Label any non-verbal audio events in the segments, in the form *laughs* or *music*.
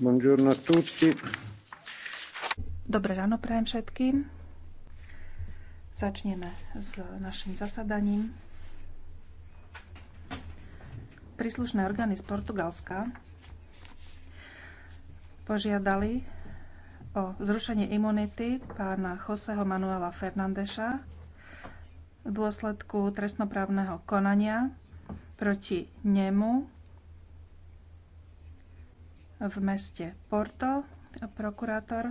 Buongiorno a tutti. Dobré ráno prajem všetkým. Začneme s našim zasadaním. Príslušné orgány z Portugalska požiadali o zrušenie imunity pána Joseho Manuela Fernandeša v dôsledku trestnoprávneho konania proti nemu v meste Porto. Prokurátor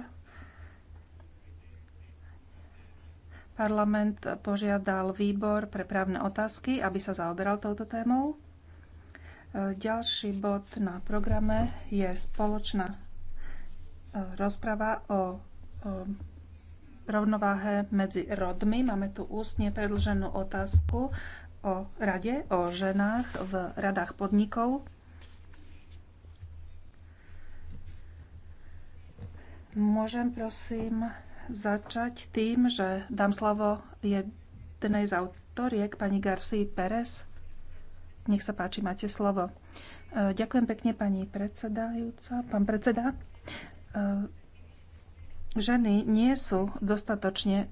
parlament požiadal výbor pre právne otázky, aby sa zaoberal touto témou. E, ďalší bod na programe je spoločná e, rozprava o, rovnováhe medzi rodmi. Máme tu ústne predlženú otázku o rade, o ženách v radách podnikov. Môžem prosím začať tým, že dám slovo jednej z autoriek, pani Garcia Perez. Nech sa páči, máte slovo. E, ďakujem pekne, pani predsedajúca, pán predseda. E, ženy nie sú dostatočne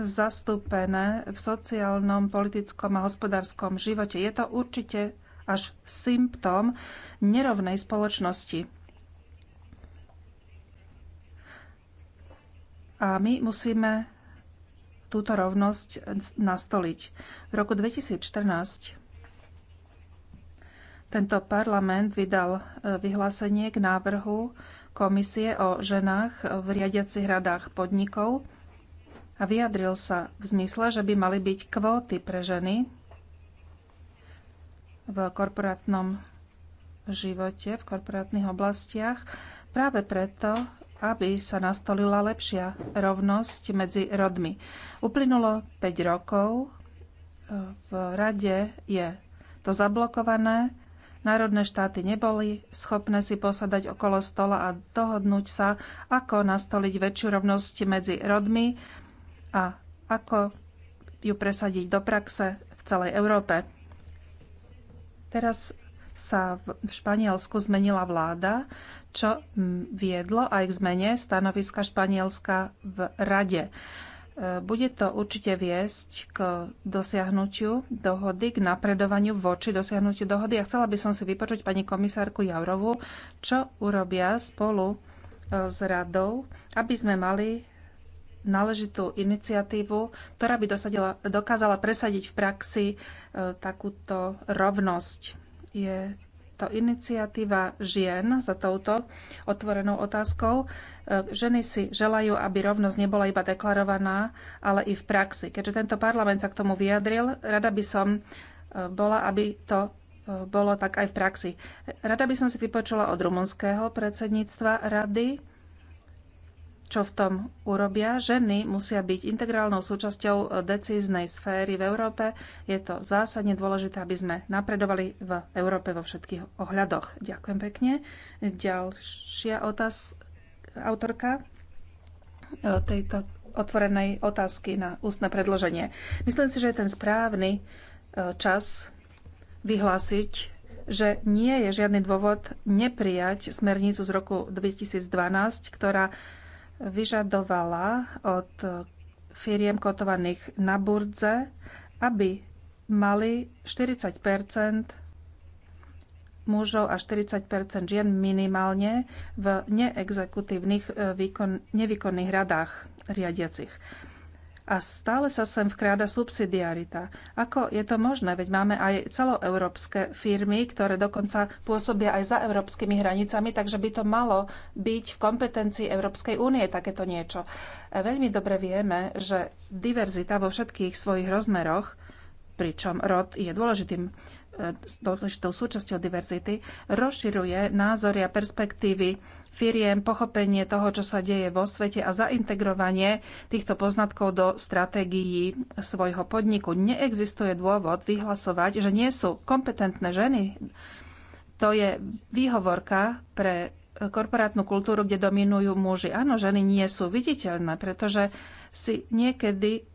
zastúpené v sociálnom, politickom a hospodárskom živote. Je to určite až symptóm nerovnej spoločnosti. A my musíme túto rovnosť nastoliť. V roku 2014 tento parlament vydal e, vyhlásenie k návrhu komisie o ženách v riadiacich radách podnikov a vyjadril sa v zmysle, že by mali byť kvóty pre ženy v korporátnom živote, v korporátnych oblastiach, práve preto, aby sa nastolila lepšia rovnosť medzi rodmi. Uplynulo 5 rokov, e, v rade je to zablokované, národné štáty neboli schopné si posadať okolo stola a dohodnúť sa, ako nastoliť väčšiu rovnosť medzi rodmi a ako ju presadiť do praxe v celej Európe. Teraz sa v Španielsku zmenila vláda, čo viedlo aj k zmene stanoviska Španielska v Rade. E, bude to určite viesť k dosiahnutiu dohody, k napredovaniu voči dosiahnutiu dohody. A ja chcela by som si vypočuť pani komisárku Jaurovu, čo urobia spolu e, s radou, aby sme mali náležitú iniciatívu, ktorá by dosadila, dokázala presadiť v praxi e, takúto rovnosť. Je to iniciatíva žien za touto otvorenou otázkou. E, ženy si želajú, aby rovnosť nebola iba deklarovaná, ale i v praxi. Keďže tento parlament sa k tomu vyjadril, rada by som e, bola, aby to e, bolo tak aj v praxi. Rada by som si vypočula od rumunského predsedníctva rady, čo v tom urobia. Ženy musia byť integrálnou súčasťou decíznej sféry v Európe. Je to zásadne dôležité, aby sme napredovali v Európe vo všetkých ohľadoch. Ďakujem pekne. Ďalšia otázka, autorka e, tejto otvorenej otázky na ústne predloženie. Myslím si, že je ten správny e, čas vyhlásiť že nie je žiadny dôvod neprijať smernicu z roku 2012, ktorá vyžadovala od firiem kotovaných na burze, aby mali 40 mužov a 40 žien minimálne v neexekutívnych e, nevýkonných radách riadiacich a stále sa sem vkráda subsidiarita. Ako je to možné? Veď máme aj celoeurópske firmy, ktoré dokonca pôsobia aj za európskymi hranicami, takže by to malo byť v kompetencii Európskej únie takéto niečo. veľmi dobre vieme, že diverzita vo všetkých svojich rozmeroch, pričom rod je dôležitým e, dôležitou súčasťou diverzity, rozširuje názory a perspektívy firiem, pochopenie toho, čo sa deje vo svete a zaintegrovanie týchto poznatkov do stratégií svojho podniku. Neexistuje dôvod vyhlasovať, že nie sú kompetentné ženy. To je výhovorka pre korporátnu kultúru, kde dominujú muži. Áno, ženy nie sú viditeľné, pretože si niekedy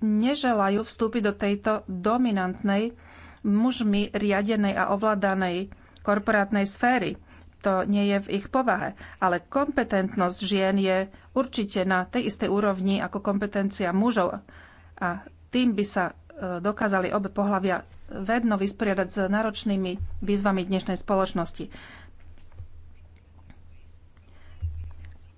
neželajú vstúpiť do tejto dominantnej, mužmi riadenej a ovládanej korporátnej sféry to nie je v ich povahe. Ale kompetentnosť žien je určite na tej istej úrovni ako kompetencia mužov. A tým by sa e, dokázali obe pohľavia vedno vysporiadať s náročnými výzvami dnešnej spoločnosti.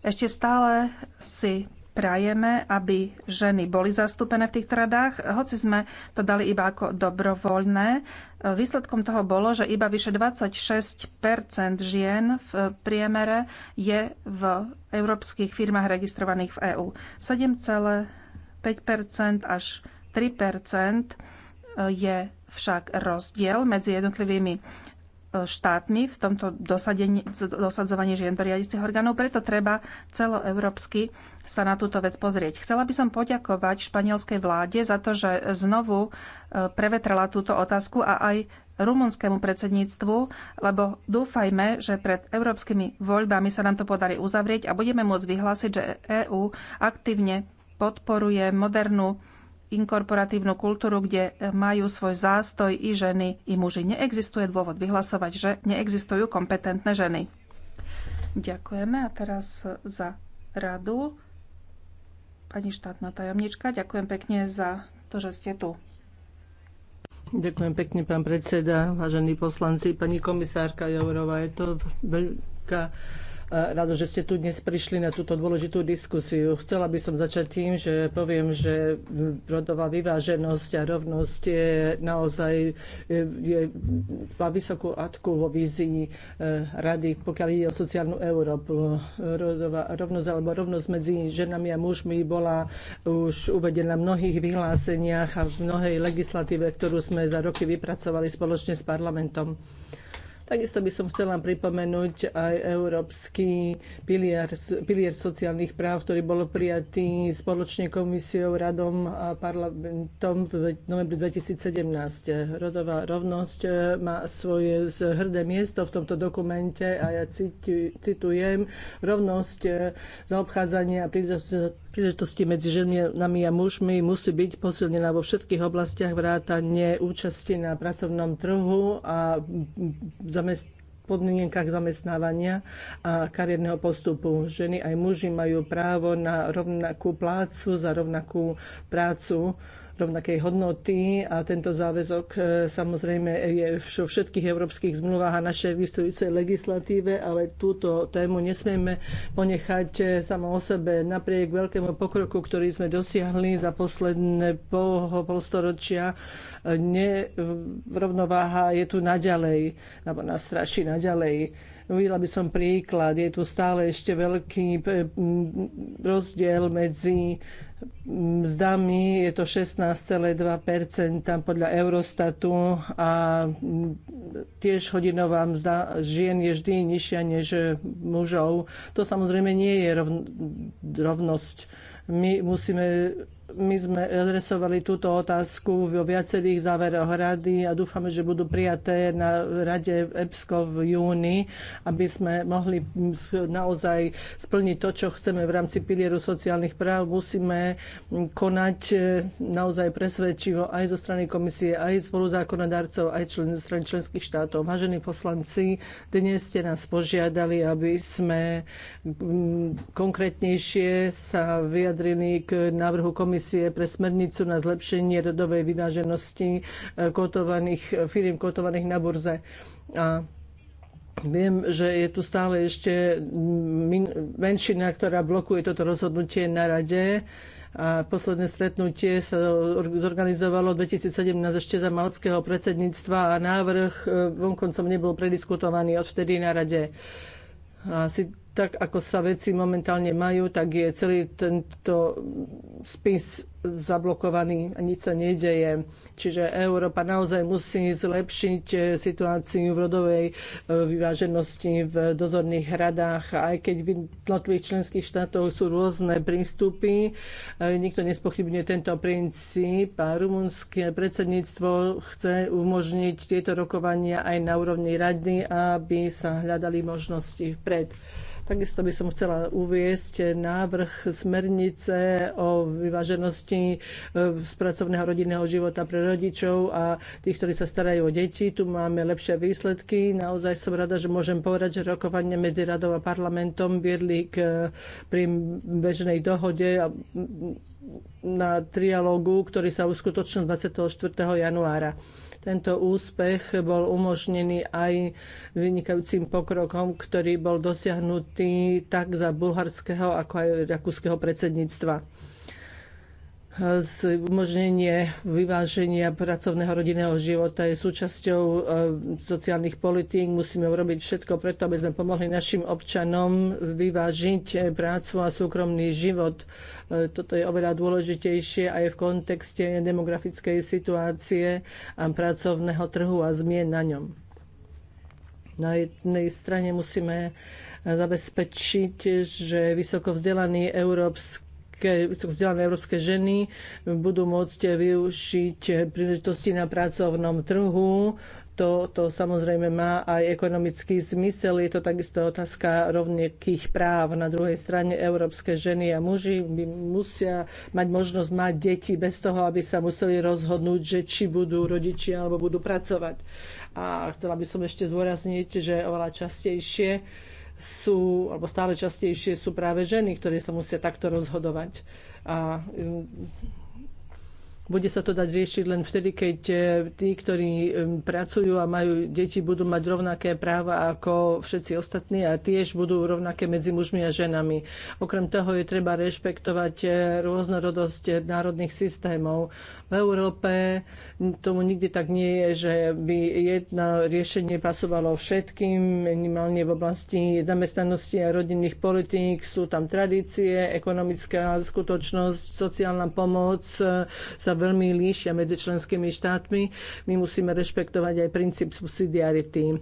Ešte stále si prajeme, aby ženy boli zastúpené v týchto radách, hoci sme to dali iba ako dobrovoľné. Výsledkom toho bolo, že iba vyše 26 žien v priemere je v európskych firmách registrovaných v EÚ. 7,5 až 3 je však rozdiel medzi jednotlivými štátmi v tomto dosadzovaní žien do riadicich orgánov, preto treba celoeurópsky sa na túto vec pozrieť. Chcela by som poďakovať španielskej vláde za to, že znovu e, prevetrala túto otázku a aj rumunskému predsedníctvu, lebo dúfajme, že pred európskymi voľbami sa nám to podarí uzavrieť a budeme môcť vyhlásiť, že EÚ e aktívne podporuje modernú inkorporatívnu kultúru, kde majú svoj zástoj i ženy, i muži. Neexistuje dôvod vyhlasovať, že neexistujú kompetentné ženy. Ďakujeme a teraz za radu. Pani štátna tajomnička, ďakujem pekne za to, že ste tu. Ďakujem pekne, pán predseda, vážení poslanci, pani komisárka Jourová. Je to veľká rado, že ste tu dnes prišli na túto dôležitú diskusiu. Chcela by som začať tým, že poviem, že rodová vyváženosť a rovnosť je naozaj je, má vysokú atku vo vízii e, rady, pokiaľ ide o sociálnu Európu. Rodová rovnosť alebo rovnosť medzi ženami a mužmi bola už uvedená v mnohých vyhláseniach a v mnohej legislatíve, ktorú sme za roky vypracovali spoločne s parlamentom. Takisto by som chcela pripomenúť aj Európsky pilier, pilier sociálnych práv, ktorý bol prijatý spoločne komisiou, radom a parlamentom v novembri 2017. Rodová rovnosť e, má svoje hrdé miesto v tomto dokumente a ja citujem rovnosť e, zaobchádzania a príležitosti príležitosti medzi ženami a mužmi musí byť posilnená vo všetkých oblastiach vrátane účasti na pracovnom trhu a zamest podmienkach zamestnávania a kariérneho postupu. Ženy aj muži majú právo na rovnakú plácu za rovnakú prácu rovnakej hodnoty a tento záväzok e, samozrejme je vo všetkých európskych zmluvách a našej existujúcej legislatíve, ale túto tému nesmieme ponechať e, samo o sebe. Napriek veľkému pokroku, ktorý sme dosiahli za posledné polho polstoročia, e, nerovnováha je tu naďalej, alebo nás straší naďalej Uvidela by som príklad. Je tu stále ešte veľký e, rozdiel medzi mzdami. Je to 16,2 podľa Eurostatu a tiež hodinová mzda žien je vždy nižšia než mužov. To samozrejme nie je rovnosť. My musíme my sme adresovali túto otázku vo viacerých záveroch rady a dúfame, že budú prijaté na rade EPSCO v júni, aby sme mohli naozaj splniť to, čo chceme v rámci pilieru sociálnych práv. Musíme konať e, naozaj presvedčivo aj zo strany komisie, aj zákonodárcov, aj člen, zo strany členských štátov. Vážení poslanci, dnes ste nás požiadali, aby sme konkrétnejšie sa vyjadrili k návrhu komisie komisie pre smernicu na zlepšenie rodovej vyváženosti e, kotovaných, firiem kotovaných na burze. A Viem, že je tu stále ešte menšina, ktorá blokuje toto rozhodnutie na rade. A posledné stretnutie sa zorganizovalo 2017 ešte za malckého predsedníctva a návrh e, vonkoncom nebol prediskutovaný odvtedy na rade. A tak ako sa veci momentálne majú, tak je celý tento spis zablokovaný a nič sa nedeje. Čiže Európa naozaj musí zlepšiť eh, situáciu v rodovej eh, vyváženosti v dozorných radách. Aj keď v jednotlivých členských štátoch sú rôzne prístupy, eh, nikto nespochybňuje tento princíp a rumunské predsedníctvo chce umožniť tieto rokovania aj na úrovni rady, aby sa hľadali možnosti vpred. Takisto by som chcela uviesť návrh smernice o vyváženosti e, z pracovného rodinného života pre rodičov a tých, ktorí sa starajú o deti. Tu máme lepšie výsledky. Naozaj som rada, že môžem povedať, že rokovania medzi radou a parlamentom viedli k e, pri bežnej dohode a na trialógu, ktorý sa uskutočnil 24. januára. Tento úspech bol umožnený aj vynikajúcim pokrokom, ktorý bol dosiahnutý tak za bulharského, ako aj rakúskeho predsedníctva umožnenie vyváženia pracovného rodinného života je súčasťou e, sociálnych politík. Musíme urobiť všetko preto, aby sme pomohli našim občanom vyvážiť e, prácu a súkromný život. E, toto je oveľa dôležitejšie aj v kontexte demografickej situácie a pracovného trhu a zmien na ňom. Na jednej strane musíme zabezpečiť, že vysoko vzdelaní európsky európske, vzdelané európske ženy budú môcť využiť príležitosti na pracovnom trhu, to, to samozrejme má aj ekonomický zmysel. Je to takisto otázka rovnakých práv. Na druhej strane európske ženy a muži by musia mať možnosť mať deti bez toho, aby sa museli rozhodnúť, že či budú rodiči alebo budú pracovať. A chcela by som ešte zvorazniť, že oveľa častejšie sú, alebo stále častejšie sú práve ženy, ktoré sa musia takto rozhodovať. A bude sa to dať riešiť len vtedy, keď e, tí, ktorí pracujú a majú deti, budú mať rovnaké práva ako všetci ostatní a tiež budú rovnaké medzi mužmi a ženami. Okrem toho je treba rešpektovať e, rôznorodosť národných systémov. V Európe tomu nikdy tak nie je, že by jedno riešenie pasovalo všetkým, minimálne v oblasti zamestnanosti a rodinných politík. Sú tam tradície, ekonomická skutočnosť, sociálna pomoc e, sa veľmi líšia medzi členskými štátmi. My musíme rešpektovať aj princíp subsidiarity.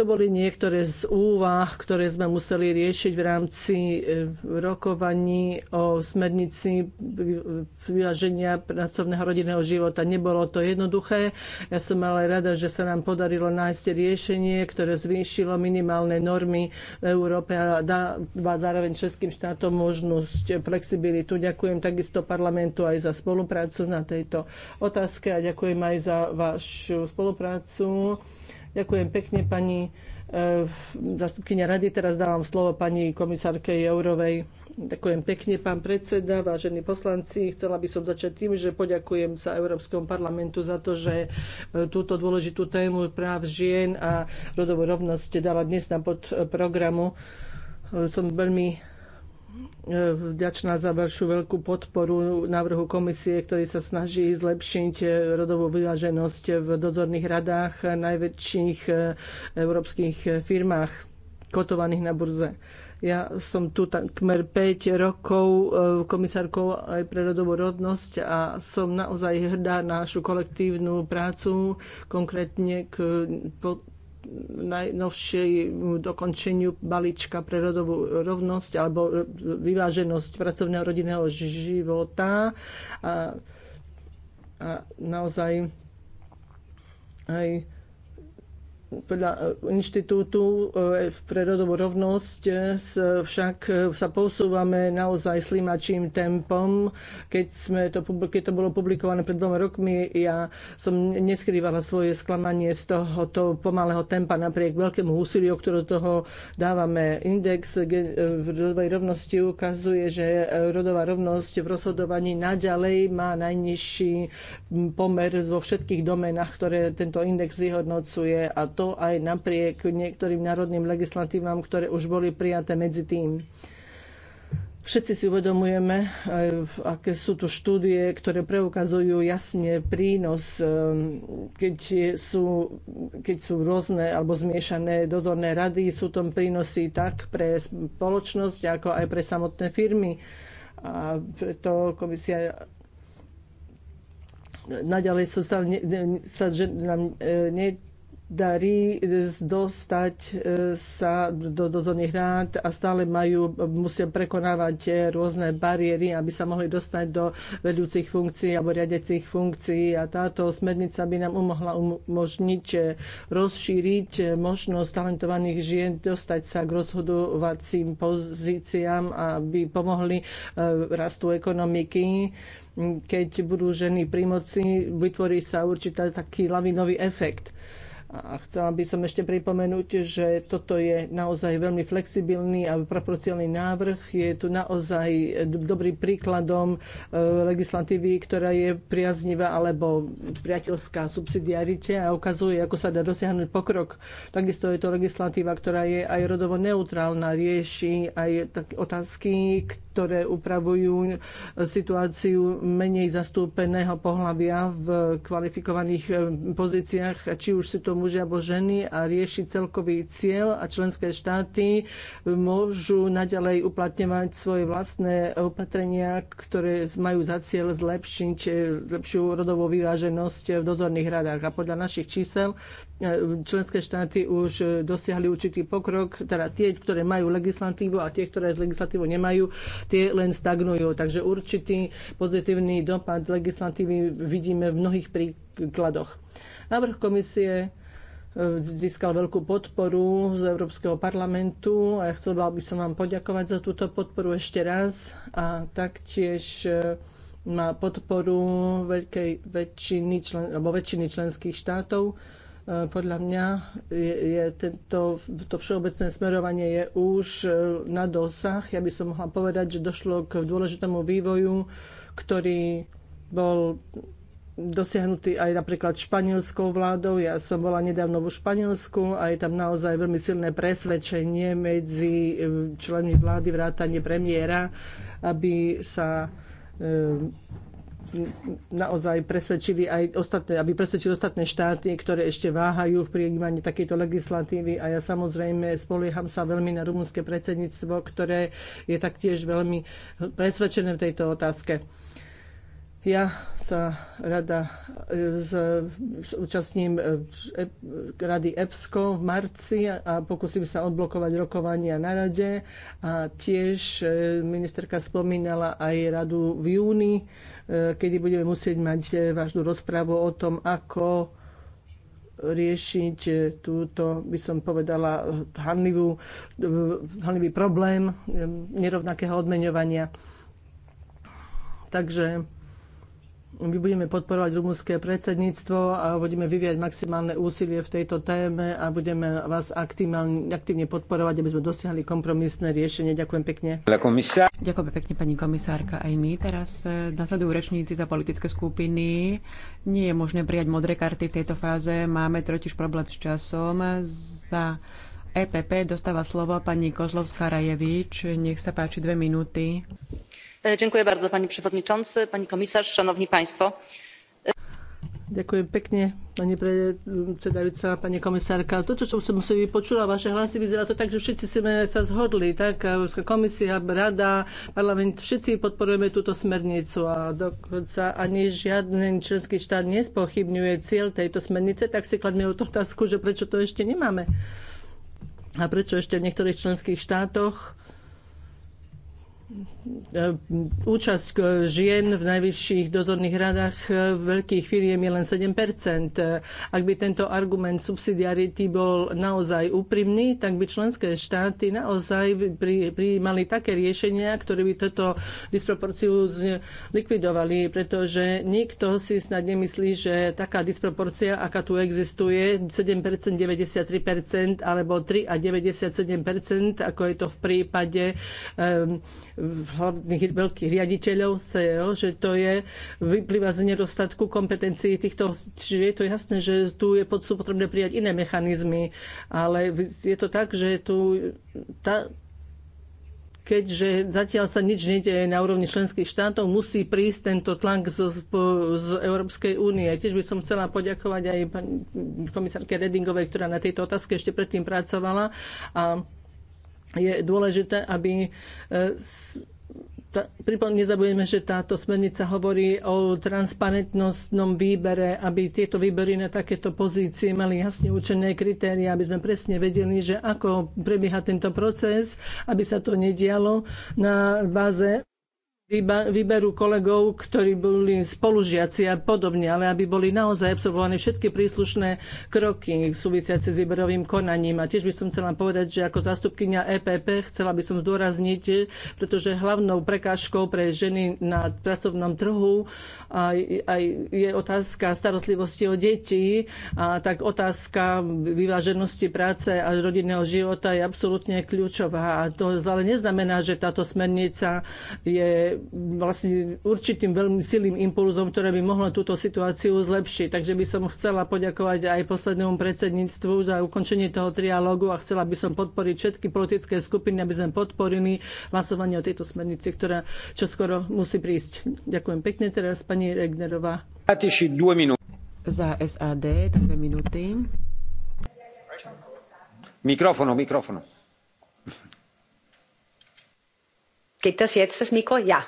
To boli niektoré z úvah, ktoré sme museli riešiť v rámci e, rokovaní o smernici vyváženia pracovného rodinného života. Nebolo to jednoduché. Ja som ale rada, že sa nám podarilo nájsť riešenie, ktoré zvýšilo minimálne normy v Európe a dáva zároveň českým štátom možnosť flexibilitu. Ďakujem takisto parlamentu aj za spoluprácu na tejto otázke a ďakujem aj za vašu spoluprácu. Ďakujem pekne pani e, zastupkynia rady. Teraz dávam slovo pani komisárke Jourovej. Ďakujem pekne, pán predseda, vážení poslanci. Chcela by som začať tým, že poďakujem sa Európskom parlamentu za to, že e, túto dôležitú tému práv žien a rodovú rovnosť dala dnes na podprogramu. E, som veľmi vďačná za vašu veľkú podporu návrhu komisie, ktorý sa snaží zlepšiť rodovú vyváženosť v dozorných radách najväčších e, európskych firmách kotovaných na burze. Ja som tu takmer 5 rokov e, komisárkou aj pre rodovú rodnosť a som naozaj hrdá na našu kolektívnu prácu, konkrétne k najnovšiemu dokončeniu balíčka pre rodovú rovnosť alebo e, vyváženosť pracovného rodinného života. A, a naozaj aj podľa e, Inštitútu e, pre rodovú rovnosť e, však sa posúvame naozaj slimačím tempom. Keď, sme to, keď to bolo publikované pred dvoma rokmi, ja som neskrývala svoje sklamanie z tohoto pomalého tempa napriek veľkému úsiliu, ktoré toho dávame. Index rodovej rovnosti ukazuje, že rodová rovnosť v rozhodovaní naďalej má najnižší pomer vo všetkých domenách, ktoré tento index vyhodnocuje a to to aj napriek niektorým národným legislatívam, ktoré už boli prijaté medzi tým. Všetci si uvedomujeme, aké sú tu štúdie, ktoré preukazujú jasne prínos, ehm, keď sú, keď sú rôzne alebo zmiešané dozorné rady, sú tam prínosy tak pre spoločnosť, ako aj pre samotné firmy. A preto komisia naďalej sa, sa, sa že nám ne, darí e, dostať e, sa do dozorných rád a stále majú, musia prekonávať e, rôzne bariéry, aby sa mohli dostať do vedúcich funkcií alebo riadecích funkcií. A táto smernica by nám umohla umožniť rozšíriť možnosť talentovaných žien dostať sa k rozhodovacím pozíciám, aby pomohli rastu ekonomiky keď budú ženy pri moci, vytvorí sa určitý taký lavinový efekt. A chcela by som ešte pripomenúť, že toto je naozaj veľmi flexibilný a proporcionálny návrh. Je tu naozaj dobrým príkladom e, legislatívy, ktorá je priaznivá alebo priateľská subsidiarite a ukazuje, ako sa dá dosiahnuť pokrok. Takisto je to legislatíva, ktorá je aj rodovo neutrálna, rieši aj otázky, ktoré upravujú situáciu menej zastúpeného pohľavia v kvalifikovaných e, pozíciách, či už si to muži alebo ženy a rieši celkový cieľ a členské štáty môžu naďalej uplatňovať svoje vlastné opatrenia, ktoré majú za cieľ zlepšiť e, lepšiu rodovú vyváženosť v dozorných radách. A podľa našich čísel e, členské štáty už e, dosiahli určitý pokrok, teda tie, ktoré majú legislatívu a tie, ktoré legislatívu nemajú, tie len stagnujú. Takže určitý pozitívny dopad legislatívy vidíme v mnohých príkladoch. Návrh komisie získal veľkú podporu z Európskeho parlamentu a ja chcel by som vám poďakovať za túto podporu ešte raz a taktiež e, má podporu veľkej väčšiny, člen, alebo väčšiny členských štátov. E, podľa mňa je, je tento, to všeobecné smerovanie je už e, na dosah. Ja by som mohla povedať, že došlo k dôležitému vývoju, ktorý bol dosiahnutý aj napríklad španielskou vládou. Ja som bola nedávno vo Španielsku a je tam naozaj veľmi silné presvedčenie medzi eh, členmi vlády vrátane premiéra, aby sa eh, naozaj presvedčili aj ostatné, aby presvedčili ostatné štáty, ktoré ešte váhajú v prijímaní takejto legislatívy. A ja samozrejme spolieham sa veľmi na rumunské predsedníctvo, ktoré je taktiež veľmi presvedčené v tejto otázke. Ja sa rada e, zúčastním e, e, rady EPSCO v marci a pokúsim sa odblokovať rokovania na rade. A tiež ministerka spomínala aj radu v júni, kedy budeme musieť mať vážnu rozprávu o tom, ako riešiť túto, by som povedala, hanlivú, hanlivý problém nerovnakého odmeňovania. Takže my budeme podporovať rumúnske predsedníctvo a budeme vyvíjať maximálne úsilie v tejto téme a budeme vás aktívne podporovať, aby sme dosiahli kompromisné riešenie. Ďakujem pekne. Ďakujem pekne, pani komisárka. Aj my teraz e, nasledujú rečníci za politické skupiny. Nie je možné prijať modré karty v tejto fáze. Máme totiž problém s časom. Za EPP dostáva slovo pani Kozlovská Rajevič. Nech sa páči dve minúty. E, panie przewodniczący pani komisarz szanowni państwo! E, Ďakujem pekne, pani predsedajúca, pani komisárka. To, čo som si počula vaše hlasy, vyzerá to tak, že všetci sme sa zhodli. Tak Európska komisia, rada, parlament, všetci podporujeme túto smernicu a dokonca ani žiadny členský štát nespochybňuje cieľ tejto smernice, tak si kladme otázku, že prečo to ešte nemáme. A prečo ešte v niektorých členských štátoch E, účasť e, žien v najvyšších dozorných radách e, veľkých firiem je len 7 Ak by tento argument subsidiarity bol naozaj úprimný, tak by členské štáty naozaj prijímali také riešenia, ktoré by toto disproporciu likvidovali, pretože nikto si snad nemyslí, že taká disproporcia, aká tu existuje, 7 93 alebo 3 a 97 ako je to v prípade um, hlavných veľkých riaditeľov CEO, že to je, vyplýva z nedostatku kompetencií týchto, čiže je to jasné, že tu je sú potrebné prijať iné mechanizmy, ale je to tak, že tu tá, keďže zatiaľ sa nič nedeje na úrovni členských štátov, musí prísť tento tlak z, z Európskej únie. Tiež by som chcela poďakovať aj pani komisárke Redingovej, ktorá na tejto otázke ešte predtým pracovala. A je dôležité, aby e, Nezabudeme, že táto smernica hovorí o transparentnostnom výbere, aby tieto výbery na takéto pozície mali jasne určené kritéria, aby sme presne vedeli, že ako prebieha tento proces, aby sa to nedialo na báze vyberú kolegov, ktorí boli spolužiaci a podobne, ale aby boli naozaj absolvované všetky príslušné kroky súvisiace s výberovým konaním. A tiež by som chcela povedať, že ako zastupkynia EPP chcela by som zdôrazniť, pretože hlavnou prekážkou pre ženy na pracovnom trhu aj, aj je otázka starostlivosti o deti, a tak otázka vyváženosti práce a rodinného života je absolútne kľúčová. A to ale neznamená, že táto smernica je vlastne určitým veľmi silným impulzom, ktoré by mohlo túto situáciu zlepšiť. Takže by som chcela poďakovať aj poslednému predsedníctvu za ukončenie toho trialógu a chcela by som podporiť všetky politické skupiny, aby sme podporili hlasovanie o tejto smernici, ktorá čoskoro musí prísť. Ďakujem pekne teraz pani pani Regnerová. Za SAD, tak dve minúty. Mikrofono, mikrofono. Keď to jetzt, das Ja.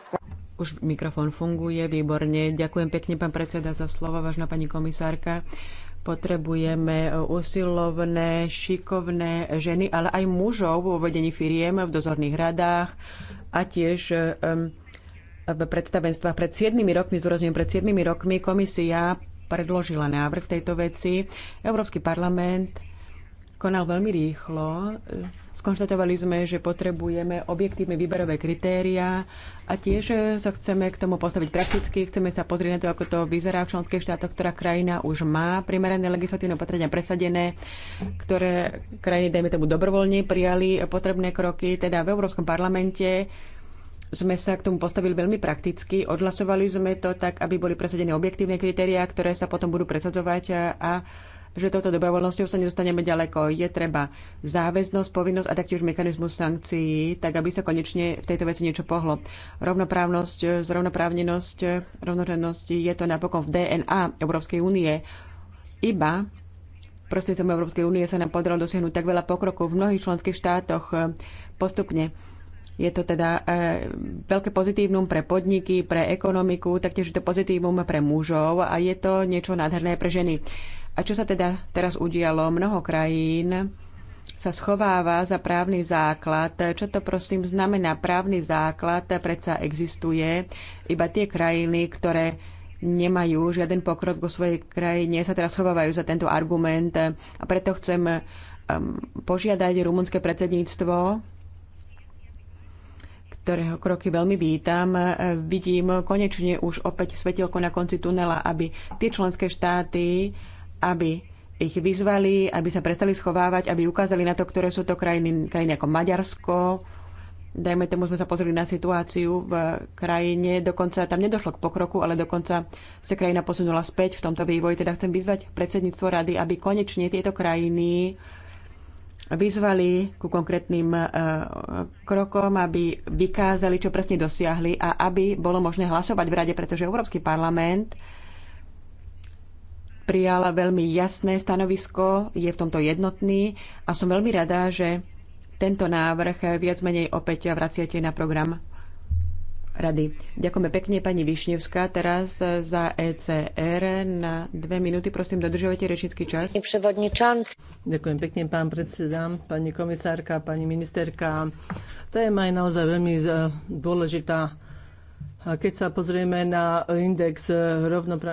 Už mikrofón funguje, výborne. Ďakujem pekne, pán predseda, za slovo, vážna pani komisárka. Potrebujeme usilovné, šikovné ženy, ale aj mužov vo vedení firiem, v dozorných radách a tiež um, v predstavenstvách. Pred 7 rokmi, zdôrazňujem, pred 7 rokmi komisia predložila návrh v tejto veci. Európsky parlament konal veľmi rýchlo. Skonštatovali sme, že potrebujeme objektívne výberové kritériá a tiež sa chceme k tomu postaviť prakticky. Chceme sa pozrieť na to, ako to vyzerá v členských štátoch, ktorá krajina už má primerané legislatívne opatrenia presadené, ktoré krajiny, dajme tomu, dobrovoľne prijali potrebné kroky. Teda v Európskom parlamente sme sa k tomu postavili veľmi prakticky. Odhlasovali sme to tak, aby boli presadené objektívne kritériá, ktoré sa potom budú presadzovať a, a že toto dobrovoľnosťou sa nedostaneme ďaleko. Je treba záväznosť, povinnosť a taktiež mechanizmus sankcií, tak aby sa konečne v tejto veci niečo pohlo. Rovnoprávnosť, zrovnoprávnenosť, rovnoprávnosť je to napokon v DNA Európskej únie. Iba prostredstvom Európskej únie sa nám podarilo dosiahnuť tak veľa pokrokov v mnohých členských štátoch postupne je to teda e, veľké pozitívnum pre podniky, pre ekonomiku, taktiež je to pozitívum pre mužov a je to niečo nádherné pre ženy. A čo sa teda teraz udialo? Mnoho krajín sa schováva za právny základ. Čo to prosím znamená? Právny základ predsa existuje. Iba tie krajiny, ktoré nemajú žiaden pokrok vo svojej krajine, sa teraz schovávajú za tento argument. A preto chcem požiadať rumunské predsedníctvo, ktorého kroky veľmi vítam. E, vidím konečne už opäť svetielko na konci tunela, aby tie členské štáty, aby ich vyzvali, aby sa prestali schovávať, aby ukázali na to, ktoré sú to krajiny, krajiny ako Maďarsko. Dajme tomu, sme sa pozreli na situáciu v krajine, dokonca tam nedošlo k pokroku, ale dokonca sa krajina posunula späť v tomto vývoji. Teda chcem vyzvať predsedníctvo rady, aby konečne tieto krajiny vyzvali ku konkrétnym e, krokom, aby vykázali, čo presne dosiahli a aby bolo možné hlasovať v rade, pretože Európsky parlament prijala veľmi jasné stanovisko, je v tomto jednotný a som veľmi rada, že tento návrh viac menej opäť vraciate na program rady. Ďakujeme pekne pani Višnevská. Teraz eh, za ECR na dve minúty. Prosím, dodržujete rečnický čas. Ďakujem pekne, pán predseda, pani komisárka, pani ministerka. Téma je naozaj veľmi eh, dôležitá. A keď sa pozrieme na index eh,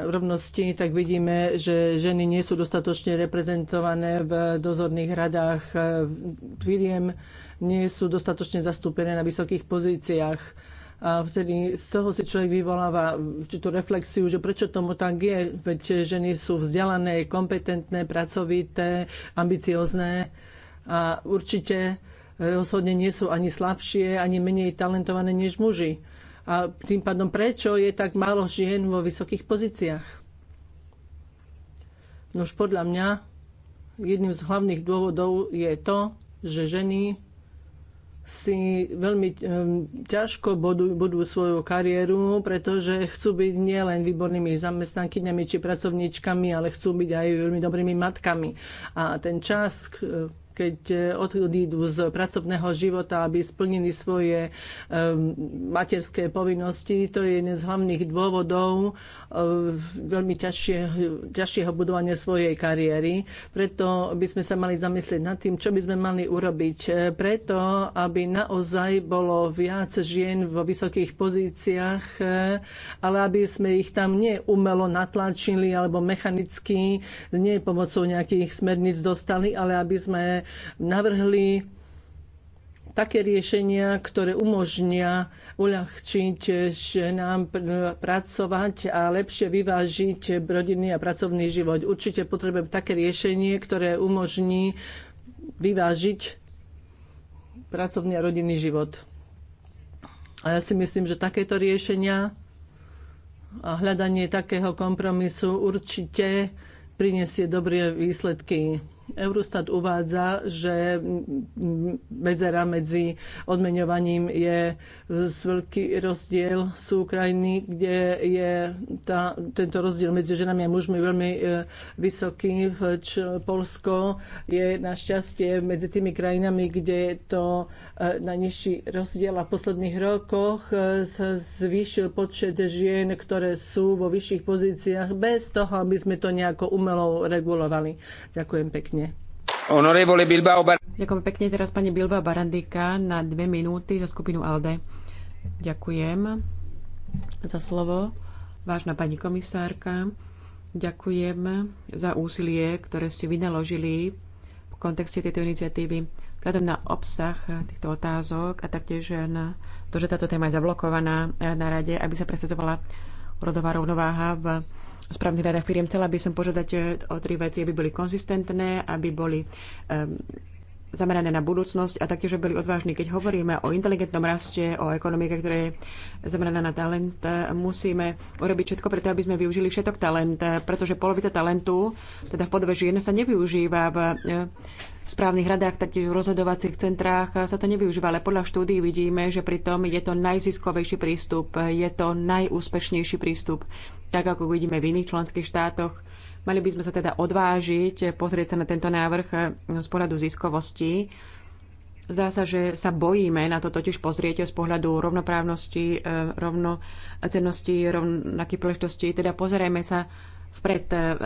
rovnosti, tak vidíme, že ženy nie sú dostatočne reprezentované v dozorných radách firiem, nie sú dostatočne zastúpené na vysokých pozíciách a vtedy z toho si človek vyvoláva určitú reflexiu, že prečo tomu tak je, veď ženy sú vzdelané, kompetentné, pracovité, ambiciozné a určite e, rozhodne nie sú ani slabšie, ani menej talentované než muži. A tým pádom prečo je tak málo žien vo vysokých pozíciách? Nož podľa mňa jedným z hlavných dôvodov je to, že ženy si veľmi ehm, ťažko budú, budú svoju kariéru, pretože chcú byť nielen výbornými zamestnankyňami či pracovníčkami, ale chcú byť aj veľmi dobrými matkami. A ten čas, keď e, odídu z pracovného života, aby splnili svoje materské povinnosti. To je jeden z hlavných dôvodov e, veľmi ťažšieho, ťažšieho budovania svojej kariéry. Preto by sme sa mali zamyslieť nad tým, čo by sme mali urobiť e, preto, aby naozaj bolo viac žien vo vysokých pozíciách, ale aby sme ich tam neumelo natlačili alebo mechanicky, nie pomocou nejakých smerníc dostali, ale aby sme navrhli také riešenia, ktoré umožnia uľahčiť ženám pracovať a lepšie vyvážiť rodinný a pracovný život. Určite potrebujem také riešenie, ktoré umožní vyvážiť pracovný a rodinný život. A ja si myslím, že takéto riešenia a hľadanie takého kompromisu určite prinesie dobré výsledky. Eurostat uvádza, že medzera medzi odmeňovaním je veľký rozdiel. Sú krajiny, kde je tá, tento rozdiel medzi ženami a mužmi veľmi e, vysoký. Č- Polsko je našťastie medzi tými krajinami, kde je to e, najnižší rozdiel a v posledných rokoch e, sa zvýšil počet žien, ktoré sú vo vyšších pozíciách bez toho, aby sme to nejako umelo regulovali. Ďakujem pekne. Bilbao... Ďakujem pekne teraz pani Bilba Barandika na dve minúty za skupinu ALDE. Ďakujem za slovo. Vážna pani komisárka, ďakujem za úsilie, ktoré ste vynaložili v kontexte tejto iniciatívy. Vzhľadom na obsah týchto otázok a taktiež na to, že táto téma je zablokovaná na rade, aby sa presadzovala rodová rovnováha v správnych rada firiem. Chcela by som požiadať eh, o tri veci, aby boli konzistentné, aby boli um, zamerané na budúcnosť a taktiež boli odvážni. Keď hovoríme o inteligentnom raste, o ekonomike, ktorá je zameraná na talent, musíme urobiť všetko preto, aby sme využili všetok talent, pretože polovica talentu, teda v podobe žien, sa nevyužíva v eh, správnych radách, taktiež v rozhodovacích centrách sa to nevyužíva, ale podľa štúdií vidíme, že pritom je to najziskovejší prístup, je to najúspešnejší prístup tak ako vidíme v iných členských štátoch. Mali by sme sa teda odvážiť, pozrieť sa na tento návrh eh, z pohľadu ziskovosti. Zdá sa, že sa bojíme na to totiž pozrieť z pohľadu rovnoprávnosti, eh, rovnocennosti, rovnakých príležitostí. Teda pozerajme sa vpred. Eh,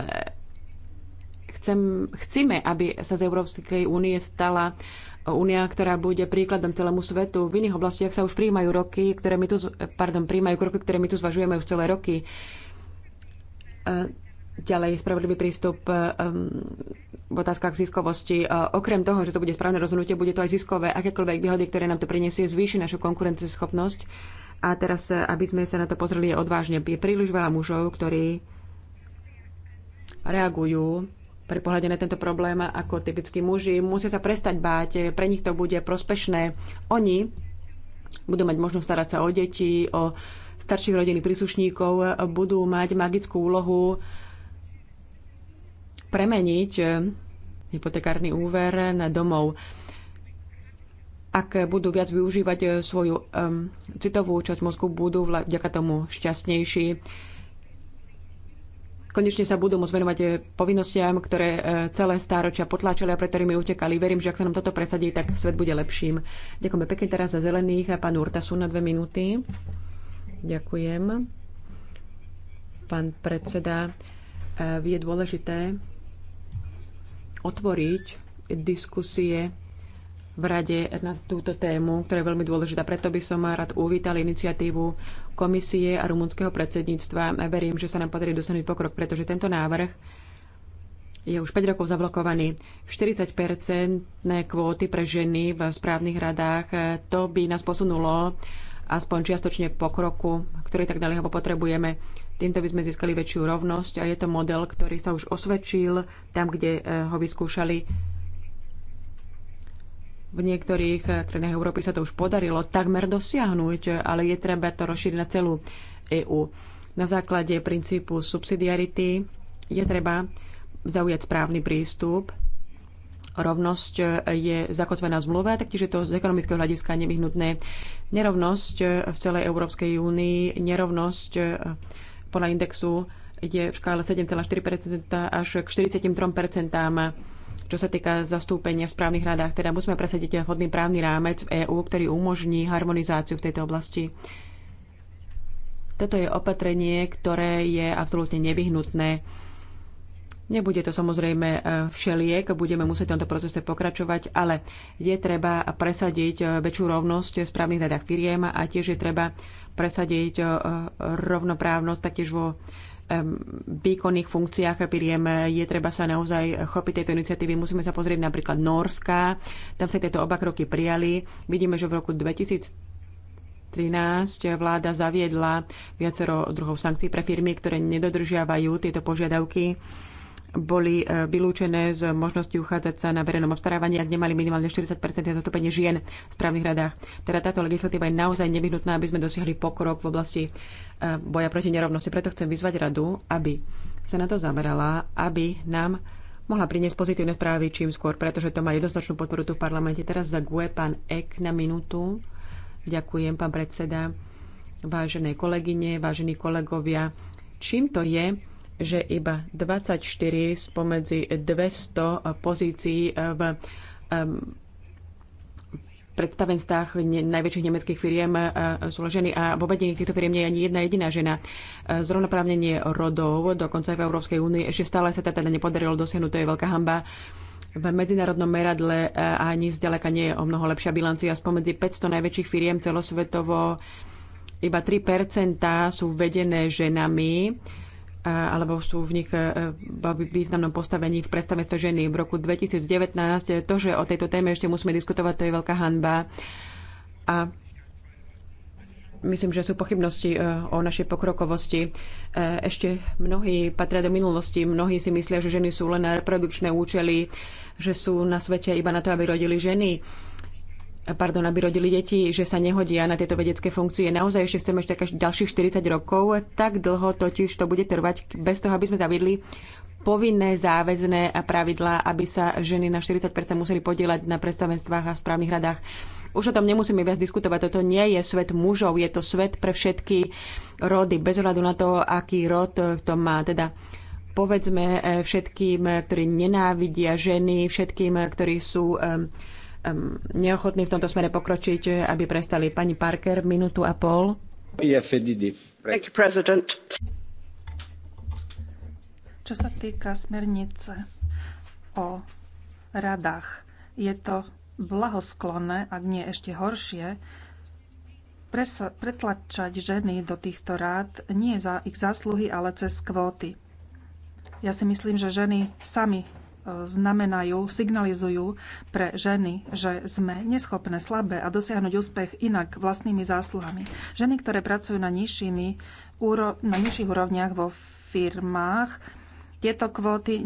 chcem, chceme, aby sa z Európskej únie stala únia, ktorá bude príkladom celému svetu. V iných oblastiach sa už príjmajú roky, ktoré my tu, pardon, príjmajú kroky, ktoré my tu zvažujeme už celé roky. E, ďalej spravodlivý prístup e, v otázkach ziskovosti. E, okrem toho, že to bude správne rozhodnutie, bude to aj ziskové. Akékoľvek výhody, ktoré nám to prinesie, zvýši našu konkurenceschopnosť. A teraz, aby sme sa na to pozreli odvážne, je príliš veľa mužov, ktorí reagujú pri pohľade na tento problém ako typickí muži. Musia sa prestať báť, pre nich to bude prospešné. Oni budú mať možnosť starať sa o deti, o uh, starších rodinných príslušníkov budú mať magickú úlohu premeniť hypotekárny úver na domov. Ak budú viac využívať eh, svoju um, citovú časť mozgu, budú vďaka tomu šťastnejší. Konečne sa budú môcť venovať eh, povinnostiam, ktoré eh, celé stáročia potláčali a pre ktorými utekali. Verím, že ak sa nám toto presadí, tak svet bude lepším. Ďakujeme pekne teraz za zelených a pán Urtasu na dve minúty. Ďakujem. Pán predseda, e, je dôležité otvoriť diskusie v rade na túto tému, ktorá je veľmi dôležitá. Preto by som rád uvítal iniciatívu komisie a rumunského predsedníctva. E, verím, že sa nám podarí dosiahnuť pokrok, pretože tento návrh je už 5 rokov zablokovaný. 40-percentné kvóty pre ženy v správnych radách, e, to by nás posunulo aspoň čiastočne pokroku, ktorý tak ďalej ho potrebujeme. Týmto by sme získali väčšiu rovnosť a je to model, ktorý sa už osvedčil tam, kde eh, ho vyskúšali. V niektorých eh, krajinách Európy sa to už podarilo takmer dosiahnuť, ale je treba to rozšíriť na celú EÚ. Na základe princípu subsidiarity je treba zaujať správny prístup rovnosť eh, je zakotvená v zmluve, taktiež je to z ekonomického hľadiska nevyhnutné. Nerovnosť eh, v celej Európskej únii, nerovnosť eh, podľa indexu je v škále 7,4% až k 43%, čo sa týka zastúpenia v správnych rádach. Teda musíme presadiť vhodný právny rámec v EÚ, ktorý umožní harmonizáciu v tejto oblasti. Toto je opatrenie, ktoré je absolútne nevyhnutné Nebude to samozrejme e, všeliek, budeme musieť v tomto procese pokračovať, ale je treba presadiť e, väčšiu rovnosť v správnych radách firiem a tiež je treba presadiť e, rovnoprávnosť taktiež vo výkonných funkciách firiem. Je treba sa naozaj chopiť tejto iniciatívy. Musíme sa pozrieť napríklad Norska. Tam sa tieto oba kroky prijali. Vidíme, že v roku 2000 2013 vláda zaviedla viacero druhov sankcií pre firmy, ktoré nedodržiavajú tieto požiadavky boli e, vylúčené z možnosti uchádzať sa na verejnom obstarávaní, ak nemali minimálne 40 zastúpenie žien v správnych radách. Teda táto legislatíva je naozaj nevyhnutná, aby sme dosiahli pokrok v oblasti e, boja proti nerovnosti. Preto chcem vyzvať radu, aby sa na to zamerala, aby nám mohla priniesť pozitívne správy čím skôr, pretože to má jednoznačnú podporu tu v parlamente. Teraz za GUE pán Ek na minútu. Ďakujem, pán predseda. Vážené kolegyne, vážení kolegovia, čím to je, že iba 24 spomedzi 200 pozícií v predstavenstvách najväčších nemeckých firiem e, sú ženy a vo vedení týchto firiem nie je ani jedna jediná žena. E, zrovnoprávnenie rodov, dokonca aj v Európskej únii, ešte stále sa teda nepodarilo dosiahnuť, to je veľká hamba. V medzinárodnom meradle e, ani zďaleka nie je o mnoho lepšia bilancia. Spomedzi 500 najväčších firiem celosvetovo iba 3% sú vedené ženami alebo sú v nich e, v významnom postavení v predstavenstve ženy. V roku 2019 e, to, že o tejto téme ešte musíme diskutovať, to je veľká hanba. A myslím, že sú pochybnosti e, o našej pokrokovosti. Ešte mnohí patria do minulosti, mnohí si myslia, že ženy sú len na reprodukčné účely, že sú na svete iba na to, aby rodili ženy pardon, aby rodili deti, že sa nehodia na tieto vedecké funkcie. Naozaj ešte chceme ešte ďalších 40 rokov, tak dlho totiž to bude trvať bez toho, aby sme zaviedli povinné záväzné pravidlá, aby sa ženy na 40% museli podielať na predstavenstvách a v správnych radách. Už o tom nemusíme viac diskutovať. Toto nie je svet mužov, je to svet pre všetky rody, bez ohľadu na to, aký rod to má. Teda povedzme eh, všetkým, eh, ktorí nenávidia ženy, všetkým, eh, ktorí sú um, neochotní v tomto smere pokročiť, aby prestali. Pani Parker, minútu a pol. E Thank you, President. Čo sa týka smernice o radách, je to blahosklonné, ak nie ešte horšie, pretlačať ženy do týchto rád nie za ich zásluhy, ale cez kvóty. Ja si myslím, že ženy sami znamenajú, signalizujú pre ženy, že sme neschopné, slabé a dosiahnuť úspech inak vlastnými zásluhami. Ženy, ktoré pracujú na, nižšími, na nižších úrovniach vo firmách, tieto kvóty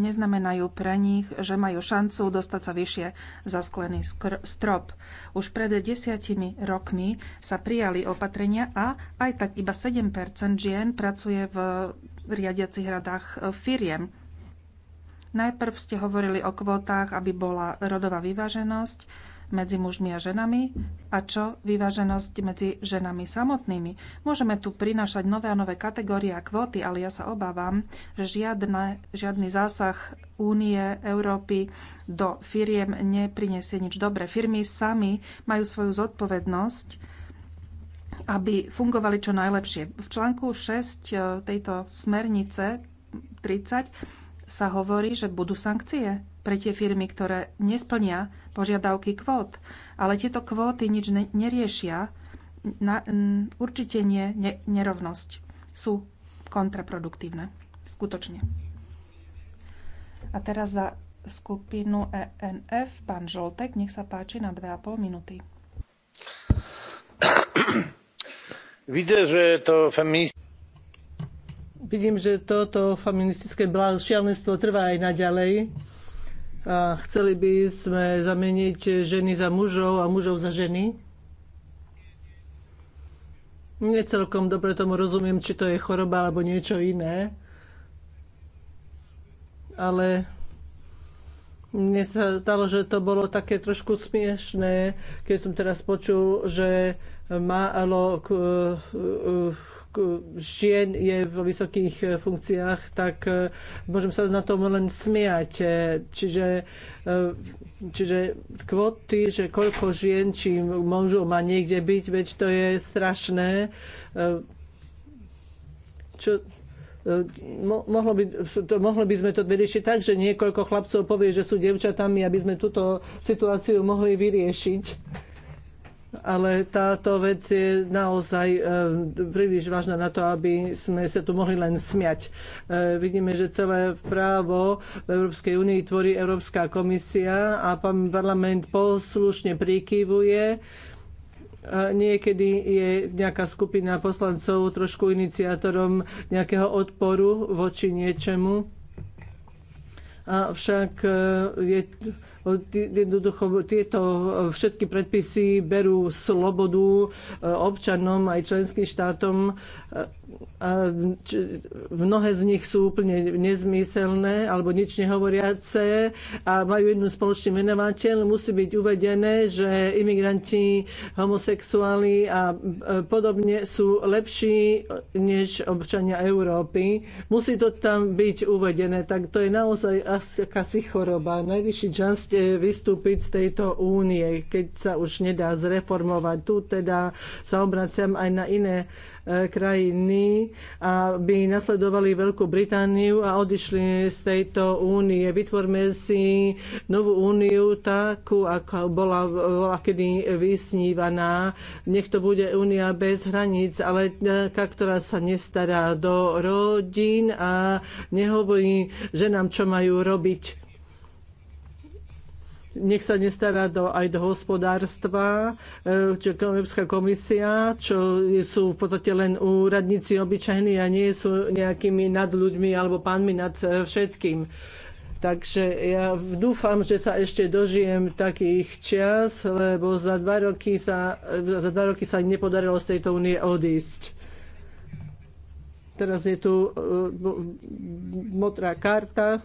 neznamenajú pre nich, že majú šancu dostať sa vyššie za sklený strop. Už pred desiatimi rokmi sa prijali opatrenia a aj tak iba 7 žien pracuje v riadiacich radách eh, firiem Najprv ste hovorili o kvótach, aby bola rodová vyváženosť medzi mužmi a ženami a čo vyváženosť medzi ženami samotnými. Môžeme tu prinášať nové a nové kategórie a kvóty, ale ja sa obávam, že žiadne, žiadny zásah Únie, Európy do firiem neprinesie nič dobré. Firmy sami majú svoju zodpovednosť aby fungovali čo najlepšie. V článku 6 e, tejto smernice 30 sa hovorí, že budú sankcie pre tie firmy, ktoré nesplnia požiadavky kvót. Ale tieto kvóty nič ne- neriešia. Na, n, určite nie ne- nerovnosť. Sú kontraproduktívne. Skutočne. A teraz za skupinu ENF pán Žoltek, nech sa páči na 2,5 minúty. Widzę, że to feminist- vidím, že toto feministické šialenstvo trvá aj naďalej. A chceli by sme zameniť ženy za mužov a mužov za ženy. Necelkom dobre tomu rozumiem, či to je choroba alebo niečo iné. Ale mne sa zdalo, že to bolo také trošku smiešné, keď som teraz počul, že málo eh, eh, žien je vo vysokých eh, funkciách, tak eh, môžem sa na tom len smiať. Eh, čiže, čiže kvoty, že koľko žien či môžu ma niekde byť, veď to je strašné. Čo, mohlo by, to, mohlo by sme to vyriešiť tak, že niekoľko chlapcov povie, že sú devčatami, aby sme túto situáciu mohli vyriešiť ale táto vec je naozaj eh, príliš vážna na to, aby sme sa tu mohli len smiať. Eh, vidíme, že celé právo v Európskej únii tvorí Európska komisia a pán parlament poslušne prikývuje. Eh, niekedy je nejaká skupina poslancov trošku iniciátorom nejakého odporu voči niečemu. Avšak je, Jednoducho tieto všetky predpisy berú slobodu e, občanom aj členským štátom a mnohé z nich sú úplne nezmyselné alebo nič nehovoriace a majú jednu spoločný menovateľ. Musí byť uvedené, že imigranti, homosexuáli a podobne sú lepší než občania Európy. Musí to tam byť uvedené, tak to je naozaj asi choroba. Najvyšší čas vystúpiť z tejto únie, keď sa už nedá zreformovať. Tu teda sa obraciam aj na iné Eh, krajiny, aby nasledovali Veľkú Britániu a odišli z tejto únie. Vytvorme si novú úniu takú, ako bola, bola kedy vysnívaná. Nech to bude únia bez hraníc, ale taká, ktorá sa nestará do rodín a nehovorí nám čo majú robiť nech sa nestará do, aj do hospodárstva, e, čo Európska komisia, čo sú v podstate len úradníci obyčajní a nie sú nejakými nad ľuďmi alebo pánmi nad e, všetkým. Takže ja dúfam, že sa ešte dožijem takých čias, lebo za dva roky sa, za dva roky sa nepodarilo z tejto únie odísť. Teraz je tu e, modrá karta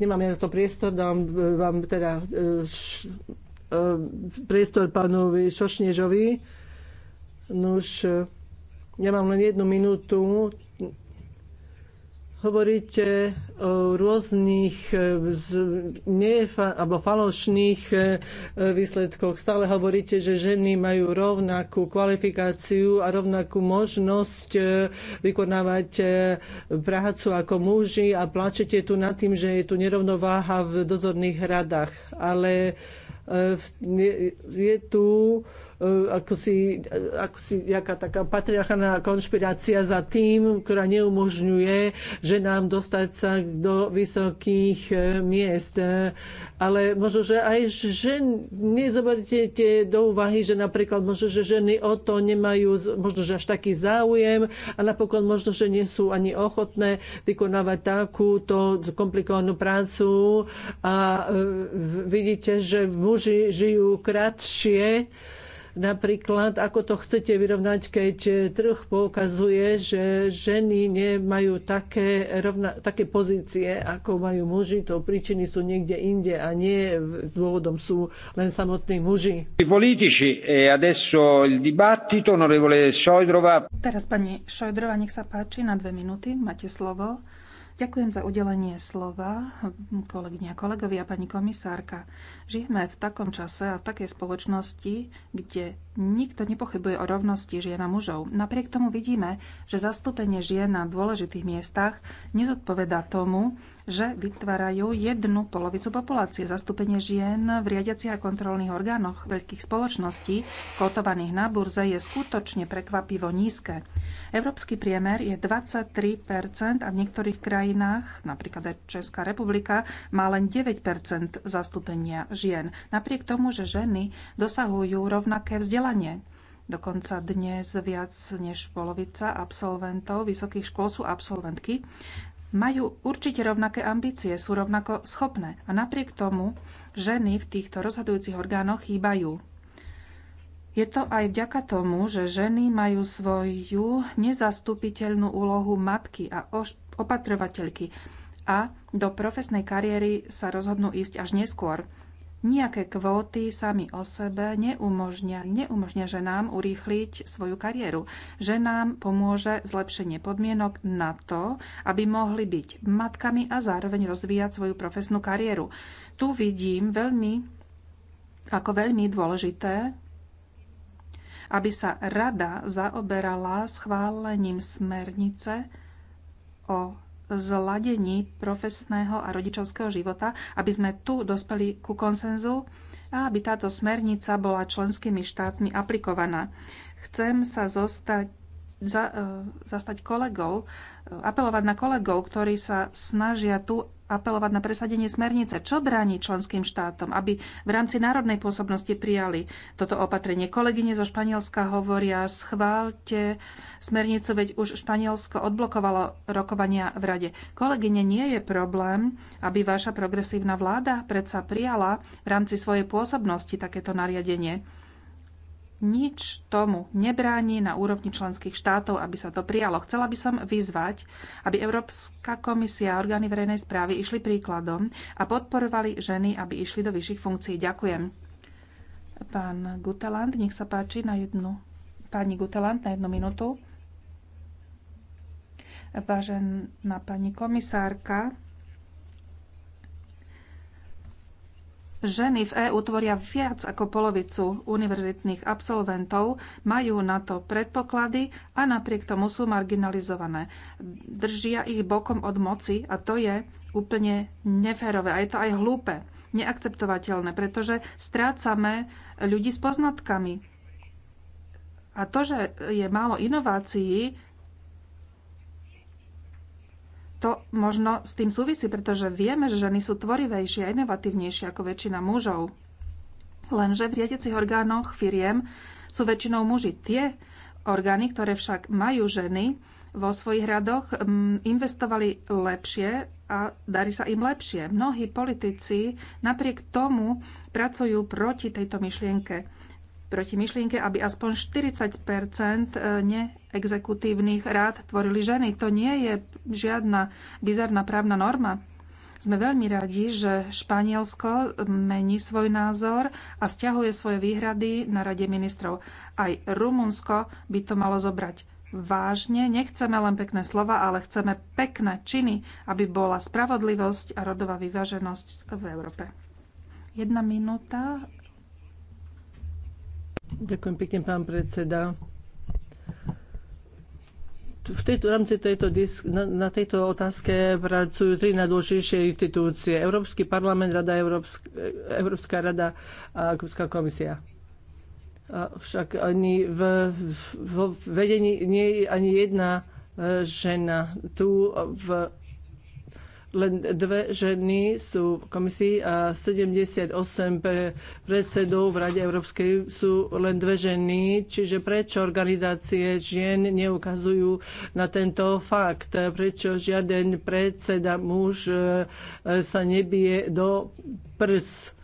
nemám ja na to priestor, dám e, vám teda e, š, e, priestor pánovi Šošnežovi. Nuž, ja mám len jednu minútu, hovoríte o rôznych e, z, alebo falošných e, výsledkoch. Stále hovoríte, že ženy majú rovnakú kvalifikáciu a rovnakú možnosť e, vykonávať prácu ako muži a plačete tu nad tým, že je tu nerovnováha v dozorných radách. Ale je tu E, ako si, e, ako si jaká taká patriarchálna konšpirácia za tým, ktorá neumožňuje ženám dostať sa do vysokých e, miest. Ale možno, že aj žen, nezoberte do úvahy, že napríklad možno, že ženy o to nemajú možno, že až taký záujem a napokon možno, že nie sú ani ochotné vykonávať takúto komplikovanú prácu a vidíte, že muži žijú kratšie Napríklad, ako to chcete vyrovnať, keď eh, trh poukazuje, že ženy nemajú také, rovna, také pozície, ako majú muži, to príčiny sú niekde inde a nie dôvodom sú len samotní muži. Politici, e adesso il dibattito, onorevole Šojdrova. Teraz pani Šojdrova, nech sa páči, na dve minúty máte slovo. Ďakujem za udelenie slova, kolegyňa, kolegovia, pani komisárka. Žijeme v takom čase a v takej spoločnosti, kde Nikto nepochybuje o rovnosti žien a mužov. Napriek tomu vidíme, že zastúpenie žien na dôležitých miestach nezodpoveda tomu, že vytvárajú jednu polovicu populácie. Zastúpenie žien v riadiacich a kontrolných orgánoch veľkých spoločností kotovaných na burze je skutočne prekvapivo nízke. Európsky priemer je 23 a v niektorých krajinách, napríklad aj Česká republika, má len 9 zastúpenia žien. Napriek tomu, že ženy dosahujú rovnaké vzdelanie, vzdelanie. Dokonca dnes viac než polovica absolventov vysokých škôl sú absolventky. Majú určite rovnaké ambície, sú rovnako schopné. A napriek tomu ženy v týchto rozhodujúcich orgánoch chýbajú. Je to aj vďaka tomu, že ženy majú svoju nezastupiteľnú úlohu matky a opatrovateľky a do profesnej kariéry sa rozhodnú ísť až neskôr. Nijaké kvóty sami o sebe neumožnia, neumožnia ženám urýchliť svoju kariéru. Ženám pomôže zlepšenie podmienok na to, aby mohli byť matkami a zároveň rozvíjať svoju profesnú kariéru. Tu vidím veľmi, ako veľmi dôležité, aby sa rada zaoberala schválením smernice o zladení profesného a rodičovského života, aby sme tu dospeli ku konsenzu a aby táto smernica bola členskými štátmi aplikovaná. Chcem sa zostať, za, e, zastať kolegov, e, apelovať na kolegov, ktorí sa snažia tu apelovať na presadenie smernice. Čo bráni členským štátom, aby v rámci národnej pôsobnosti prijali toto opatrenie? Kolegyne zo Španielska hovoria, schválte smernicu, veď už Španielsko odblokovalo rokovania v rade. Kolegyne, nie je problém, aby vaša progresívna vláda predsa prijala v rámci svojej pôsobnosti takéto nariadenie nič tomu nebráni na úrovni členských štátov, aby sa to prijalo. Chcela by som vyzvať, aby Európska komisia a orgány verejnej správy išli príkladom a podporovali ženy, aby išli do vyšších funkcií. Ďakujem. Pán Guteland, nech sa páči na jednu. Pani Guteland, na jednu minútu. Vážená pani komisárka, Ženy v EÚ tvoria viac ako polovicu univerzitných absolventov, majú na to predpoklady a napriek tomu sú marginalizované. Držia ich bokom od moci a to je úplne neférové a je to aj hlúpe, neakceptovateľné, pretože strácame ľudí s poznatkami. A to, že je málo inovácií, to možno s tým súvisí, pretože vieme, že ženy sú tvorivejšie a inovatívnejšie ako väčšina mužov. Lenže v riadiacich orgánoch firiem sú väčšinou muži. Tie orgány, ktoré však majú ženy vo svojich radoch, investovali lepšie a darí sa im lepšie. Mnohí politici napriek tomu pracujú proti tejto myšlienke proti myšlienke, aby aspoň 40 e, neexekutívnych rád tvorili ženy. To nie je žiadna bizarná právna norma. Sme veľmi radi, že Španielsko mení svoj názor a stiahuje svoje výhrady na Rade ministrov. Aj Rumunsko by to malo zobrať vážne. Nechceme len pekné slova, ale chceme pekné činy, aby bola spravodlivosť a rodová vyváženosť v Európe. Jedna minúta, Ďakujem pekne, pán predseda v tejto, rámci tejto disk, na, na tejto otázke pracujú tri najdôležitejšie inštitúcie. Európsky parlament, Rada Európsk, Európska rada a Európska komisia. A však ani v, v, v vedení nie je ani jedna e, žena. Tu v len dve ženy sú v komisii a 78 predsedov v Rade Európskej sú len dve ženy. Čiže prečo organizácie žien neukazujú na tento fakt? Prečo žiaden predseda muž e, sa nebije do prs?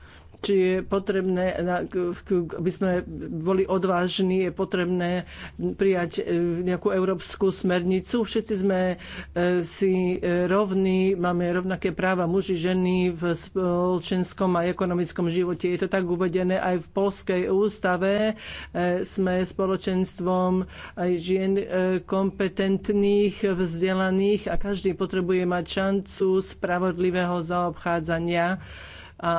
či je potrebné, aby sme boli odvážni, je potrebné prijať e, nejakú európsku smernicu. Všetci sme e, si e, rovní, máme rovnaké práva muži, ženy v spoločenskom a ekonomickom živote. Je to tak uvedené aj v Polskej ústave. Sme spoločenstvom aj žien kompetentných, vzdelaných a každý potrebuje mať šancu spravodlivého zaobchádzania a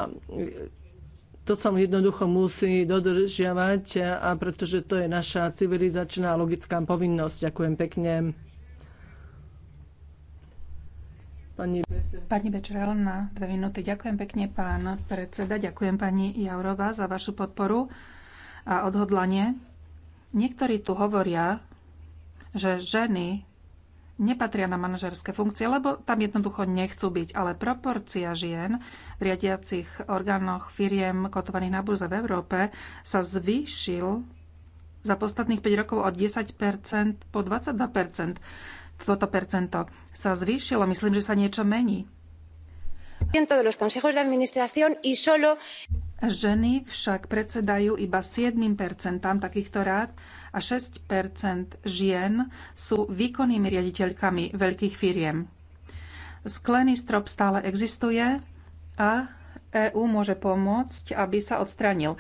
to sa jednoducho musí dodržiavať, a pretože to je naša civilizačná logická povinnosť. Ďakujem pekne. Pani, pani Bečerel na dve minúty. Ďakujem pekne, pán predseda. Ďakujem pani Jaurova za vašu podporu a odhodlanie. Niektorí tu hovoria, že ženy nepatria na manažerské funkcie, lebo tam jednoducho nechcú byť. Ale proporcia žien v riadiacich orgánoch firiem kotovaných na burze v Európe sa zvýšil za posledných 5 rokov od 10% po 22%. Toto percento sa zvýšilo. Myslím, že sa niečo mení. Ženy však predsedajú iba 7% takýchto rád a 6 žien sú výkonnými riaditeľkami veľkých firiem. Sklený strop stále existuje a EÚ môže pomôcť, aby sa odstranil.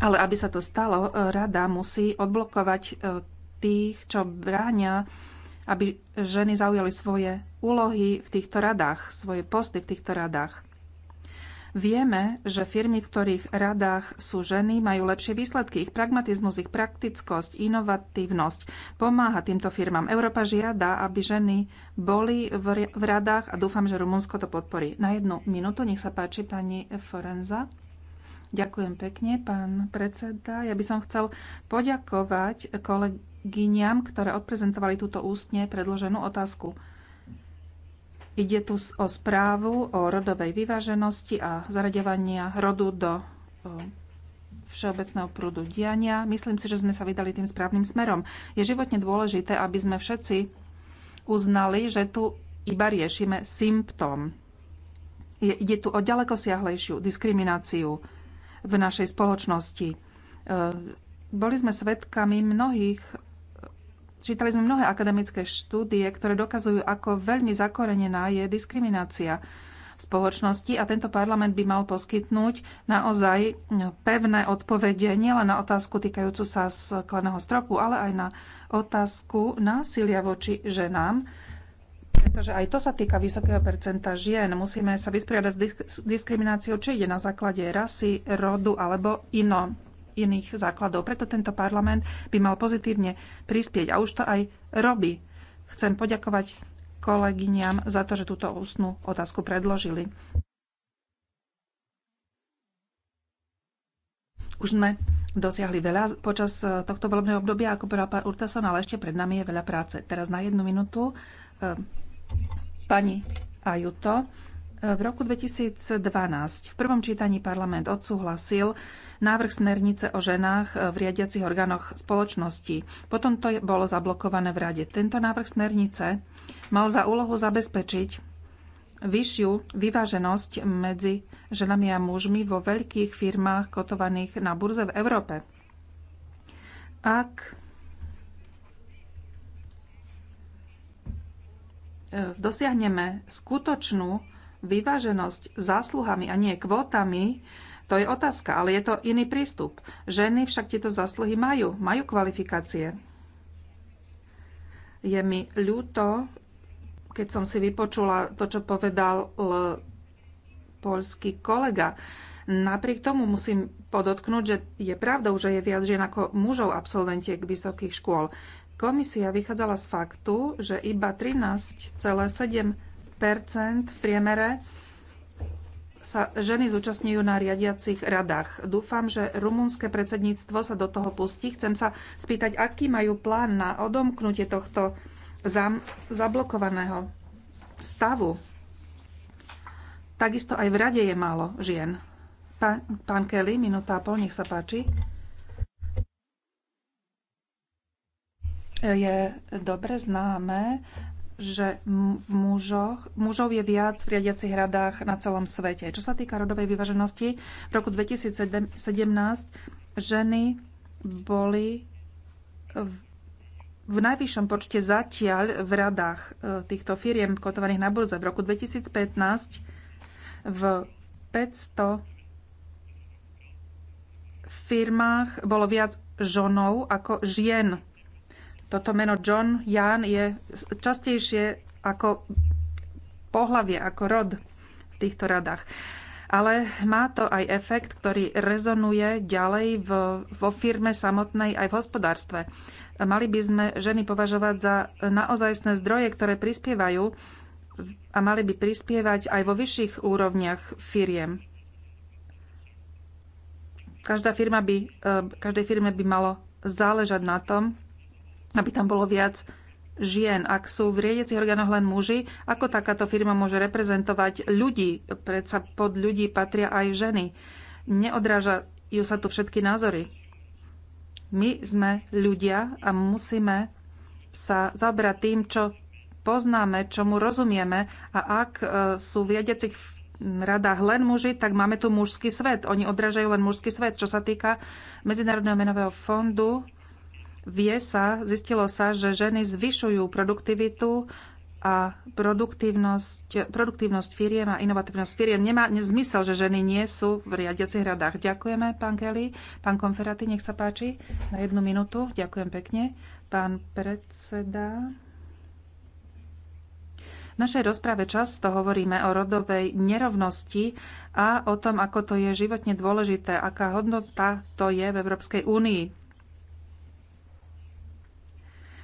Ale aby sa to stalo, e, rada musí odblokovať e, tých, čo bráňa, aby ženy zaujali svoje úlohy v týchto radách, svoje posty v týchto radách. Vieme, že firmy, v ktorých radách sú ženy, majú lepšie výsledky. Ich pragmatizmus, ich praktickosť, inovatívnosť pomáha týmto firmám. Európa žiada, aby ženy boli v, radách a dúfam, že Rumunsko to podporí. Na jednu minútu, nech sa páči pani Forenza. Ďakujem pekne, pán predseda. Ja by som chcel poďakovať kolegyňam, ktoré odprezentovali túto ústne predloženú otázku. Ide tu o správu o rodovej vyváženosti a zaraďovania rodu do všeobecného prúdu diania. Myslím si, že sme sa vydali tým správnym smerom. Je životne dôležité, aby sme všetci uznali, že tu iba riešime symptóm. Ide tu o ďaleko siahlejšiu diskrimináciu v našej spoločnosti. E, boli sme svedkami mnohých Čítali sme mnohé akademické štúdie, ktoré dokazujú, ako veľmi zakorenená je diskriminácia v spoločnosti a tento parlament by mal poskytnúť naozaj pevné odpovede nielen na otázku týkajúcu sa skleného stropu, ale aj na otázku násilia voči ženám, pretože aj to sa týka vysokého percenta žien. Musíme sa vysporiadať s diskrimináciou, či ide na základe rasy, rodu alebo ino iných základov. Preto tento parlament by mal pozitívne prispieť a už to aj robí. Chcem poďakovať kolegyňam za to, že túto ústnu otázku predložili. Už sme dosiahli veľa počas tohto volebného obdobia, ako povedal pán Urtason, ale ešte pred nami je veľa práce. Teraz na jednu minútu eh, pani Ajuto. V roku 2012 v prvom čítaní parlament odsúhlasil návrh smernice o ženách v riadiacich orgánoch spoločnosti. Potom to bolo zablokované v rade. Tento návrh smernice mal za úlohu zabezpečiť vyššiu vyváženosť medzi ženami a mužmi vo veľkých firmách kotovaných na burze v Európe. Ak dosiahneme skutočnú vyváženosť zásluhami a nie kvótami, to je otázka, ale je to iný prístup. Ženy však tieto zásluhy majú, majú kvalifikácie. Je mi ľúto, keď som si vypočula to, čo povedal l- polský kolega. Napriek tomu musím podotknúť, že je pravdou, že je viac žien ako mužov absolventiek vysokých škôl. Komisia vychádzala z faktu, že iba 13,7 v priemere sa ženy zúčastňujú na riadiacich radách. Dúfam, že rumunské predsedníctvo sa do toho pustí. Chcem sa spýtať, aký majú plán na odomknutie tohto zam- zablokovaného stavu. Takisto aj v rade je málo žien. Pa- pán Kelly, minúta a pol, nech sa páči. Je dobre známe, že v mužoch, mužov je viac v riadiacich radách na celom svete. Čo sa týka rodovej vyvaženosti, v roku 2017 ženy boli v, v najvyššom počte zatiaľ v radách e, týchto firiem kotovaných na burze. V roku 2015 v 500 firmách bolo viac ženov ako žien toto meno John, Jan je častejšie ako pohlavie, ako rod v týchto radách. Ale má to aj efekt, ktorý rezonuje ďalej v, vo firme samotnej aj v hospodárstve. Mali by sme ženy považovať za naozajstné zdroje, ktoré prispievajú a mali by prispievať aj vo vyšších úrovniach firiem. Každá firma by, e, každej firme by malo záležať na tom, aby tam bolo viac žien. Ak sú v riadiacich orgánoch len muži, ako takáto firma môže reprezentovať ľudí? Predsa pod ľudí patria aj ženy. Neodrážajú sa tu všetky názory. My sme ľudia a musíme sa zabrať tým, čo poznáme, čomu rozumieme a ak e, sú v riadiacich radách len muži, tak máme tu mužský svet. Oni odrážajú len mužský svet. Čo sa týka Medzinárodného menového fondu, Vie sa, zistilo sa, že ženy zvyšujú produktivitu a produktívnosť, produktívnosť firiem a inovatívnosť firiem. Nemá zmysel, že ženy nie sú v riadiacich radách. Ďakujeme, pán Kelly. Pán Konferaty, nech sa páči. Na jednu minútu. Ďakujem pekne. Pán predseda. V našej rozprave často hovoríme o rodovej nerovnosti a o tom, ako to je životne dôležité, aká hodnota to je v Európskej únii.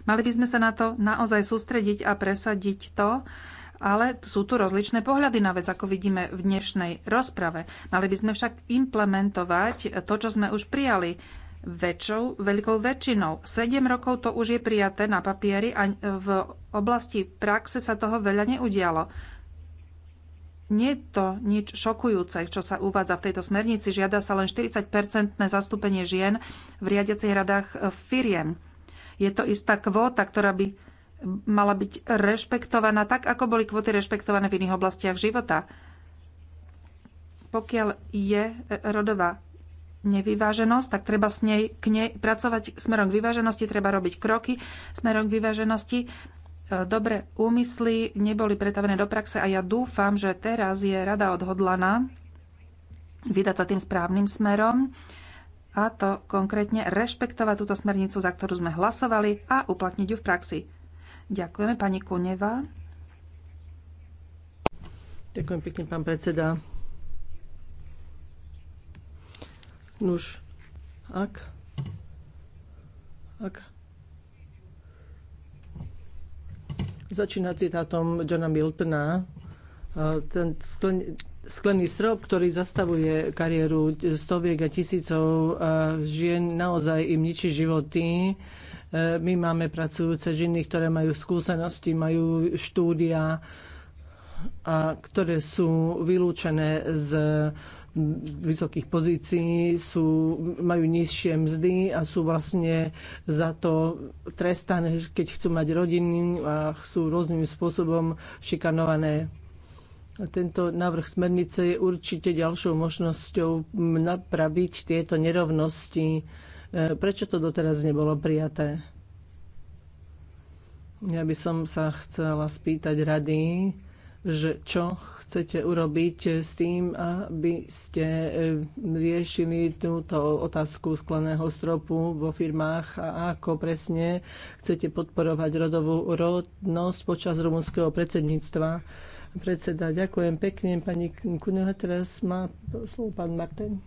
Mali by sme sa na to naozaj sústrediť a presadiť to, ale sú tu rozličné pohľady na vec, ako vidíme v dnešnej rozprave. Mali by sme však implementovať to, čo sme už prijali väčšou, veľkou väčšinou. Sedem rokov to už je prijaté na papieri a v oblasti praxe sa toho veľa neudialo. Nie je to nič šokujúce, čo sa uvádza v tejto smernici. Žiada sa len 40-percentné zastúpenie žien v riadiacich radách firiem. Je to istá kvóta, ktorá by mala byť rešpektovaná tak, ako boli kvóty rešpektované v iných oblastiach života. Pokiaľ je rodová nevyváženosť, tak treba s nej, k nej pracovať smerom k vyváženosti, treba robiť kroky smerom k vyváženosti. E, Dobre úmysly neboli pretavené do praxe a ja dúfam, že teraz je rada odhodlaná vydať sa tým správnym smerom a to konkrétne rešpektovať túto smernicu, za ktorú sme hlasovali a uplatniť ju v praxi. Ďakujeme pani Kuneva. Ďakujem pekne, pán predseda. Nuž, ak, ak začína citátom Johna Miltona, ten sklen, sklený strop, ktorý zastavuje kariéru stoviek a tisícov žien, naozaj im ničí životy. E, my máme pracujúce ženy, ktoré majú skúsenosti, majú štúdia, a ktoré sú vylúčené z vysokých pozícií, sú, majú nižšie mzdy a sú vlastne za to trestané, keď chcú mať rodiny a sú rôznym spôsobom šikanované. A tento návrh smernice je určite ďalšou možnosťou napraviť tieto nerovnosti. E, prečo to doteraz nebolo prijaté? Ja by som sa chcela spýtať rady, že čo chcete urobiť s tým, aby ste e, riešili túto otázku skleného stropu vo firmách a ako presne chcete podporovať rodovú rodnosť počas rumunského predsedníctva predseda. Ďakujem pekne, pani Kuneho. Teraz má slovo pán Martin.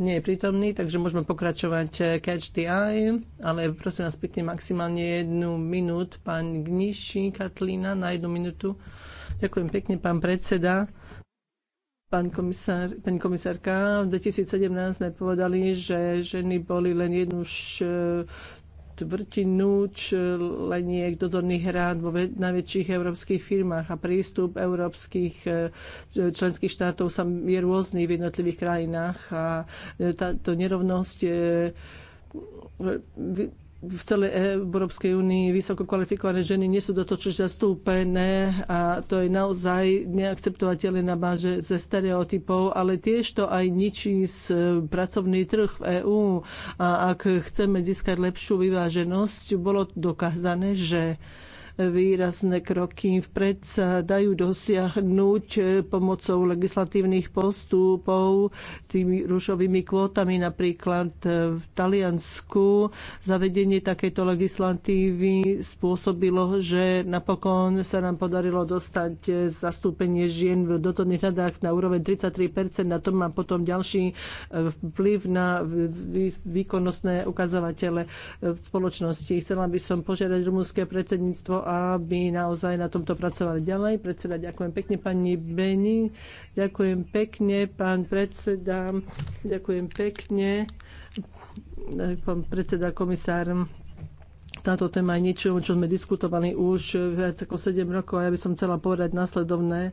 Nie je prítomný, takže môžeme pokračovať eh, Catch the Eye, ale prosím vás pekne maximálne jednu minút. Pán Gniši Katlína na jednu minútu. Ďakujem pekne, pán predseda. Pán komisár, pani komisárka, v 2017 sme povedali, že ženy boli len jednu š, štvrtinu členiek eh, dozorných rád vo najväčších európskych firmách a prístup európskych eh, členských štátov sa je rôzny v jednotlivých krajinách a eh, táto nerovnosť je v celej Európskej únii vysoko kvalifikované ženy nie sú dotočne zastúpené a to je naozaj neakceptovateľné na báze ze stereotypov, ale tiež to aj ničí z e, pracovný trh v EÚ. A ak chceme získať lepšiu vyváženosť, bolo dokázané, že výrazné kroky vpred sa dajú dosiahnuť pomocou legislatívnych postupov, tými rušovými kvótami napríklad v Taliansku. Zavedenie takejto legislatívy spôsobilo, že napokon sa nám podarilo dostať zastúpenie žien v dotodných radách na úroveň 33%. Na tom má potom ďalší e, vplyv na výkonnostné ukazovatele v spoločnosti. Chcela by som požiadať rumúnske predsedníctvo aby naozaj na tomto pracovali ďalej. Predseda, ďakujem pekne pani Beni, ďakujem pekne pán predseda, ďakujem pekne pán predseda komisár táto téma je niečo, čo sme diskutovali už viac ako 7 rokov a ja by som chcela povedať nasledovné, e,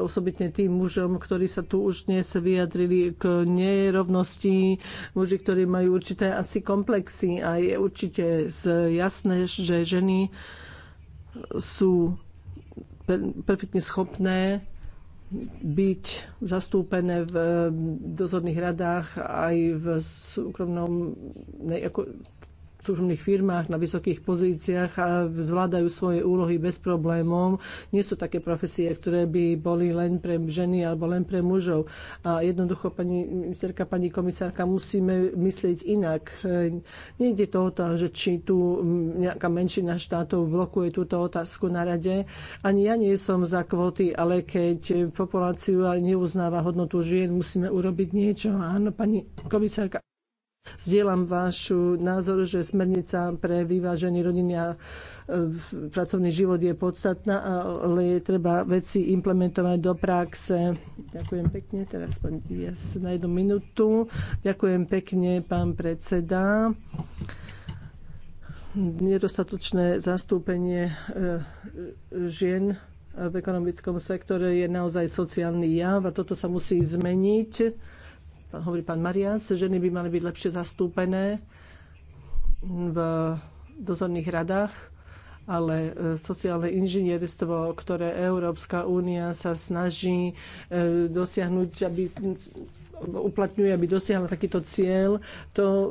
osobitne tým mužom, ktorí sa tu už dnes vyjadrili k nerovnosti, muži, ktorí majú určité asi komplexy a je určite jasné, že ženy sú perfektne schopné byť zastúpené eh, v dozorných radách aj v súkromnom, ako, súkromných firmách na vysokých pozíciách a zvládajú svoje úlohy bez problémov. Nie sú také profesie, ktoré by boli len pre ženy alebo len pre mužov. A jednoducho, pani ministerka, pani komisárka, musíme myslieť inak. Nejde to o to, že či tu nejaká menšina štátov blokuje túto otázku na rade. Ani ja nie som za kvóty, ale keď populáciu neuznáva hodnotu žien, musíme urobiť niečo. Áno, pani komisárka. Zdieľam vášu názor, že smernica pre vyvážený rodiny a e, pracovný život je podstatná, ale je treba veci implementovať do praxe. Ďakujem pekne. Teraz pán Dias na jednu minútu. Ďakujem pekne, pán predseda. Nedostatočné zastúpenie e, e, žien v ekonomickom sektore je naozaj sociálny jav a toto sa musí zmeniť hovorí pán Marias, ženy by mali byť lepšie zastúpené v dozorných radách, ale e, sociálne inžinierstvo, ktoré Európska únia sa snaží e, dosiahnuť, aby uplatňuje, aby dosiahla takýto cieľ, to e,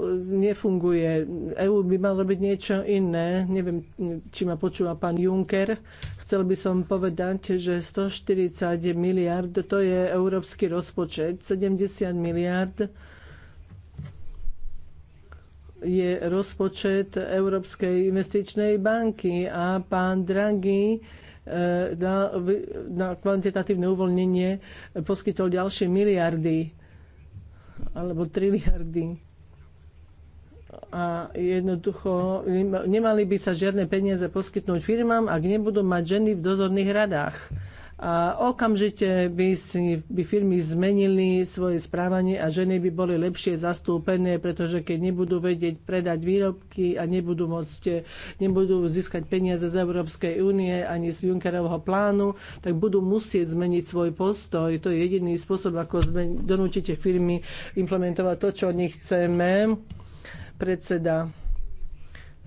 nefunguje. EÚ by malo robiť niečo iné. Neviem, či ma počúva pán Juncker. Chcel by som povedať, že 140 miliard to je európsky rozpočet, 70 miliard je rozpočet Európskej investičnej banky a pán Draghi e, na, na kvantitatívne uvoľnenie poskytol ďalšie miliardy alebo triliardy a jednoducho nemali by sa žiadne peniaze poskytnúť firmám, ak nebudú mať ženy v dozorných radách. A okamžite by, si, by firmy zmenili svoje správanie a ženy by boli lepšie zastúpené, pretože keď nebudú vedieť predať výrobky a nebudú môcť, nebudú získať peniaze z Európskej únie ani z Junckerovho plánu, tak budú musieť zmeniť svoj postoj. To je jediný spôsob, ako donútite firmy implementovať to, čo od nich chceme predseda.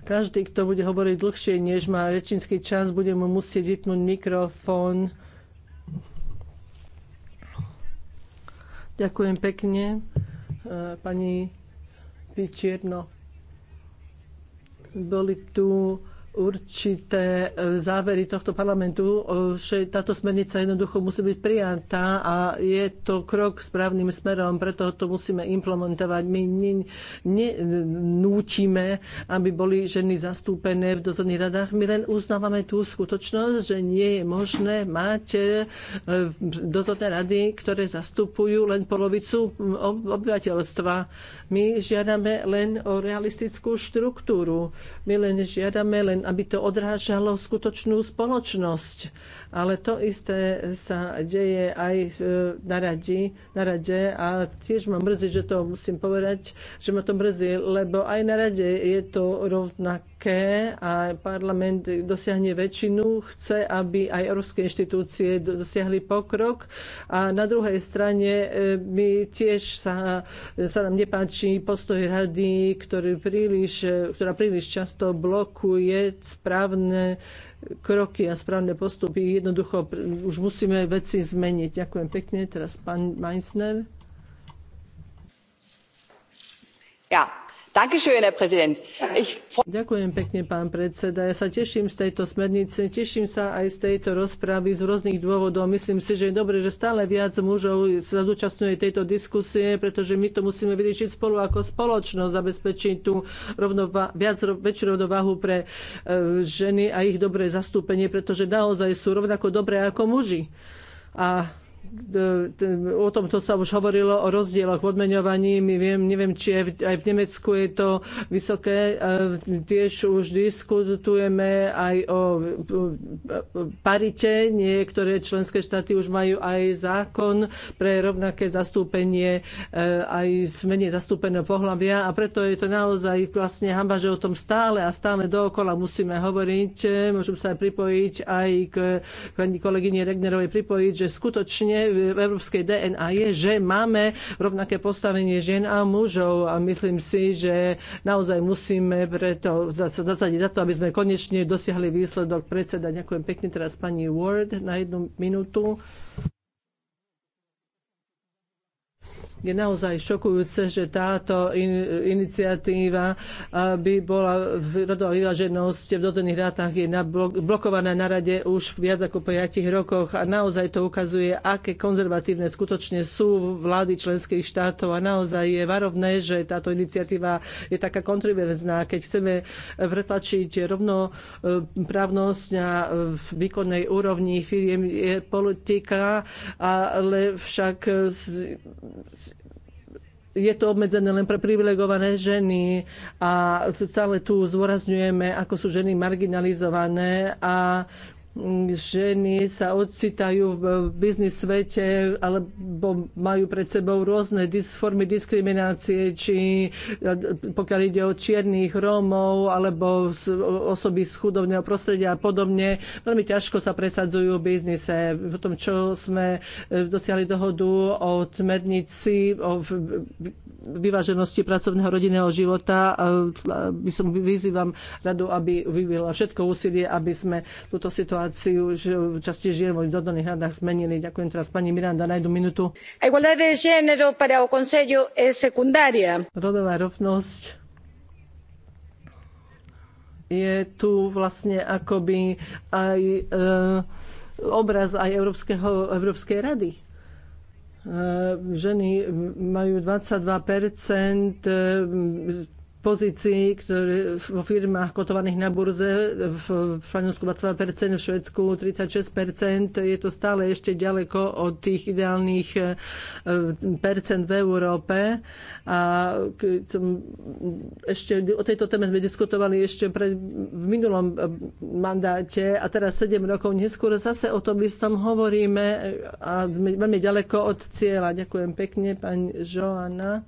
Každý, kto bude hovoriť dlhšie, než má rečnícky čas, bude mu musieť vypnúť mikrofón. Ďakujem pekne, e, pani Pičierno. Boli tu určité e, závery tohto parlamentu, e, že táto smernica jednoducho musí byť prijatá a je to krok správnym smerom, preto to musíme implementovať. My nenúčime, aby boli ženy zastúpené v dozorných radách, my len uznávame tú skutočnosť, že nie je možné mať e, dozorné rady, ktoré zastupujú len polovicu obyvateľstva. My žiadame len o realistickú štruktúru. My len žiadame len aby to odrážalo skutočnú spoločnosť ale to isté sa deje aj e, na, radi, na rade a tiež ma mrzí, že to musím povedať, že ma to mrzí, lebo aj na rade je to rovnaké a parlament dosiahne väčšinu, chce, aby aj európske inštitúcie dosiahli pokrok a na druhej strane e, my tiež sa, sa nám nepáči postoj rady, ktorý príliš, e, ktorá príliš často blokuje správne kroky a správne postupy. Jednoducho už musíme veci zmeniť. Ďakujem pekne. Teraz pán Meissner. Ja, Ďakujem pekne, pán predseda. Ja sa teším z tejto smernice, teším sa aj z tejto rozpravy z rôznych dôvodov. Myslím si, že je dobré, že stále viac mužov sa zúčastňuje tejto diskusie, pretože my to musíme vyriešiť spolu ako spoločnosť, zabezpečiť tú rovnova- viac, väčšiu rovnováhu pre e, ženy a ich dobré zastúpenie, pretože naozaj sú rovnako dobré ako muži. A o tomto sa už hovorilo o rozdieloch v odmeňovaní. My viem, neviem, či aj v, aj v Nemecku je to vysoké. E, tiež už diskutujeme aj o parite. Niektoré členské štáty už majú aj zákon pre rovnaké zastúpenie e, aj z menej zastúpeného pohľavia a preto je to naozaj vlastne hamba, že o tom stále a stále dookola musíme hovoriť. Môžem sa pripojiť aj k pani kolegyne Regnerovej pripojiť, že skutočne skutočne v európskej DNA je, že máme rovnaké postavenie žien a mužov a myslím si, že naozaj musíme preto zasadiť za to, aby sme konečne dosiahli výsledok predseda. Ďakujem pekne teraz pani Ward na jednu minútu. Je naozaj šokujúce, že táto in, iniciatíva by bola rodová vyváženosť v dotených rátach je na blok, blokovaná na rade už viac ako po 5 rokoch a naozaj to ukazuje, aké konzervatívne skutočne sú vlády členských štátov a naozaj je varovné, že táto iniciatíva je taká kontroverzná, keď chceme pretlačiť právnosť na výkonnej úrovni firiem je politika, ale však je to obmedzené len pre privilegované ženy a stále tu zvorazňujeme, ako sú ženy marginalizované a ženy sa ocitajú v biznis svete alebo majú pred sebou rôzne formy diskriminácie, či e, pokiaľ ide o čiernych Rómov alebo osoby z chudobného prostredia a podobne, veľmi ťažko sa presadzujú v biznise. Potom, čo sme e, dosiahli dohodu o smernici o vyváženosti pracovného rodinného života. By som vyzývam radu, aby vyvíjala všetko úsilie, aby sme túto situáciu v časti žien v dodaných radách zmenili. Ďakujem teraz pani Miranda na jednu minútu. Rodová rovnosť je tu vlastne akoby aj e, obraz aj Európskeho, Európskej rady ženy majú 22 pozícií, ktoré vo firmách kotovaných na burze v Španielsku 22%, v Švedsku 36%. Je to stále ešte ďaleko od tých ideálnych eh, percent v Európe. A ešte o tejto téme sme diskutovali ešte pre, v minulom eh, mandáte a teraz 7 rokov neskôr zase o tom istom hovoríme eh, a sme veľmi ďaleko od cieľa. Ďakujem pekne, pani Joana.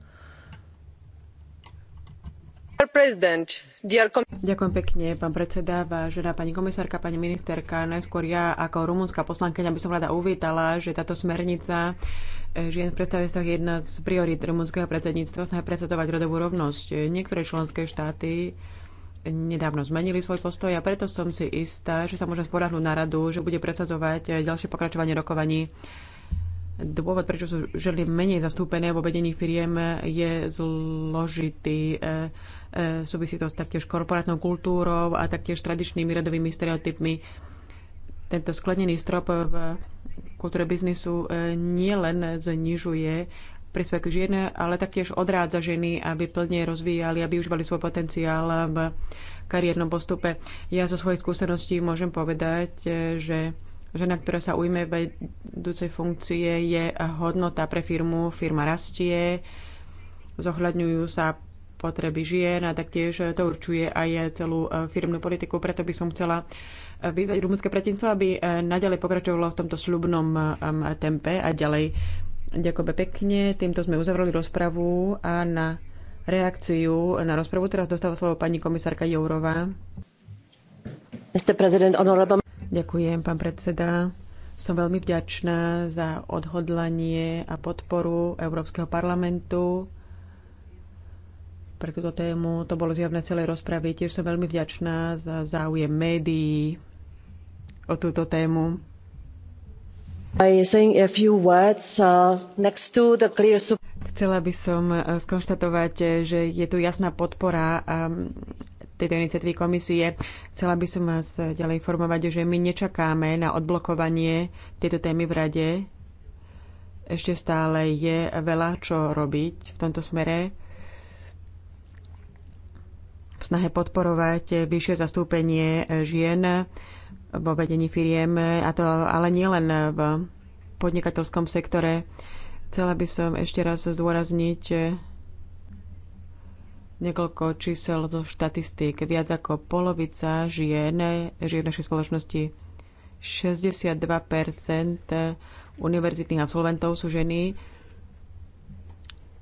Ďakujem pekne, pán predseda, vážená pani komisárka, pani ministerka. Najskôr ja ako rumunská poslankyňa by som rada uvítala, že táto smernica e, žien v predstavenstvách je jedna z priorít rumunského predsedníctva snaha predsedovať rodovú rovnosť. Niektoré členské štáty nedávno zmenili svoj postoj a preto som si istá, že sa môžem sporahnúť na radu, že bude predsadzovať ďalšie pokračovanie rokovaní Dôvod, prečo sú ženy menej zastúpené vo vedení firiem, je zložitý. E, E, súvisí to s taktiež korporátnou kultúrou a taktiež tradičnými radovými stereotypmi. Tento sklenený strop v kultúre biznisu e, nielen znižuje príspevok žien, ale taktiež odrádza ženy, aby plne rozvíjali a využívali svoj potenciál v kariérnom postupe. Ja zo svojich skúseností môžem povedať, e, že žena, ktorá sa ujme vedúcej funkcie, je hodnota pre firmu, firma rastie, zohľadňujú sa potreby žien a taktiež to určuje aj celú e, firmnú politiku. Preto by som chcela e, vyzvať rumunské predsedníctvo, aby e, naďalej pokračovalo v tomto slubnom tempe a ďalej. Ďakujem pekne. Týmto sme uzavreli rozpravu a na reakciu na rozpravu teraz dostáva slovo pani komisárka Jourová. Ďakujem, pán predseda. Som veľmi vďačná za odhodlanie a podporu Európskeho parlamentu pre túto tému. To bolo zjavné celej rozpravy. Tiež som veľmi vďačná za záujem médií o túto tému. Uh, Chcela by som uh, skonštatovať, že je tu jasná podpora um, tejto iniciatívy komisie. Chcela by som vás ďalej informovať, že my nečakáme na odblokovanie tejto témy v Rade. Ešte stále je veľa čo robiť v tomto smere v snahe podporovať vyššie zastúpenie žien vo vedení firiem, a to ale nielen v podnikateľskom sektore. Chcela by som ešte raz zdôrazniť niekoľko čísel zo štatistík. Viac ako polovica žien, žije v našej spoločnosti 62% univerzitných absolventov sú ženy.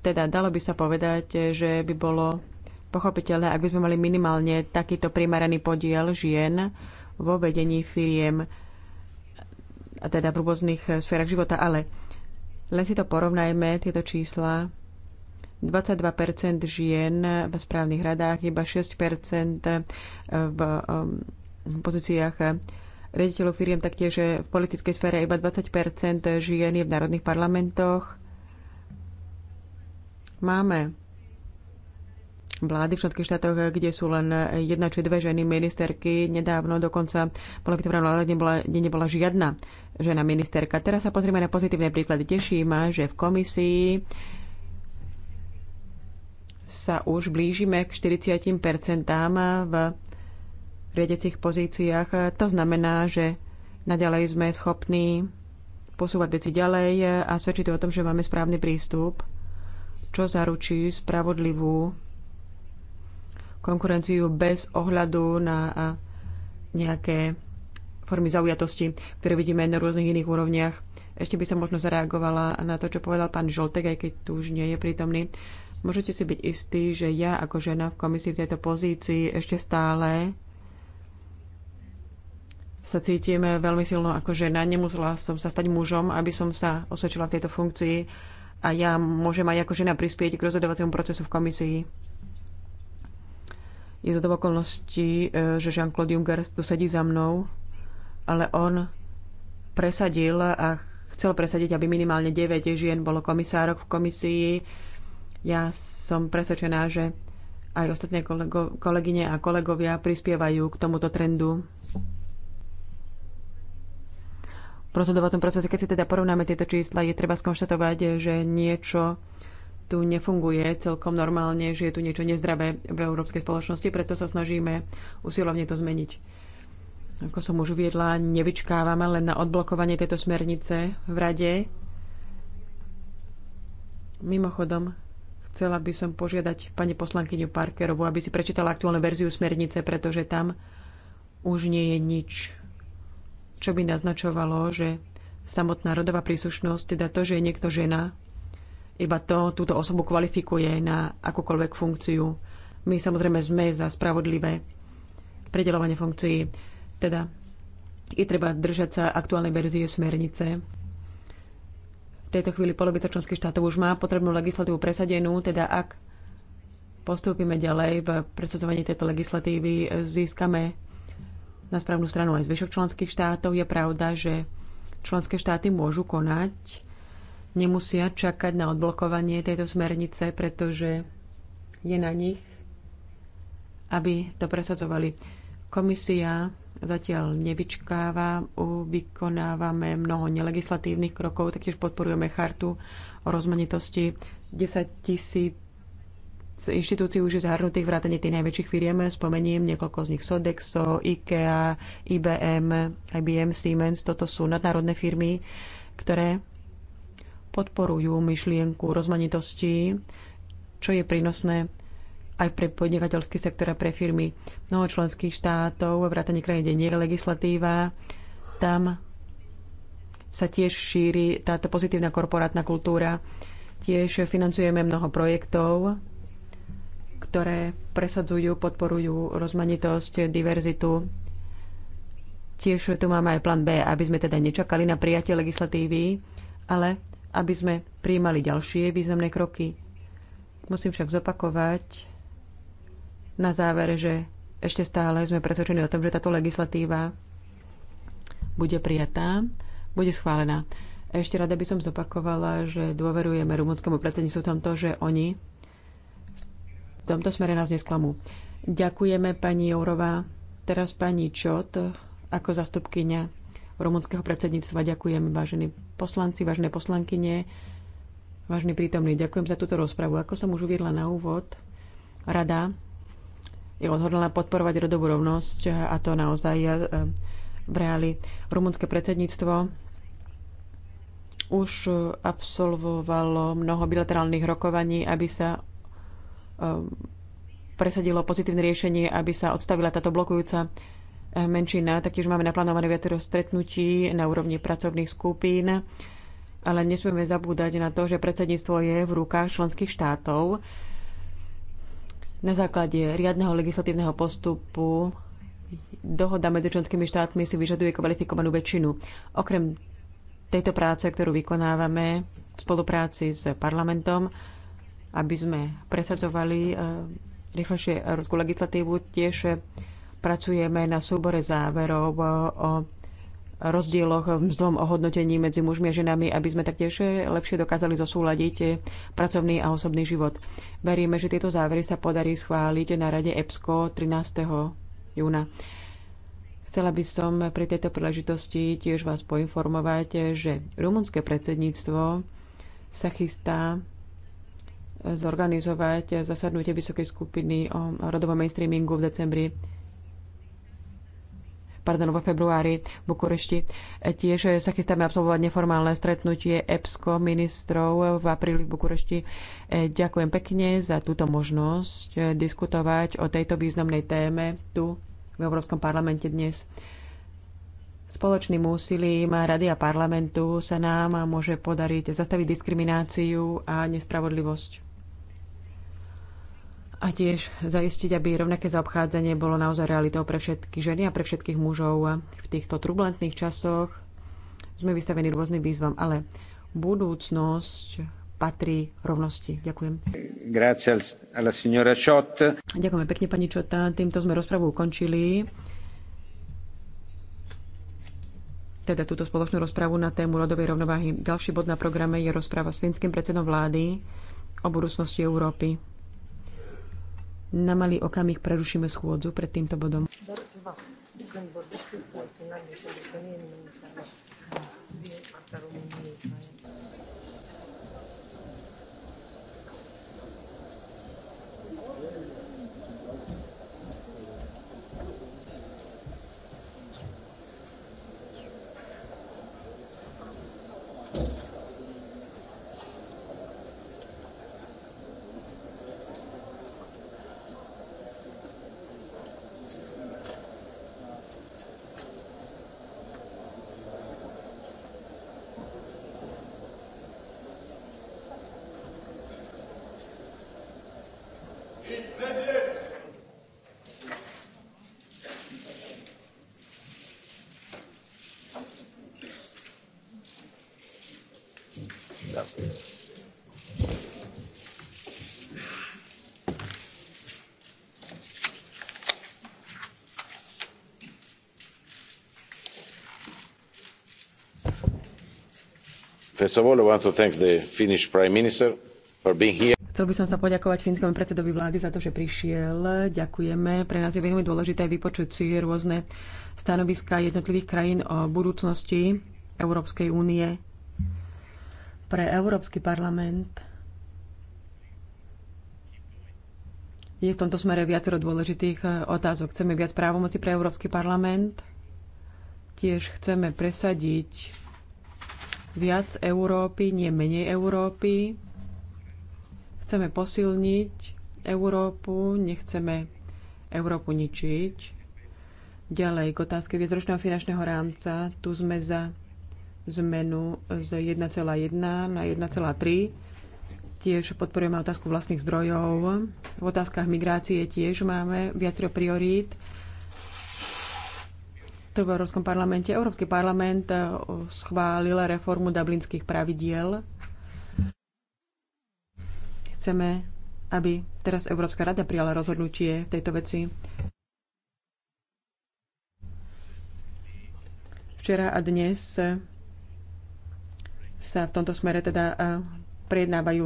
Teda dalo by sa povedať, že by bolo pochopiteľné, by sme mali minimálne takýto primeraný podiel žien vo vedení firiem, a teda v rôznych sférach života, ale len si to porovnajme, tieto čísla. 22% žien v správnych radách, iba 6% v um, pozíciách rediteľov firiem, taktiež v politickej sfére iba 20% žien je v národných parlamentoch. Máme vlády v všetkých štátoch, kde sú len jedna či dve ženy ministerky. Nedávno dokonca bola ktorá vláda, nebola, nebola žiadna žena ministerka. Teraz sa pozrieme na pozitívne príklady. Teší ma, že v komisii sa už blížime k 40% v riadecích pozíciách. To znamená, že naďalej sme schopní posúvať veci ďalej a svedčí to o tom, že máme správny prístup, čo zaručí spravodlivú konkurenciu bez ohľadu na nejaké formy zaujatosti, ktoré vidíme na rôznych iných úrovniach. Ešte by som možno zareagovala na to, čo povedal pán Žoltek, aj keď tu už nie je prítomný. Môžete si byť istí, že ja ako žena v komisii v tejto pozícii ešte stále sa cítim veľmi silno ako žena. Nemusela som sa stať mužom, aby som sa osvedčila v tejto funkcii a ja môžem aj ako žena prispieť k rozhodovaciemu procesu v komisii je to do okolností, e, že Jean-Claude Juncker tu sedí za mnou, ale on presadil a chcel presadiť, aby minimálne 9 žien bolo komisárok v komisii. Ja som presvedčená, že aj ostatné kolego, kolegyne a kolegovia prispievajú k tomuto trendu. V rozhodovacom procese, keď si teda porovnáme tieto čísla, je treba skonštatovať, že niečo tu nefunguje celkom normálne, že je tu niečo nezdravé v európskej spoločnosti, preto sa snažíme usilovne to zmeniť. Ako som už uviedla, nevyčkávame len na odblokovanie tejto smernice v rade. Mimochodom, chcela by som požiadať pani poslankyňu Parkerovu, aby si prečítala aktuálnu verziu smernice, pretože tam už nie je nič, čo by naznačovalo, že samotná rodová príslušnosť, teda to, že je niekto žena, iba to túto osobu kvalifikuje na akúkoľvek funkciu. My samozrejme sme za spravodlivé predelovanie funkcií. Teda i treba držať sa aktuálnej verzie smernice. V tejto chvíli polovica členských štátov už má potrebnú legislatívu presadenú, teda ak postúpime ďalej v presadzovaní tejto legislatívy, získame na správnu stranu aj zvyšok členských štátov. Je pravda, že členské štáty môžu konať nemusia čakať na odblokovanie tejto smernice, pretože je na nich, aby to presadzovali. Komisia zatiaľ nevyčkáva, vykonávame mnoho nelegislatívnych krokov, taktiež podporujeme chartu o rozmanitosti 10 tisíc z inštitúcií už je zahrnutých vrátane tých najväčších firiem. Spomeniem niekoľko z nich Sodexo, IKEA, IBM, IBM, Siemens. Toto sú nadnárodné firmy, ktoré podporujú myšlienku rozmanitosti, čo je prínosné aj pre podnikateľský sektor a pre firmy mnoho členských štátov, vrátanie krajín, kde nie je legislatíva, tam sa tiež šíri táto pozitívna korporátna kultúra. Tiež financujeme mnoho projektov, ktoré presadzujú, podporujú rozmanitosť, diverzitu. Tiež tu máme aj plán B, aby sme teda nečakali na prijatie legislatívy, ale aby sme príjmali ďalšie významné kroky. Musím však zopakovať na závere, že ešte stále sme presvedčení o tom, že táto legislatíva bude prijatá, bude schválená. Ešte rada by som zopakovala, že dôverujeme rumunskému predsedníctvu v tomto, že oni v tomto smere nás nesklamú. Ďakujeme pani Jourová, teraz pani Čot ako zastupkynia rumunského predsedníctva. Ďakujem, vážení poslanci, vážne poslankyne, vážni prítomní. Ďakujem za túto rozpravu. Ako som už uviedla na úvod, rada je odhodlná podporovať rodovú rovnosť a to naozaj e, v reáli. Rumunské predsedníctvo už absolvovalo mnoho bilaterálnych rokovaní, aby sa e, presadilo pozitívne riešenie, aby sa odstavila táto blokujúca menšina. Taktiež máme naplánované viacero stretnutí na úrovni pracovných skupín, ale nesmieme zabúdať na to, že predsedníctvo je v rukách členských štátov. Na základe riadneho legislatívneho postupu dohoda medzi členskými štátmi si vyžaduje kvalifikovanú väčšinu. Okrem tejto práce, ktorú vykonávame v spolupráci s parlamentom, aby sme presadzovali eh, rýchlejšie európsku legislatívu, tiež pracujeme na súbore záverov o rozdieloch v mzdom ohodnotení medzi mužmi a ženami, aby sme taktiež lepšie dokázali zosúľadiť pracovný a osobný život. Veríme, že tieto závery sa podarí schváliť na Rade EPSCO 13. júna. Chcela by som pri tejto príležitosti tiež vás poinformovať, že rumunské predsedníctvo sa chystá zorganizovať zasadnutie Vysokej skupiny o rodovom mainstreamingu v decembri pardon, vo februári v Bukurešti. E, tiež e, sa chystáme absolvovať neformálne stretnutie EPSCO ministrov v apríli v Bukurešti. E, ďakujem pekne za túto možnosť diskutovať o tejto významnej téme tu v Európskom parlamente dnes. Spoločným úsilím Rady a parlamentu sa nám môže podariť zastaviť diskrimináciu a nespravodlivosť a tiež zaistiť, aby rovnaké zaobchádzanie bolo naozaj realitou pre všetky ženy a pre všetkých mužov. V týchto turbulentných časoch sme vystavení rôznym výzvam, ale budúcnosť patrí rovnosti. Ďakujem. Grazie alla signora Ďakujeme pekne, pani Čota. Týmto sme rozpravu ukončili. Teda túto spoločnú rozpravu na tému rodovej rovnováhy. Ďalší bod na programe je rozpráva s finským predsedom vlády o budúcnosti Európy na malý okamih prerušíme schôdzu pred týmto bodom. Chcel by som sa poďakovať fínskemu predsedovi vlády za to, že prišiel. Ďakujeme. Pre nás je veľmi dôležité vypočuť si rôzne stanoviska jednotlivých krajín o budúcnosti Európskej únie. Pre Európsky parlament je v tomto smere viacero dôležitých eh, otázok. Chceme viac právomoci pre Európsky parlament. Tiež chceme presadiť viac Európy, nie menej Európy. Chceme posilniť Európu, nechceme Európu ničiť. Ďalej k otázke viacročného finančného rámca. Tu sme za zmenu z 1,1 na 1,3. Tiež podporujeme otázku vlastných zdrojov. V otázkach migrácie tiež máme viacero priorít to v Európskom parlamente. Európsky parlament eh, schválil reformu dublinských pravidiel. Chceme, aby teraz Európska rada prijala rozhodnutie v tejto veci. Včera a dnes sa v tomto smere teda eh, prejednávajú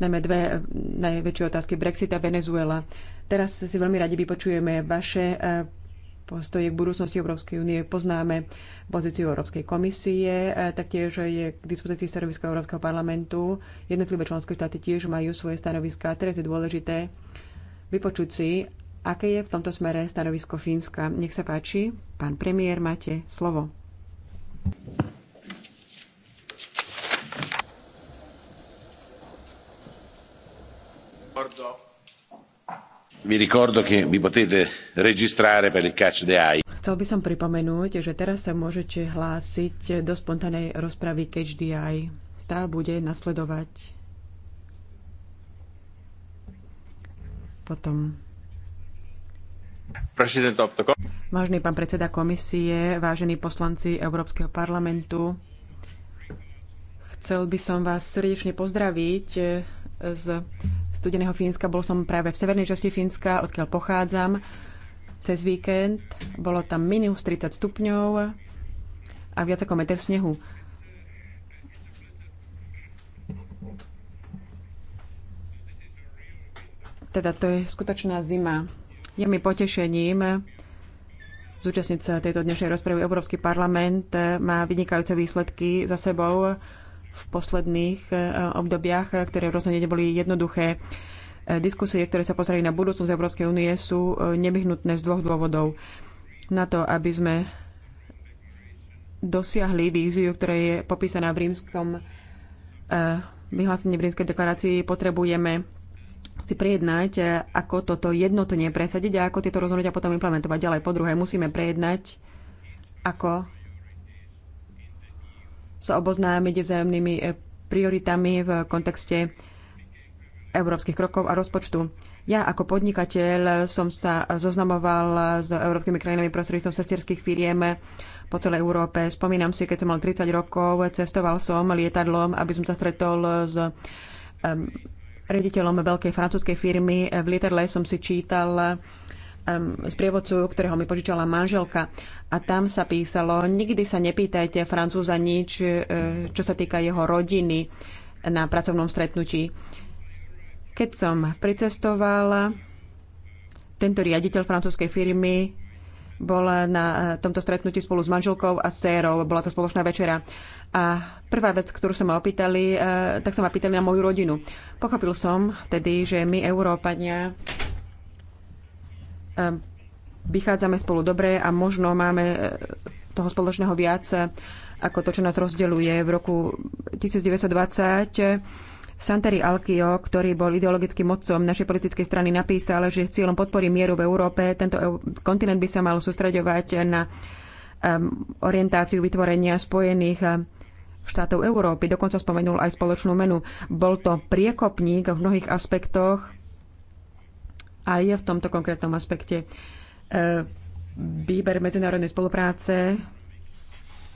najmä dve eh, najväčšie otázky Brexit a Venezuela. Teraz si veľmi radi vypočujeme vaše postoje k budúcnosti Európskej únie. Poznáme pozíciu Európskej komisie, e, taktiež je k dispozícii stanoviska Európskeho parlamentu. Jednotlivé členské štáty tiež majú svoje stanoviská. Teraz je dôležité vypočuť si, aké je v tomto smere stanovisko Fínska. Nech sa páči, pán premiér, máte slovo. Pardon. Vi ricordo che vi potete registrare per il catch the eye. Chcel by som pripomenúť, že teraz sa môžete hlásiť do spontánej rozpravy Catch the Eye. Tá bude nasledovať potom. Vážený pán predseda komisie, vážení poslanci Európskeho parlamentu, chcel by som vás srdečne pozdraviť z studeného Fínska. Bol som práve v severnej časti Fínska, odkiaľ pochádzam. Cez víkend bolo tam minus 30 stupňov a viac ako meter snehu. Teda to je skutočná zima. Je mi potešením zúčastniť sa tejto dnešnej rozpravy. Európsky parlament má vynikajúce výsledky za sebou v posledných e, obdobiach, e, ktoré rozhodne neboli jednoduché. E, diskusie, ktoré sa pozerajú na budúcnosť Európskej únie, sú nevyhnutné z dvoch dôvodov. Na to, aby sme dosiahli víziu, ktorá je popísaná v rímskom vyhlásení v rímskej deklarácii, potrebujeme si prejednať, ako toto jednotne presadiť a ako tieto rozhodnutia potom implementovať ďalej. Po druhé, musíme prejednať, ako sa oboznámiť vzájomnými eh, prioritami v kontexte európskych krokov a rozpočtu. Ja ako podnikateľ som sa zoznamoval s európskymi krajinami prostredníctvom sestierských firiem po celej Európe. Spomínam si, keď som mal 30 rokov, cestoval som lietadlom, aby som sa stretol s um, rediteľom veľkej francúzskej firmy. V lietadle som si čítal um, z prievodcu, ktorého mi požičala manželka a tam sa písalo, nikdy sa nepýtajte Francúza nič, e, čo sa týka jeho rodiny na pracovnom stretnutí. Keď som pricestovala, tento riaditeľ francúzskej firmy bol na e, tomto stretnutí spolu s manželkou a sérou. Bola to spoločná večera. A prvá vec, ktorú sa ma opýtali, e, tak sa ma pýtali na moju rodinu. Pochopil som vtedy, že my, Európania, vychádzame spolu dobre a možno máme e, toho spoločného viac e, ako to, čo nás rozdeľuje. V roku 1920 e, Santeri Alkio, ktorý bol ideologickým mocom našej politickej strany, napísal, že cieľom podpory mieru v Európe tento kontinent by sa mal sústreďovať na orientáciu vytvorenia spojených štátov Európy. Dokonca spomenul aj spoločnú menu. Bol to priekopník v mnohých aspektoch a je v tomto konkrétnom aspekte. E, výber medzinárodnej spolupráce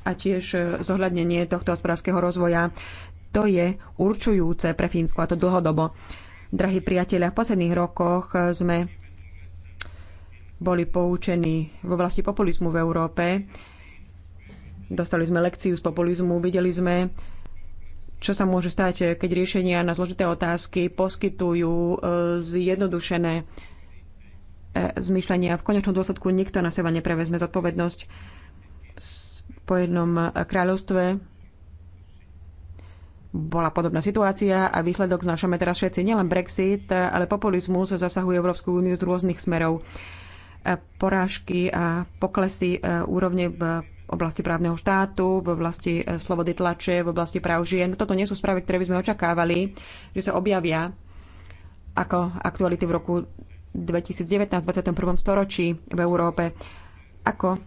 a tiež e, zohľadnenie tohto hospodárskeho rozvoja. To je určujúce pre Fínsko a to dlhodobo. Drahí priatelia, v posledných rokoch e, sme boli poučení v oblasti populizmu v Európe. Dostali sme lekciu z populizmu, videli sme, čo sa môže stať, keď riešenia na zložité otázky poskytujú zjednodušené zmýšľania. V konečnom dôsledku nikto na seba neprevezme zodpovednosť po jednom kráľovstve. Bola podobná situácia a výsledok znášame teraz všetci. Nielen Brexit, ale populizmus zasahuje Európsku úniu z rôznych smerov. Porážky a poklesy e, úrovne v oblasti právneho štátu, v oblasti e, slobody tlače, v oblasti práv žien. Toto nie sú správy, ktoré by sme očakávali, že sa objavia ako aktuality v roku 2019 v 21. storočí v Európe. Ako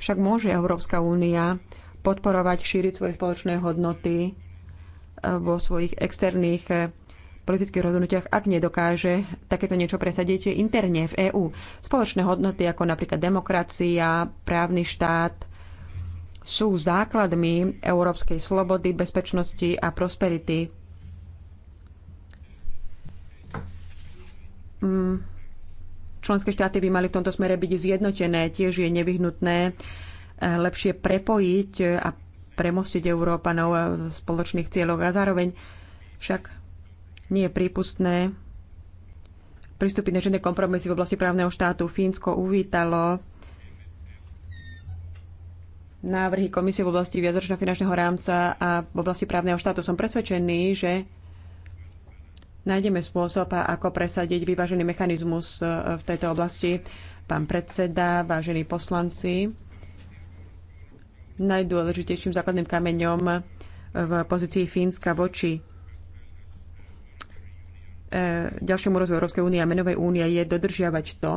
však môže Európska únia podporovať, šíriť svoje spoločné hodnoty eh, vo svojich externých eh, politických rozhodnutiach, ak nedokáže takéto niečo presadiť interne v EÚ. Spoločné hodnoty ako napríklad demokracia, právny štát sú základmi európskej slobody, bezpečnosti a prosperity. Mm, členské štáty by mali v tomto smere byť zjednotené. Tiež je nevyhnutné eh, lepšie prepojiť eh, a premostiť Európanov eh, v spoločných cieľoch a zároveň však nie je prípustné pristúpiť na žiadne kompromisy v oblasti právneho štátu. Fínsko uvítalo návrhy komisie v oblasti viacročného finančného rámca a v oblasti právneho štátu. Som presvedčený, že nájdeme spôsob, ako presadiť vyvážený mechanizmus e, v tejto oblasti. Pán predseda, vážení poslanci, najdôležitejším základným kameňom e, v pozícii Fínska voči e, ďalšiemu rozvoju Európskej únie a menovej únie je dodržiavať to,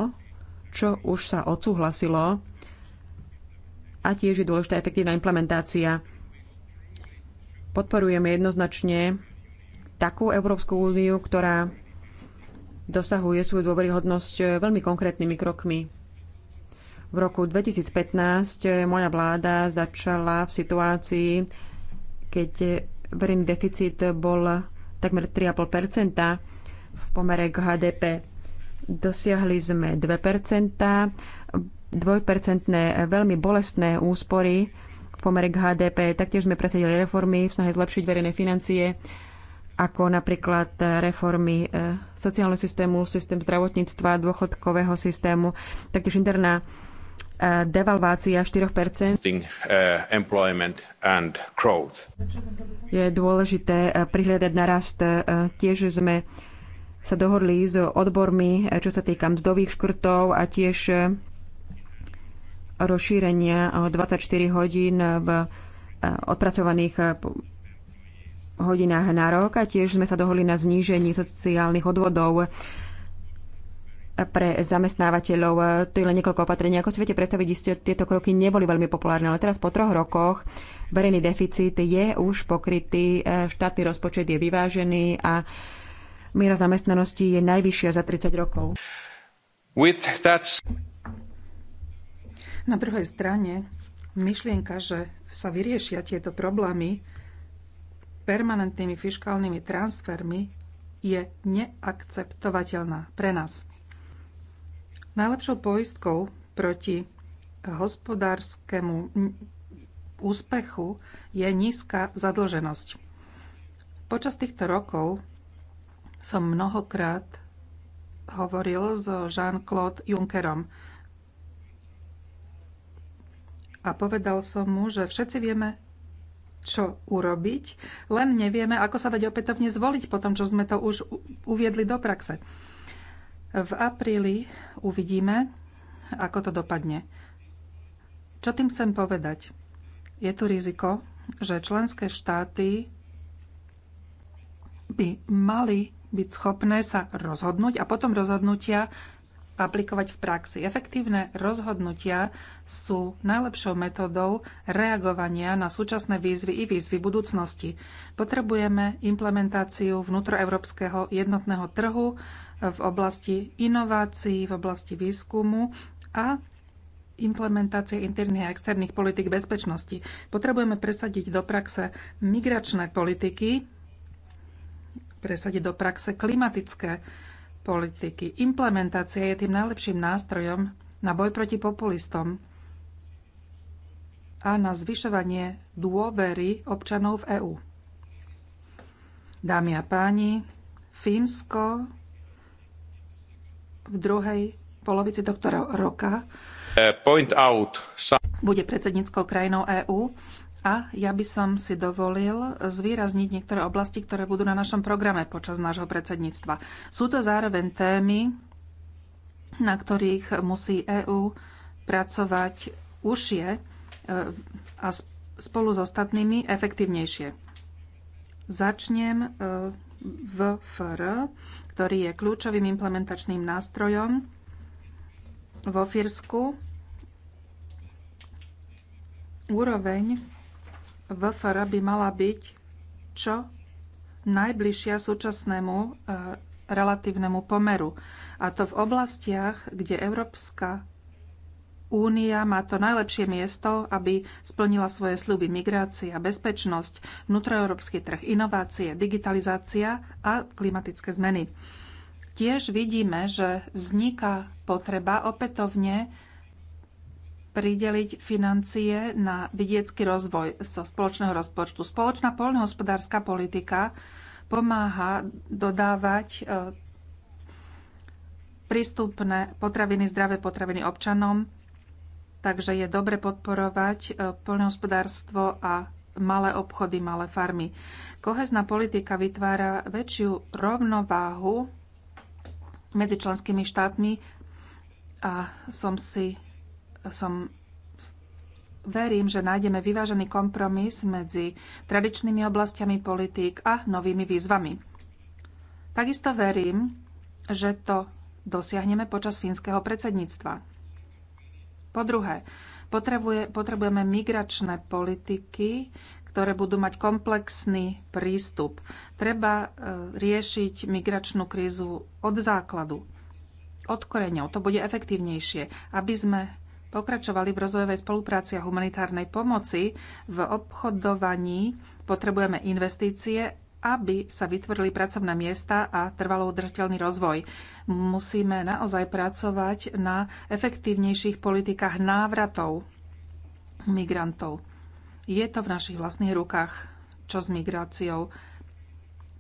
čo už sa odsúhlasilo a tiež je dôležitá efektívna implementácia. Podporujeme jednoznačne takú Európsku úniu, ktorá dosahuje svoju dôveryhodnosť veľmi konkrétnymi krokmi. V roku 2015 moja vláda začala v situácii, keď verejný deficit bol takmer 3,5 v pomere k HDP. Dosiahli sme 2 dvojpercentné veľmi bolestné úspory v pomere k HDP. Taktiež sme presadili reformy v snahe zlepšiť verejné financie ako napríklad e, reformy e, sociálneho systému, systém zdravotníctva, dôchodkového systému, taktiež interná e, devalvácia 4 Je dôležité prihľadať na rast. Tiež sme sa dohodli s odbormi, čo sa týka mzdových škrtov a tiež rozšírenia o 24 hodín v odpracovaných hodinách na rok a tiež sme sa dohodli na znížení sociálnych odvodov pre zamestnávateľov. To je len niekoľko opatrení. Ako si viete predstaviť, isté tieto kroky neboli veľmi populárne, ale teraz po troch rokoch verejný deficit je už pokrytý, štátny rozpočet je vyvážený a miera zamestnanosti je najvyššia za 30 rokov. With that... Na druhej strane myšlienka, že sa vyriešia tieto problémy, permanentnými fiškálnymi transfermi je neakceptovateľná pre nás. Najlepšou poistkou proti hospodárskému úspechu je nízka zadlženosť. Počas týchto rokov som mnohokrát hovoril so Jean-Claude Junckerom a povedal som mu, že všetci vieme čo urobiť, len nevieme, ako sa dať opätovne zvoliť po tom, čo sme to už uviedli do praxe. V apríli uvidíme, ako to dopadne. Čo tým chcem povedať? Je tu riziko, že členské štáty by mali byť schopné sa rozhodnúť a potom rozhodnutia aplikovať v praxi. Efektívne rozhodnutia sú najlepšou metodou reagovania na súčasné výzvy i výzvy budúcnosti. Potrebujeme implementáciu vnútroevropského jednotného trhu v oblasti inovácií, v oblasti výskumu a implementácie interných a externých politik bezpečnosti. Potrebujeme presadiť do praxe migračné politiky, presadiť do praxe klimatické politiky. Implementácia je tým najlepším nástrojom na boj proti populistom a na zvyšovanie dôvery občanov v EÚ. Dámy a páni, Fínsko v druhej polovici tohto roka eh, bude predsedníckou krajinou EÚ a ja by som si dovolil zvýrazniť niektoré oblasti, ktoré budú na našom programe počas nášho predsedníctva. Sú to zároveň témy, na ktorých musí EÚ pracovať užšie e, a spolu s ostatnými efektívnejšie. Začnem e, v FR, ktorý je kľúčovým implementačným nástrojom vo Fírsku. Úroveň VFR by mala byť čo najbližšia súčasnému e, relatívnemu pomeru. A to v oblastiach, kde Európska Únia má to najlepšie miesto, aby splnila svoje sľuby migrácia, bezpečnosť, vnútroeurópsky trh, inovácie, digitalizácia a klimatické zmeny. Tiež vidíme, že vzniká potreba opätovne prideliť financie na vidiecký rozvoj zo so spoločného rozpočtu. Spoločná poľnohospodárska politika pomáha dodávať e, prístupné potraviny, zdravé potraviny občanom, takže je dobre podporovať e, poľnohospodárstvo a malé obchody, malé farmy. Kohezná politika vytvára väčšiu rovnováhu medzi členskými štátmi a som si som verím, že nájdeme vyvážený kompromis medzi tradičnými oblastiami politík a novými výzvami. Takisto verím, že to dosiahneme počas fínskeho predsedníctva. Po druhé, potrebuje, potrebujeme migračné politiky, ktoré budú mať komplexný prístup. Treba e, riešiť migračnú krízu od základu, od koreňov. To bude efektívnejšie, aby sme pokračovali v rozvojovej spolupráci a humanitárnej pomoci, v obchodovaní potrebujeme investície, aby sa vytvorili pracovné miesta a trvalo udržateľný rozvoj. Musíme naozaj pracovať na efektívnejších politikách návratov migrantov. Je to v našich vlastných rukách, čo s migráciou.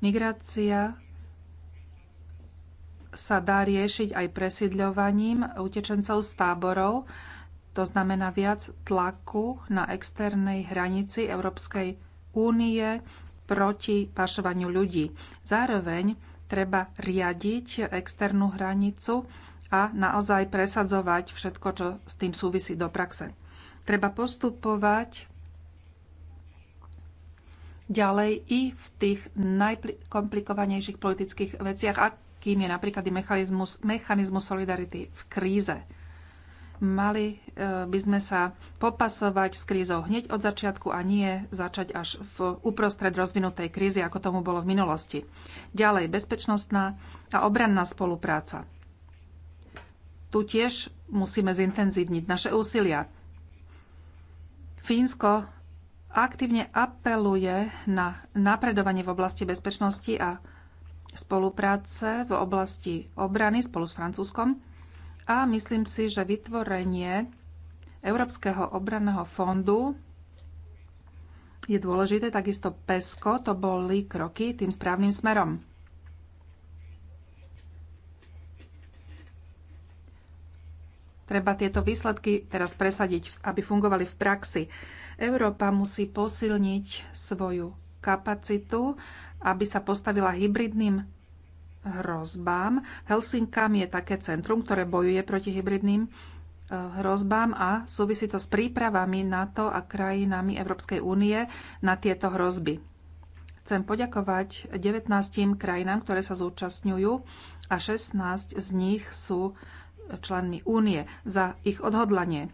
Migrácia sa dá riešiť aj presidľovaním utečencov z táborov. To znamená viac tlaku na externej hranici Európskej únie proti pašovaniu ľudí. Zároveň treba riadiť externú hranicu a naozaj presadzovať všetko, čo s tým súvisí do praxe. Treba postupovať ďalej i v tých najkomplikovanejších politických veciach, akým je napríklad mechanizmus, mechanizmus solidarity v kríze. Mali e, by sme sa popasovať s krízou hneď od začiatku a nie začať až v uprostred rozvinutej krízy, ako tomu bolo v minulosti. Ďalej, bezpečnostná a obranná spolupráca. Tu tiež musíme zintenzívniť naše úsilia. Fínsko aktívne apeluje na napredovanie v oblasti bezpečnosti a spolupráce v oblasti obrany spolu s Francúzskom. A myslím si, že vytvorenie Európskeho obranného fondu je dôležité, takisto PESCO, to boli kroky tým správnym smerom. Treba tieto výsledky teraz presadiť, aby fungovali v praxi. Európa musí posilniť svoju kapacitu, aby sa postavila hybridným hrozbám. Helsinkám je také centrum, ktoré bojuje proti hybridným e, hrozbám a súvisí to s prípravami NATO a krajinami Európskej únie na tieto hrozby. Chcem poďakovať 19 krajinám, ktoré sa zúčastňujú a 16 z nich sú členmi únie za ich odhodlanie.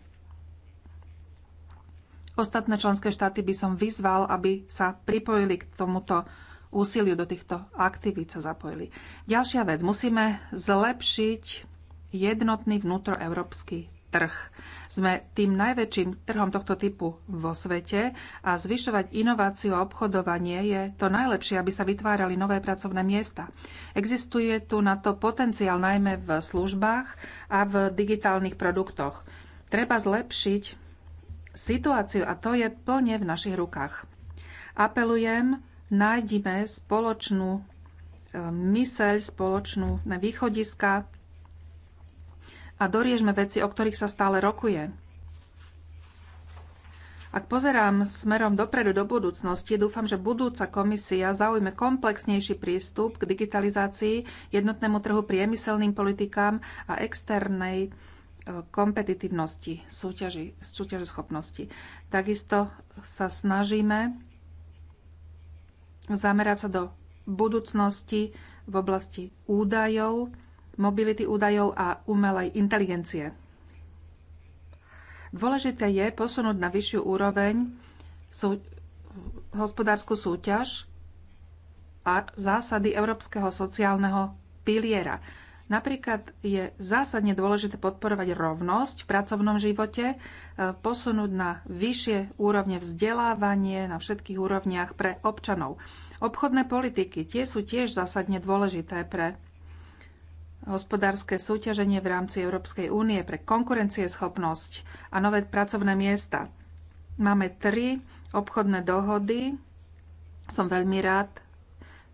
Ostatné členské štáty by som vyzval, aby sa pripojili k tomuto úsiliu do týchto aktivít sa zapojili. Ďalšia vec. Musíme zlepšiť jednotný vnútroeurópsky trh. Sme tým najväčším trhom tohto typu vo svete a zvyšovať inováciu a obchodovanie je to najlepšie, aby sa vytvárali nové pracovné miesta. Existuje tu na to potenciál najmä v službách a v digitálnych produktoch. Treba zlepšiť situáciu a to je plne v našich rukách. Apelujem nájdime spoločnú e, myseľ, spoločnú východiska a doriežme veci, o ktorých sa stále rokuje. Ak pozerám smerom dopredu do budúcnosti, dúfam, že budúca komisia zaujme komplexnejší prístup k digitalizácii, jednotnému trhu, priemyselným politikám a externej e, kompetitivnosti, súťaži, schopnosti. Takisto sa snažíme zamerať sa do budúcnosti v oblasti údajov, mobility údajov a umelej inteligencie. Dôležité je posunúť na vyššiu úroveň sú, hospodárskú súťaž a zásady európskeho sociálneho piliera. Napríklad je zásadne dôležité podporovať rovnosť v pracovnom živote, e, posunúť na vyššie úrovne vzdelávanie na všetkých úrovniach pre občanov. Obchodné politiky tie sú tiež zásadne dôležité pre hospodárske súťaženie v rámci Európskej únie, pre konkurencieschopnosť a nové pracovné miesta. Máme tri obchodné dohody. Som veľmi rád,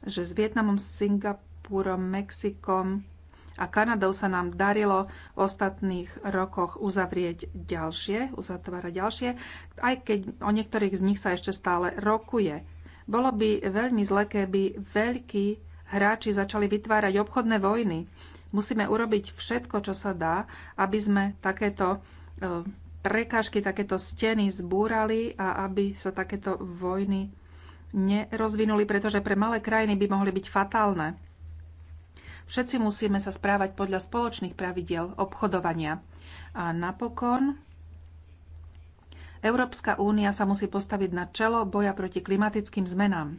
že s Vietnamom, Singapurom, Mexikom a Kanadou sa nám darilo v ostatných rokoch uzavrieť ďalšie, uzatvárať ďalšie, aj keď o niektorých z nich sa ešte stále rokuje. Bolo by veľmi zle, keby veľkí hráči začali vytvárať obchodné vojny. Musíme urobiť všetko, čo sa dá, aby sme takéto e, prekážky, takéto steny zbúrali a aby sa takéto vojny nerozvinuli, pretože pre malé krajiny by mohli byť fatálne. Všetci musíme sa správať podľa spoločných pravidiel obchodovania. A napokon Európska únia sa musí postaviť na čelo boja proti klimatickým zmenám.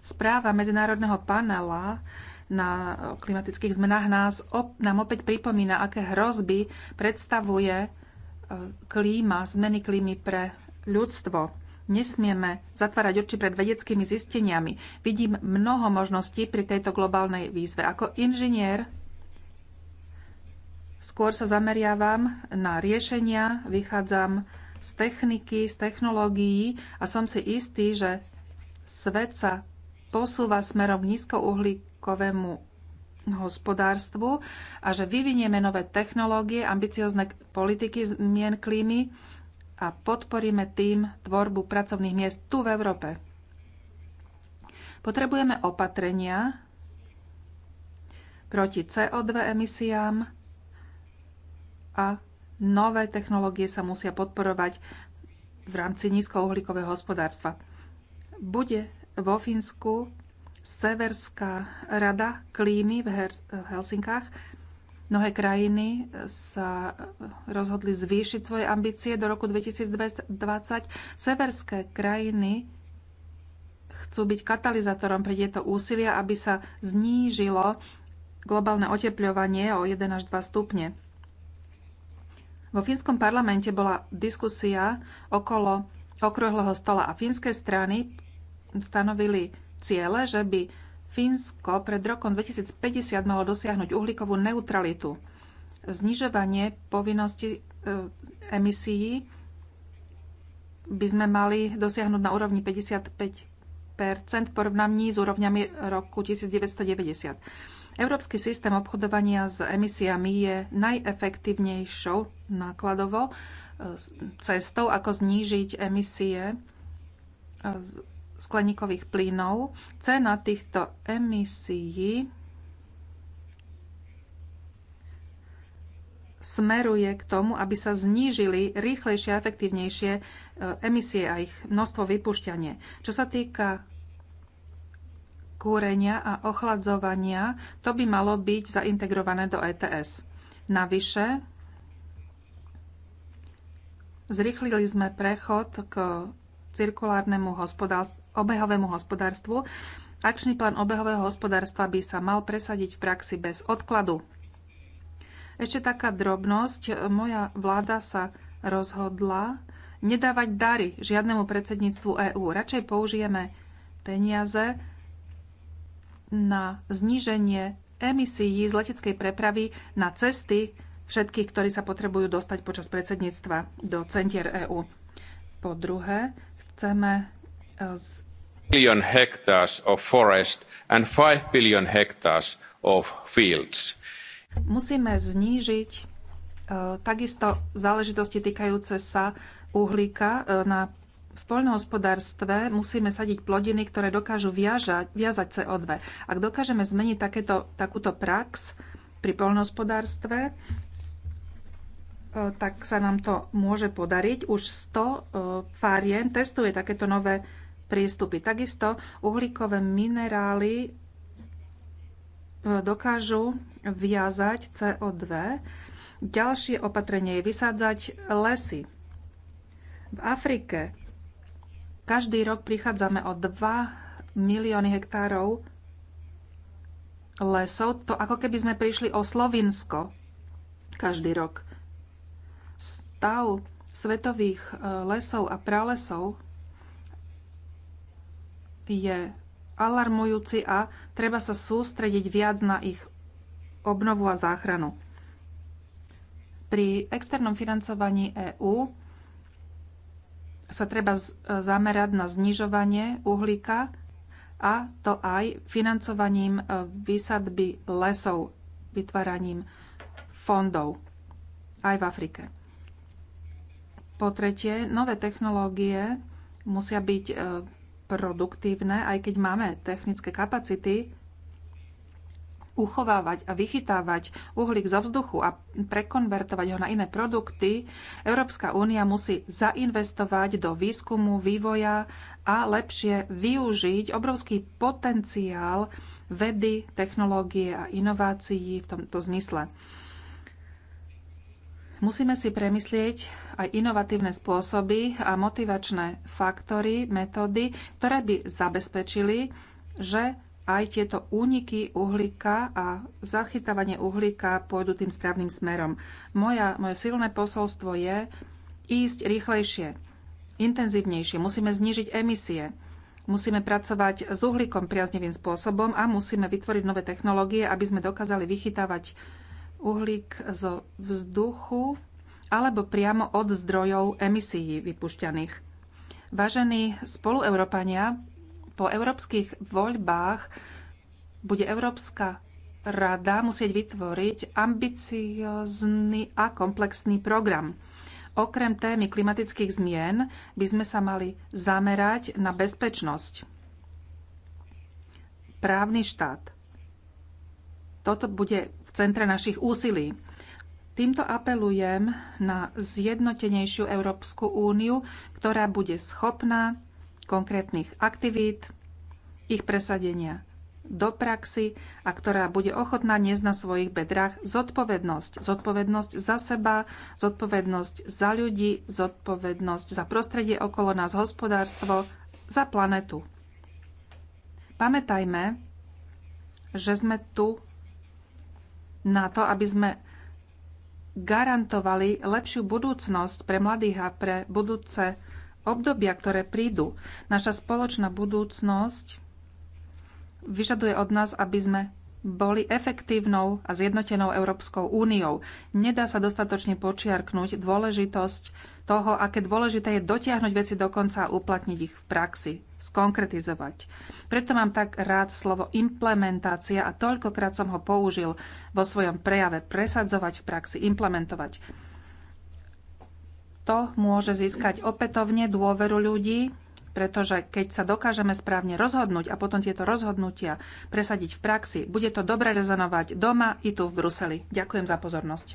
Správa medzinárodného panela na klimatických zmenách nás, op, nám opäť pripomína, aké hrozby predstavuje e, klíma, zmeny klímy pre ľudstvo. Nesmieme zatvárať oči pred vedeckými zisteniami. Vidím mnoho možností pri tejto globálnej výzve. Ako inžinier skôr sa zameriavam na riešenia, vychádzam z techniky, z technológií a som si istý, že svet sa posúva smerom k nízkouhlíkovému hospodárstvu a že vyvinieme nové technológie, ambiciozne politiky zmien klímy a podporíme tým tvorbu pracovných miest tu v Európe. Potrebujeme opatrenia proti CO2 emisiám a nové technológie sa musia podporovať v rámci nízkouhlíkového hospodárstva. Bude vo Fínsku Severská rada klímy v Helsinkách Mnohé krajiny sa rozhodli zvýšiť svoje ambície do roku 2020. Severské krajiny chcú byť katalizátorom pre tieto úsilia, aby sa znížilo globálne otepľovanie o 1 až 2 stupne. Vo fínskom parlamente bola diskusia okolo okrúhleho stola a fínske strany stanovili ciele, že by Fínsko pred rokom 2050 malo dosiahnuť uhlíkovú neutralitu. Znižovanie povinnosti e, emisií by sme mali dosiahnuť na úrovni 55 v porovnaní s úrovňami roku 1990. Európsky systém obchodovania s emisiami je najefektívnejšou nákladovo e, cestou, ako znížiť emisie e, skleníkových plynov. Cena týchto emisií smeruje k tomu, aby sa znížili rýchlejšie a efektívnejšie e, emisie a ich množstvo vypušťanie. Čo sa týka kúrenia a ochladzovania, to by malo byť zaintegrované do ETS. Navyše, zrychlili sme prechod k cirkulárnemu hospodárstvu obehovému hospodárstvu. Akčný plán obehového hospodárstva by sa mal presadiť v praxi bez odkladu. Ešte taká drobnosť. Moja vláda sa rozhodla nedávať dary žiadnemu predsedníctvu EÚ. Radšej použijeme peniaze na zníženie emisí z leteckej prepravy na cesty všetkých, ktorí sa potrebujú dostať počas predsedníctva do centier EÚ. Po druhé, chceme z billion hectares of forest and 5 billion hectares of fields. Musíme znížiť uh, takisto záležitosti týkajúce sa uhlíka uh, na v poľnohospodárstve musíme sadiť plodiny, ktoré dokážu viažať, viazať CO2. Ak dokážeme zmeniť takéto, takúto prax pri poľnohospodárstve, e, tak sa nám to môže podariť. Už 100 fariem testuje takéto nové prístupy. Takisto uhlíkové minerály e, dokážu viazať CO2. Ďalšie opatrenie je vysádzať lesy. V Afrike každý rok prichádzame o 2 milióny hektárov lesov. To ako keby sme prišli o Slovinsko každý rok. Stav svetových e, lesov a pralesov je alarmujúci a treba sa sústrediť viac na ich obnovu a záchranu. Pri externom financovaní EÚ sa treba zamerať na znižovanie uhlíka a to aj financovaním e, výsadby lesov, vytváraním fondov aj v Afrike. Po tretie, nové technológie musia byť e, produktívne, aj keď máme technické kapacity, uchovávať a vychytávať uhlík zo vzduchu a prekonvertovať ho na iné produkty, Európska únia musí zainvestovať do výskumu, vývoja a lepšie využiť obrovský potenciál vedy, technológie a inovácií v tomto zmysle. Musíme si premyslieť aj inovatívne spôsoby a motivačné faktory, metódy, ktoré by zabezpečili, že aj tieto úniky uhlíka a zachytávanie uhlíka pôjdu tým správnym smerom. Moja, moje silné posolstvo je ísť rýchlejšie, intenzívnejšie. Musíme znížiť emisie, musíme pracovať s uhlíkom priaznivým spôsobom a musíme vytvoriť nové technológie, aby sme dokázali vychytávať uhlík zo vzduchu alebo priamo od zdrojov emisií vypušťaných. Vážení spolueurópania, po európskych voľbách bude Európska rada musieť vytvoriť ambiciózny a komplexný program. Okrem témy klimatických zmien by sme sa mali zamerať na bezpečnosť. Právny štát. Toto bude centre našich úsilí. Týmto apelujem na zjednotenejšiu Európsku úniu, ktorá bude schopná konkrétnych aktivít, ich presadenia do praxi a ktorá bude ochotná niesť na svojich bedrách zodpovednosť. Zodpovednosť za seba, zodpovednosť za ľudí, zodpovednosť za prostredie okolo nás, hospodárstvo, za planetu. Pamätajme, že sme tu na to, aby sme garantovali lepšiu budúcnosť pre mladých a pre budúce obdobia, ktoré prídu. Naša spoločná budúcnosť vyžaduje od nás, aby sme boli efektívnou a zjednotenou Európskou úniou. Nedá sa dostatočne počiarknúť dôležitosť toho, aké dôležité je dotiahnuť veci do konca a uplatniť ich v praxi, skonkretizovať. Preto mám tak rád slovo implementácia a toľkokrát som ho použil vo svojom prejave presadzovať v praxi, implementovať. To môže získať opätovne dôveru ľudí, pretože keď sa dokážeme správne rozhodnúť a potom tieto rozhodnutia presadiť v praxi, bude to dobre rezonovať doma i tu v Bruseli. Ďakujem za pozornosť.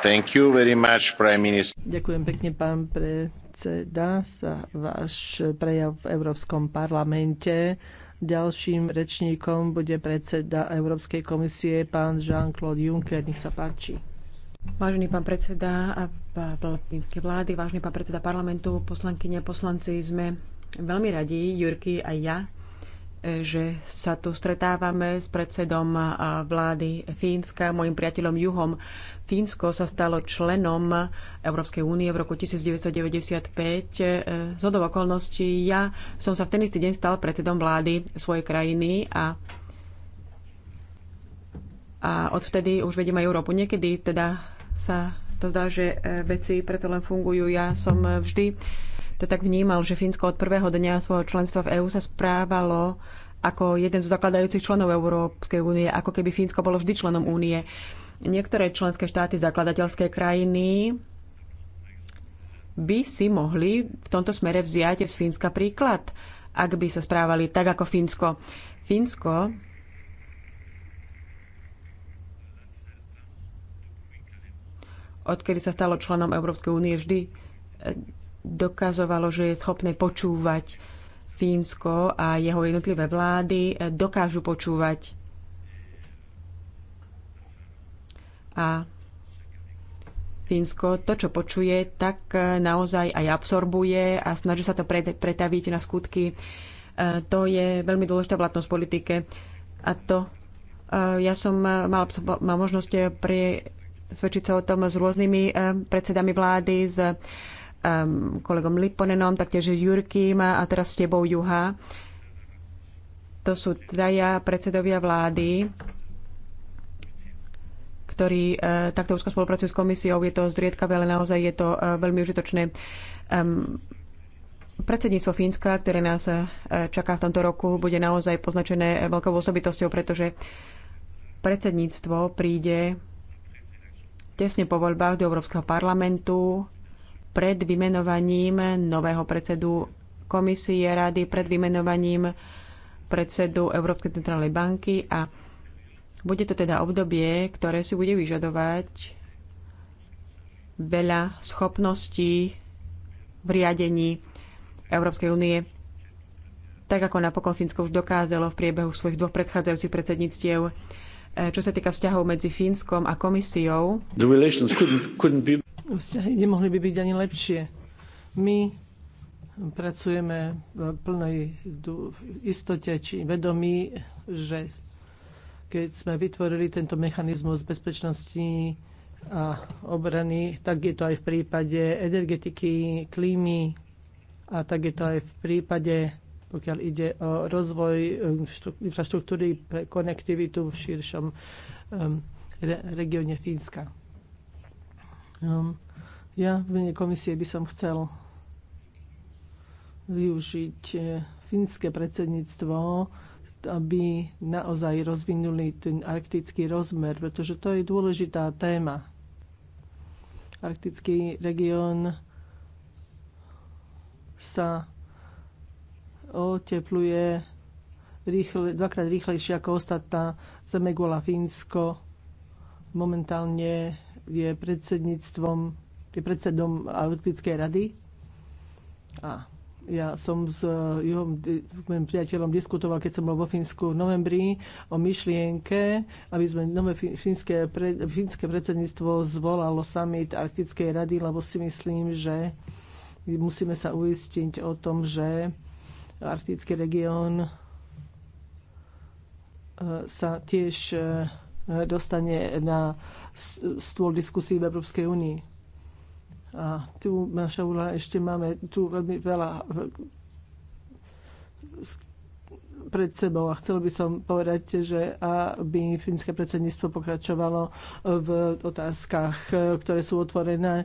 Thank you very much, Prime Minister. Ďakujem pekne, pán predseda, za váš prejav v Európskom parlamente. Ďalším rečníkom bude predseda Európskej komisie pán Jean-Claude Juncker. Nech sa páči. Vážený pán predseda a palestinskej vlády, vážený pán predseda parlamentu, poslankyne, poslanci, sme veľmi radi, Jurky a ja, že sa tu stretávame s predsedom vlády Fínska, môjim priateľom Juhom. Fínsko sa stalo členom Európskej únie v roku 1995. Z okolností ja som sa v ten istý deň stal predsedom vlády svojej krajiny a a odvtedy už vedem aj Európu. Niekedy teda sa to zdá, že e, veci preto len fungujú. Ja som e, vždy to tak vnímal, že Fínsko od prvého dňa svojho členstva v EÚ sa správalo ako jeden z zakladajúcich členov Európskej únie, ako keby Fínsko bolo vždy členom únie. Niektoré členské štáty, zakladateľské krajiny by si mohli v tomto smere vziať z Fínska príklad, ak by sa správali tak ako Fínsko. Fínsko odkedy sa stalo členom Európskej únie, vždy e, dokazovalo, že je schopné počúvať Fínsko a jeho jednotlivé vlády e, dokážu počúvať. A Fínsko to, čo počuje, tak e, naozaj aj absorbuje a snaží sa to pretaviť na skutky. To je veľmi dôležitá vlastnosť politike. A to ja som mal, mal možnosť pre, svedčiť sa o tom s rôznymi eh, predsedami vlády, s eh, kolegom Liponenom, taktiež Jurkým a teraz s tebou Juha. To sú traja predsedovia vlády, ktorí eh, takto úzko spolupracujú s komisiou. Je to zriedkavé, ale naozaj je to veľmi užitočné. Predsedníctvo Fínska, ktoré nás čaká v tomto roku, bude naozaj poznačené veľkou osobitosťou, pretože predsedníctvo príde tesne po voľbách do Európskeho parlamentu, pred vymenovaním nového predsedu komisie rady, pred vymenovaním predsedu Európskej centrálnej banky a bude to teda obdobie, ktoré si bude vyžadovať veľa schopností v riadení Európskej únie, tak ako napokon Fínsko už dokázalo v priebehu svojich dvoch predchádzajúcich predsedníctiev. E, čo sa týka vzťahov medzi Fínskom a komisiou. Couldn't, couldn't be... Vzťahy nemohli by byť ani lepšie. My pracujeme v plnej istote či vedomí, že keď sme vytvorili tento mechanizmus bezpečnosti a obrany, tak je to aj v prípade energetiky, klímy a tak je to aj v prípade pokiaľ ide o rozvoj um, infraštruktúry pre konektivitu v širšom um, re- regióne Fínska. Um, ja v mene komisie by som chcel využiť eh, fínske predsedníctvo, aby naozaj rozvinuli ten arktický rozmer, pretože to je dôležitá téma. Arktický región sa otepluje rýchle, dvakrát rýchlejšie ako ostatná Zemegula Fínsko. Momentálne je predsedníctvom, je predsedom Arktickej rady. A ja som s eh, jeho môjim priateľom diskutoval, keď som bol vo Fínsku v novembri, o myšlienke, aby sme nové fínske, pre, fínske predsedníctvo zvolalo summit Arktickej rady, lebo si myslím, že musíme sa uistiť o tom, že arktický región e, sa tiež e, dostane na stôl diskusí v Európskej únii. A tu, naša úloha, ešte máme tu veľmi veľa pred sebou a chcel by som povedať, že aby fínske predsedníctvo pokračovalo v otázkach, ktoré sú otvorené, e,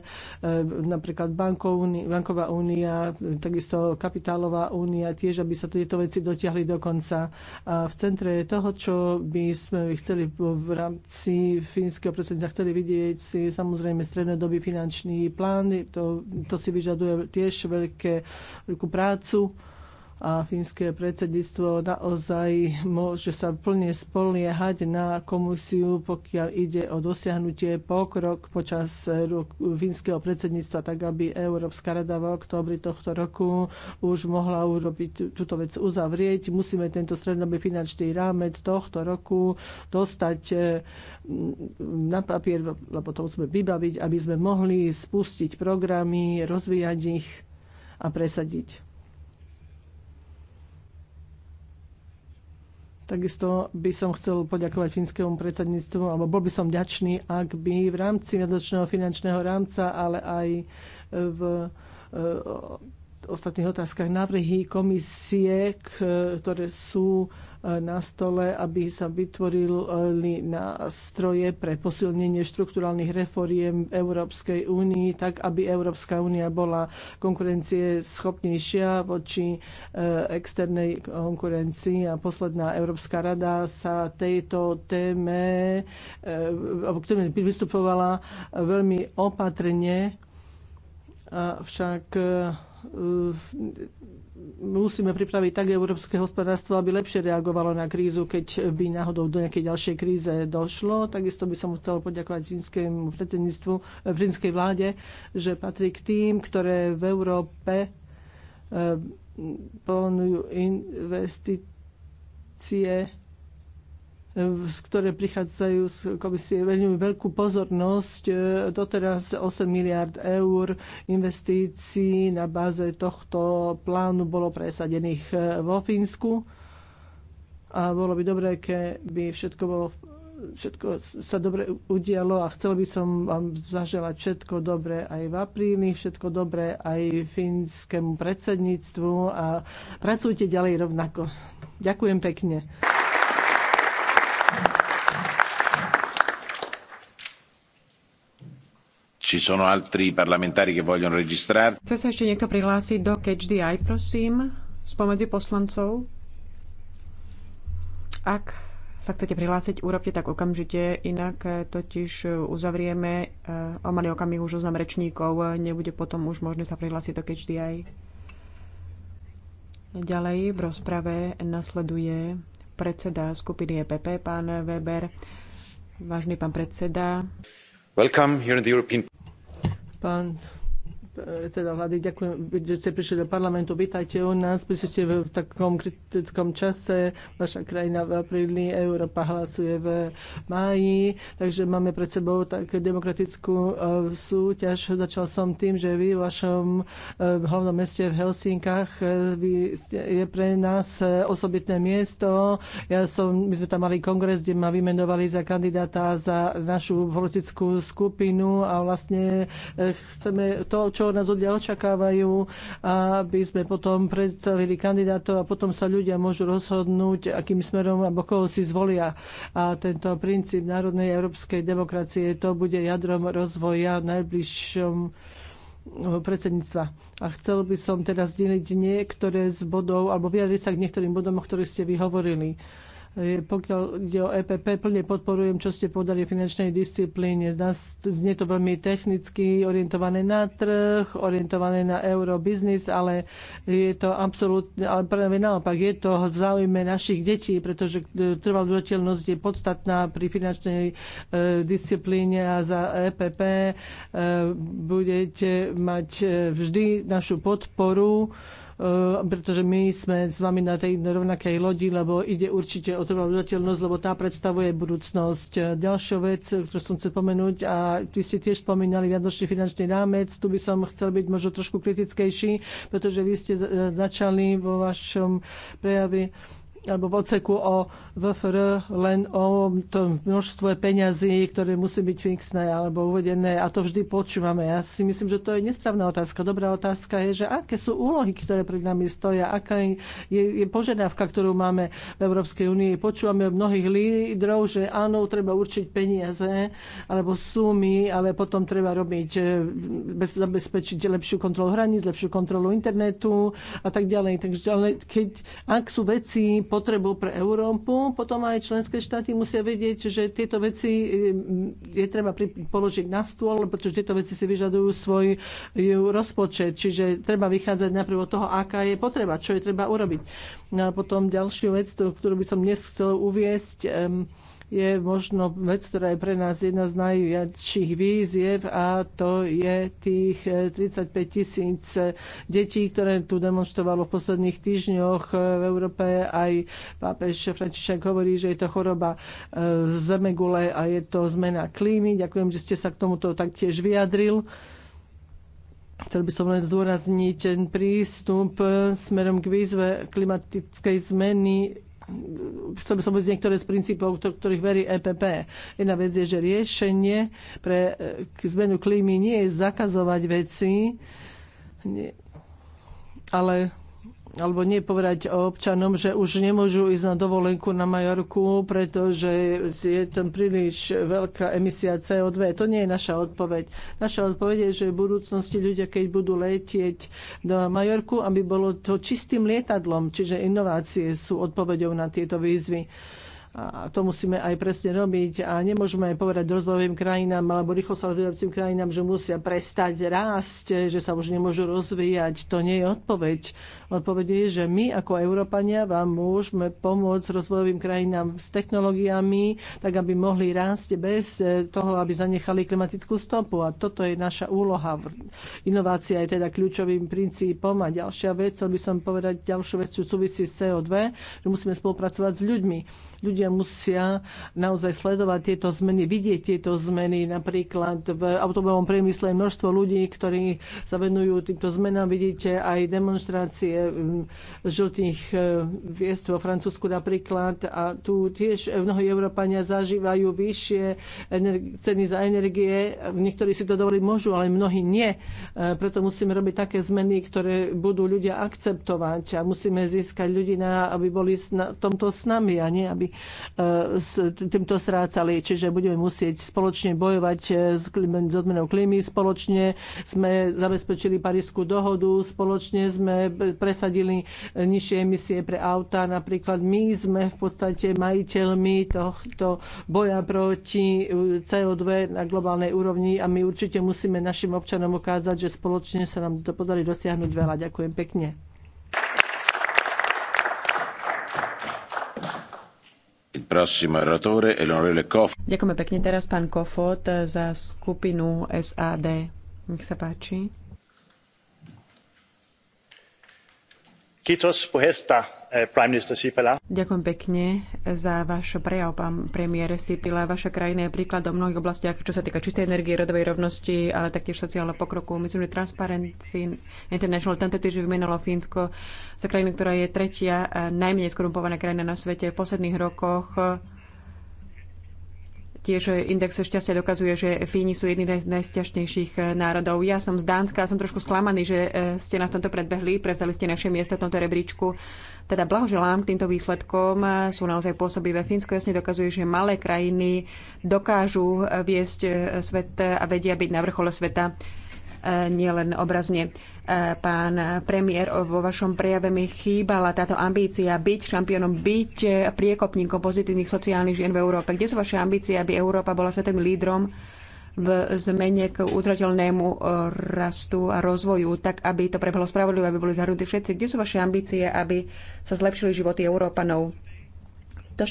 napríklad bankovní, banková únia, takisto kapitálová únia, tiež aby sa tieto veci dotiahli do konca. A v centre toho, čo by sme chceli v rámci fínskeho predsedníctva chceli vidieť, si samozrejme strednodobý finančný plán, to, to si vyžaduje tiež veľké, veľkú prácu a fínske predsedníctvo naozaj môže sa plne spoliehať na komisiu, pokiaľ ide o dosiahnutie pokrok počas fínskeho predsedníctva, tak aby Európska rada v októbri tohto roku už mohla urobiť túto vec uzavrieť. Musíme tento strednobý finančný rámec tohto roku dostať eh, na papier, lebo to musíme vybaviť, aby sme mohli spustiť programy, rozvíjať ich a presadiť. Takisto by som chcel poďakovať fínskemu predsedníctvu, alebo bol by som ďačný, ak by v rámci nadočného finančného rámca, ale aj v e, ostatných otázkach návrhy komisie, ktoré sú na stole, aby sa vytvorili nástroje pre posilnenie štrukturálnych reforiem v Európskej únii, tak aby Európska únia bola konkurencie schopnejšia voči e, externej konkurencii. A posledná Európska rada sa tejto téme, e, k téme vystupovala veľmi opatrne, avšak e, musíme pripraviť tak európske hospodárstvo, aby lepšie reagovalo na krízu, keď by náhodou do nejakej ďalšej kríze došlo. Takisto by som chcel poďakovať fínskému predsedníctvu, eh, fínskej vláde, že patrí k tým, ktoré v Európe eh, plánujú investície ktoré prichádzajú z komisie, veľmi veľkú pozornosť. E, doteraz 8 miliard eur investícií na báze tohto plánu bolo presadených e, vo Fínsku. A bolo by dobré, keby všetko bolo všetko sa dobre udialo a chcel by som vám zaželať všetko dobré aj v apríli, všetko dobré aj fínskemu predsedníctvu a pracujte ďalej rovnako. Ďakujem pekne. Ci sono altri parlamentári, ktorí vogliono registrarsi? Chce sa ešte niekto prihlásiť do Catch the Eye, prosím, spomedzi poslancov? Ak sa chcete prihlásiť, urobte tak okamžite, inak eh, totiž eh, uzavrieme eh, o malý okamih už oznam rečníkov, nebude potom už možné sa prihlásiť do Catch the Eye. Ďalej v rozprave nasleduje predseda skupiny EPP, pán Weber. Vážny pán predseda, Welcome here in the European Pán teda vlády, ďakujem, že ste prišli do parlamentu. Vítajte u nás, prišli ste v takom kritickom čase. Vaša krajina v apríli, Európa hlasuje v máji, takže máme pred sebou tak demokratickú e, súťaž. Začal som tým, že vy v vašom e, hlavnom meste v Helsinkách e, vy, je pre nás osobitné miesto. Ja som, my sme tam mali kongres, kde ma vymenovali za kandidáta za našu politickú skupinu a vlastne chceme to, čo čo nás ľudia očakávajú, aby sme potom predstavili kandidátov a potom sa ľudia môžu rozhodnúť, akým smerom alebo koho si zvolia. A tento princíp národnej európskej demokracie, to bude jadrom rozvoja v najbližšom predsedníctva. A chcel by som teraz zdieľať niektoré z bodov, alebo vyjadriť sa k niektorým bodom, o ktorých ste vyhovorili. E, pokiaľ ide o EPP, plne podporujem, čo ste povedali o finančnej disciplíne. Znie to veľmi technicky, orientované na trh, orientované na eurobiznis, ale je to absolútne, ale práve naopak, je to v záujme našich detí, pretože e, trvalodržateľnosť je podstatná pri finančnej e, disciplíne a za EPP budete mať vždy našu podporu. Eh, pretože my sme s vami na tej rovnakej lodi, lebo ide určite o trvalúdateľnosť, lebo tá predstavuje budúcnosť. Eh, Ďalšia vec, eh, ktorú som chcel pomenúť, a vy ste tiež spomínali viadočný finančný rámec, tu by som chcel byť možno trošku kritickejší, pretože vy ste začali vo vašom prejave alebo v oceku o VFR len o tom množstve peňazí, ktoré musí byť fixné alebo uvedené a to vždy počúvame. Ja si myslím, že to je nesprávna otázka. Dobrá otázka je, že aké sú úlohy, ktoré pred nami stoja, aká je, je požiadavka, ktorú máme v Európskej únii. Počúvame od mnohých lídrov, že áno, treba určiť peniaze alebo sumy, ale potom treba robiť, e, bez, zabezpečiť lepšiu kontrolu hraníc, lepšiu kontrolu internetu a tak ďalej. Takže ale keď, ak sú veci potrebu pre Európu. Potom aj členské štáty musia vedieť, že tieto veci eh, je treba položiť na stôl, pretože tieto veci si vyžadujú svoj eh, rozpočet. Čiže treba vychádzať najprv od toho, aká je potreba, čo je treba urobiť. No a potom ďalšiu vec, ktorú by som dnes chcel uviesť, je možno vec, ktorá je pre nás jedna z najväčších výziev a to je tých 35 eh, tisíc detí, ktoré tu demonstrovalo v posledných týždňoch v Európe. Aj pápež František hovorí, že je to choroba eh, zemegule a je to zmena klímy. Ďakujem, že ste sa k tomuto taktiež vyjadril. Chcel by som len zdôrazniť ten prístup eh, smerom k výzve klimatickej zmeny chcem som povedať niektoré z princípov, ktorých verí EPP. Jedna vec je, že riešenie pre eh, zmenu klímy nie je zakazovať veci, nie, ale alebo nie povedať občanom, že už nemôžu ísť na dovolenku na Majorku, pretože je tam príliš veľká emisia CO2. To nie je naša odpoveď. Naša odpoveď je, že v budúcnosti ľudia, keď budú letieť do Majorku, aby bolo to čistým lietadlom, čiže inovácie sú odpoveďou na tieto výzvy. A to musíme aj presne robiť a nemôžeme aj povedať rozvojovým krajinám alebo rýchlo sa rozvíjajúcim krajinám, že musia prestať rásť, že sa už nemôžu rozvíjať. To nie je odpoveď odpovede, že my ako Európania vám môžeme pomôcť rozvojovým krajinám s technológiami, tak aby mohli rásť bez eh, toho, aby zanechali klimatickú stopu. A toto je naša úloha. Inovácia je teda kľúčovým princípom. A ďalšia vec, chcel by som povedať ďalšiu vec, čo súvisí s CO2, že musíme spolupracovať s ľuďmi. Ľudia musia naozaj sledovať tieto zmeny, vidieť tieto zmeny. Napríklad v automobilovom priemysle je množstvo ľudí, ktorí sa venujú týmto zmenám. Vidíte aj demonstrácie žltých e, viest vo Francúzsku napríklad. A tu tiež mnohí Európania zažívajú vyššie ceny za energie. Niektorí si to dovoliť môžu, ale mnohí nie. E, preto musíme robiť také zmeny, ktoré budú ľudia akceptovať a musíme získať ľudí, na, aby boli na tomto s nami a nie, aby e, s týmto strácali. Čiže budeme musieť spoločne bojovať s, s odmenou klímy, spoločne sme zabezpečili Parísku dohodu, spoločne sme presadili e, nižšie emisie pre auta. Napríklad my sme v podstate majiteľmi tohto boja proti e, CO2 na globálnej úrovni a my určite musíme našim občanom ukázať, že spoločne sa nám to podarí dosiahnuť veľa. Ďakujem pekne. Ďakujeme pekne teraz pán Kofot za skupinu SAD. Nech sa páči. Eh, Ďakujem pekne za váš prejav, pán premiér Sipila. Vaša krajina je príkladom v mnohých oblastiach, čo sa týka čistej energie, rodovej rovnosti, ale taktiež sociálneho pokroku. Myslím, že Transparency International tento týždeň vymenovalo Fínsko za krajinu, ktorá je tretia eh, najmenej skorumpovaná krajina na svete. V posledných rokoch Tiež index šťastia dokazuje, že Fíni sú jedni z najšťastnejších eh, národov. Ja som z Dánska a som trošku sklamaný, že eh, ste nás tomto predbehli, prevzali ste naše miesto v tomto rebríčku. Teda blahoželám k týmto výsledkom, eh, sú naozaj pôsobivé. Fínsko jasne dokazuje, že malé krajiny dokážu viesť svet a vedia byť na vrchole sveta nielen obrazne. E, pán premiér, vo vašom prejave mi chýbala táto ambícia byť šampiónom, byť priekopníkom pozitívnych sociálnych žien v Európe. Kde sú vaše ambície, aby Európa bola svetovým lídrom v zmene k udržateľnému e, rastu a rozvoju, tak aby to prebehlo spravodlivé, aby boli zahrnutí všetci. Kde sú vaše ambície, aby sa zlepšili životy Európanov? To,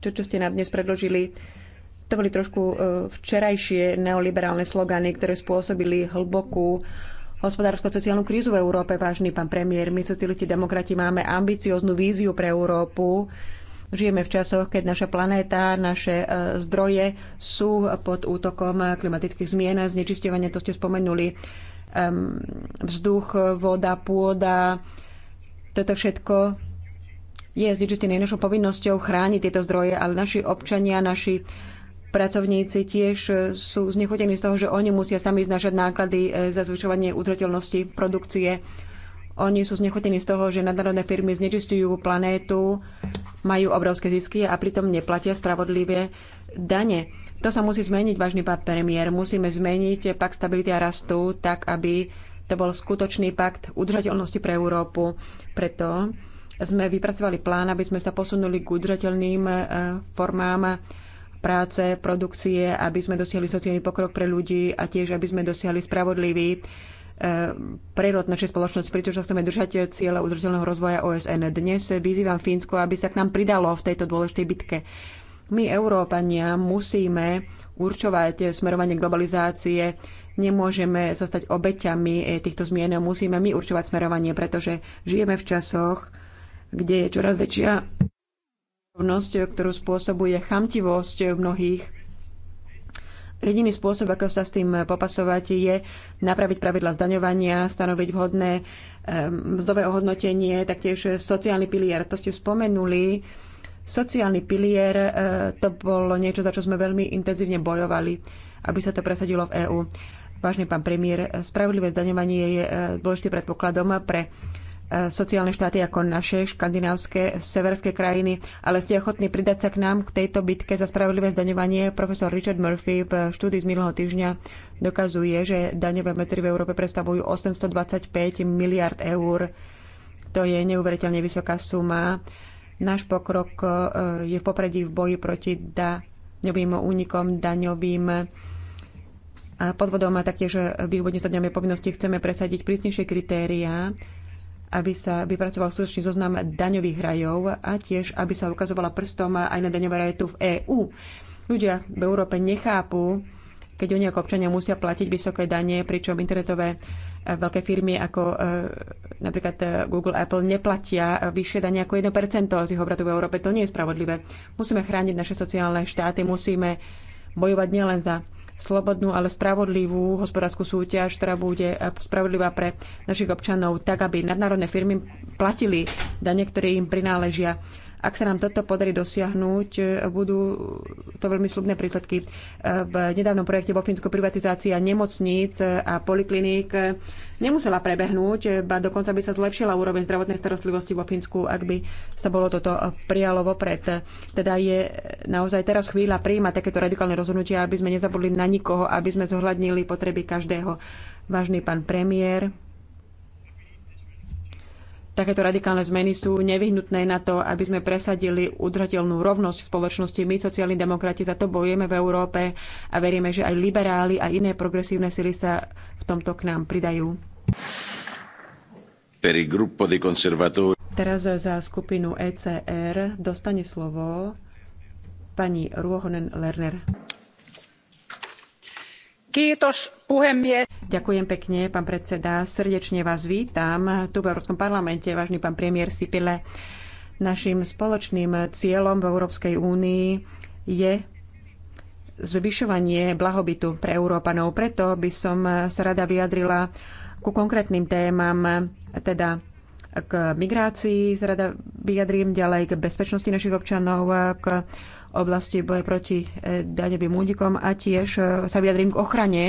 čo ste nám dnes predložili, to boli trošku e, včerajšie neoliberálne slogany, ktoré spôsobili hlbokú hospodársko-sociálnu krízu v Európe, vážny pán premiér. My, socialisti demokrati, máme ambicioznú víziu pre Európu. Žijeme v časoch, keď naša planéta, naše e, zdroje sú pod útokom klimatických zmien a znečisťovania, to ste spomenuli. Vzduch, voda, pôda, toto všetko je znečistené našou povinnosťou chrániť tieto zdroje, ale naši občania, naši Pracovníci tiež e, sú znechutení z toho, že oni musia sami znašať náklady e, za zvyšovanie udržateľnosti produkcie. Oni sú znechutení z toho, že nadnárodné firmy znečistujú planétu, majú obrovské zisky a pritom neplatia spravodlivé dane. To sa musí zmeniť, vážny pán premiér. Musíme zmeniť pakt stability a rastu tak, aby to bol skutočný pakt udržateľnosti pre Európu. Preto sme vypracovali plán, aby sme sa posunuli k udržateľným e, formám práce, produkcie, aby sme dosiahli sociálny pokrok pre ľudí a tiež, aby sme dosiahli spravodlivý eh, prerod našej spoločnosti, pretože chceme držať cieľa udržateľného rozvoja OSN. Dnes vyzývam Fínsko, aby sa k nám pridalo v tejto dôležitej bitke. My, Európania, musíme určovať smerovanie globalizácie, nemôžeme sa stať obeťami eh, týchto zmien, musíme my určovať smerovanie, pretože žijeme v časoch, kde je čoraz väčšia nerovnosť, ktorú spôsobuje chamtivosť mnohých. Jediný spôsob, ako sa s tým popasovať, je napraviť pravidla zdaňovania, stanoviť vhodné mzdové ohodnotenie, taktiež sociálny pilier. To ste spomenuli. Sociálny pilier e, to bolo niečo, za čo sme veľmi intenzívne bojovali, aby sa to presadilo v EÚ. Vážne pán premiér, spravodlivé zdaňovanie je e, dôležitým predpokladom pre E, sociálne štáty ako naše škandinávske severské krajiny, ale ste ochotní pridať sa k nám k tejto bitke za spravodlivé zdaňovanie. Profesor Richard Murphy v štúdii z minulého týždňa dokazuje, že daňové metry v Európe predstavujú 825 miliard eur. To je neuveriteľne vysoká suma. Náš pokrok e, je v popredí v boji proti daňovým únikom, daňovým e, podvodom a taktiež vývodne sa povinnosti chceme presadiť prísnejšie kritériá aby sa vypracoval skutočný zoznam daňových rajov a tiež, aby sa ukazovala prstom aj na daňové raje tu v EÚ. Ľudia v Európe nechápu, keď oni ako občania musia platiť vysoké dane, pričom internetové e, veľké firmy ako e, napríklad e, Google, Apple neplatia vyššie dane ako 1% z ich obratu v Európe. To nie je spravodlivé. Musíme chrániť naše sociálne štáty, musíme bojovať nielen za slobodnú, ale spravodlivú hospodárskú súťaž, ktorá bude spravodlivá pre našich občanov, tak aby nadnárodné firmy platili dane, ktoré im prináležia. Ak sa nám toto podarí dosiahnuť, e, budú to veľmi slubné prísledky. E, v nedávnom projekte vo Fínsku privatizácia nemocníc a polikliník e, nemusela prebehnúť, ba dokonca by sa zlepšila úroveň zdravotnej starostlivosti vo Fínsku, ak by sa bolo toto prijalo vopred. Teda je naozaj teraz chvíľa prijímať takéto radikálne rozhodnutia, aby sme nezabudli na nikoho, aby sme zohľadnili potreby každého. Vážny pán premiér, Takéto radikálne zmeny sú nevyhnutné na to, aby sme presadili udržateľnú rovnosť v spoločnosti. My, sociálni demokrati, za to bojujeme v Európe a veríme, že aj liberáli a iné progresívne sily sa v tomto k nám pridajú. Teraz za skupinu ECR dostane slovo pani Ruohonen Lerner. Ďakujem pekne, pán predseda. Srdečne vás vítam tu v Európskom parlamente, vážny pán premiér Sipile. Naším spoločným cieľom v Európskej únii je zvyšovanie blahobytu pre Európanov. Preto by som sa rada vyjadrila ku konkrétnym témam, teda k migrácii, sa rada vyjadrím ďalej k bezpečnosti našich občanov, k oblasti boja proti e, daňovým únikom a tiež e, sa vyjadrím k ochrane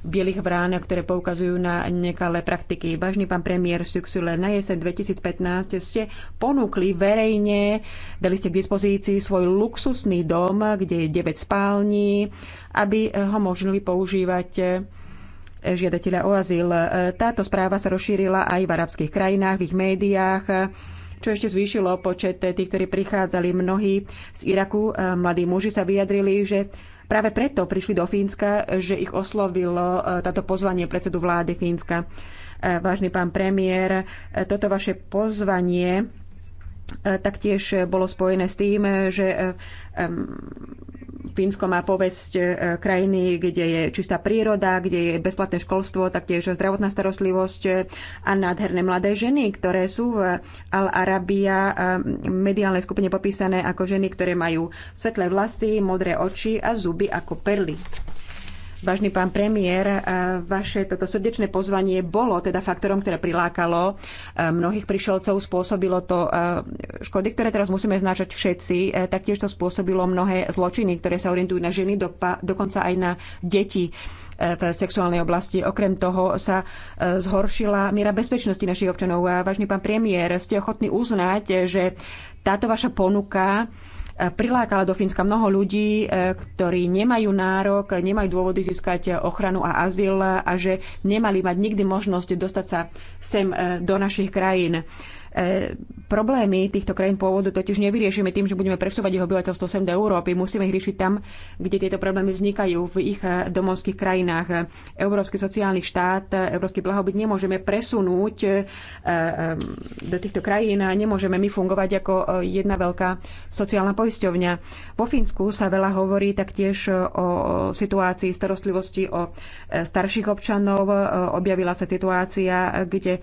bielých vrán, ktoré poukazujú na nekalé praktiky. Vážny pán premiér Suxule, na jeseň 2015 ste ponúkli verejne, dali ste k dispozícii svoj luxusný dom, kde je 9 spální, aby ho možnili používať e, žiadateľa o azyl. Táto správa sa rozšírila aj v arabských krajinách, v ich médiách čo ešte zvýšilo počet tých, ktorí prichádzali. Mnohí z Iraku, eh, mladí muži, sa vyjadrili, že práve preto prišli do Fínska, že ich oslovilo eh, táto pozvanie predsedu vlády Fínska. Eh, vážny pán premiér, toto vaše pozvanie taktiež bolo spojené s tým, že Fínsko má povesť e, krajiny, kde je čistá príroda, kde je bezplatné školstvo, taktiež zdravotná starostlivosť e, a nádherné mladé ženy, ktoré sú v Al-Arabia e, mediálnej skupine popísané ako ženy, ktoré majú svetlé vlasy, modré oči a zuby ako perly. Vážny pán premiér, e, vaše toto srdečné pozvanie bolo teda faktorom, ktoré prilákalo e, mnohých prišelcov, spôsobilo to e, škody, ktoré teraz musíme značať všetci, taktiež to spôsobilo mnohé zločiny, ktoré sa orientujú na ženy, dokonca aj na deti v sexuálnej oblasti. Okrem toho sa zhoršila miera bezpečnosti našich občanov. Vážny pán premiér, ste ochotní uznať, že táto vaša ponuka prilákala do Fínska mnoho ľudí, e, ktorí nemajú nárok, nemajú dôvody získať e, ochranu a azyl a že nemali mať nikdy možnosť dostať sa sem e, do našich krajín. E, problémy týchto krajín pôvodu totiž nevyriešime tým, že budeme presúvať ich obyvateľstvo sem do Európy. Musíme ich riešiť tam, kde tieto problémy vznikajú, v ich e, domovských krajinách. E, európsky sociálny štát, európsky blahobyt nemôžeme presunúť do týchto krajín a nemôžeme my fungovať ako jedna veľká sociálna poisťovňa. Vo Fínsku sa veľa hovorí taktiež o situácii starostlivosti o starších občanov. Objavila sa situácia, kde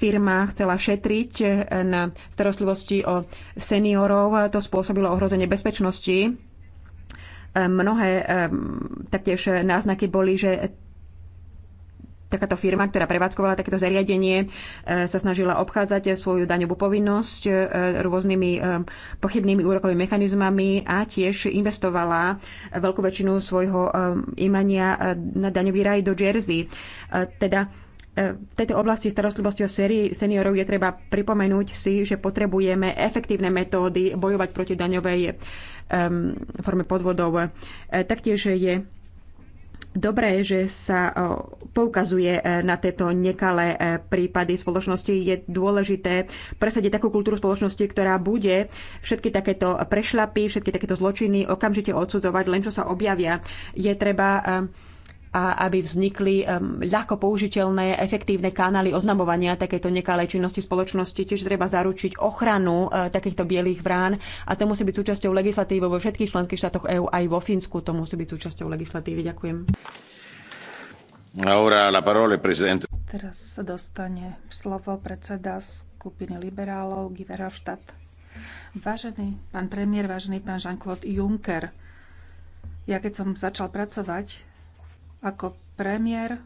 firma chcela šetriť byť eh, na starostlivosti o seniorov. To spôsobilo ohrozenie bezpečnosti. Eh, mnohé eh, taktiež náznaky boli, že takáto firma, ktorá prevádzkovala takéto zariadenie, sa snažila obchádzať svoju daňovú povinnosť rôznymi pochybnými úrokovými mechanizmami a tiež investovala veľkú väčšinu svojho imania na daňový raj do Jersey. Teda E, v tejto oblasti starostlivosti o seniorov je treba pripomenúť si, že potrebujeme efektívne metódy bojovať proti daňovej um, forme podvodov. E, taktiež je dobré, že sa poukazuje na tieto nekalé prípady v spoločnosti. Je dôležité presadiť takú kultúru spoločnosti, ktorá bude všetky takéto prešlapy, všetky takéto zločiny okamžite odsudzovať, len čo sa objavia. Je treba a aby vznikli ľahko použiteľné, efektívne kanály oznamovania takéto nekalej činnosti spoločnosti. Tiež treba zaručiť ochranu e, takýchto bielých vrán a to musí byť súčasťou legislatívy vo všetkých členských štátoch EÚ aj vo Fínsku. To musí byť súčasťou legislatívy. Ďakujem. Teraz dostane slovo predseda skupiny liberálov Giverovštát. Vážený pán premiér, vážený pán Jean-Claude Juncker, ja keď som začal pracovať ako premiér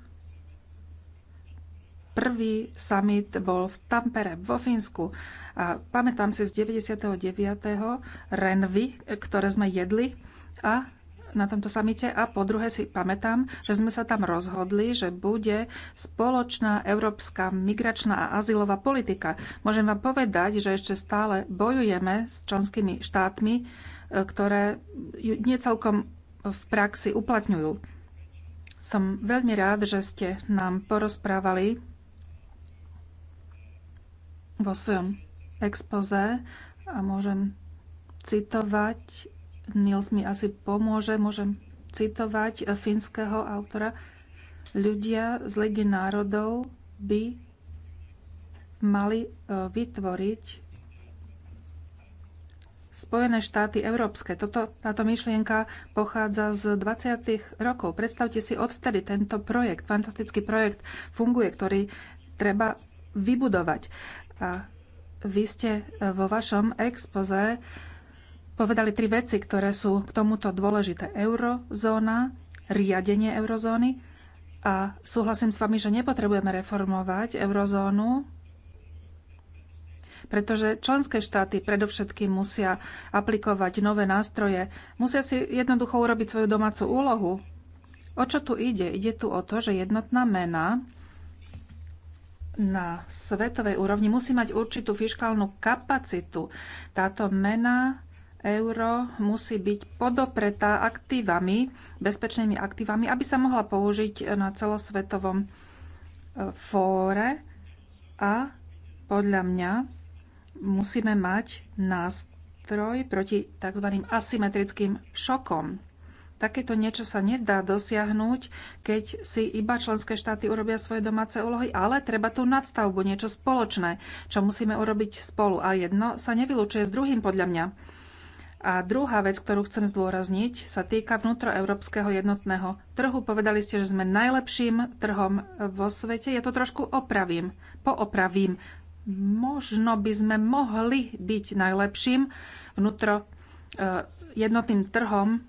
prvý summit bol v Tampere, vo Fínsku. A pamätám si z 99. renvy, ktoré sme jedli a na tomto samite a po druhé si pamätám, že sme sa tam rozhodli, že bude spoločná európska migračná a azylová politika. Môžem vám povedať, že ešte stále bojujeme s členskými štátmi, e, ktoré ju nie celkom v praxi uplatňujú. Som veľmi rád, že ste nám porozprávali vo svojom expoze a môžem citovať, Nils mi asi pomôže, môžem citovať finského autora. Ľudia z Legi národov by mali e, vytvoriť Spojené štáty európske. Toto, táto myšlienka pochádza z 20. rokov. Predstavte si, odtedy tento projekt, fantastický projekt funguje, ktorý treba vybudovať. A vy ste e, vo vašom expoze povedali tri veci, ktoré sú k tomuto dôležité. Eurozóna, riadenie eurozóny a súhlasím s vami, že nepotrebujeme reformovať eurozónu, pretože členské štáty predovšetkým musia aplikovať nové nástroje, musia si jednoducho urobiť svoju domácu úlohu. O čo tu ide? Ide tu o to, že jednotná mena na svetovej úrovni musí mať určitú fiskálnu kapacitu. Táto mena euro musí byť podopretá aktívami, bezpečnými aktívami, aby sa mohla použiť na celosvetovom e, fóre a podľa mňa musíme mať nástroj proti tzv. asymetrickým šokom. Takéto niečo sa nedá dosiahnuť, keď si iba členské štáty urobia svoje domáce úlohy, ale treba tú nadstavbu, niečo spoločné, čo musíme urobiť spolu. A jedno sa nevylučuje s druhým, podľa mňa. A druhá vec, ktorú chcem zdôrazniť, sa týka vnútroeurópskeho jednotného trhu. Povedali ste, že sme najlepším trhom vo svete. Ja to trošku opravím, poopravím možno by sme mohli byť najlepším vnútro e, jednotným trhom.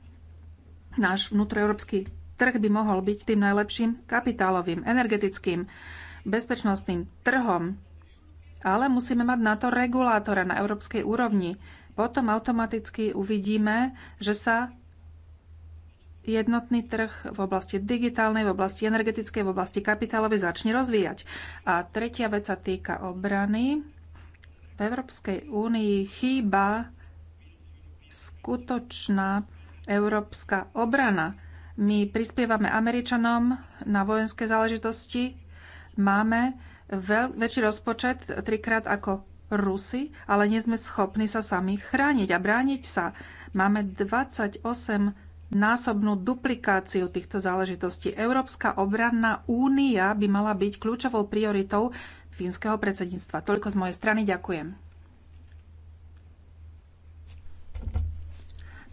Náš vnútroeurópsky trh by mohol byť tým najlepším kapitálovým, energetickým, bezpečnostným trhom. Ale musíme mať na to regulátora na európskej úrovni. Potom automaticky uvidíme, že sa jednotný trh v oblasti digitálnej, v oblasti energetickej, v oblasti kapitálovej začne rozvíjať. A tretia vec sa týka obrany. V Európskej únii chýba skutočná európska obrana. My prispievame Američanom na vojenské záležitosti, máme veľ, väčší rozpočet trikrát ako Rusy, ale nie sme schopní sa sami chrániť a brániť sa. Máme 28 násobnú duplikáciu týchto záležitostí. Európska obranná únia by mala byť kľúčovou prioritou fínskeho predsedníctva. Toľko z mojej strany. Ďakujem.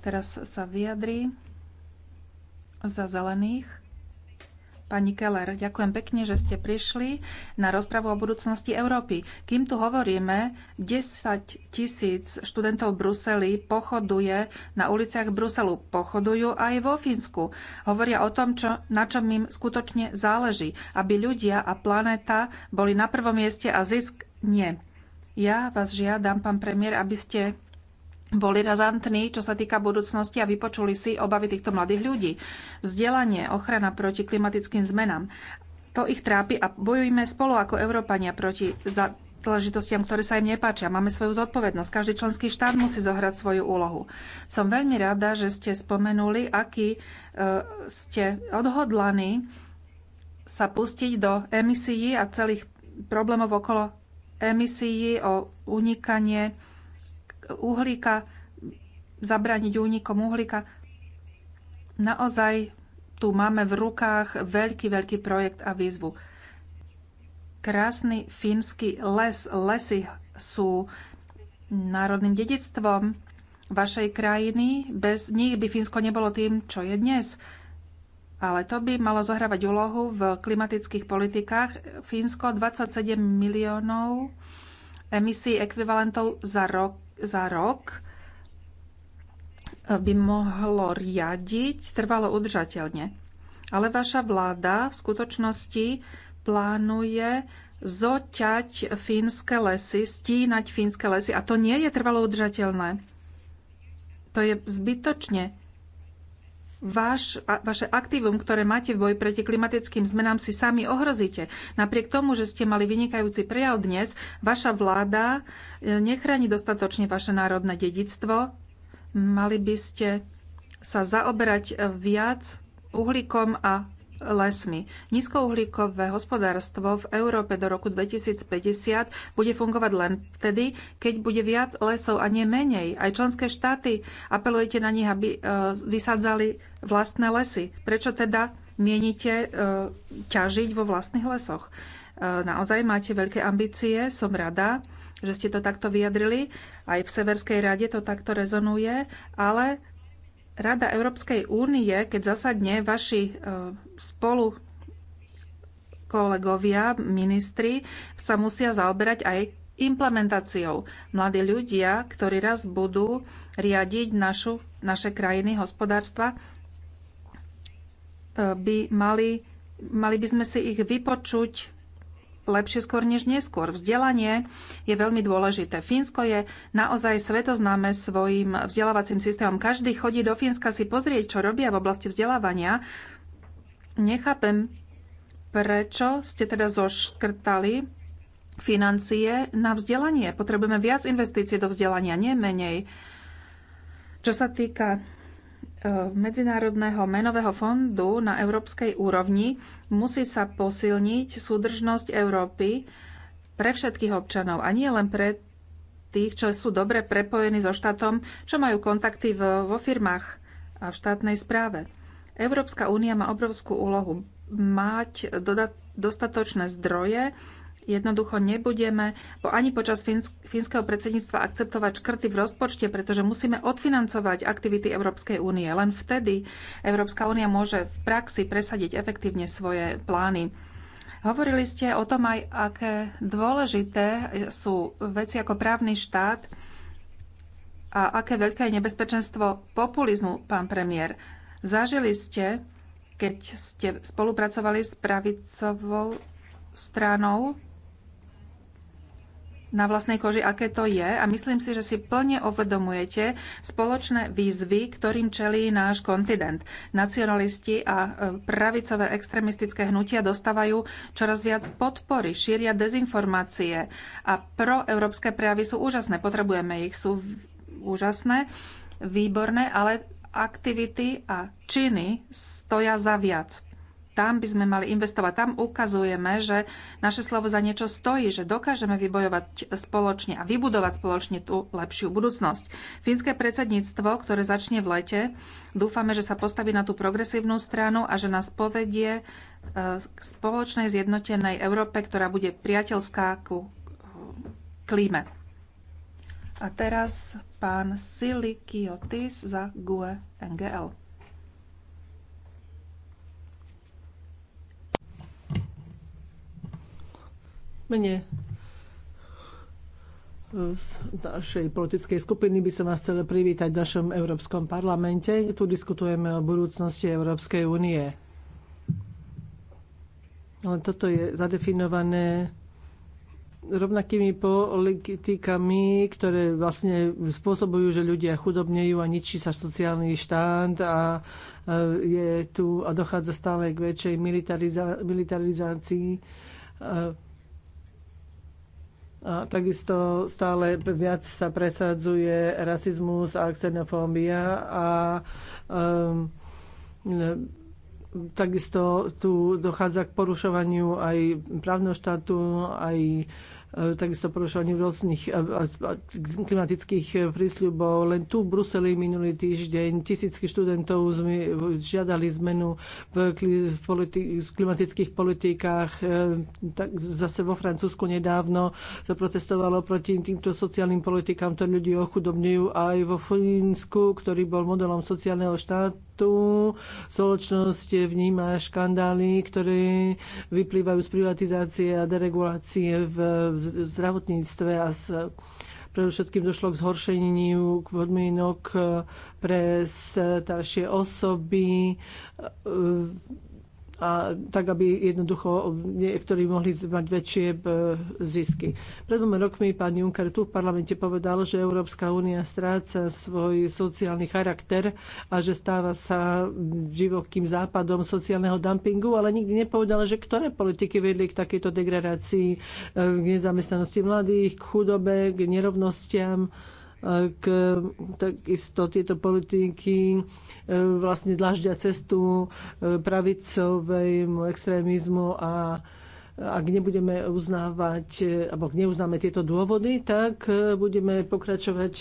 Teraz sa vyjadrí za zelených Pani Keller, ďakujem pekne, že ste prišli na rozpravu o budúcnosti Európy. Kým tu hovoríme, 10 tisíc študentov v Bruseli pochoduje na uliciach Bruselu. Pochodujú aj vo Fínsku. Hovoria o tom, čo, na čom im skutočne záleží. Aby ľudia a planéta boli na prvom mieste a zisk nie. Ja vás žiadam, pán premiér, aby ste boli razantní, čo sa týka budúcnosti a vypočuli si obavy týchto mladých ľudí. Vzdelanie, ochrana proti klimatickým zmenám. To ich trápi a bojujme spolu ako Európania proti za záležitostiam, ktoré sa im nepáčia. Máme svoju zodpovednosť. Každý členský štát musí zohrať svoju úlohu. Som veľmi rada, že ste spomenuli, aký e, ste odhodlaní sa pustiť do emisií a celých problémov okolo emisií, o unikanie uhlíka, zabrániť únikom uhlíka. Naozaj tu máme v rukách veľký, veľký projekt a výzvu. Krásny fínsky les, lesy sú národným dedictvom vašej krajiny. Bez nich by Fínsko nebolo tým, čo je dnes. Ale to by malo zohrávať úlohu v klimatických politikách. Fínsko 27 miliónov emisí ekvivalentov za rok za rok eh, by mohlo riadiť trvalo udržateľne. Ale vaša vláda v skutočnosti plánuje zoťať fínske lesy, stínať fínske lesy. A to nie je trvalo udržateľné. To je zbytočne Váš, a, vaše aktívum, ktoré máte v boji proti klimatickým zmenám, si sami ohrozíte. Napriek tomu, že ste mali vynikajúci prejav dnes, vaša vláda e, nechráni dostatočne vaše národné dedictvo. Mali by ste sa zaoberať e, viac uhlíkom a lesmi. Nízkouhlíkové hospodárstvo v Európe do roku 2050 bude fungovať len vtedy, keď bude viac lesov a nie menej. Aj členské štáty apelujete na nich, aby e, vysádzali vlastné lesy. Prečo teda mienite e, ťažiť vo vlastných lesoch? E, naozaj máte veľké ambície, som rada, že ste to takto vyjadrili. Aj v Severskej rade to takto rezonuje, ale Rada Európskej únie, keď zasadne vaši e, spolu kolegovia, ministri, sa musia zaoberať aj implementáciou. Mladí ľudia, ktorí raz budú riadiť našu, naše krajiny, hospodárstva, e, by mali, mali by sme si ich vypočuť lepšie skôr než neskôr. Vzdelanie je veľmi dôležité. Fínsko je naozaj svetoznáme svojim vzdelávacím systémom. Každý chodí do Fínska si pozrieť, čo robia v oblasti vzdelávania. Nechápem, prečo ste teda zoškrtali financie na vzdelanie. Potrebujeme viac investícií do vzdelania, nie menej. Čo sa týka E, Medzinárodného menového fondu na európskej úrovni musí sa posilniť súdržnosť Európy pre všetkých občanov a nie len pre tých, čo sú dobre prepojení so štátom, čo majú kontakty vo firmách a v štátnej správe. Európska únia má obrovskú úlohu mať dostatočné zdroje Jednoducho nebudeme bo ani počas fínskeho predsedníctva akceptovať škrty v rozpočte, pretože musíme odfinancovať aktivity Európskej únie. Len vtedy Európska únia môže v praxi presadiť efektívne svoje plány. Hovorili ste o tom aj, aké dôležité sú veci ako právny štát a aké veľké je nebezpečenstvo populizmu, pán premiér. Zažili ste, keď ste spolupracovali s pravicovou stranou, na vlastnej koži, aké to je a myslím si, že si plne uvedomujete spoločné výzvy, ktorým čelí náš kontinent. Nacionalisti a e, pravicové extremistické hnutia dostávajú čoraz viac podpory, šíria dezinformácie a proeurópske prejavy sú úžasné, potrebujeme ich, sú úžasné, výborné, ale aktivity a činy stoja za viac tam by sme mali investovať. Tam ukazujeme, že naše slovo za niečo stojí, že dokážeme vybojovať spoločne a vybudovať spoločne tú lepšiu budúcnosť. Fínske predsedníctvo, ktoré začne v lete, dúfame, že sa postaví na tú progresívnu stranu a že nás povedie e, k spoločnej zjednotenej Európe, ktorá bude priateľská ku e, klíme. A teraz pán Silikiotis za GUE NGL. mene eh, z našej politickej skupiny by som vás chcela privítať v našom Európskom parlamente. Tu diskutujeme o budúcnosti Európskej únie. Ale toto je zadefinované rovnakými politikami, ktoré vlastne spôsobujú, že ľudia chudobnejú a ničí sa sociálny štát a eh, je tu a dochádza stále k väčšej militariza- militarizácii eh, a takisto stále viac sa presadzuje rasizmus a xenofóbia a um, takisto tu dochádza k porušovaniu aj právneho štátu, aj E, takisto porušovanie rôznych e, klimatických prísľubov. Len tu v Bruseli minulý týždeň tisícky študentov žiadali zmenu v klimatických politikách. E, tak zase vo Francúzsku nedávno sa protestovalo proti týmto sociálnym politikám, ktoré ľudí ochudobňujú. Aj vo Fínsku, ktorý bol modelom sociálneho štátu, tu Spoločnosť vníma škandály, ktoré vyplývajú z privatizácie a deregulácie v zdravotníctve a s Predovšetkým došlo k zhoršeniu podmienok pre staršie osoby a tak, aby jednoducho niektorí mohli mať väčšie e, zisky. Pred dvoma rokmi pán Juncker tu v parlamente povedal, že Európska únia stráca svoj sociálny charakter a že stáva sa živokým západom sociálneho dumpingu, ale nikdy nepovedal, že ktoré politiky vedli k takejto degradácii, e, k nezamestnanosti mladých, k chudobe, k nerovnostiam k, takisto tieto politiky e, vlastne dlaždia cestu e, pravicovému extrémizmu a ak nebudeme uznávať, e, alebo ak neuznáme tieto dôvody, tak budeme pokračovať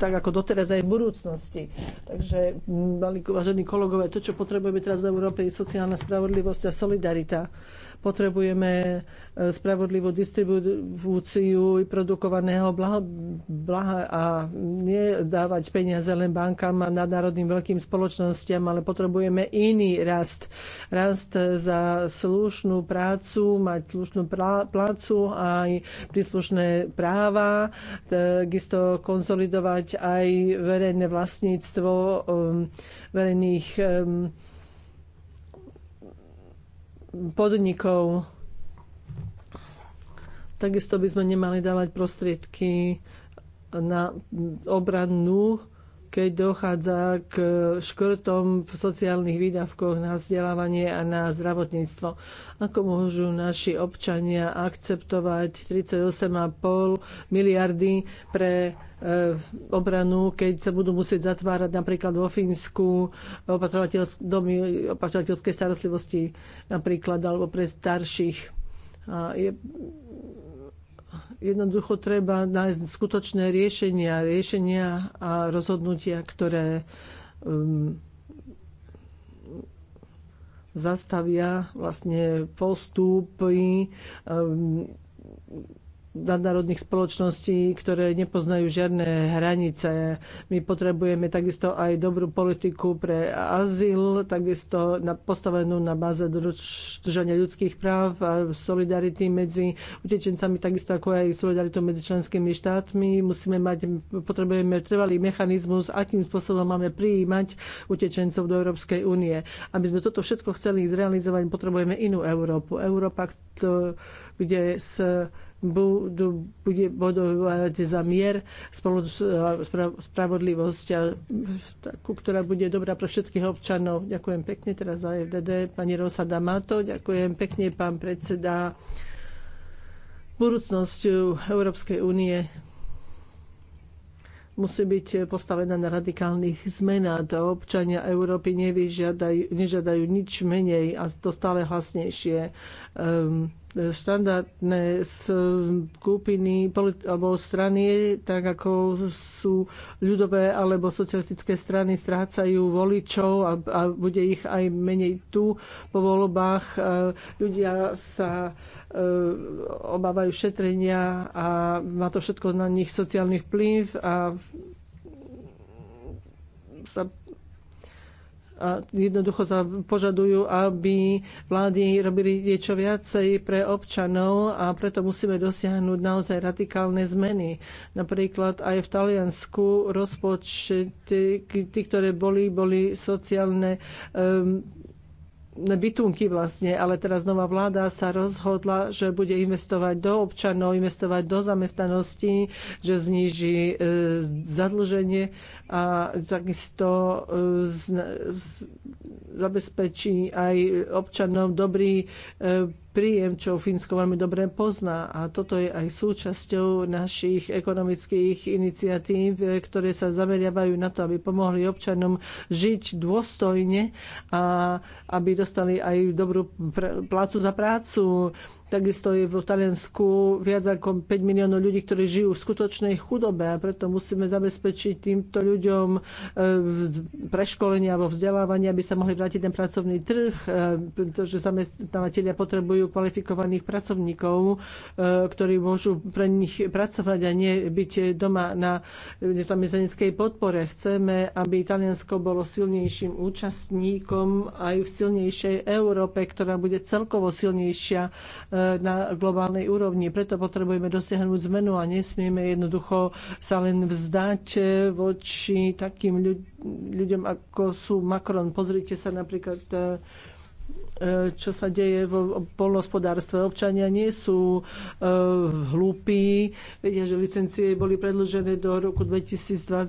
tak ako doteraz aj v budúcnosti. Takže, vážení kolegové, to, čo potrebujeme teraz v Európe, je sociálna spravodlivosť a solidarita. Potrebujeme e, spravodlivú distribúciu produkovaného blaha, blaha a nedávať peniaze len bankám a nadnárodným veľkým spoločnostiam, ale potrebujeme iný rast. Rast za slušnú prácu, mať slušnú prácu a aj príslušné práva, takisto konsolidovať aj verejné vlastníctvo e, verejných e, podnikov. Takisto by sme nemali dávať prostriedky na obrannú keď dochádza k škrtom v sociálnych výdavkoch na vzdelávanie a na zdravotníctvo. Ako môžu naši občania akceptovať 38,5 miliardy pre e, obranu, keď sa budú musieť zatvárať napríklad vo Fínsku domy opatrovateľskej starostlivosti napríklad alebo pre starších. A je, Jednoducho treba nájsť skutočné riešenia, riešenia a rozhodnutia, ktoré um, zastavia vlastne postupy um, nadnárodných spoločností, ktoré nepoznajú žiadne hranice. My potrebujeme takisto aj dobrú politiku pre azyl, takisto na, postavenú na báze držania ľudských práv a solidarity medzi utečencami, takisto ako aj solidaritu medzi členskými štátmi. Musíme mať, potrebujeme trvalý mechanizmus, akým spôsobom máme prijímať utečencov do Európskej únie. Aby sme toto všetko chceli zrealizovať, potrebujeme inú Európu. Európa, kde sa budú, bude bodovať za mier, spolu, spra, spravodlivosť, a, takú, ktorá bude dobrá pre všetkých občanov. Ďakujem pekne teraz za FDD, pani Rosa Damato, ďakujem pekne pán predseda. Budúcnosť Európskej únie musí byť postavená na radikálnych zmenách. To občania Európy nevyžiadajú, nežiadajú nič menej a to stále hlasnejšie. Um, štandardné skupiny alebo strany, tak ako sú ľudové alebo socialistické strany, strácajú voličov a, a bude ich aj menej tu po voľbách. E, ľudia sa e, obávajú šetrenia a má to všetko na nich sociálny vplyv a sa a jednoducho sa požadujú, aby vlády robili niečo viacej pre občanov a preto musíme dosiahnuť naozaj radikálne zmeny. Napríklad aj v Taliansku rozpočty, tí, ktoré boli, boli sociálne um, bytunky vlastne, ale teraz nová vláda sa rozhodla, že bude investovať do občanov, investovať do zamestnanosti, že zníži e, zadlženie a takisto e, zabezpečí aj občanom dobrý e, príjem, čo Fínsko veľmi dobre pozná. A toto je aj súčasťou našich ekonomických iniciatív, e, ktoré sa zameriavajú na to, aby pomohli občanom žiť dôstojne a aby dostali aj dobrú pr- plácu za prácu, Takisto je v Taliansku viac ako 5 miliónov ľudí, ktorí žijú v skutočnej chudobe a preto musíme zabezpečiť týmto ľuďom e, preškolenie alebo vzdelávanie, aby sa mohli vrátiť ten pracovný trh, e, pretože zamestnávateľia potrebujú kvalifikovaných pracovníkov, e, ktorí môžu pre nich pracovať a nie byť doma na nezamestnaneckej podpore. Chceme, aby Taliansko bolo silnejším účastníkom aj v silnejšej Európe, ktorá bude celkovo silnejšia na globálnej úrovni. Preto potrebujeme dosiahnuť zmenu a nesmieme jednoducho sa len vzdať eh, voči takým ľuďom, ako sú Macron. Pozrite sa napríklad eh, eh, čo sa deje v polnospodárstve. Občania nie sú hlúpi, vedia, že licencie boli predlžené do roku 2021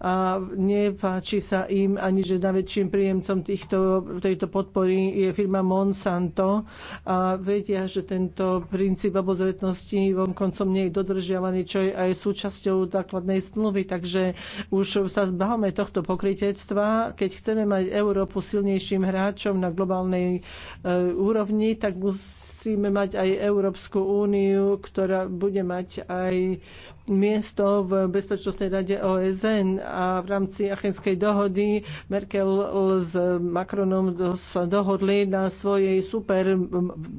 a nepáči sa im ani, že najväčším príjemcom týchto, tejto podpory je firma Monsanto a vedia, že tento princíp obozretnosti vonkoncom nie je dodržiavaný, čo je aj súčasťou základnej zmluvy. Takže už sa zbavme tohto pokrytectva. Keď chceme mať Európu silnejším hráčom na globálnej e, úrovni, tak musí musíme mať aj Európsku úniu, ktorá bude mať aj miesto v Bezpečnostnej rade OSN a v rámci Achenskej dohody Merkel s Macronom sa dohodli na svojej super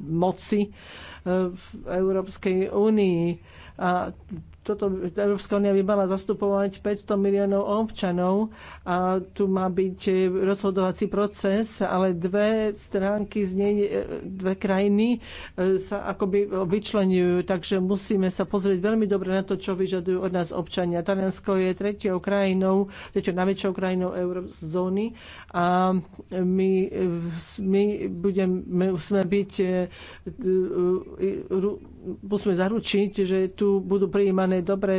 moci e, v Európskej únii. A toto Európska únia by mala zastupovať 500 miliónov občanov a tu má byť rozhodovací proces, ale dve stránky z nej, dve krajiny sa akoby vyčlenujú, takže musíme sa pozrieť veľmi dobre na to, čo vyžadujú od nás občania. Taliansko je tretiou krajinou, tretiou najväčšou krajinou eurozóny a my, my budeme, musíme byť musíme zaručiť, že tu budú prijímané vytvorené dobré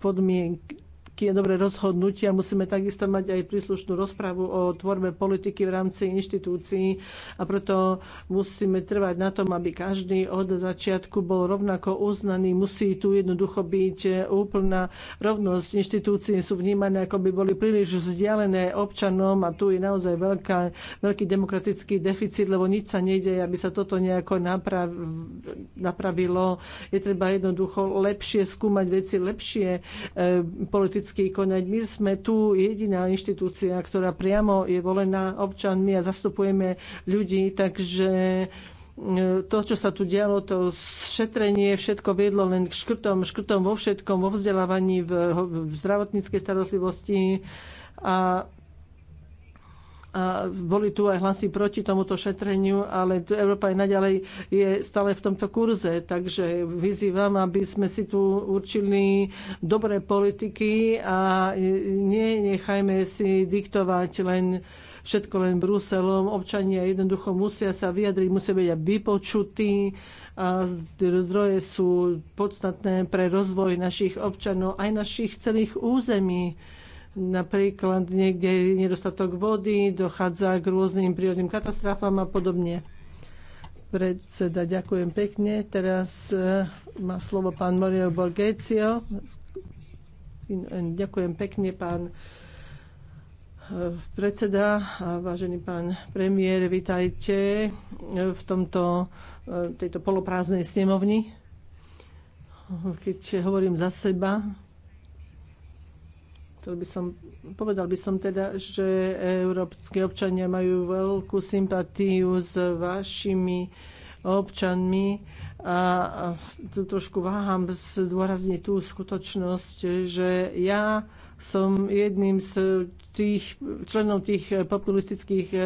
podmienky tie dobré rozhodnutia. Musíme takisto mať aj príslušnú rozpravu o tvorbe politiky v rámci inštitúcií a preto musíme trvať na tom, aby každý od začiatku bol rovnako uznaný. Musí tu jednoducho byť úplná rovnosť. Inštitúcie sú vnímané, ako by boli príliš vzdialené občanom a tu je naozaj veľká, veľký demokratický deficit, lebo nič sa nejde, aby sa toto nejako naprav, napravilo. Je treba jednoducho lepšie skúmať veci, lepšie e, politické politicky konať. My sme tu jediná inštitúcia, ktorá priamo je volená občanmi a zastupujeme ľudí, takže e, to, čo sa tu dialo, to šetrenie, všetko viedlo len k škrtom, škrtom vo všetkom, vo vzdelávaní, v, v zdravotníckej starostlivosti a a boli tu aj hlasy proti tomuto šetreniu, ale Európa je naďalej je stále v tomto kurze. Takže vyzývam, aby sme si tu určili dobré politiky a nenechajme si diktovať len všetko len Bruselom. Občania jednoducho musia sa vyjadriť, musia byť aj vypočutí a zdroje sú podstatné pre rozvoj našich občanov, aj našich celých území napríklad niekde je nedostatok vody, dochádza k rôznym prírodným katastrofám a podobne. Predseda, ďakujem pekne. Teraz eh, má slovo pán Morio Borgecio. Ďakujem pekne, pán eh, predseda a vážený pán premiér, vitajte eh, v tomto, tejto poloprázdnej snemovni. Keď hovorím za seba, Chcel by som, povedal by som teda, že európske občania majú veľkú sympatiu s vašimi občanmi a, trošku váham zdôrazniť tú skutočnosť, že ja som jedným z tých členov tých populistických e,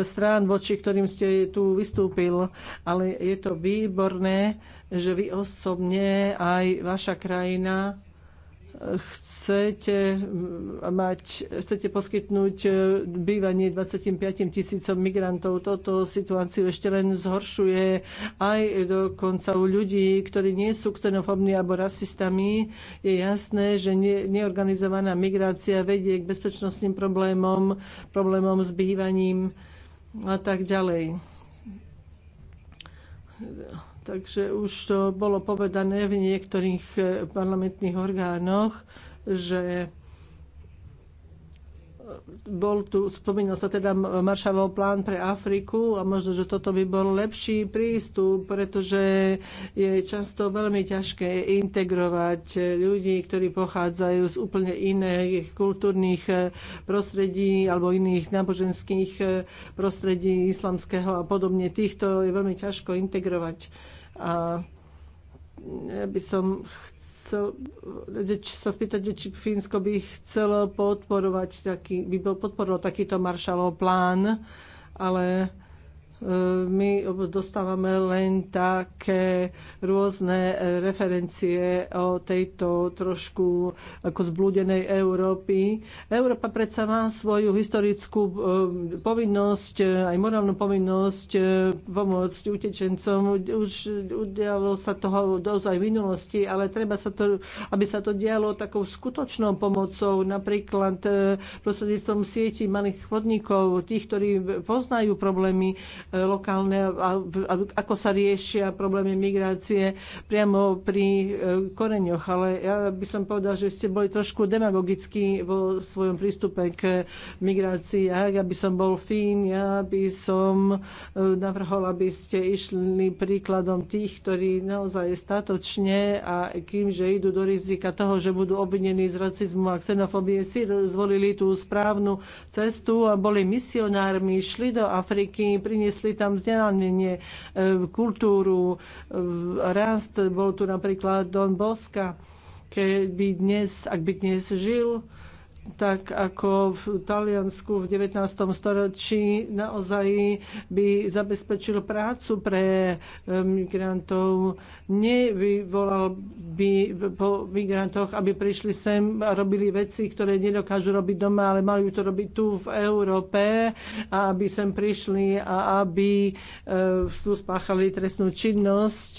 strán, voči ktorým ste tu vystúpil. Ale je to výborné, že vy osobne aj vaša krajina chcete, mm, mať, chcete poskytnúť e, bývanie 25 tisícom migrantov. Toto situáciu ešte len zhoršuje aj dokonca u ľudí, ktorí nie sú ksenofobní alebo rasistami. Je jasné, že ne, neorganizovaná migrácia vedie k bezpečnostným problémom, problémom s bývaním a tak ďalej Takže už to bolo povedané v niektorých eh, parlamentných orgánoch, že eh, bol tu, spomínal sa teda Maršalov plán pre Afriku a možno, že toto by bol lepší prístup, pretože je často veľmi ťažké integrovať eh, ľudí, ktorí pochádzajú z úplne iných kultúrnych prostredí alebo iných náboženských prostredí islamského a podobne. Týchto je veľmi ťažko integrovať. A ja by som chcel sa spýtať, či Fínsko by chcelo podporovať taký, by podporovalo takýto maršalov plán, ale my dostávame len také rôzne referencie o tejto trošku ako zblúdenej Európy. Európa predsa má svoju historickú e, povinnosť, e, aj morálnu povinnosť e, pomôcť utečencom. Už udialo sa toho aj v minulosti, ale treba sa to, aby sa to dialo takou skutočnou pomocou, napríklad prostredníctvom sieti malých chodníkov, tých, ktorí poznajú problémy lokálne, ako sa riešia problémy migrácie priamo pri e, koreňoch. Ale ja by som povedal, že ste boli trošku demagogickí vo svojom prístupe k migrácii. Ja by som bol fín, ja by som e, navrhol, aby ste išli príkladom tých, ktorí naozaj statočne a kým, že idú do rizika toho, že budú obvinení z racizmu a xenofóbie, si zvolili tú správnu cestu a boli misionármi, šli do Afriky, priniesli priniesli tam vzdelanie, e, kultúru, e, rast. Bol tu napríklad Don Boska, keby dnes, ak by dnes žil, tak ako v Taliansku v 19. storočí naozaj by zabezpečil prácu pre migrantov. Nevyvolal by po migrantoch, aby prišli sem a robili veci, ktoré nedokážu robiť doma, ale majú to robiť tu v Európe, a aby sem prišli a aby eh, tu spáchali trestnú činnosť.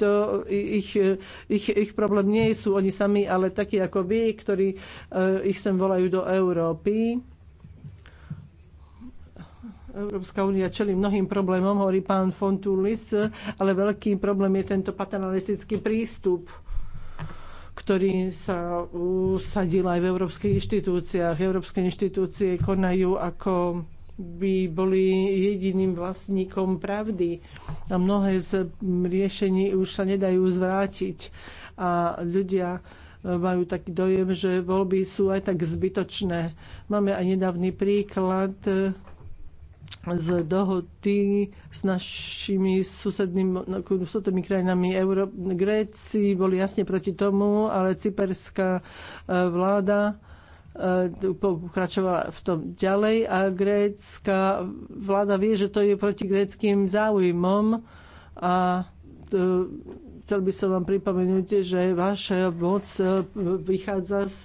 To ich, ich, ich problém nie sú oni sami, ale takí ako vy, ktorí eh, ich sem volajú do Európy. Európska únia čeli mnohým problémom, hovorí pán Fontulis, ale veľký problém je tento paternalistický prístup ktorý sa usadil aj v európskych inštitúciách. Európske inštitúcie konajú ako by boli jediným vlastníkom pravdy. A mnohé z riešení už sa nedajú zvrátiť. A ľudia majú taký dojem, že voľby sú aj tak zbytočné. Máme aj nedávny príklad e, z dohody s našimi susednými, no, susednými krajinami Euró- Gréci boli jasne proti tomu, ale cyperská e, vláda e, pokračovala v tom ďalej a grécka vláda vie, že to je proti gréckým záujmom a chcel by som vám pripomenúť, že vaša moc e, vychádza z,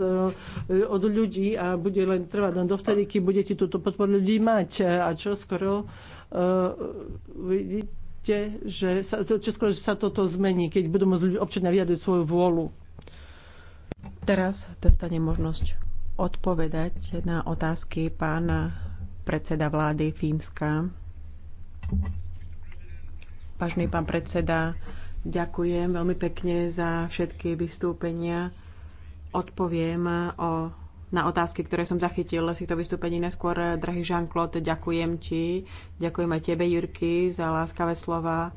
e, od ľudí a bude len trvať len dovtedy, kým budete túto podporu ľudí mať. A čo skoro uh, vidíte, že sa, to, skoro, že sa toto zmení, keď budú môcť občania vyjadriť svoju vôľu. Teraz dostane možnosť odpovedať na otázky pána predseda vlády Fínska. Vážny pán predseda, Ďakujem veľmi pekne za všetky vystúpenia. Odpoviem eh, o, na otázky, ktoré som zachytil z týchto vystúpení neskôr. Eh, drahý Jean-Claude, ďakujem ti. Ďakujem aj tebe, Jurky, za láskavé slova.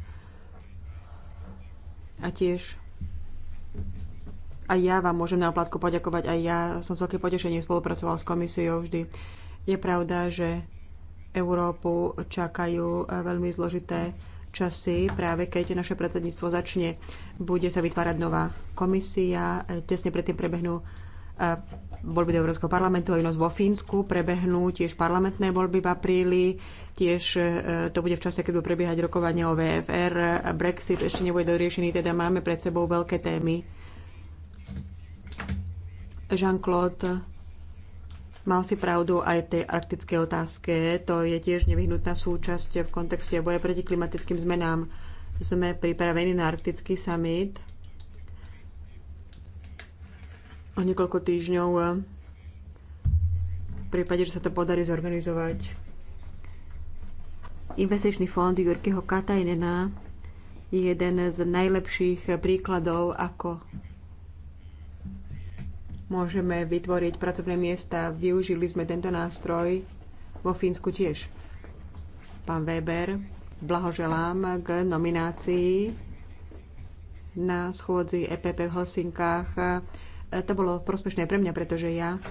A tiež aj ja vám môžem na oplátku poďakovať. Aj ja som celké potešením spolupracoval s komisiou vždy. Je pravda, že Európu čakajú eh, veľmi zložité časy, práve keď naše predsedníctvo začne, bude sa vytvárať nová komisia. Tesne predtým prebehnú e, voľby do Európskeho parlamentu a vo Fínsku prebehnú tiež parlamentné voľby v apríli, tiež e, to bude v čase, keď bude prebiehať rokovania o VFR, Brexit ešte nebude doriešený, teda máme pred sebou veľké témy. Jean-Claude Mal si pravdu aj v tej arktickej otázke. To je tiež nevyhnutná súčasť v kontexte boja proti klimatickým zmenám. Sme pripravení na arktický summit. O niekoľko týždňov eh, v prípade, že sa to podarí zorganizovať. Investičný fond Jurkyho Katajnena je jeden z najlepších príkladov, ako môžeme vytvoriť pracovné miesta. Využili sme tento nástroj vo Fínsku tiež. Pán Weber, blahoželám k nominácii na schôdzi EPP v Helsinkách. To bolo prospešné pre mňa, pretože ja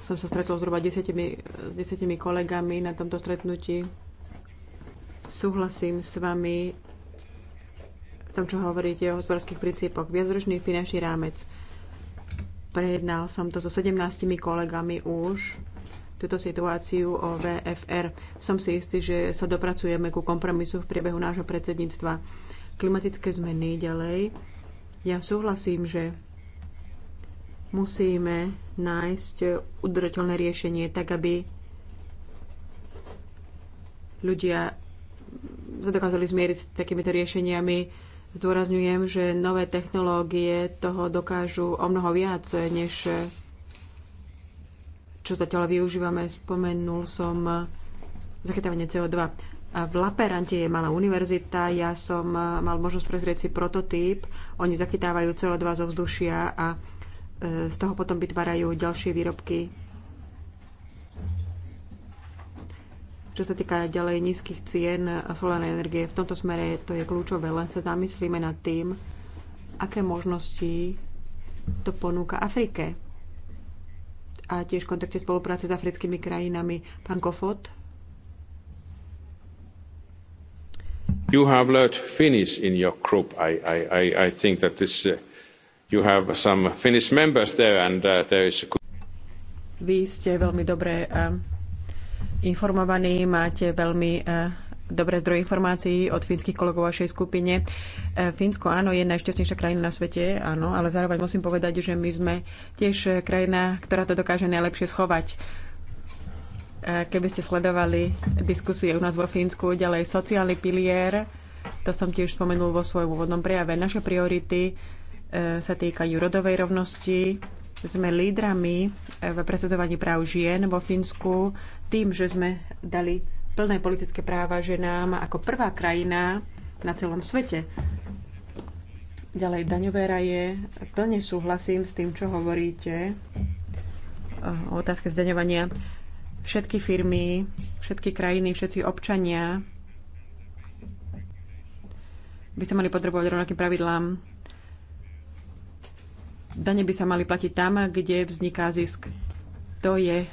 som sa stretol zhruba desiatimi, desiatimi kolegami na tomto stretnutí. Súhlasím s vami, v tom, čo hovoríte o hospodárských princípoch. Viacročný finančný rámec. Prejednal som to so 17 kolegami už túto situáciu o VFR. Som si istý, že sa dopracujeme ku kompromisu v priebehu nášho predsedníctva. Klimatické zmeny ďalej. Ja súhlasím, že musíme nájsť udržateľné riešenie, tak aby ľudia sa dokázali zmieriť s takýmito riešeniami Zdôrazňujem, že nové technológie toho dokážu o mnoho viac, než čo zatiaľ využívame. Spomenul som zachytávanie CO2. A v Laperante je malá univerzita, ja som mal možnosť prezrieť si prototyp. Oni zachytávajú CO2 zo vzdušia a e, z toho potom vytvárajú ďalšie výrobky. Čo sa týka ďalej nízkych cien a solárnej energie, v tomto smere to je kľúčové. Len sa zamyslíme nad tým, aké možnosti to ponúka Afrike. A tiež v kontakte spolupráce s africkými krajinami. Pán Kofot? You have learned Finnish in your group. I, I, I, I think that this, uh, you have some Finnish members there and uh, there is a good... Vy ste veľmi dobré um, informovaní, máte veľmi e, dobré zdroje informácií od fínskych kolegov vašej skupine. E, Fínsko, áno, je najšťastnejšia krajina na svete, áno, ale zároveň musím povedať, že my sme tiež krajina, ktorá to dokáže najlepšie schovať. E, keby ste sledovali diskusie u nás vo Fínsku, ďalej sociálny pilier, to som tiež spomenul vo svojom úvodnom prejave. Naše priority sa týkajú rodovej rovnosti, sme lídrami v presadzovaní práv žien vo Fínsku tým, že sme dali plné politické práva ženám ako prvá krajina na celom svete. Ďalej, daňové raje. Plne súhlasím s tým, čo hovoríte eh, o otázke zdaňovania. Všetky firmy, všetky krajiny, všetci občania by sa mali podrobovať rovnakým pravidlám. Dane by sa mali platiť tam, kde vzniká zisk to je e,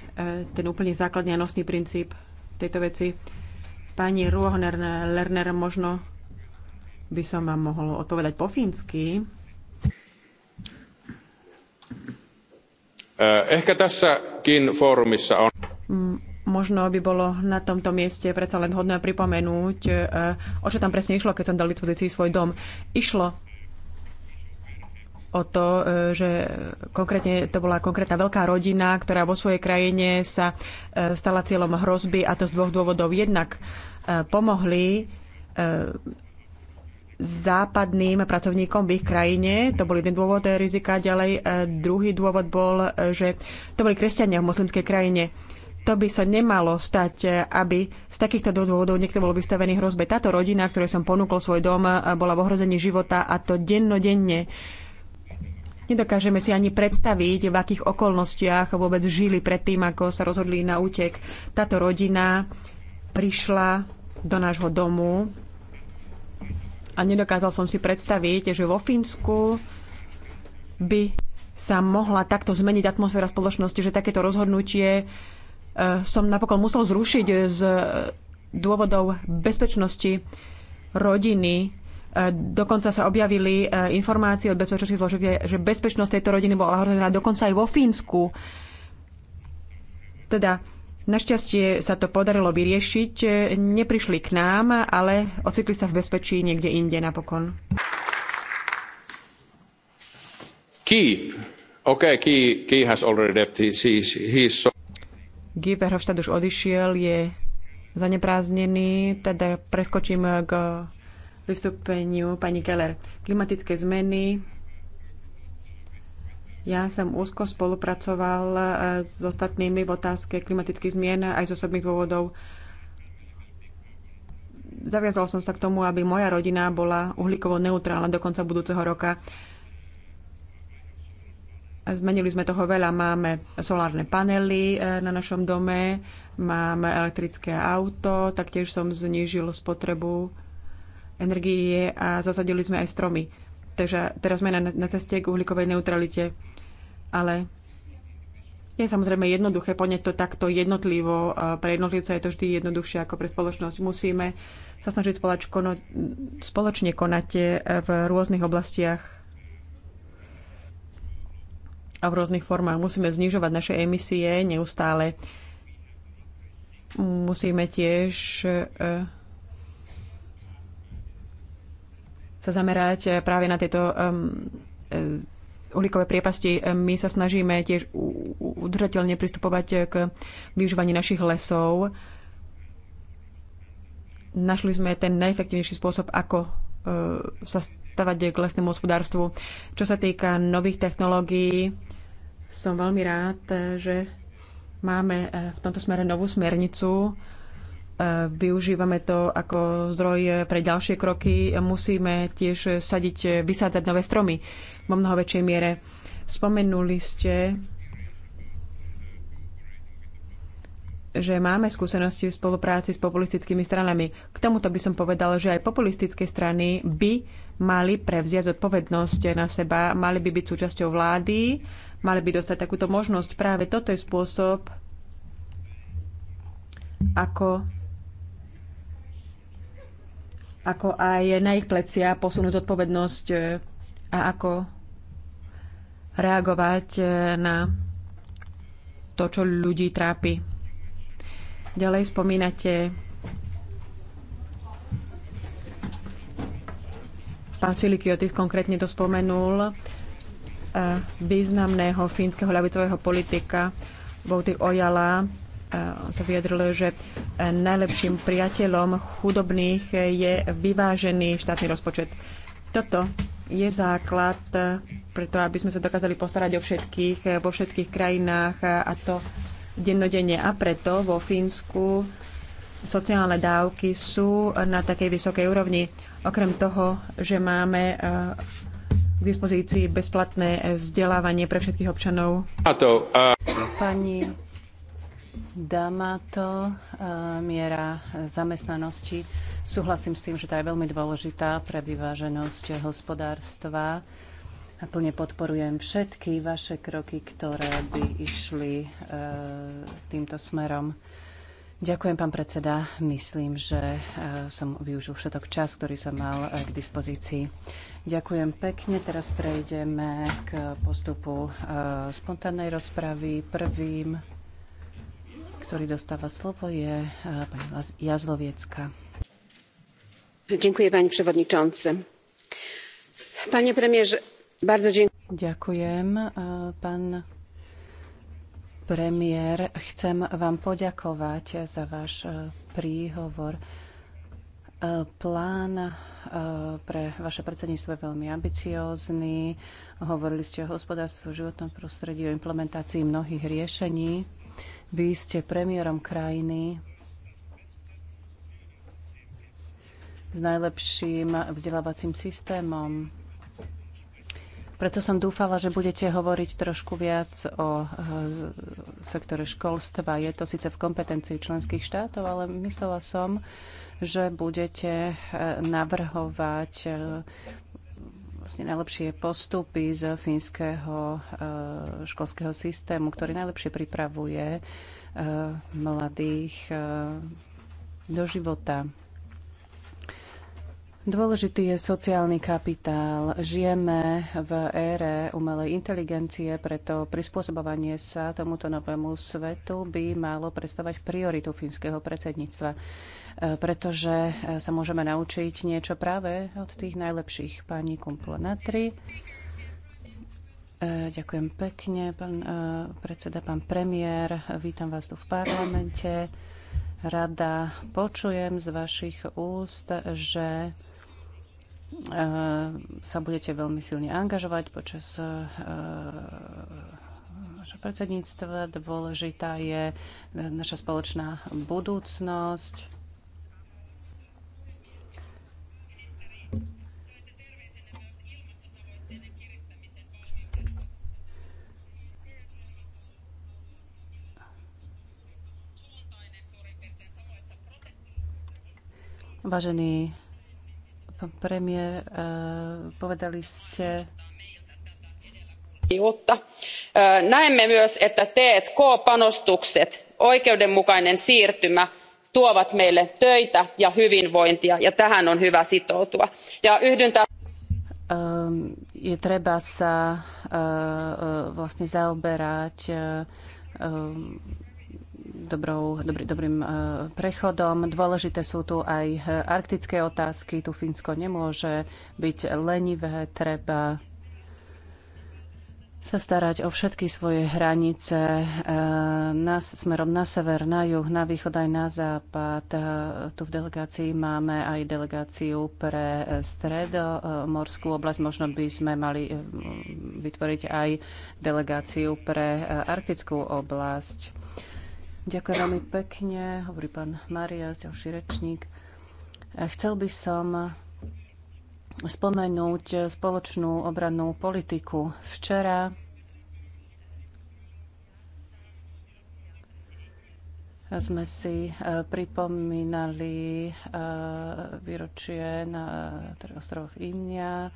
ten úplne základný a nosný princíp tejto veci. Pani Ruohner e, Lerner, možno by som vám mohol odpovedať po fínsky. E, ehkä tässäkin foorumissa on... Možno by bolo na tomto mieste predsa len hodné pripomenúť, o čo tam presne išlo, keď som dal dispozícii svoj dom. Išlo o to, e, že konkrétne to bola konkrétna veľká rodina, ktorá vo svojej krajine sa e, stala cieľom hrozby a to z dvoch dôvodov. Jednak e, pomohli západným pracovníkom v ich krajine. To bol jeden dôvod rizika. Ďalej druhý dôvod bol, že to boli kresťania v moslimskej krajine. To by sa nemalo stať, aby z takýchto dôvodov niekto bol vystavený hrozbe. Táto rodina, ktorej som ponúkol svoj dom, bola v ohrození života a to dennodenne. denne Nedokážeme si ani predstaviť, v akých okolnostiach vôbec žili predtým, ako sa rozhodli na útek. Táto rodina prišla do nášho domu a nedokázal som si predstaviť, že vo Fínsku by sa mohla takto zmeniť atmosféra spoločnosti, že takéto rozhodnutie e, som napokon musel zrušiť z dôvodov bezpečnosti rodiny E, dokonca sa objavili e, informácie od bezpečnostných zložiek, že bezpečnosť tejto rodiny bola ohrozená dokonca aj vo Fínsku. Teda našťastie sa to podarilo vyriešiť. E, neprišli k nám, ale ocitli sa v bezpečí niekde inde napokon. Keep. Okay, Key, Key has already left. He, he, he is so... Guy Verhofstadt už odišiel, je zanepráznený, teda preskočím k vystúpeniu pani Keller. Klimatické zmeny. Ja som úzko spolupracoval e, s ostatnými v otázke klimatických zmien aj z osobných dôvodov. Zaviazal som sa k tomu, aby moja rodina bola uhlíkovo neutrálna do konca budúceho roka. Zmenili sme toho veľa. Máme solárne panely e, na našom dome, máme elektrické auto, taktiež som znížil spotrebu energie a zasadili sme aj stromy. Takže teraz sme na, na ceste k uhlíkovej neutralite. Ale je samozrejme jednoduché poňať to takto jednotlivo. Pre jednotlivca je to vždy jednoduchšie ako pre spoločnosť. Musíme sa snažiť kono, spoločne konať e, v rôznych oblastiach a v rôznych formách. Musíme znižovať naše emisie neustále. Musíme tiež e, sa zamerať eh, práve na tieto eh, uhlíkové priepasti. Eh, my sa snažíme tiež udržateľne pristupovať k využívaní našich lesov. Našli sme ten najefektívnejší spôsob, ako sa stavať k lesnému hospodárstvu. Čo sa týka nových technológií, som veľmi rád, že máme v tomto smere novú smernicu, využívame to ako zdroj pre ďalšie kroky. Musíme tiež sadiť, vysádzať nové stromy vo mnoho väčšej miere. Spomenuli ste, že máme skúsenosti v spolupráci s populistickými stranami. K tomuto by som povedala, že aj populistické strany by mali prevziať zodpovednosť na seba, mali by byť súčasťou vlády, mali by dostať takúto možnosť. Práve toto je spôsob, ako ako aj na ich plecia posunúť zodpovednosť e, a ako reagovať e, na to, čo ľudí trápi. Ďalej spomínate pán Silikiotis konkrétne to spomenul, e, významného fínskeho ľavicového politika Bouty Ojala, Eh, sa vyjadrilo, že eh, najlepším priateľom chudobných eh, je vyvážený štátny rozpočet. Toto je základ preto, aby sme sa dokázali postarať o všetkých vo všetkých krajinách a to dennodenne. A preto vo Fínsku sociálne dávky sú na takej vysokej úrovni. Okrem toho, že máme k dispozícii bezplatné vzdelávanie pre všetkých občanov. Pani to e, miera zamestnanosti. Súhlasím s tým, že tá je veľmi dôležitá pre vyváženosť hospodárstva. A plne podporujem všetky vaše kroky, ktoré by išli e, týmto smerom. Ďakujem, pán predseda. Myslím, že e, som využil všetok čas, ktorý som mal e, k dispozícii. Ďakujem pekne. Teraz prejdeme k postupu e, spontánnej rozpravy. Prvým ktorý dostáva slovo, je e, pani Jazloviecka. Ďakujem, pani przewodniczący. Panie premierze, bardzo dziękuję. Ďakujem, e, pán premiér. Chcem vám poďakovať za váš e, príhovor. Plán pre vaše predsedníctvo je veľmi ambiciózny. Hovorili ste o hospodárstve, o životnom prostredí, o implementácii mnohých riešení. Vy ste premiérom krajiny s najlepším vzdelávacím systémom. Preto som dúfala, že budete hovoriť trošku viac o eh, sektore školstva. Je to síce v kompetencii členských štátov, ale myslela som, že budete eh, navrhovať eh, vlastne najlepšie postupy z fínskeho eh, školského systému, ktorý najlepšie pripravuje eh, mladých eh, do života. Dôležitý je sociálny kapitál. Žijeme v ére umelej inteligencie, preto prispôsobovanie sa tomuto novému svetu by malo predstavať prioritu fínskeho predsedníctva pretože e, sa môžeme naučiť niečo práve od tých najlepších. Pani Kumpula e, Ďakujem pekne, pán e, predseda, pán premiér. Vítam vás tu v parlamente. Rada počujem z vašich úst, že sa budete veľmi silne angažovať počas naše predsedníctva. Dôležitá je naša spoločná budúcnosť Vážený pán premiér, e, povedali ste, e, Näemme myös, että T&K-panostukset, oikeudenmukainen siirtymä, tuovat meille töitä ja hyvinvointia, ja tähän on hyvä sitoutua. Ja yhdyn ehm, je treba sa e, vlastne zaoberať dobrou, dobrý, dobrým e, prechodom. Dôležité sú tu aj e, arktické otázky. Tu Fínsko nemôže byť lenivé, treba sa starať o všetky svoje hranice e, na, smerom na sever, na juh, na východ aj na západ. Tu v delegácii máme aj delegáciu pre stredomorskú oblasť. Možno by sme mali vytvoriť aj delegáciu pre arktickú oblasť. Ďakujem veľmi pekne, hovorí pán Marias, ďalší rečník. E, chcel by som spomenúť spoločnú obrannú politiku. Včera sme si e, pripomínali e, výročie na teda ostrovoch Inia,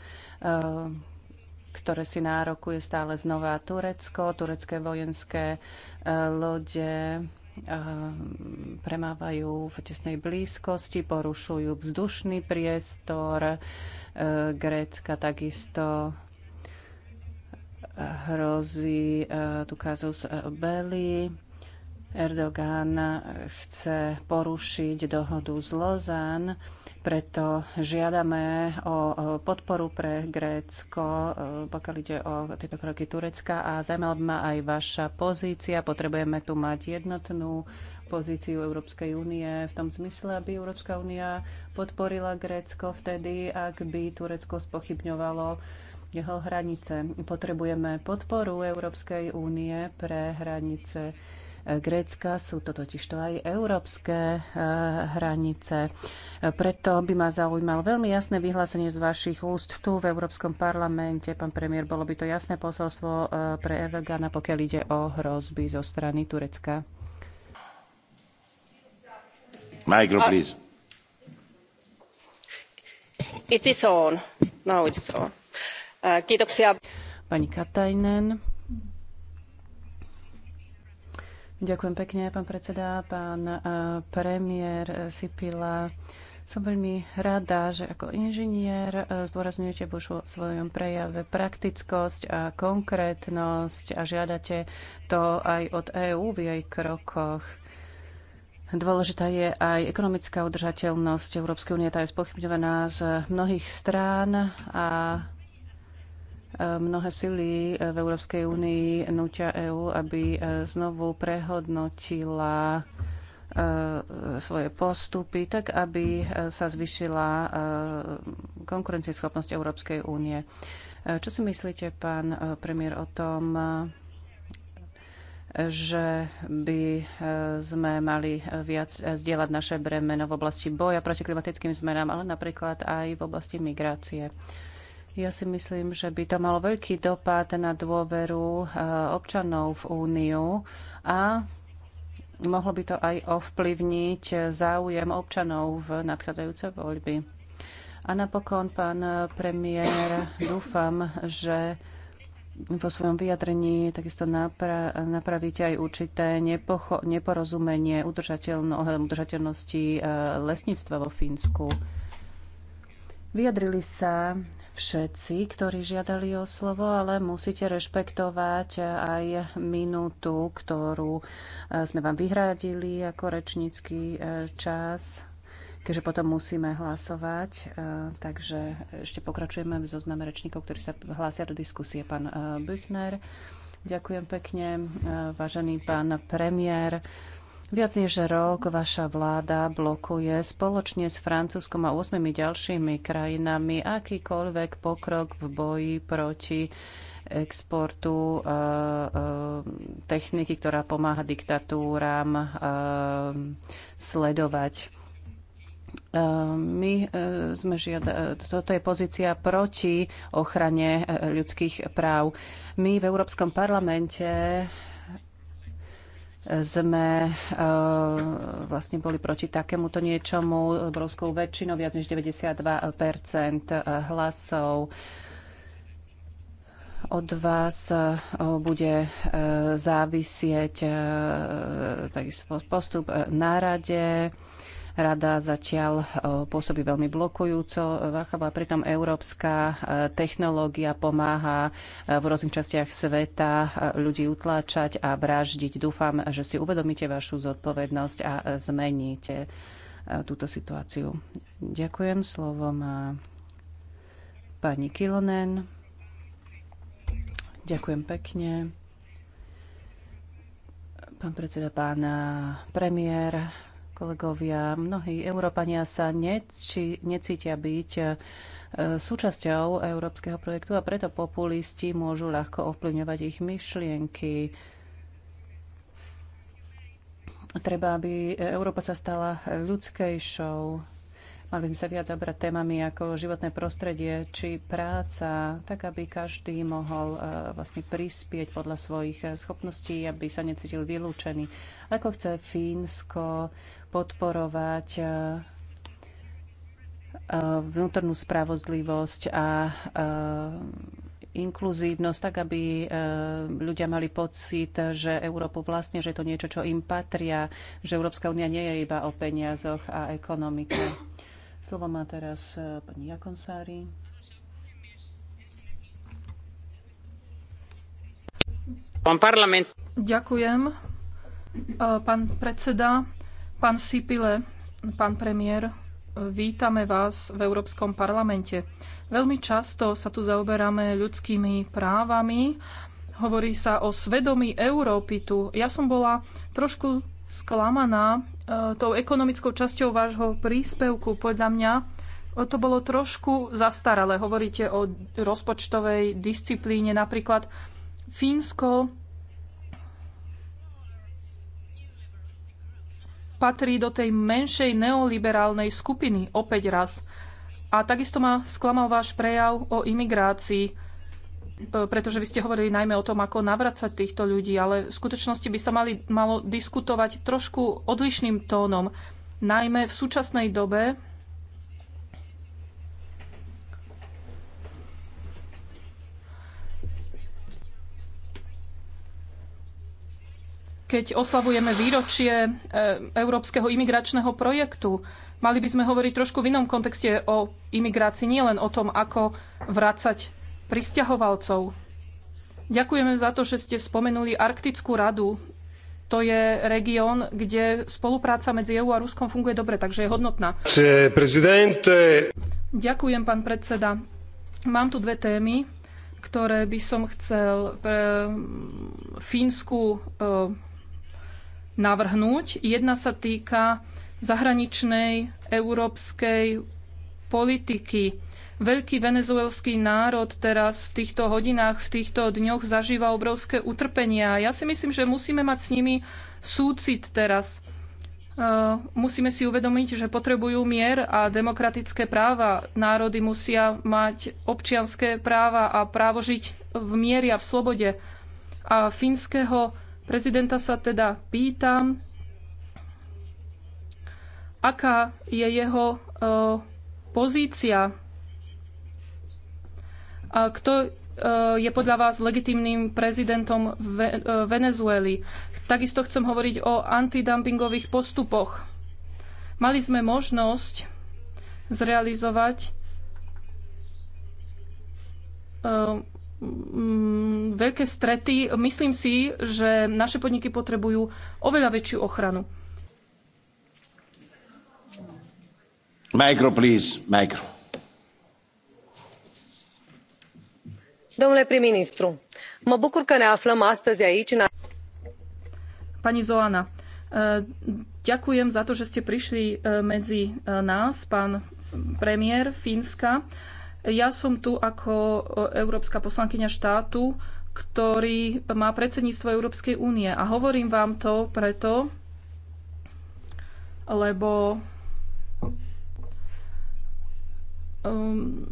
ktoré si nárokuje stále znova Turecko, turecké vojenské lode Eh, premávajú v tesnej blízkosti, porušujú vzdušný priestor eh, Grécka takisto hrozí eh, tu kazus Belli. Erdogan chce porušiť dohodu z Lozán preto žiadame o podporu pre Grécko, e, pokiaľ ide o tieto kroky Turecka a zaujímavá by ma aj vaša pozícia. Potrebujeme tu mať jednotnú pozíciu Európskej únie v tom zmysle, aby Európska únia podporila Grécko vtedy, ak by Turecko spochybňovalo jeho hranice. Potrebujeme podporu Európskej únie pre hranice Grécka, sú to totiž to aj európske e, hranice. Preto by ma zaujímal veľmi jasné vyhlásenie z vašich úst tu v Európskom parlamente. Pán premiér, bolo by to jasné posolstvo e, pre Erdogana, pokiaľ ide o hrozby zo strany Turecka. Micro, please. It is on. Now it's on. Uh, kiitoksia. Pani Katainen. Ďakujem pekne, pán predseda, pán eh, premiér eh, Sipila. Som veľmi rada, že ako inžinier eh, zdôrazňujete vo svojom prejave praktickosť a konkrétnosť a žiadate to aj od EÚ v jej krokoch. Dôležitá je aj ekonomická udržateľnosť Európskej únie, tá je spochybňovaná z mnohých strán a Mnohé sily eh, v Európskej únii nutia EÚ, aby eh, znovu prehodnotila eh, svoje postupy, tak aby sa zvyšila konkurencieschopnosť Európskej únie. Čo si myslíte, pán premiér, o tom, že by sme mali viac zdieľať naše bremeno v oblasti boja proti klimatickým zmenám, ale napríklad aj v oblasti migrácie? Ja si myslím, že by to malo veľký dopad na dôveru eh, občanov v Úniu a mohlo by to aj ovplyvniť záujem občanov v nadchádzajúce voľby. A napokon, pán premiér, dúfam, že vo svojom vyjadrení takisto napra- napravíte aj určité nepocho- neporozumenie udržateľno- ohľadom udržateľnosti eh, lesníctva vo Fínsku. Vyjadrili sa všetci, ktorí žiadali o slovo, ale musíte rešpektovať aj minútu, ktorú e, sme vám vyhradili ako rečnícky e, čas, keďže potom musíme hlasovať. E, takže ešte pokračujeme v zozname rečníkov, ktorí sa hlásia do diskusie. Pán Büchner, ďakujem pekne. Vážený pán premiér, Viac než rok vaša vláda blokuje spoločne s Francúzskom a 8 ďalšími krajinami akýkoľvek pokrok v boji proti exportu e, e, techniky, ktorá pomáha diktatúram e, sledovať. My sme žiada, toto je pozícia proti ochrane ľudských práv. My v Európskom parlamente sme eh, vlastne boli proti takémuto niečomu obrovskou väčšinou, viac než 92 eh, hlasov. Od vás eh, bude závisieť taký postup na rade Rada zatiaľ e, pôsobí veľmi blokujúco, váchava, pritom európska e, technológia pomáha e, v rôznych častiach sveta ľudí utláčať a vraždiť. Dúfam, že si uvedomíte vašu zodpovednosť a zmeníte túto situáciu. Ďakujem. Slovo má pani Kilonen. Ďakujem pekne. Pán predseda, pán premiér, Kolegovia, mnohí Európania sa neči, necítia byť e, súčasťou európskeho projektu a preto populisti môžu ľahko ovplyvňovať ich myšlienky. Treba, aby Európa sa stala ľudskejšou, Mali by sa viac zabrať témami ako životné prostredie či práca, tak aby každý mohol e, vlastne prispieť podľa svojich schopností, aby sa necítil vylúčený. Ako chce Fínsko podporovať e, e, vnútornú spravodlivosť a e, inkluzívnosť, tak aby ľudia mali pocit, že Európu vlastne, že je to niečo, čo im patria, že Európska únia nie je iba o peniazoch a ekonomike. Slovo má teraz pani Jakonsári. Pán parlament. Ďakujem, pán predseda. Pán Sipile, pán premiér, vítame vás v Európskom parlamente. Veľmi často sa tu zaoberáme ľudskými právami. Hovorí sa o svedomí Európy tu. Ja som bola trošku sklamaná e, tou ekonomickou časťou vášho príspevku. Podľa mňa to bolo trošku zastaralé. Hovoríte o rozpočtovej disciplíne. Napríklad Fínsko patrí do tej menšej neoliberálnej skupiny, opäť raz. A takisto ma sklamal váš prejav o imigrácii, e, pretože vy ste hovorili najmä o tom, ako navracať týchto ľudí, ale v skutočnosti by sa mali, malo diskutovať trošku odlišným tónom. Najmä v súčasnej dobe keď oslavujeme výročie e, európskeho imigračného projektu. Mali by sme hovoriť trošku v inom kontexte o imigrácii, nielen o tom, ako vrácať pristahovalcov. Ďakujeme za to, že ste spomenuli Arktickú radu. To je región, kde spolupráca medzi EU a Ruskom funguje dobre, takže je hodnotná. Ďakujem, pán predseda. Mám tu dve témy, ktoré by som chcel pre Fínsku e, navrhnúť. Jedna sa týka zahraničnej európskej politiky. Veľký venezuelský národ teraz v týchto hodinách, v týchto dňoch zažíva obrovské utrpenia. ja si myslím, že musíme mať s nimi súcit teraz. E, musíme si uvedomiť, že potrebujú mier a demokratické práva. Národy musia mať občianské práva a právo žiť v mieri a v slobode. A fínskeho Prezidenta sa teda pýtam, aká je jeho e, pozícia, a kto e, je podľa vás legitimným prezidentom e, Venezuely. Takisto chcem hovoriť o antidumpingových postupoch. Mali sme možnosť zrealizovať Mm, veľké strety. Myslím si, že naše podniky potrebujú oveľa väčšiu ochranu. Micro, please. Micro. Domnule prim-ministru, mă bucur că ne aflăm astăzi aici Pani Zoana, e, ďakujem za to, že ste prišli e, medzi e, nás, pán premiér Fínska. Ja som tu ako e, európska poslankyňa štátu, ktorý má predsedníctvo Európskej únie. A hovorím vám to preto, lebo um,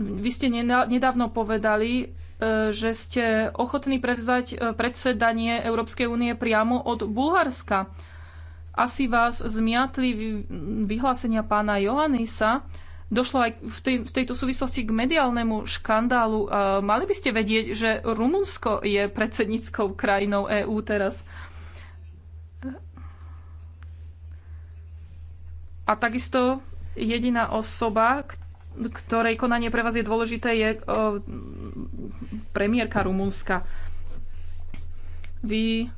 vy ste nedávno povedali, e, že ste ochotní prevzať e, predsedanie Európskej únie priamo od Bulharska. Asi vás zmiatli vyhlásenia pána Johannisa, Došlo aj v, tej, v tejto súvislosti k mediálnemu škandálu. Mali by ste vedieť, že Rumunsko je predsedníckou krajinou EÚ teraz. A takisto jediná osoba, ktorej konanie pre vás je dôležité, je premiérka Rumunska. Vy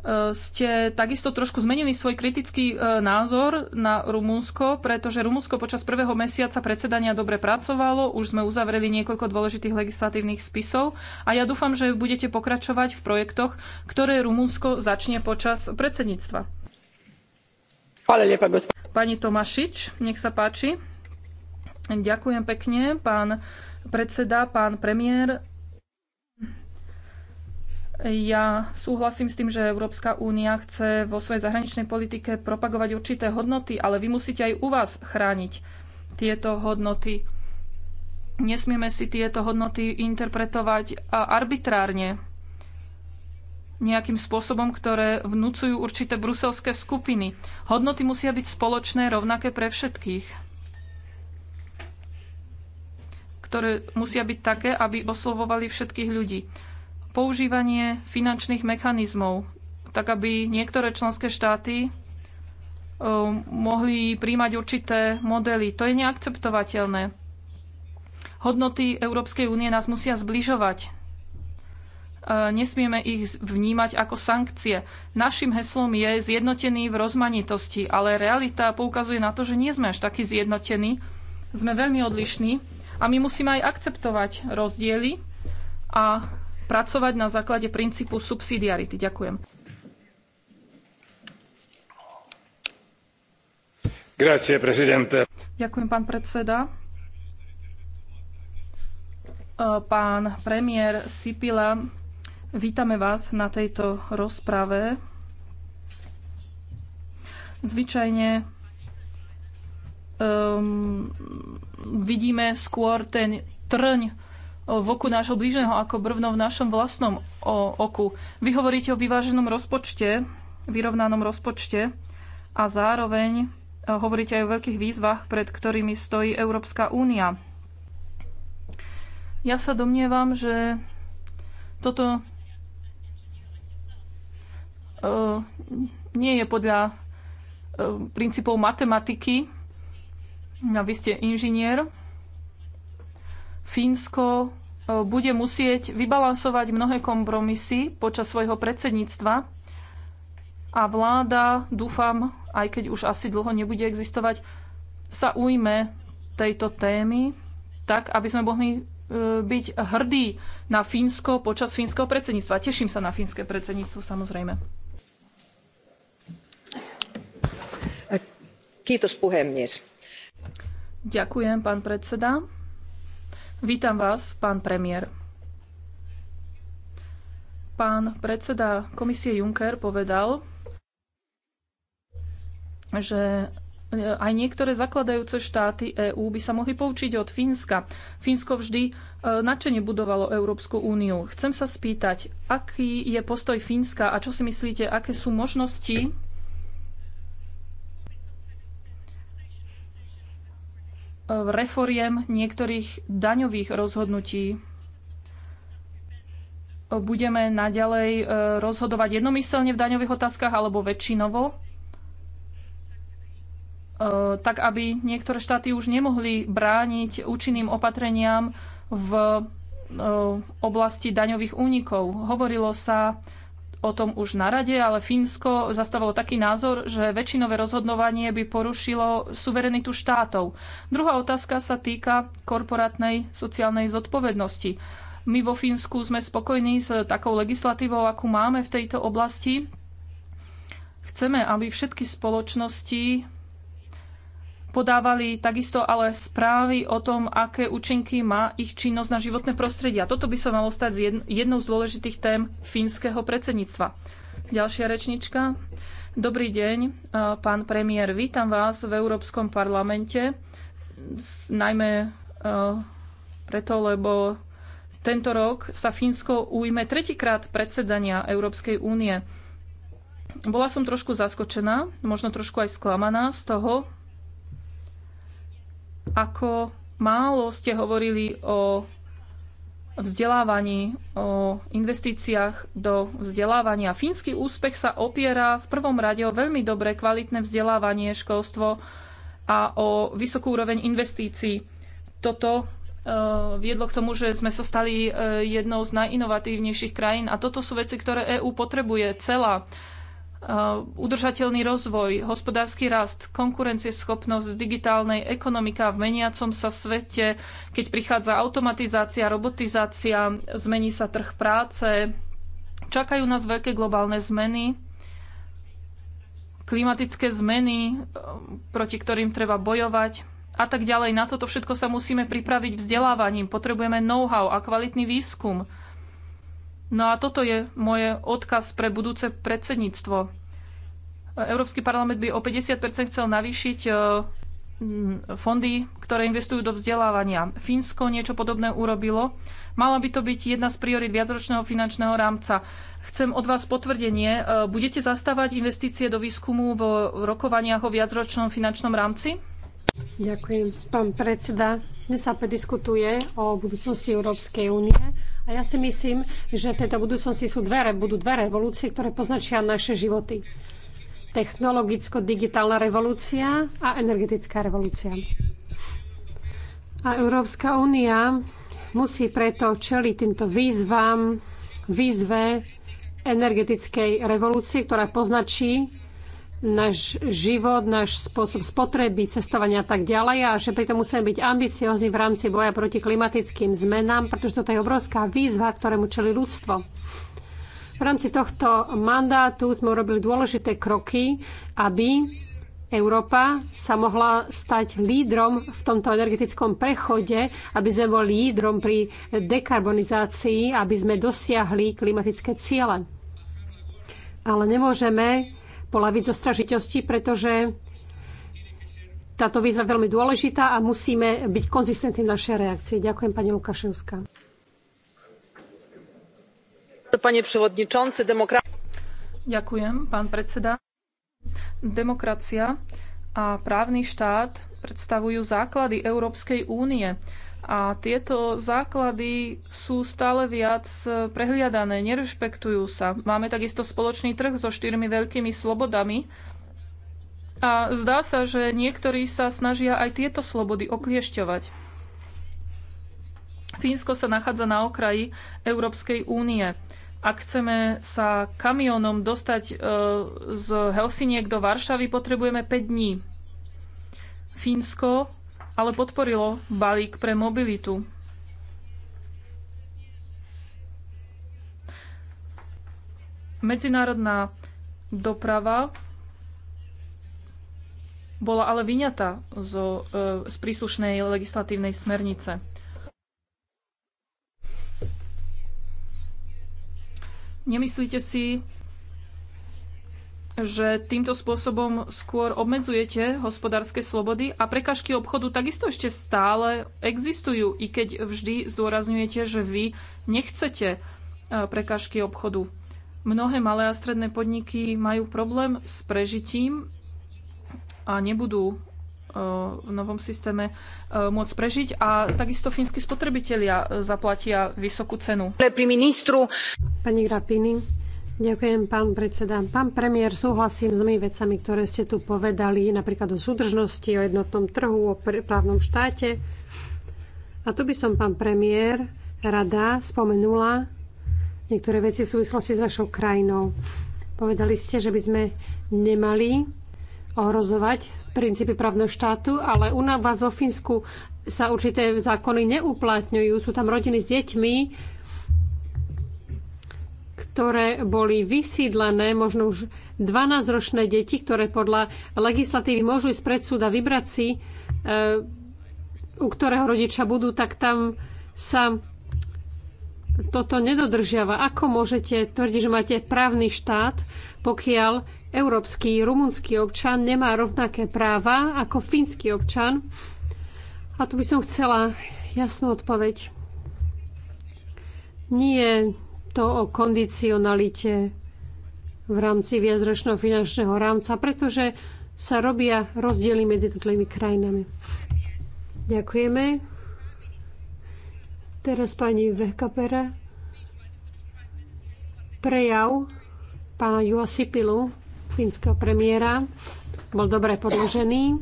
Eh, ste takisto trošku zmenili svoj kritický eh, názor na Rumunsko, pretože Rumunsko počas prvého mesiaca predsedania dobre pracovalo, už sme uzavreli niekoľko dôležitých legislatívnych spisov a ja dúfam, že budete pokračovať v projektoch, ktoré Rumunsko začne počas predsedníctva. Pani Tomašič, nech sa páči. Ďakujem pekne, pán predseda, pán premiér, ja súhlasím s tým, že Európska únia chce vo svojej zahraničnej politike propagovať určité hodnoty, ale vy musíte aj u vás chrániť tieto hodnoty. Nesmieme si tieto hodnoty interpretovať arbitrárne nejakým spôsobom, ktoré vnúcujú určité bruselské skupiny. Hodnoty musia byť spoločné, rovnaké pre všetkých ktoré musia byť také, aby oslovovali všetkých ľudí používanie finančných mechanizmov, tak aby niektoré členské štáty um, mohli príjmať určité modely. To je neakceptovateľné. Hodnoty Európskej únie nás musia zbližovať. Nesmieme ich vnímať ako sankcie. Našim heslom je zjednotený v rozmanitosti, ale realita poukazuje na to, že nie sme až takí zjednotení. Sme veľmi odlišní a my musíme aj akceptovať rozdiely a pracovať na základe princípu subsidiarity. Ďakujem. Grazie, presidente. Ďakujem, pán predseda. E, pán premiér Sipila, vítame vás na tejto rozprave. Zvyčajne um, vidíme skôr ten trň v oku nášho blížneho ako brvno v našom vlastnom oku. Vy hovoríte o vyváženom rozpočte, vyrovnanom rozpočte a zároveň e, hovoríte aj o veľkých výzvach, pred ktorými stojí Európska únia. Ja sa domnievam, že toto e, nie je podľa e, princípov matematiky. A vy ste inžinier. Fínsko bude musieť vybalansovať mnohé kompromisy počas svojho predsedníctva a vláda, dúfam, aj keď už asi dlho nebude existovať, sa ujme tejto témy tak, aby sme mohli e, byť hrdí na Fínsko počas fínskeho predsedníctva. Teším sa na fínske predsedníctvo, samozrejme. Kiitos puhemnes. Ďakujem, pán predseda. Vítam vás, pán premiér. Pán predseda komisie Juncker povedal, že e, aj niektoré zakladajúce štáty EÚ by sa mohli poučiť od Fínska. Fínsko vždy e, nadšene budovalo Európsku úniu. Chcem sa spýtať, aký je postoj Fínska a čo si myslíte, aké sú možnosti reforiem niektorých daňových rozhodnutí. Budeme naďalej e, rozhodovať jednomyselne v daňových otázkach alebo väčšinovo, e, tak aby niektoré štáty už nemohli brániť účinným opatreniam v e, oblasti daňových únikov. Hovorilo sa o tom už na rade, ale Fínsko zastavilo taký názor, že väčšinové rozhodnovanie by porušilo suverenitu štátov. Druhá otázka sa týka korporátnej sociálnej zodpovednosti. My vo Fínsku sme spokojní s takou legislatívou, akú máme v tejto oblasti. Chceme, aby všetky spoločnosti podávali takisto ale správy o tom, aké účinky má ich činnosť na životné prostredie. A toto by sa malo stať jednou z dôležitých tém fínskeho predsedníctva. Ďalšia rečnička. Dobrý deň, e, pán premiér. Vítam vás v Európskom parlamente, najmä e, preto, lebo tento rok sa Fínsko ujme tretíkrát predsedania Európskej únie. Bola som trošku zaskočená, možno trošku aj sklamaná z toho, ako málo ste hovorili o vzdelávaní, o investíciách do vzdelávania. Fínsky úspech sa opiera v prvom rade o veľmi dobré kvalitné vzdelávanie, školstvo a o vysokú úroveň investícií. Toto e, viedlo k tomu, že sme sa stali e, jednou z najinovatívnejších krajín. A toto sú veci, ktoré EÚ potrebuje celá. Uh, udržateľný rozvoj, hospodársky rast, konkurencieschopnosť, digitálnej ekonomika v meniacom sa svete, keď prichádza automatizácia, robotizácia, zmení sa trh práce, čakajú nás veľké globálne zmeny, klimatické zmeny, uh, proti ktorým treba bojovať a tak ďalej. Na toto všetko sa musíme pripraviť vzdelávaním. Potrebujeme know-how a kvalitný výskum No a toto je môj odkaz pre budúce predsedníctvo. Európsky parlament by o 50 chcel navýšiť e, fondy, ktoré investujú do vzdelávania. Fínsko niečo podobné urobilo. Mala by to byť jedna z priorit viacročného finančného rámca. Chcem od vás potvrdenie. E, budete zastávať investície do výskumu v rokovaniach o viacročnom finančnom rámci? Ďakujem, pán predseda. Dnes sa prediskutuje o budúcnosti Európskej únie a ja si myslím, že teda v tejto budúcnosti sú dvere, budú dve revolúcie, ktoré poznačia naše životy. Technologicko-digitálna revolúcia a energetická revolúcia. A Európska únia musí preto čeliť týmto výzvam, výzve energetickej revolúcie, ktorá poznačí náš život, náš spôsob spotreby, cestovania a tak ďalej a že pritom musíme byť ambiciozni v rámci boja proti klimatickým zmenám, pretože toto je obrovská výzva, ktorému čeli ľudstvo. V rámci tohto mandátu sme urobili dôležité kroky, aby Európa sa mohla stať lídrom v tomto energetickom prechode, aby sme boli lídrom pri dekarbonizácii, aby sme dosiahli klimatické ciele. Ale nemôžeme polaviť zo stražitosti, pretože táto výzva je veľmi dôležitá a musíme byť konzistentní v našej reakcii. Ďakujem, pani Lukašovská. Pane Ďakujem, pán predseda. Demokracia a právny štát predstavujú základy Európskej únie. A tieto základy sú stále viac e, prehliadané, nerešpektujú sa. Máme takisto spoločný trh so štyrmi veľkými slobodami. A zdá sa, že niektorí sa snažia aj tieto slobody okliešťovať. Fínsko sa nachádza na okraji Európskej únie. Ak chceme sa kamionom dostať e, z Helsiniek do Varšavy, potrebujeme 5 dní. Fínsko ale podporilo balík pre mobilitu. Medzinárodná doprava bola ale vyňatá zo, e, z príslušnej legislatívnej smernice. Nemyslíte si, že týmto spôsobom skôr obmedzujete hospodárske slobody a prekažky obchodu takisto ešte stále existujú, i keď vždy zdôrazňujete, že vy nechcete e, prekažky obchodu. Mnohé malé a stredné podniky majú problém s prežitím a nebudú e, v novom systéme e, môcť prežiť a takisto fínsky spotrebitelia zaplatia vysokú cenu. Pani Grapini, Ďakujem, pán predseda. Pán premiér, súhlasím s tými vecami, ktoré ste tu povedali, napríklad o súdržnosti, o jednotnom trhu, o právnom štáte. A tu by som, pán premiér, rada spomenula niektoré veci v súvislosti s vašou krajinou. Povedali ste, že by sme nemali ohrozovať princípy právneho štátu, ale u nás vás vo Fínsku sa určité zákony neuplatňujú. Sú tam rodiny s deťmi, ktoré boli vysídlené, možno už 12-ročné deti, ktoré podľa legislatívy môžu ísť pred súda vybrať si, e, u ktorého rodiča budú, tak tam sa toto nedodržiava. Ako môžete tvrdiť, že máte právny štát, pokiaľ európsky, rumunský občan nemá rovnaké práva ako fínsky občan? A tu by som chcela jasnú odpoveď. Nie, to o kondicionalite v rámci viacročného finančného rámca, pretože sa robia rozdiely medzi jednotlivými krajinami. Ďakujeme. Teraz pani Vehkapera. Prejav pána Juasipilu, Sipilu, fínskeho premiéra, bol dobre podložený.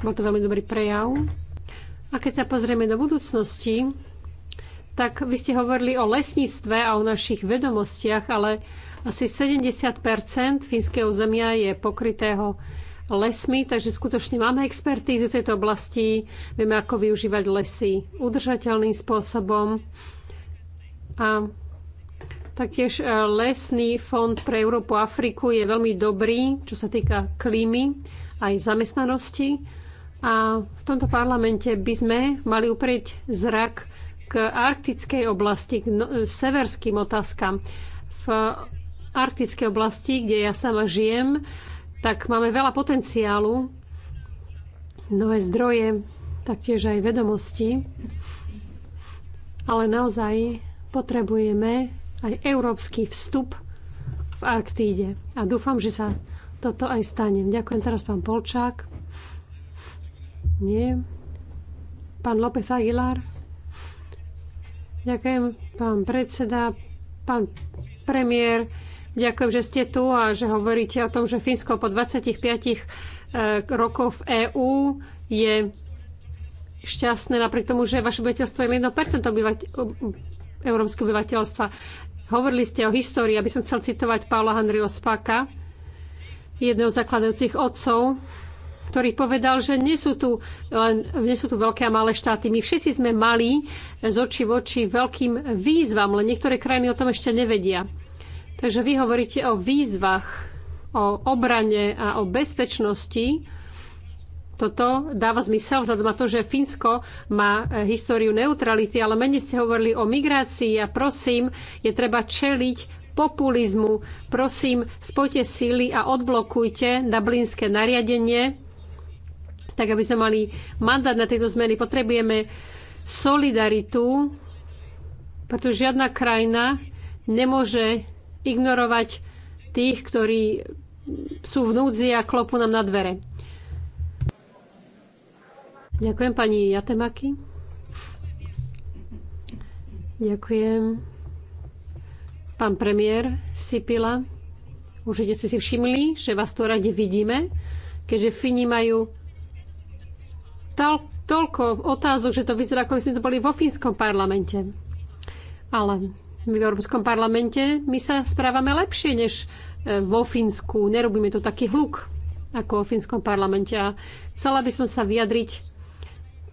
Bol to veľmi dobrý prejav. A keď sa pozrieme do budúcnosti, tak vy ste hovorili o lesníctve a o našich vedomostiach, ale asi 70 fínskeho zemia je pokrytého lesmi, takže skutočne máme expertízu v tejto oblasti, vieme, ako využívať lesy udržateľným spôsobom. A taktiež e, lesný fond pre Európu a Afriku je veľmi dobrý, čo sa týka klímy aj zamestnanosti. A v tomto parlamente by sme mali uprieť zrak k arktickej oblasti, k no, e, severským otázkam. V arktickej oblasti, kde ja sama žijem, tak máme veľa potenciálu, nové zdroje, taktiež aj vedomosti. Ale naozaj potrebujeme aj európsky vstup v Arktíde. A dúfam, že sa toto aj stane. Ďakujem teraz pán Polčák. Nie. Pán López Aguilar. Ďakujem, pán predseda, pán premiér. Ďakujem, že ste tu a že hovoríte o tom, že Fínsko po 25 eh, rokoch v EÚ je šťastné napriek tomu, že vaše obyvateľstvo je 1% obyvateľ, európskeho obyvateľstva. Hovorili ste o histórii, aby som chcel citovať Paula Henryho Spaka, jedného z zakladajúcich otcov ktorý povedal, že nie sú tu, len, nie sú tu veľké a malé štáty. My všetci sme mali z oči v oči veľkým výzvam, len niektoré krajiny o tom ešte nevedia. Takže vy hovoríte o výzvach, o obrane a o bezpečnosti. Toto dáva zmysel vzhľadom na to, že Fínsko má eh, históriu neutrality, ale menej ste hovorili o migrácii a prosím, je treba čeliť populizmu. Prosím, spojte síly a odblokujte dublinské nariadenie, tak aby sme mali mandát na tieto zmeny, potrebujeme solidaritu, pretože žiadna krajina nemôže ignorovať tých, ktorí sú v núdzi a klopú nám na dvere. Ďakujem pani Jatemaki. Ďakujem. Pán premiér Sipila, určite ste si všimli, že vás tu radi vidíme, keďže Fini majú tol, toľko otázok, že to vyzerá, ako sme to boli vo fínskom parlamente. Ale my v Európskom parlamente my sa správame lepšie než e, vo Fínsku. Nerobíme tu taký hluk ako vo fínskom parlamente. A chcela by som sa vyjadriť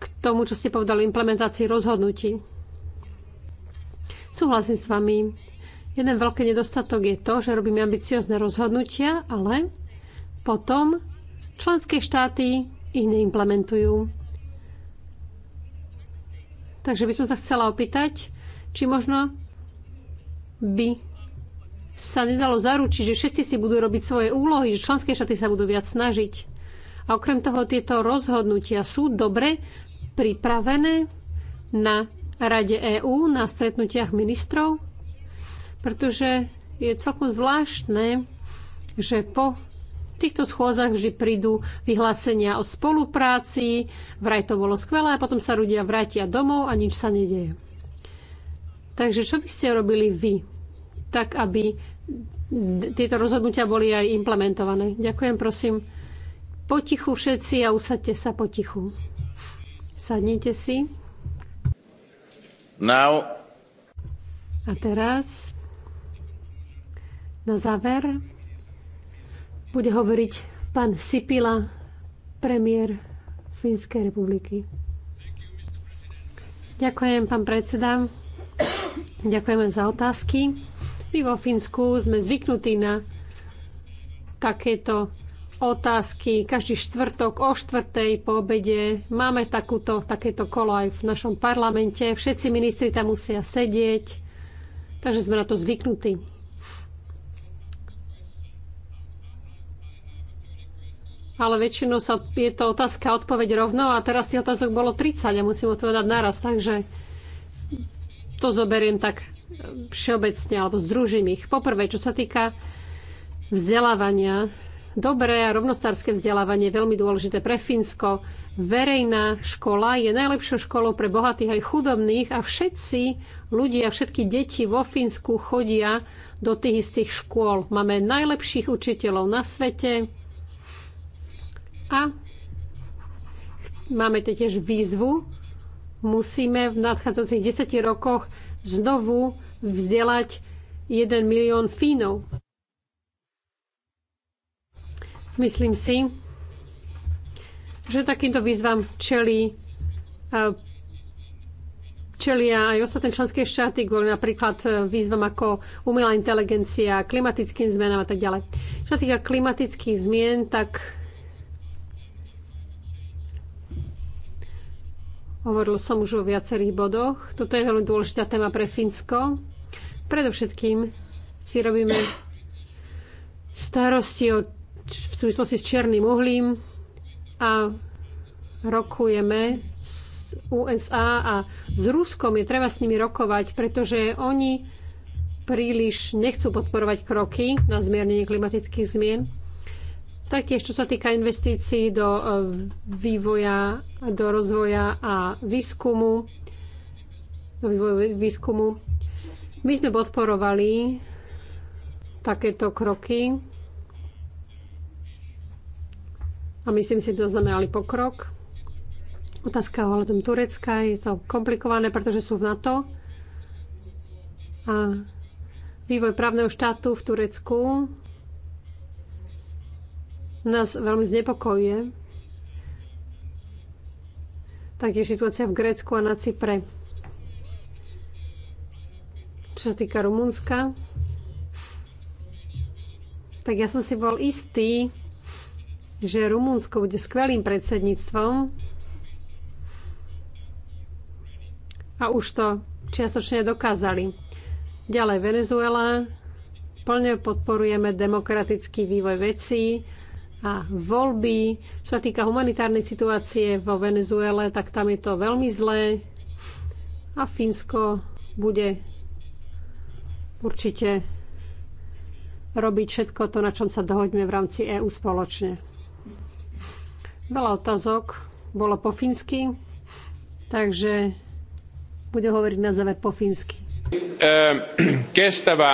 k tomu, čo ste povedali o implementácii rozhodnutí. Súhlasím s vami. Jeden veľký nedostatok je to, že robíme ambiciozne rozhodnutia, ale potom členské štáty ich neimplementujú. Takže by som sa chcela opýtať, či možno by sa nedalo zaručiť, že všetci si budú robiť svoje úlohy, že členské štáty sa budú viac snažiť. A okrem toho tieto rozhodnutia sú dobre pripravené na Rade EÚ, na stretnutiach ministrov, pretože je celkom zvláštne, že po týchto schôdzach vždy prídu vyhlásenia o spolupráci, vraj to bolo skvelé a potom sa ľudia vrátia domov a nič sa nedieje. Takže čo by ste robili vy, tak aby tieto rozhodnutia boli aj implementované? Ďakujem, prosím. Potichu všetci a usadte sa potichu. Sadnite si. Now. A teraz na záver bude hovoriť pán Sipila, premiér Fínskej republiky. Ďakujem, pán predseda. Ďakujem za otázky. My vo Fínsku sme zvyknutí na takéto otázky. Každý štvrtok o štvrtej po obede máme takúto, takéto kolo aj v našom parlamente. Všetci ministri tam musia sedieť, takže sme na to zvyknutí. ale väčšinou sa je to otázka odpoveď rovno a teraz tých otázok bolo 30 a musím odpovedať naraz, takže to zoberiem tak všeobecne alebo združím ich. Poprvé, čo sa týka vzdelávania, dobré a rovnostárske vzdelávanie je veľmi dôležité pre Fínsko. Verejná škola je najlepšou školou pre bohatých aj chudobných a všetci ľudia, všetky deti vo Fínsku chodia do tých istých škôl. Máme najlepších učiteľov na svete, a máme tiež výzvu, musíme v nadchádzajúcich 10 rokoch znovu vzdelať 1 milión Fínov. Myslím si, že takýmto výzvam čelí čelia aj ostatné členské štáty kvôli napríklad výzvam ako umelá inteligencia, klimatickým zmenám a tak ďalej. Čo týka klimatických zmien, tak Hovoril som už o viacerých bodoch. Toto je veľmi dôležitá téma pre Fínsko. Predovšetkým si robíme starosti o, v súvislosti s černým uhlím a rokujeme s USA a s Ruskom je treba s nimi rokovať, pretože oni príliš nechcú podporovať kroky na zmiernenie klimatických zmien. Taktiež, čo sa týka investícií do e, vývoja, do rozvoja a výskumu, do vývoju výskumu, my sme podporovali takéto kroky a myslím si, že znamenali pokrok. Otázka ohľadom Turecka je to komplikované, pretože sú v NATO a vývoj právneho štátu v Turecku nás veľmi znepokojuje. je situácia v Grécku a na Cypre. Čo sa týka Rumunska, tak ja som si bol istý, že Rumunsko bude skvelým predsedníctvom. A už to čiastočne dokázali. Ďalej Venezuela. Plne podporujeme demokratický vývoj vecí a voľby. Čo sa týka humanitárnej situácie vo Venezuele, tak tam je to veľmi zlé a Fínsko bude určite robiť všetko to, na čom sa dohodíme v rámci EÚ spoločne. Veľa otázok bolo po fínsky, takže bude hovoriť na záver po fínsky. *clears throat* Kestävä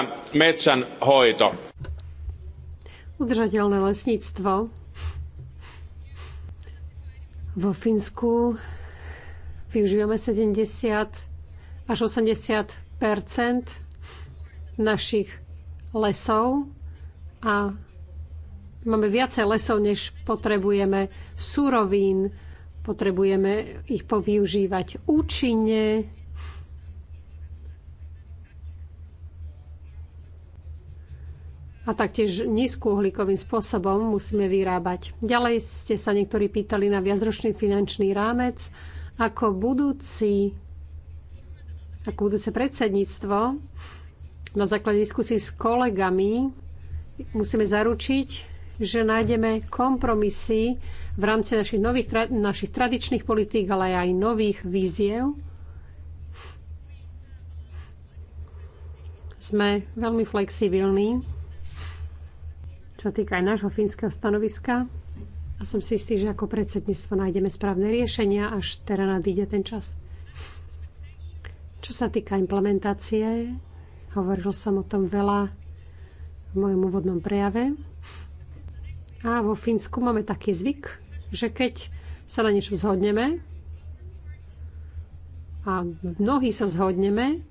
hoito udržateľné lesníctvo. Vo Fínsku využívame 70 až 80 našich lesov a máme viacej lesov, než potrebujeme surovín, potrebujeme ich povyužívať účinne, a taktiež nízkouhlíkovým spôsobom musíme vyrábať. Ďalej ste sa niektorí pýtali na viacročný finančný rámec. Ako budúci ako budúce predsedníctvo na základe diskusí s kolegami musíme zaručiť, že nájdeme kompromisy v rámci našich, nových, našich tradičných politík, ale aj nových víziev. Sme veľmi flexibilní čo týka aj nášho fínskeho stanoviska. A som si istý, že ako predsedníctvo nájdeme správne riešenia, až teraz nadíde ten čas. Čo sa týka implementácie, hovoril som o tom veľa v mojom úvodnom prejave. A vo Fínsku máme taký zvyk, že keď sa na niečo zhodneme a mnohí sa zhodneme,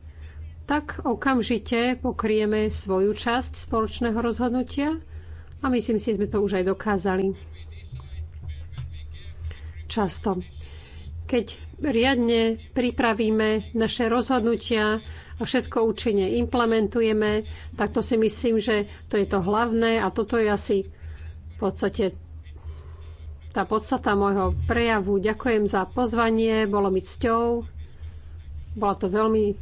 tak okamžite pokrieme svoju časť spoločného rozhodnutia a myslím si, že sme to už aj dokázali. Často. Keď riadne pripravíme naše rozhodnutia a všetko účinne implementujeme, tak to si myslím, že to je to hlavné a toto je asi v podstate tá podstata môjho prejavu. Ďakujem za pozvanie, bolo mi cťou. Bola to veľmi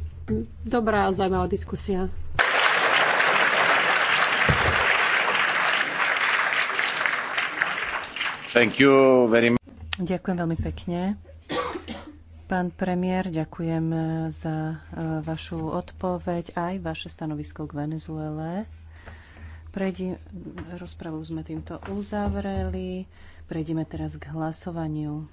dobrá a zaujímavá diskusia. Ďakujem veľmi pekne. Pán premiér, ďakujem e, za e, vašu odpoveď aj vaše stanovisko k Venezuele. Prejdi, rozpravu sme týmto uzavreli. Prejdeme teraz k hlasovaniu.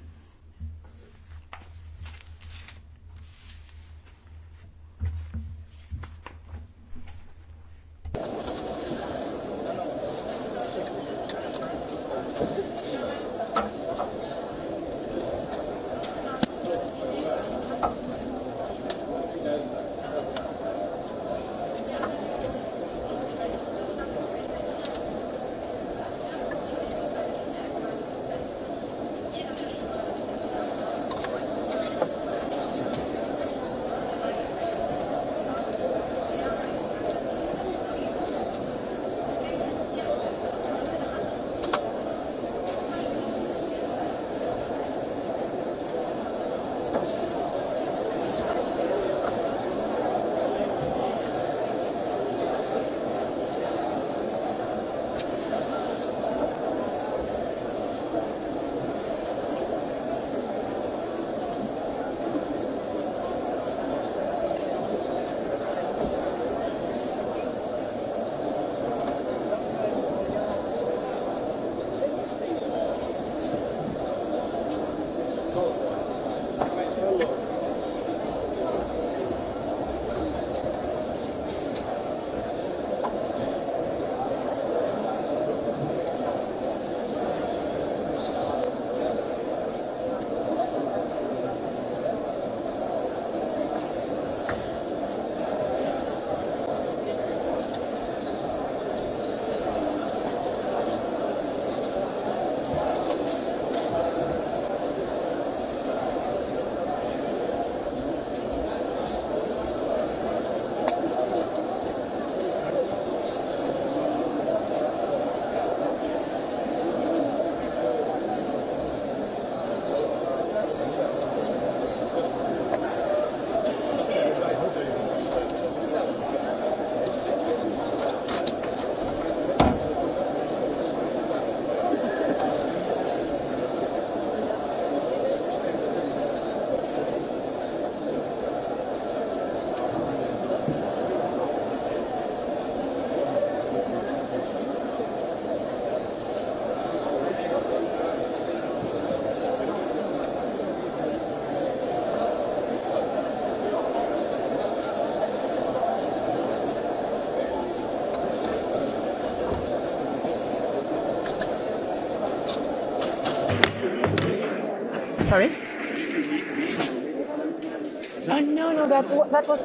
that's what that's what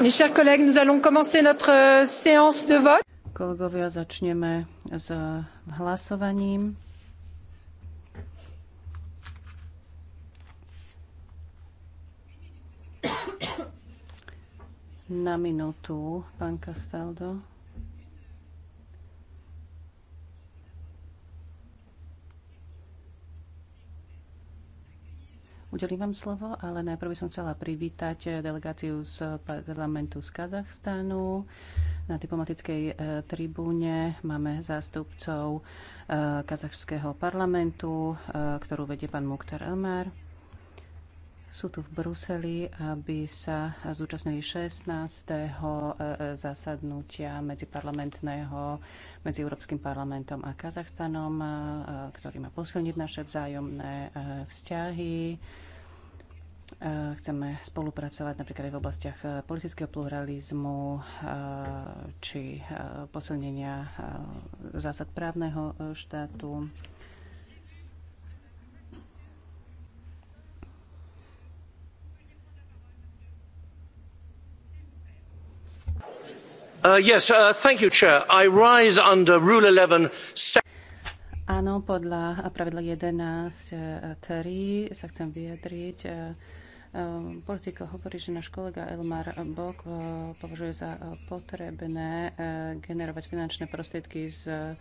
Mes chers collègues, nous allons commencer notre euh, séance de vote. Kolegovia, začneme s hlasovaním. Na minútu, pán Castaldo. Udelím vám slovo, ale najprv by som chcela privítať delegáciu z parlamentu z Kazachstanu. Na diplomatickej e, tribúne máme zástupcov e, kazachského parlamentu, e, ktorú vedie pán Mukhtar Elmer sú tu v Bruseli, aby sa zúčastnili 16. E, e, zasadnutia medziparlamentného medzi Európskym parlamentom a Kazachstanom, e, ktorý má posilniť naše vzájomné vzťahy. Chceme spolupracovať napríklad aj v oblastiach politického pluralizmu či posilnenia zásad právneho štátu Uh, uh, Áno, podľa pravidla tri sa chcem vyjadriť. Uh, um, politika hovorí, že náš kolega Elmar Bok považuje za potrebné generovať finančné prostriedky z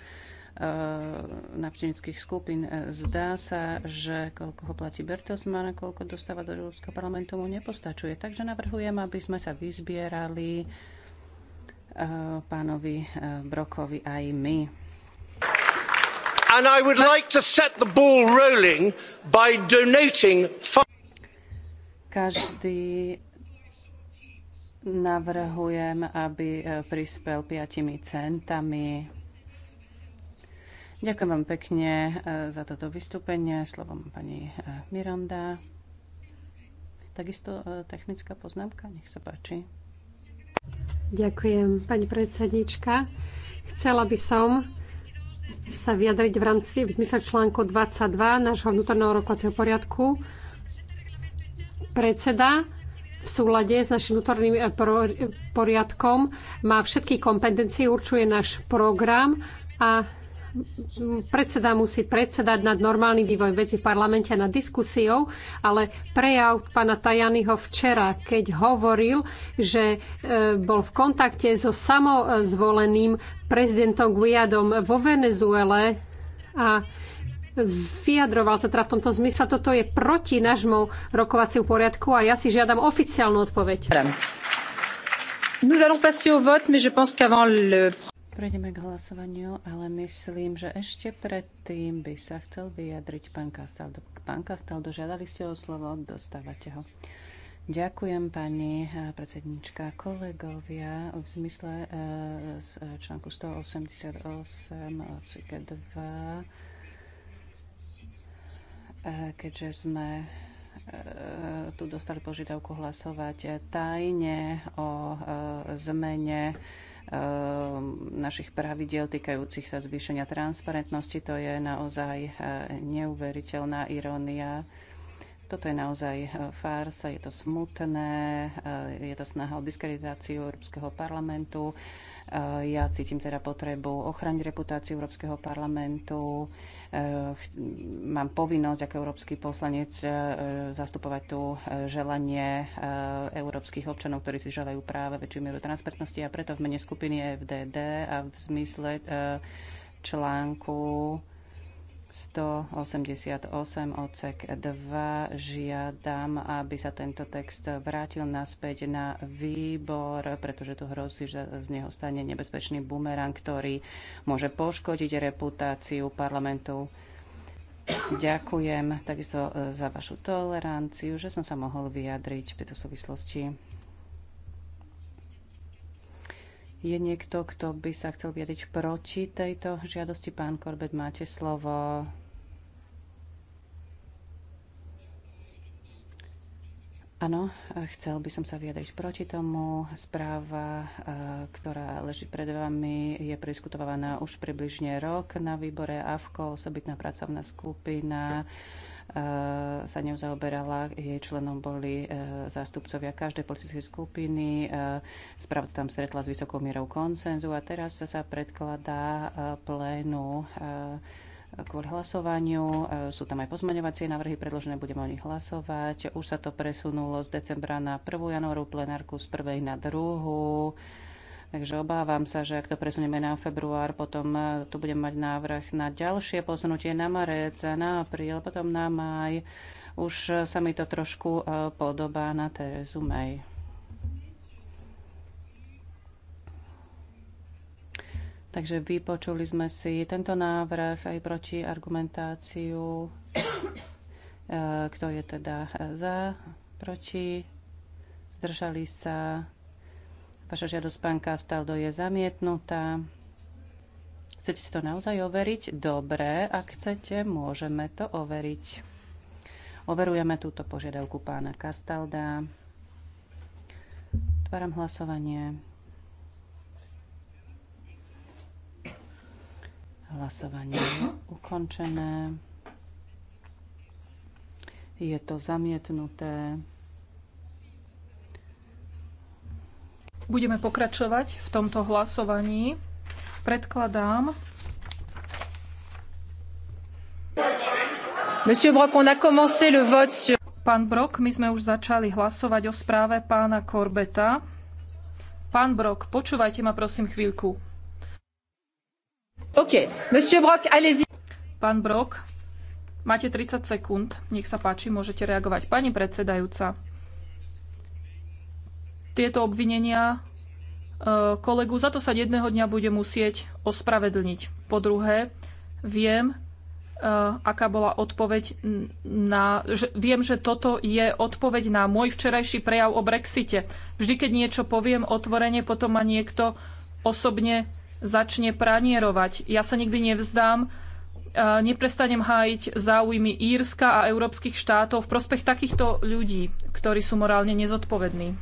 návštevníckých skupín. Zdá sa, že koľko ho platí Bertelsmann a koľko dostáva do Európskeho parlamentu mu nepostačuje. Takže navrhujem, aby sme sa vyzbierali Eh, pánovi eh, Brokovi aj my. And I would like to set the ball rolling by donating Každý navrhujem, aby eh, prispel piatimi centami. Ďakujem vám pekne za toto vystúpenie. Slovom pani Miranda. Takisto technická poznámka, nech sa páči. Ďakujem, pani predsednička. Chcela by som sa vyjadriť v rámci v zmysle článku 22 nášho vnútorného rokovacieho poriadku. Predseda v súlade s našim vnútorným eh, poriadkom má všetky kompetencie, určuje náš program a predseda musí predsedať nad normálnym vývojom veci v parlamente a nad diskusiou, ale prejav pána Tajaniho včera, keď hovoril, že e, bol v kontakte so samozvoleným prezidentom Guiadom vo Venezuele a vyjadroval sa teda v tomto zmysle. Toto je proti nášmu rokovaciu poriadku a ja si žiadam oficiálnu odpoveď. Nous allons passer au vote, mais je pense qu'avant le... Prejdeme k hlasovaniu, ale myslím, že ešte predtým by sa chcel vyjadriť pán Kastaldo. Pán Kastaldo, žiadali ste o slovo, dostávate ho. Ďakujem pani eh, predsednička. Kolegovia, v zmysle eh, z eh, článku 188 2, keďže sme tu dostali požiadavku hlasovať tajne o zmene Ehm, našich pravidiel týkajúcich sa zvýšenia transparentnosti. To je naozaj eh, neuveriteľná irónia. Toto je naozaj eh, farsa, je to smutné, eh, je to snaha o diskreditáciu Európskeho parlamentu Eh, ja cítim teda potrebu ochrániť reputáciu Európskeho parlamentu. Eh, mám povinnosť ako európsky poslanec eh, zastupovať tu želanie európskych občanov, ktorí si želajú práve väčšiu mieru transparentnosti a preto v mene skupiny e FDD a v zmysle článku 188 odsek 2 žiadam, aby sa tento text vrátil naspäť na výbor, pretože tu hrozí, že z neho stane nebezpečný bumerang, ktorý môže poškodiť reputáciu parlamentu. Ďakujem takisto za vašu toleranciu, že som sa mohol vyjadriť v tejto súvislosti. Je niekto, kto by sa chcel vyjadriť proti tejto žiadosti? Pán Korbet, máte slovo. Áno, chcel by som sa vyjadriť proti tomu. Správa, eh, ktorá leží pred vami, je prediskutovaná už približne rok na výbore AFKO, osobitná pracovná skupina. Yeah Eh, sa ňou zaoberala. Jej členom boli eh, zástupcovia každej politickej skupiny. Eh, Správa sa tam stretla s vysokou mierou konsenzu a teraz sa predkladá plénu kvôli hlasovaniu. Sú tam aj pozmeňovacie návrhy predložené, budeme o nich hlasovať. Už sa to presunulo z decembra na 1. januáru, plenárku z 1. na 2 Takže obávam sa, že ak to presunieme na február, potom e, tu budeme mať návrh na ďalšie posunutie na marec, na apríl, potom na maj. Už e, sa mi to trošku e, podobá na Terezu May. Takže vypočuli sme si tento návrh aj proti argumentáciu, kto je teda za, proti, zdržali sa Vaša žiadosť, pán Kastaldo je zamietnutá. Chcete si to naozaj overiť? Dobre, ak chcete, môžeme to overiť. Overujeme túto požiadavku pána Castalda. Otváram hlasovanie. Hlasovanie je ukončené. Je to zamietnuté. Budeme pokračovať v tomto hlasovaní. Predkladám. Monsieur Brock, on a commencé le vote sur... Pán Brok, my sme už začali hlasovať o správe pána Korbeta. Pán Brok, počúvajte ma prosím chvíľku. OK. Monsieur Brok, allez-y. Pán Brok, máte 30 sekúnd. Nech sa páči, môžete reagovať. Pani predsedajúca, tieto obvinenia e, kolegu. Za to sa jedného dňa bude musieť ospravedlniť. Po druhé, viem, e, aká bola odpoveď na... Že, viem, že toto je odpoveď na môj včerajší prejav o Brexite. Vždy, keď niečo poviem otvorene, potom ma niekto osobne začne pranierovať. Ja sa nikdy nevzdám, e, neprestanem hájiť záujmy Írska a európskych štátov v prospech takýchto ľudí, ktorí sú morálne nezodpovední.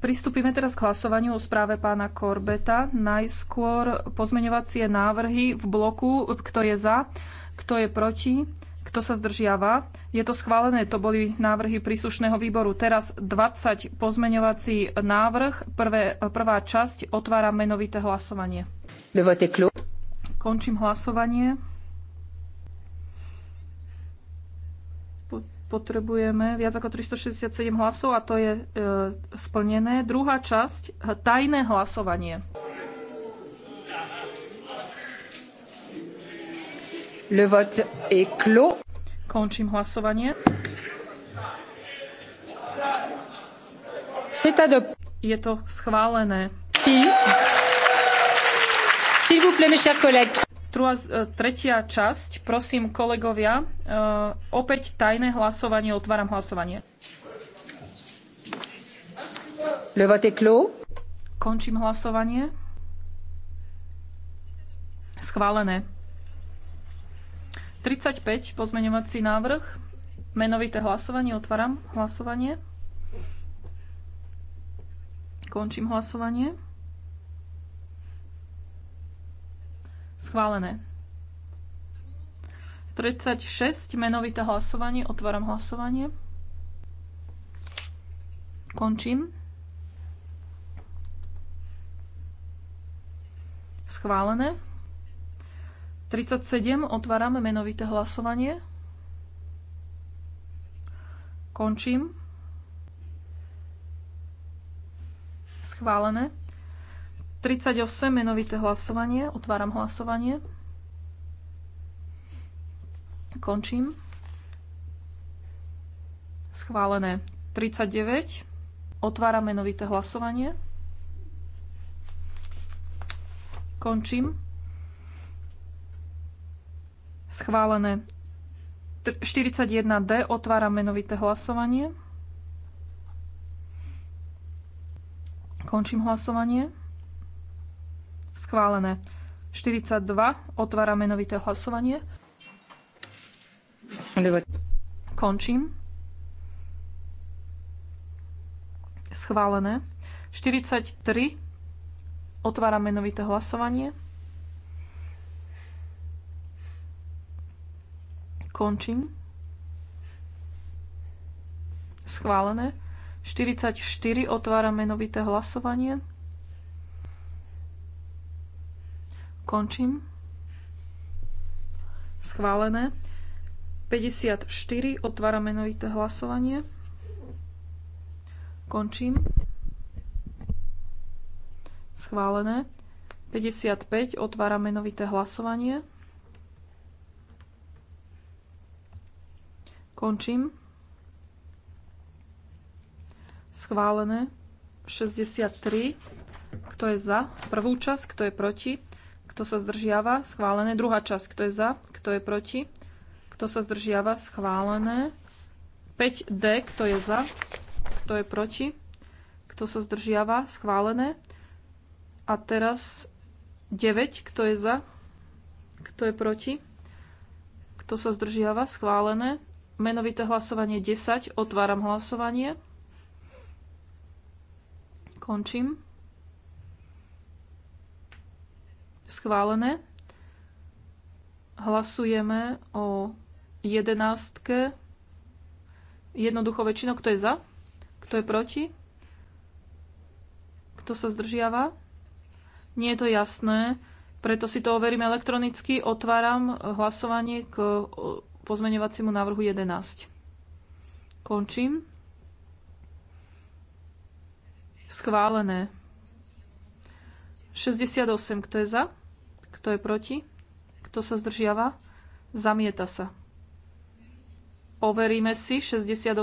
Pristúpime teraz k hlasovaniu o správe pána Korbeta. Najskôr pozmeňovacie návrhy v bloku, kto je za, kto je proti, kto sa zdržiava. Je to schválené, to boli návrhy príslušného výboru. Teraz 20 pozmeňovací návrh, prvé, prvá časť, otváram menovité hlasovanie. Končím hlasovanie. potrebujeme viac ako 367 hlasov a to je e, splnené. Druhá časť, tajné hlasovanie. Le vote est clos. Končím hlasovanie. C'est adopté. Je to schválené. Si. S'il vous plaît, mes chers collègues. E, tretia časť, prosím kolegovia, e, opäť tajné hlasovanie, otváram hlasovanie. Le vote Končím hlasovanie. Schválené. 35 pozmeňovací návrh. Menovité hlasovanie. Otváram hlasovanie. Končím hlasovanie. Schválené. 36. Menovité hlasovanie. Otváram hlasovanie. Končím. Schválené. 37. Otváram menovité hlasovanie. Končím. Schválené. 38 menovité hlasovanie. Otváram hlasovanie. Končím. Schválené. 39. Otváram menovité hlasovanie. Končím. Schválené. 41D. Otváram menovité hlasovanie. Končím hlasovanie. Schválené. 42. Otvára menovité hlasovanie. Končím. Schválené. 43. Otvára menovité hlasovanie. Končím. Schválené. 44. Otvára menovité hlasovanie. Končím. Schválené. 54. Otváram menovité hlasovanie. Končím. Schválené. 55. Otváram menovité hlasovanie. Končím. Schválené. 63. Kto je za? Prvú časť. Kto je proti? Kto sa zdržiava? Schválené. Druhá časť. Kto je za? Kto je proti? Kto sa zdržiava? Schválené. 5D. Kto je za? Kto je proti? Kto sa zdržiava? Schválené. A teraz 9. Kto je za? Kto je proti? Kto sa zdržiava? Schválené. Menovité hlasovanie 10. Otváram hlasovanie. Končím. Schválené. Hlasujeme o jedenástke. Jednoducho väčšinou. Kto je za? Kto je proti? Kto sa zdržiava? Nie je to jasné, preto si to overím elektronicky. Otváram hlasovanie k pozmeňovaciemu návrhu 11. Končím. Schválené. 68, kto je za? Kto je proti? Kto sa zdržiava? Zamieta sa. Overíme si 68.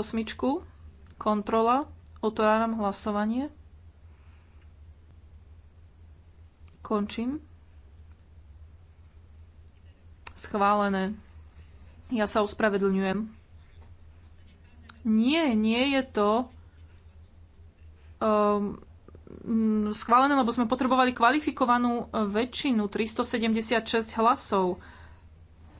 Kontrola. Otváram hlasovanie. Končím. Schválené. Ja sa ospravedlňujem. Nie, nie je to um, Mm, schválené, lebo sme potrebovali kvalifikovanú e, väčšinu, 376 hlasov.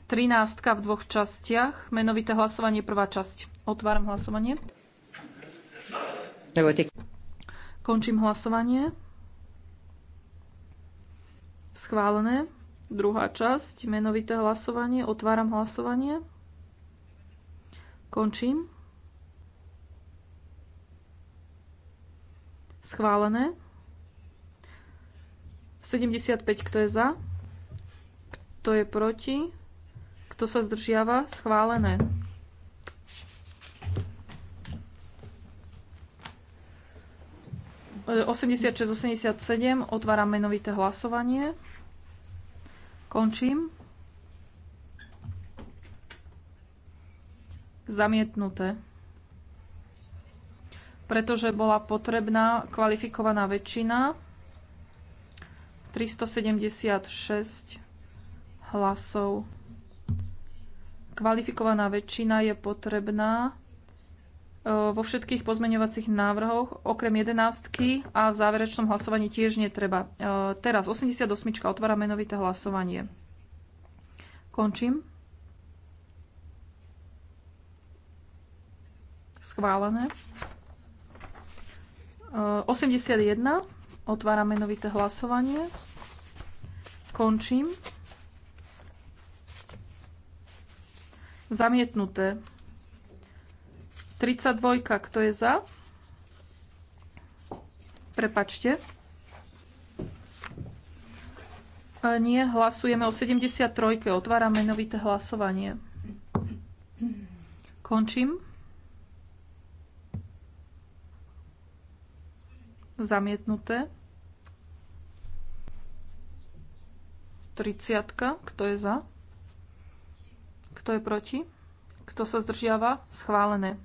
13 v dvoch častiach, menovité hlasovanie, prvá časť. Otváram hlasovanie. Končím hlasovanie. Schválené. Druhá časť, menovité hlasovanie. Otváram hlasovanie. Končím. Schválené. 75, kto je za? Kto je proti? Kto sa zdržiava? Schválené. E, 86-87 otváram menovité hlasovanie. Končím. Zamietnuté pretože bola potrebná kvalifikovaná väčšina 376 hlasov. Kvalifikovaná väčšina je potrebná e, vo všetkých pozmeňovacích návrhoch, okrem 11 a v záverečnom hlasovaní tiež netreba. E, teraz 88. otvára menovité hlasovanie. Končím. Schválené. 81. Otváram menovité hlasovanie. Končím. Zamietnuté. 32. Kto je za? Prepačte. E, nie, hlasujeme o 73. Otváram menovité hlasovanie. Končím. Zamietnuté. 30. Kto je za? Kto je proti? Kto sa zdržiava? Schválené.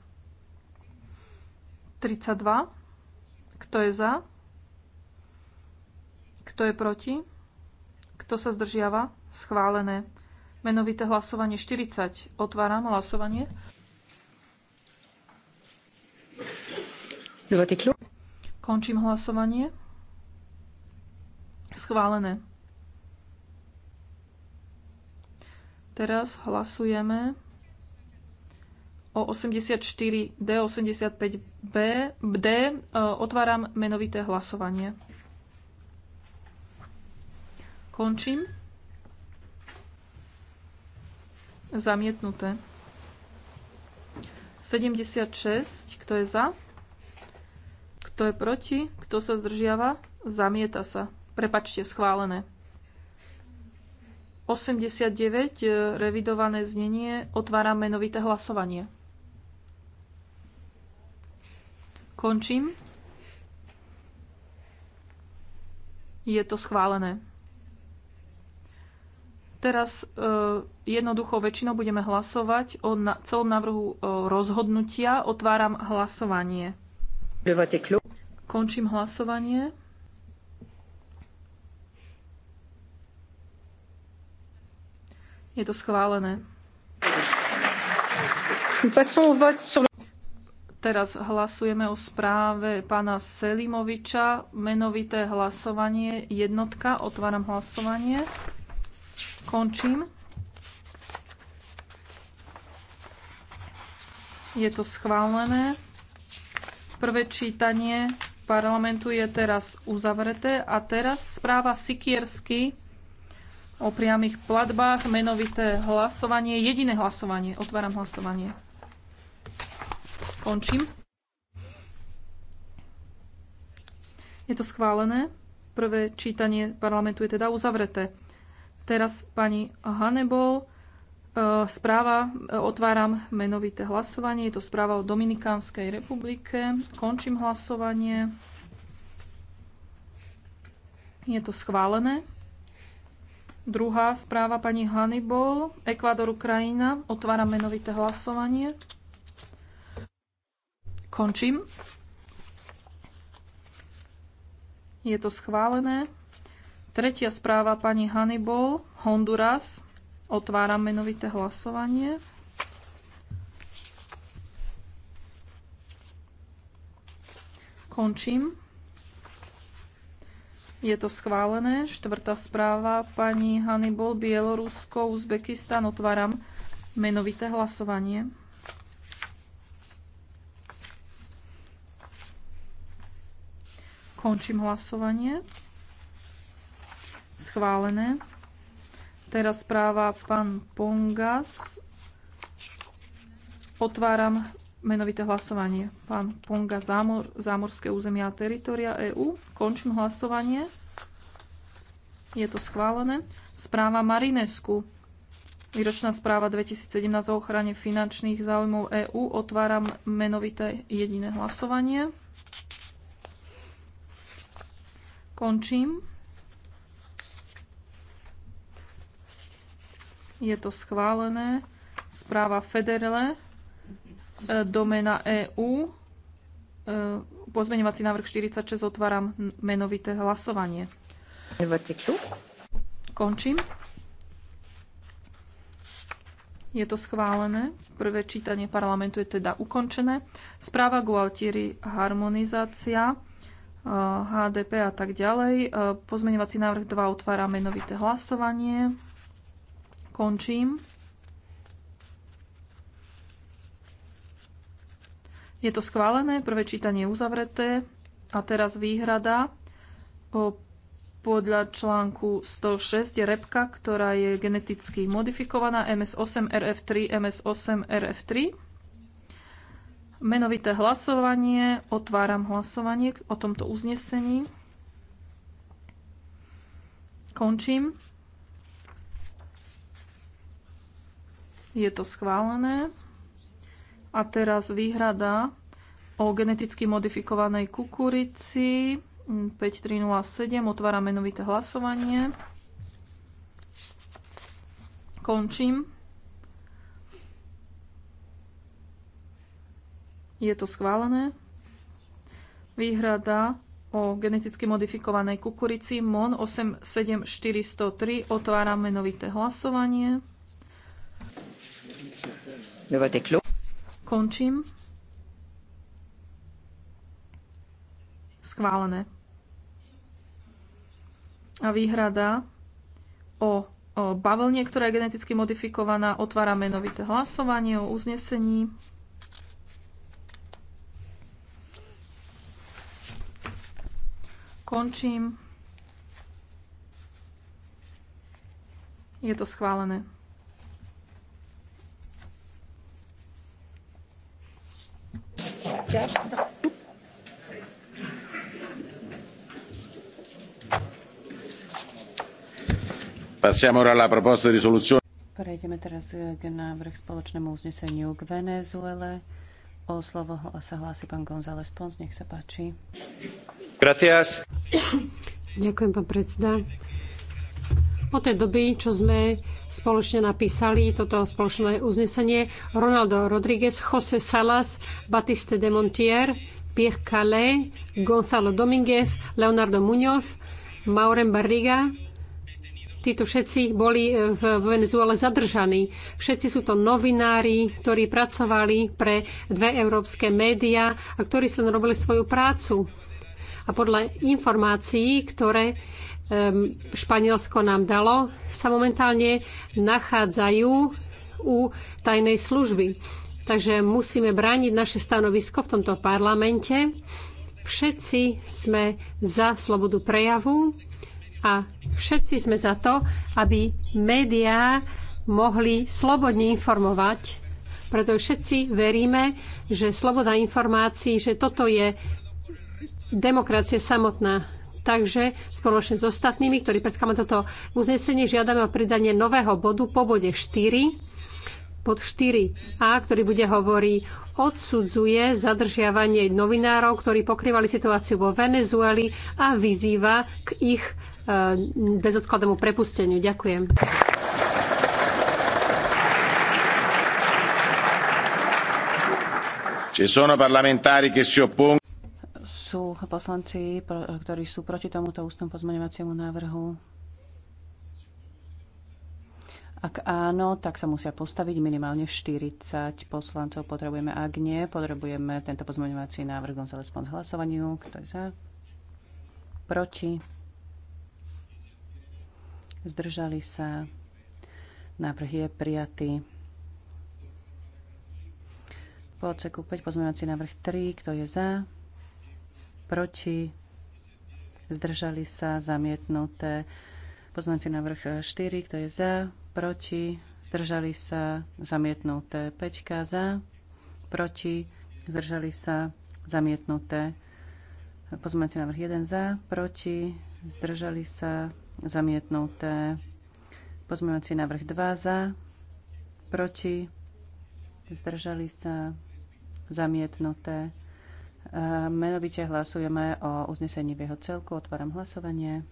32. Kto je za? Kto je proti? Kto sa zdržiava? Schválené. Menovité hlasovanie 40. Otváram hlasovanie. Končím hlasovanie. Schválené. Teraz hlasujeme o 84 D, 85 B, D. E, otváram menovité hlasovanie. Končím. Zamietnuté. 76, kto je za? Kto je proti? Kto sa zdržiava? Zamieta sa. Prepačte, schválené. 89, e, revidované znenie, otváram menovité hlasovanie. Končím. Je to schválené. Teraz e, jednoducho väčšinou budeme hlasovať o celom návrhu e, rozhodnutia. Otváram hlasovanie. Končím hlasovanie. Je to schválené. Teraz hlasujeme o správe pána Selimoviča. Menovité hlasovanie jednotka. Otváram hlasovanie. Končím. Je to schválené. Prvé čítanie parlamentu je teraz uzavreté a teraz správa Sikiersky o priamých platbách, menovité hlasovanie, jediné hlasovanie. Otváram hlasovanie. Končím. Je to schválené. Prvé čítanie parlamentu je teda uzavreté. Teraz pani Hannebol E, správa, e, otváram menovité hlasovanie, je to správa o Dominikánskej republike. Končím hlasovanie. Je to schválené. Druhá správa pani Hannibal, Ekvádor, Ukrajina. Otváram menovité hlasovanie. Končím. Je to schválené. Tretia správa pani Hannibal, Honduras. Otváram menovité hlasovanie. Končím. Je to schválené. Štvrtá správa pani Hannibal, Bielorusko, Uzbekistan. Otváram menovité hlasovanie. Končím hlasovanie. Schválené. Teraz správa pán Pongas. Otváram menovité hlasovanie. Pán Ponga, zámor, zámorské územia a teritoria EÚ. Končím hlasovanie. Je to schválené. Správa Marinesku. Výročná správa 2017 o ochrane finančných záujmov EÚ. Otváram menovité jediné hlasovanie. Končím. Je to schválené. Správa Federle, e, domena EU. E, pozmeňovací návrh 46 otváram menovité hlasovanie. Končím. Je to schválené. Prvé čítanie parlamentu je teda ukončené. Správa Gualtieri, harmonizácia, e, HDP a tak ďalej. Pozmeňovací návrh 2 otvára menovité hlasovanie. Končím. Je to schválené, prvé čítanie uzavreté a teraz výhrada o podľa článku 106 repka, ktorá je geneticky modifikovaná MS8 RF3 MS8 RF3. Menovité hlasovanie, otváram hlasovanie o tomto uznesení. Končím. Je to schválené. A teraz výhrada o geneticky modifikovanej kukurici 5307. Otvára menovité hlasovanie. Končím. Je to schválené. Výhrada o geneticky modifikovanej kukurici MON 87403. Otvára menovité hlasovanie. Le vote est clos. Končím. Schválené. A výhrada o, o bavlne, ktorá je geneticky modifikovaná, otvára menovité hlasovanie o uznesení. Končím. Je to schválené. carte. Passiamo ora alla proposta di risoluzione. Prejdeme teraz eh, k návrh spoločnému uzneseniu k Venezuele. O slovo sa hlási pán González Pons, nech sa páči. Gracias. Ďakujem, pán predseda. Od tej doby, čo sme spoločne napísali toto spoločné uznesenie, Ronaldo Rodriguez, José Salas, Batiste de Montier, Pierre Calais, Gonzalo Dominguez, Leonardo Muñoz, Maurem Barriga, títo všetci boli e, v Venezuele zadržaní. Všetci sú to novinári, ktorí pracovali pre dve európske médiá a ktorí sa robili svoju prácu. A podľa informácií, ktoré Španielsko nám dalo, sa momentálne nachádzajú u tajnej služby. Takže musíme brániť naše stanovisko v tomto parlamente. Všetci sme za slobodu prejavu a všetci sme za to, aby médiá mohli slobodne informovať, pretože všetci veríme, že sloboda informácií, že toto je demokracie samotná. Takže spoločne s ostatnými, ktorí predkáme toto uznesenie, žiadame o pridanie nového bodu po bode 4, pod 4a, ktorý bude hovorí odsudzuje zadržiavanie novinárov, ktorí pokrývali situáciu vo Venezueli a vyzýva k ich eh, bezodkladnému prepusteniu. Ďakujem. Ci sono parlamentari che si oppongono sú poslanci, ktorí sú proti tomuto ústnom pozmeňovaciemu návrhu? Ak áno, tak sa musia postaviť minimálne 40 poslancov. Potrebujeme, ak nie, potrebujeme tento pozmeňovací návrh González Pons hlasovaniu. Kto je za? Proti? Zdržali sa? Návrh je prijatý. Po odseku 5 pozmeňovací návrh 3. Kto je za? proti, zdržali sa, zamietnuté. Pozmeňujúci návrh 4, e, kto je za, proti, zdržali sa, zamietnuté. 5 za, proti, zdržali sa, zamietnuté. Pozmeňujúci návrh 1 za, proti, zdržali sa, zamietnuté. Pozmeňujúci návrh 2 za, proti, zdržali sa, zamietnuté. Menovite hlasujeme o uznesení v jeho celku. Otváram hlasovanie.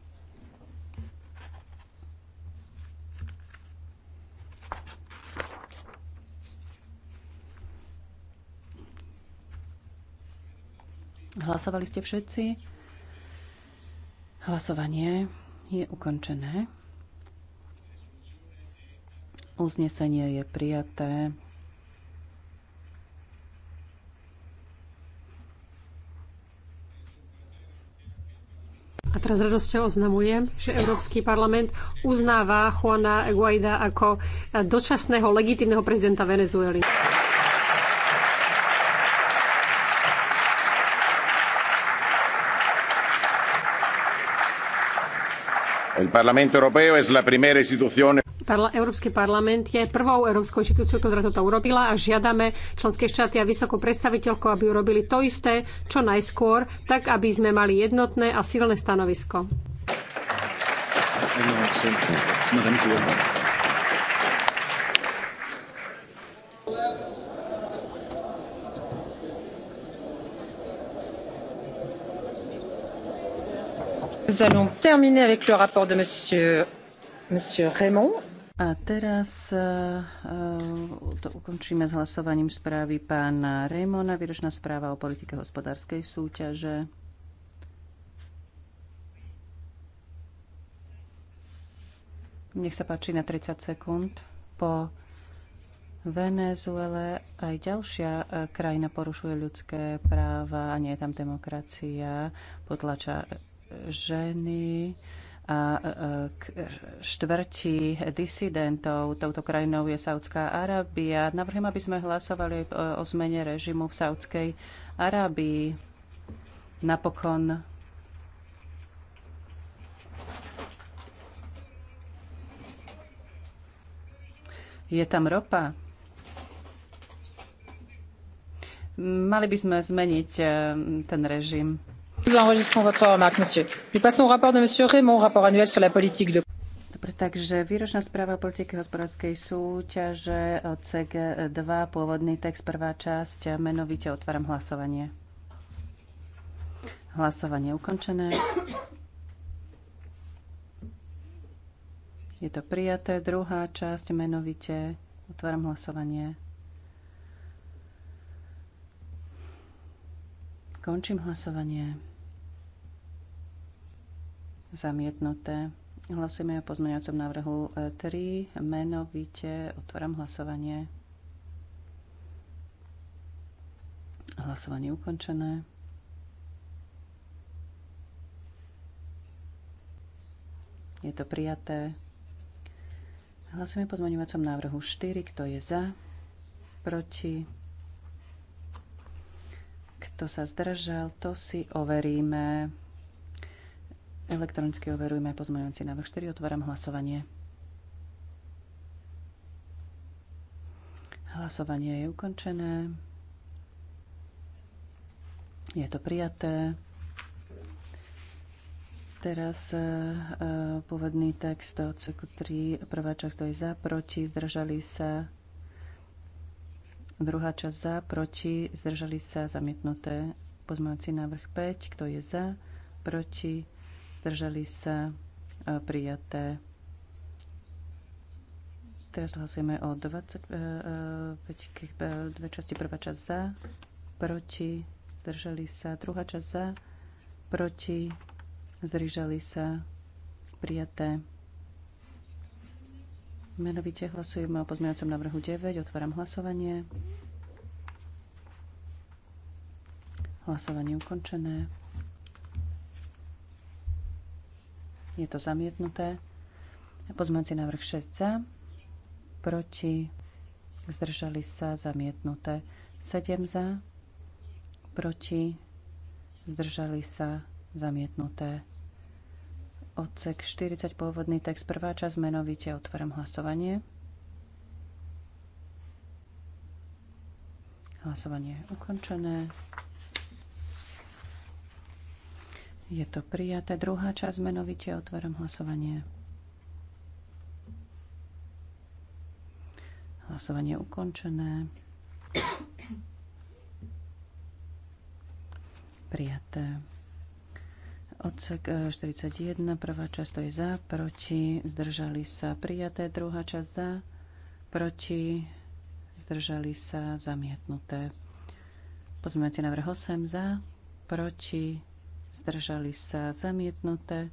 Hlasovali ste všetci? Hlasovanie je ukončené. Uznesenie je prijaté. teraz radosťou oznamujem, že Európsky parlament uznáva Juana Guaida ako dočasného legitimného prezidenta Venezuely. El Parlamento Europeo es la primera institución Parla- Európsky parlament je prvou európskou inštitúciou, ktorá toto urobila a žiadame členské štáty a vysokú predstaviteľku, aby urobili to isté čo najskôr, tak aby sme mali jednotné a silné stanovisko. Nous allons terminer avec le rapport de monsieur, monsieur Raymond a teraz e, e, to ukončíme s hlasovaním správy pána Remona, výročná správa o politike hospodárskej súťaže. Nech sa páči na 30 sekúnd. Po Venezuele aj ďalšia e, krajina porušuje ľudské práva a nie je tam demokracia, potlača ženy k štvrti disidentov. Touto krajinou je Saudská Arábia. Navrhujem, aby sme hlasovali o zmene režimu v Saudskej Arábii. Napokon je tam ropa. Mali by sme zmeniť eh, ten režim takže výročná správa politiky hospodárskej súťaže od CG 2, pôvodný text, prvá časť, menovite otváram hlasovanie. Hlasovanie ukončené. Je to prijaté. Druhá časť, menovite otváram hlasovanie. Končím hlasovanie. Zamietnuté. Hlasujeme o pozmeňovacom návrhu 3. E, Menovite otváram hlasovanie. Hlasovanie ukončené. Je to prijaté. Hlasujeme o pozmeňovacom návrhu 4. Kto je za? Proti? Kto sa zdržal? To si overíme. Elektronicky overujme pozmeňujúci návrh 4. Otváram hlasovanie. Hlasovanie je ukončené. Je to prijaté. Teraz uh, e, text text odseku 3, prvá časť, kto je za, proti, zdržali sa. Druhá časť za, proti, zdržali sa, zamietnuté. Pozmeňujúci návrh 5, kto je za, proti, zdržali sa e, prijaté. Teraz hlasujeme o 25 e, e, dve časti. Prvá časť za, proti, zdržali sa. Druhá časť za, proti, zdržali sa. Prijaté. Menovite hlasujeme o pozmeňovacom návrhu 9. Otváram hlasovanie. Hlasovanie ukončené. je to zamietnuté. Pozmeňujúci návrh 6 za, proti, zdržali sa, zamietnuté. 7 za, proti, zdržali sa, zamietnuté. Odsek 40, pôvodný text, prvá časť, menovite otváram hlasovanie. Hlasovanie je ukončené. Je to prijaté. Druhá časť menovite otváram hlasovanie. Hlasovanie ukončené. Prijaté. Odsek 41, e, prvá časť to je za, proti, zdržali sa. Prijaté, druhá časť za, proti, zdržali sa, zamietnuté. Pozmeňujúci návrh 8 za, proti, zdržali sa zamietnuté.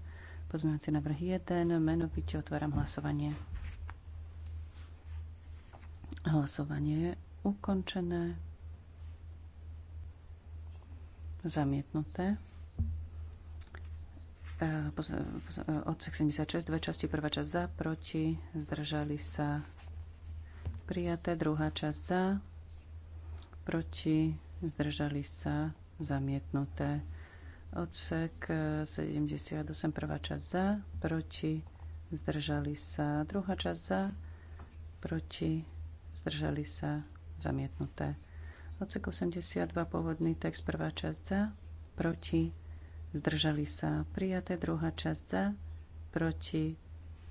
Pozmeňujúci návrh 1, menovite otváram hlasovanie. Hlasovanie je ukončené. Zamietnuté. E, odsek 76, dve časti, prvá časť za, proti, zdržali sa prijaté, druhá časť za, proti, zdržali sa zamietnuté. Odsek 78, eh, prvá časť za, proti, zdržali sa. Druhá časť za, proti, zdržali sa, zamietnuté. Odsek 82, pôvodný text, prvá časť za, proti, zdržali sa. Prijaté druhá časť za, proti,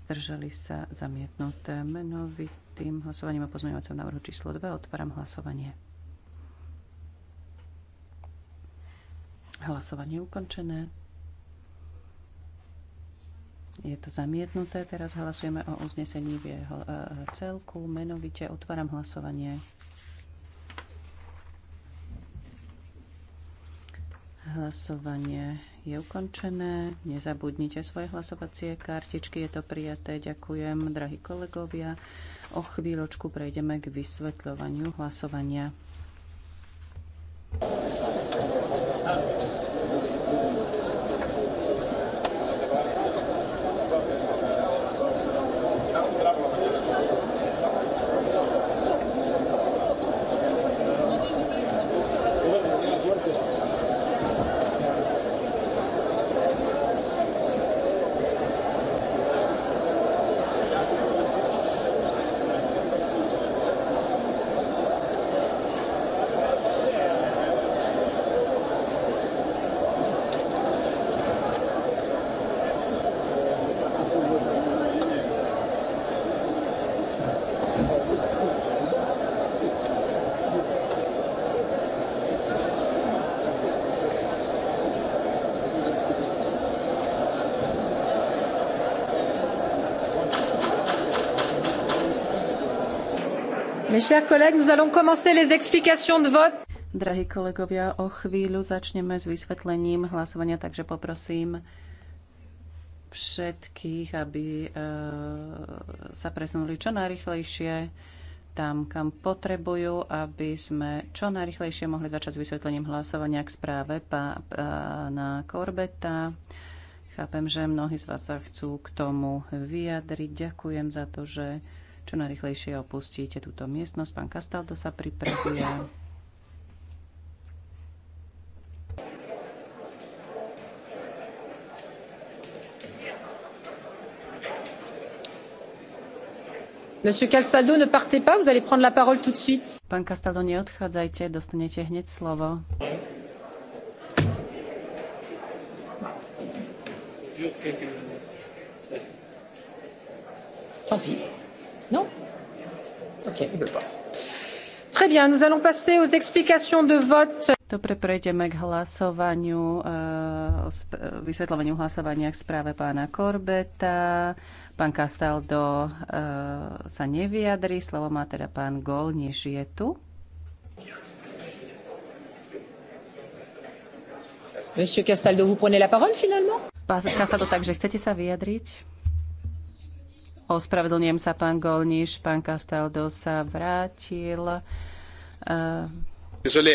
zdržali sa, zamietnuté. Menovitým hlasovaním a pozmeňovacom návrhu číslo 2 otváram hlasovanie. Hlasovanie ukončené. Je to zamietnuté. Teraz hlasujeme o uznesení v jeho e, celku. Menovite otváram hlasovanie. Hlasovanie je ukončené. Nezabudnite svoje hlasovacie kartičky. Je to prijaté. Ďakujem, drahí kolegovia. O chvíľočku prejdeme k vysvetľovaniu hlasovania. Drahí kolegovia, o chvíľu začneme s vysvetlením hlasovania, takže poprosím všetkých, aby eh, sa presunuli čo najrychlejšie tam, kam potrebujú, aby sme čo najrychlejšie mohli začať s vysvetlením hlasovania k správe pána Korbeta. Chápem, že mnohí z vás sa chcú k tomu vyjadriť. Ďakujem za to, že čo najrychlejšie opustíte túto miestnosť. Pán Kastaldo sa pripravuje. Monsieur Castaldo, ne partez pas, vous allez prendre la parole tout de suite. Pán Castaldo, neodchádzajte, dostanete hneď slovo. Tant pis. Dobre, prejdeme k hlasovaniu, eh, o eh, vysvetľovaniu hlasovania k správe pána Korbeta. Pán Castaldo eh, sa nevyjadrí, slovo má teda pán Gol, než je tu. Monsieur Castaldo, vous prenez la parole finalement? Pán Castaldo, takže chcete sa vyjadriť? Ospravedlňujem sa, pán Golniš, pán Castaldo sa vrátil. Eh,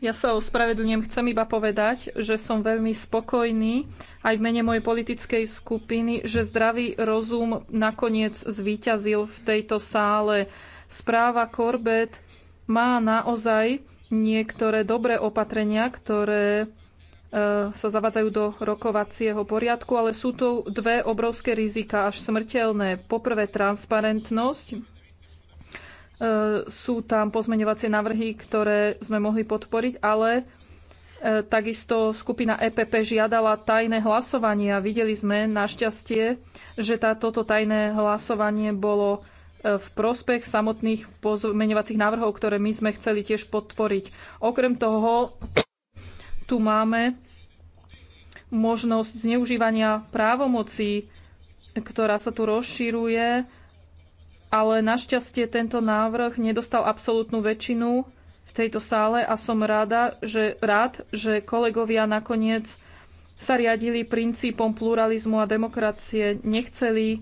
ja sa ospravedlňujem, chcem iba povedať, že som veľmi spokojný aj v mene mojej politickej skupiny, že zdravý rozum nakoniec zvíťazil v tejto sále. Správa Corbett má naozaj niektoré dobré opatrenia, ktoré Eh, sa zavádzajú do rokovacieho poriadku, ale sú tu dve obrovské rizika, až smrteľné. Poprvé transparentnosť. Eh, sú tam pozmeňovacie návrhy, ktoré sme mohli podporiť, ale eh, Takisto skupina EPP žiadala tajné hlasovanie a videli sme našťastie, že toto tajné hlasovanie bolo v prospech samotných pozmeňovacích návrhov, ktoré my sme chceli tiež podporiť. Okrem toho tu máme možnosť zneužívania právomocí, ktorá sa tu rozširuje, ale našťastie tento návrh nedostal absolútnu väčšinu v tejto sále a som rada, že, rád, že kolegovia nakoniec sa riadili princípom pluralizmu a demokracie, nechceli e,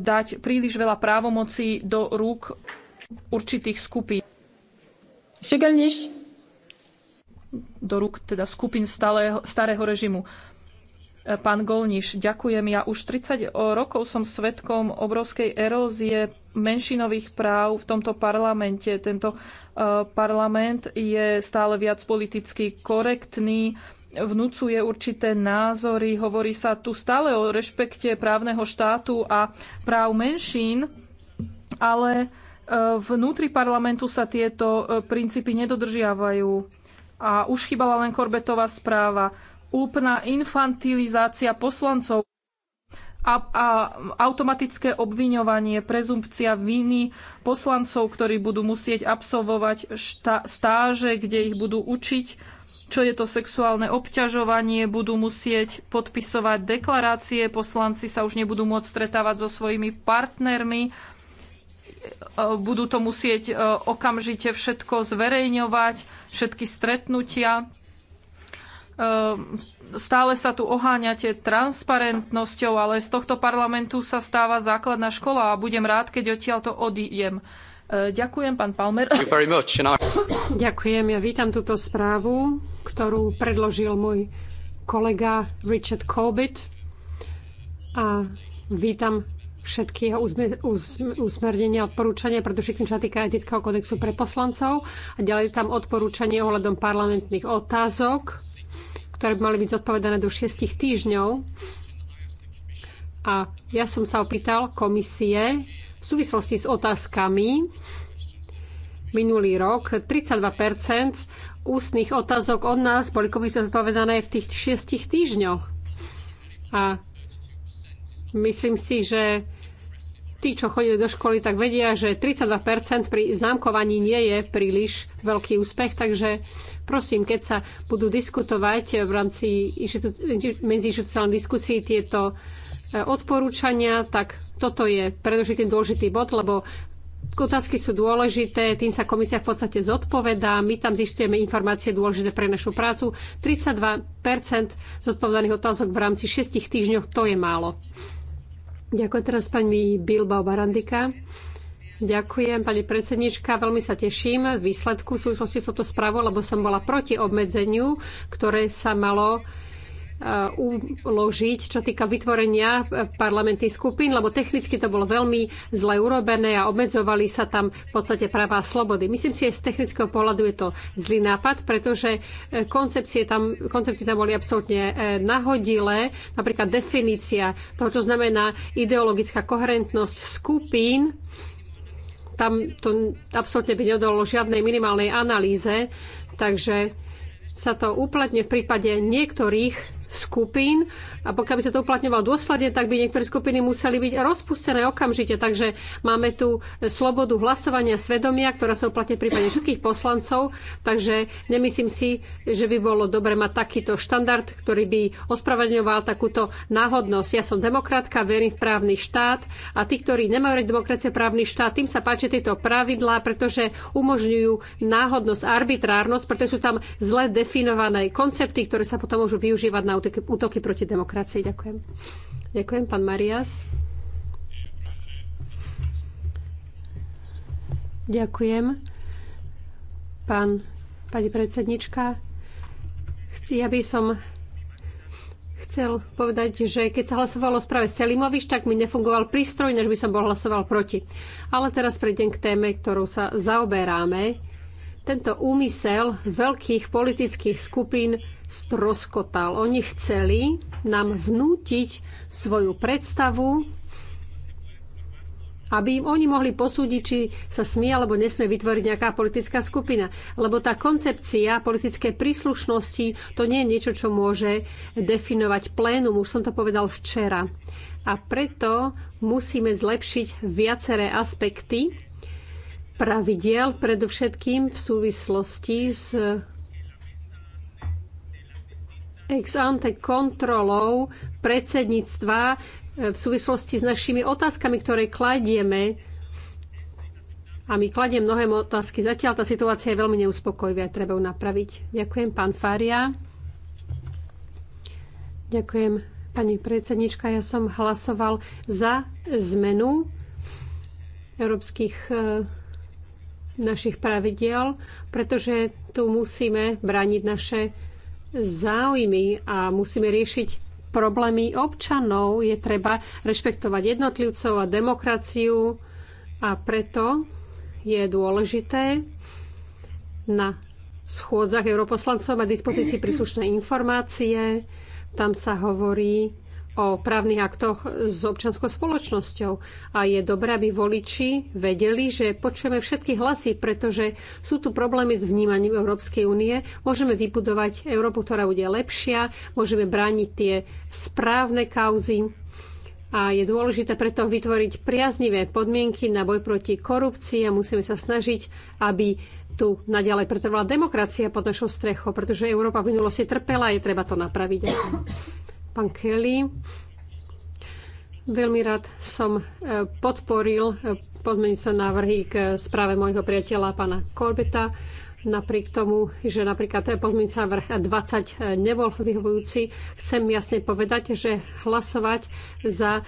dať príliš veľa právomocí do rúk určitých skupín. Monsieur do rúk teda skupín stáleho, starého režimu. E, pán Golniš, ďakujem. Ja už 30 e, rokov som svetkom obrovskej erózie menšinových práv v tomto parlamente. Tento e, parlament je stále viac politicky korektný, vnúcuje určité názory, hovorí sa tu stále o rešpekte právneho štátu a práv menšín, ale vnútri parlamentu sa tieto princípy nedodržiavajú a už chýbala len Korbetová správa. Úplná infantilizácia poslancov a, a automatické obviňovanie, prezumpcia viny poslancov, ktorí budú musieť absolvovať šta, stáže, kde ich budú učiť, čo je to sexuálne obťažovanie, budú musieť podpisovať deklarácie, poslanci sa už nebudú môcť stretávať so svojimi partnermi, E, budú to musieť e, okamžite všetko zverejňovať, všetky stretnutia. E, stále sa tu oháňate transparentnosťou, ale z tohto parlamentu sa stáva základná škola a budem rád, keď odtiaľ to odíjem. Ďakujem, pán Palmer. Ďakujem, ja vítam túto správu, ktorú predložil môj kolega Richard Corbett a vítam všetky jeho usmernenia, odporúčania, predovšetkým čo sa týka etického kodexu pre poslancov. A ďalej tam odporúčanie ohľadom parlamentných otázok, ktoré by mali byť zodpovedané do 6 týždňov. A ja som sa opýtal komisie v súvislosti s otázkami minulý rok 32 ústnych otázok od nás boli komisie zodpovedané v tých šiestich týždňoch. A Myslím si, že tí, čo chodili do školy, tak vedia, že 32% pri známkovaní nie je príliš veľký úspech, takže prosím, keď sa budú diskutovať v rámci medziinstitucionálnej diskusii tieto e, odporúčania, tak toto je predovšetkým dôležitý bod, lebo otázky sú dôležité, tým sa komisia v podstate zodpovedá, my tam zistujeme informácie dôležité pre našu prácu. 32% zodpovedaných otázok v rámci 6 týždňov, to je málo. Ďakujem teraz pani Bilbao Barandika. Ďakujem, pani predsednička. Veľmi sa teším výsledku v súvislosti s touto správou, lebo som bola proti obmedzeniu, ktoré sa malo Uh, uložiť, čo týka vytvorenia uh, parlamentných skupín, lebo technicky to bolo veľmi zle urobené a obmedzovali sa tam v podstate práva a slobody. Myslím si, že z technického pohľadu je to zlý nápad, pretože uh, koncepcie tam, koncepty tam boli absolútne nahodilé. Napríklad definícia toho, čo znamená ideologická koherentnosť skupín, tam to absolútne by nedolo žiadnej minimálnej analýze, takže sa to uplatne v prípade niektorých skupín a pokiaľ by sa to uplatňovalo dôsledne, tak by niektoré skupiny museli byť rozpustené okamžite. Takže máme tu slobodu hlasovania svedomia, ktorá sa uplatňuje v prípade všetkých poslancov, takže nemyslím si, že by bolo dobre mať takýto štandard, ktorý by ospravedlňoval takúto náhodnosť. Ja som demokratka, verím v právny štát a tí, ktorí nemajú reť demokracie právny štát, tým sa páči tieto pravidlá, pretože umožňujú náhodnosť, arbitrárnosť, pretože sú tam zle definované koncepty, ktoré sa potom môžu využívať na útoky, útoky proti demokracii. Ďakujem. Ďakujem, pán Marias. Ďakujem. Pán, pani predsednička, ja by som chcel povedať, že keď sa hlasovalo o správe Selimoviš, tak mi nefungoval prístroj, než by som bol hlasoval proti. Ale teraz prejdem k téme, ktorou sa zaoberáme. Tento úmysel veľkých politických skupín stroskotal. Oni chceli nám vnútiť svoju predstavu, aby im oni mohli posúdiť, či sa smie alebo nesmie vytvoriť nejaká politická skupina. Lebo tá koncepcia politickej príslušnosti, to nie je niečo, čo môže definovať plénum. Už som to povedal včera. A preto musíme zlepšiť viaceré aspekty pravidiel, predovšetkým v súvislosti s ex ante kontrolou predsedníctva e, v súvislosti s našimi otázkami, ktoré kladieme. A my kladiem mnohé otázky. Zatiaľ tá situácia je veľmi neuspokojivá, treba ju napraviť. Ďakujem, pán Faria. Ďakujem, pani predsednička. Ja som hlasoval za zmenu európskych e, našich pravidiel, pretože tu musíme brániť naše záujmy a musíme riešiť problémy občanov. Je treba rešpektovať jednotlivcov a demokraciu a preto je dôležité na schôdzach europoslancov mať dispozícii príslušné informácie. Tam sa hovorí o právnych aktoch s občanskou spoločnosťou. A je dobré, aby voliči vedeli, že počujeme všetky hlasy, pretože sú tu problémy s vnímaním Európskej únie. Môžeme vybudovať Európu, ktorá bude lepšia, môžeme brániť tie správne kauzy. A je dôležité preto vytvoriť priaznivé podmienky na boj proti korupcii a musíme sa snažiť, aby tu naďalej pretrvala demokracia pod našou strechou, pretože Európa v minulosti trpela a je treba to napraviť pán Kelly. Veľmi rád som e, podporil e, pozmeňujúce návrhy k správe môjho priateľa pána Korbeta. Napriek tomu, že napríklad pozmeňujúci návrh 20 e, nebol vyhovujúci, chcem jasne povedať, že hlasovať za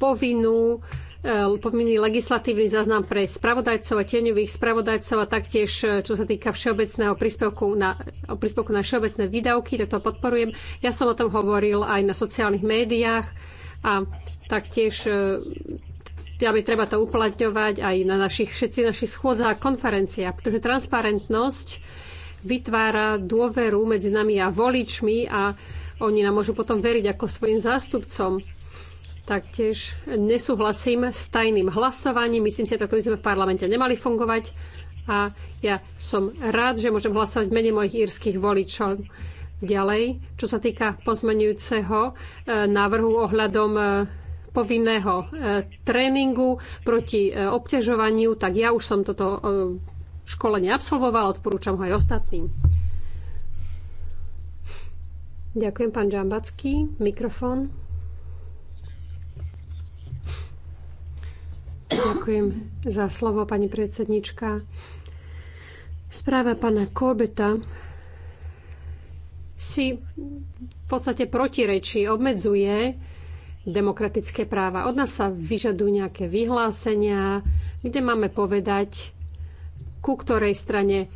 povinnú Ehm, povinný legislatívny záznam pre spravodajcov a tieňových spravodajcov a taktiež, e, čo sa týka všeobecného príspevku na, príspevku na všeobecné výdavky, tak to podporujem. Ja som o tom hovoril aj na sociálnych médiách a taktiež e, aby treba to uplatňovať aj na našich, všetci našich schôdzach a konferenciách, pretože transparentnosť vytvára dôveru medzi nami a voličmi a oni nám môžu potom veriť ako svojim zástupcom. Taktiež nesúhlasím s tajným hlasovaním. Myslím si, že takto by sme v parlamente nemali fungovať. A ja som rád, že môžem hlasovať menej mene mojich írskych voličov. Ďalej, čo sa týka pozmenujúceho e, návrhu ohľadom e, povinného e, tréningu proti obťažovaniu, tak ja už som toto školenie absolvoval, odporúčam ho aj ostatným. Ďakujem, pán Žambacký. Mikrofón. Ďakujem za slovo, pani predsednička. Správa pána Korbeta si v podstate protirečí, obmedzuje demokratické práva. Od nás sa vyžadujú nejaké vyhlásenia, kde máme povedať, ku ktorej strane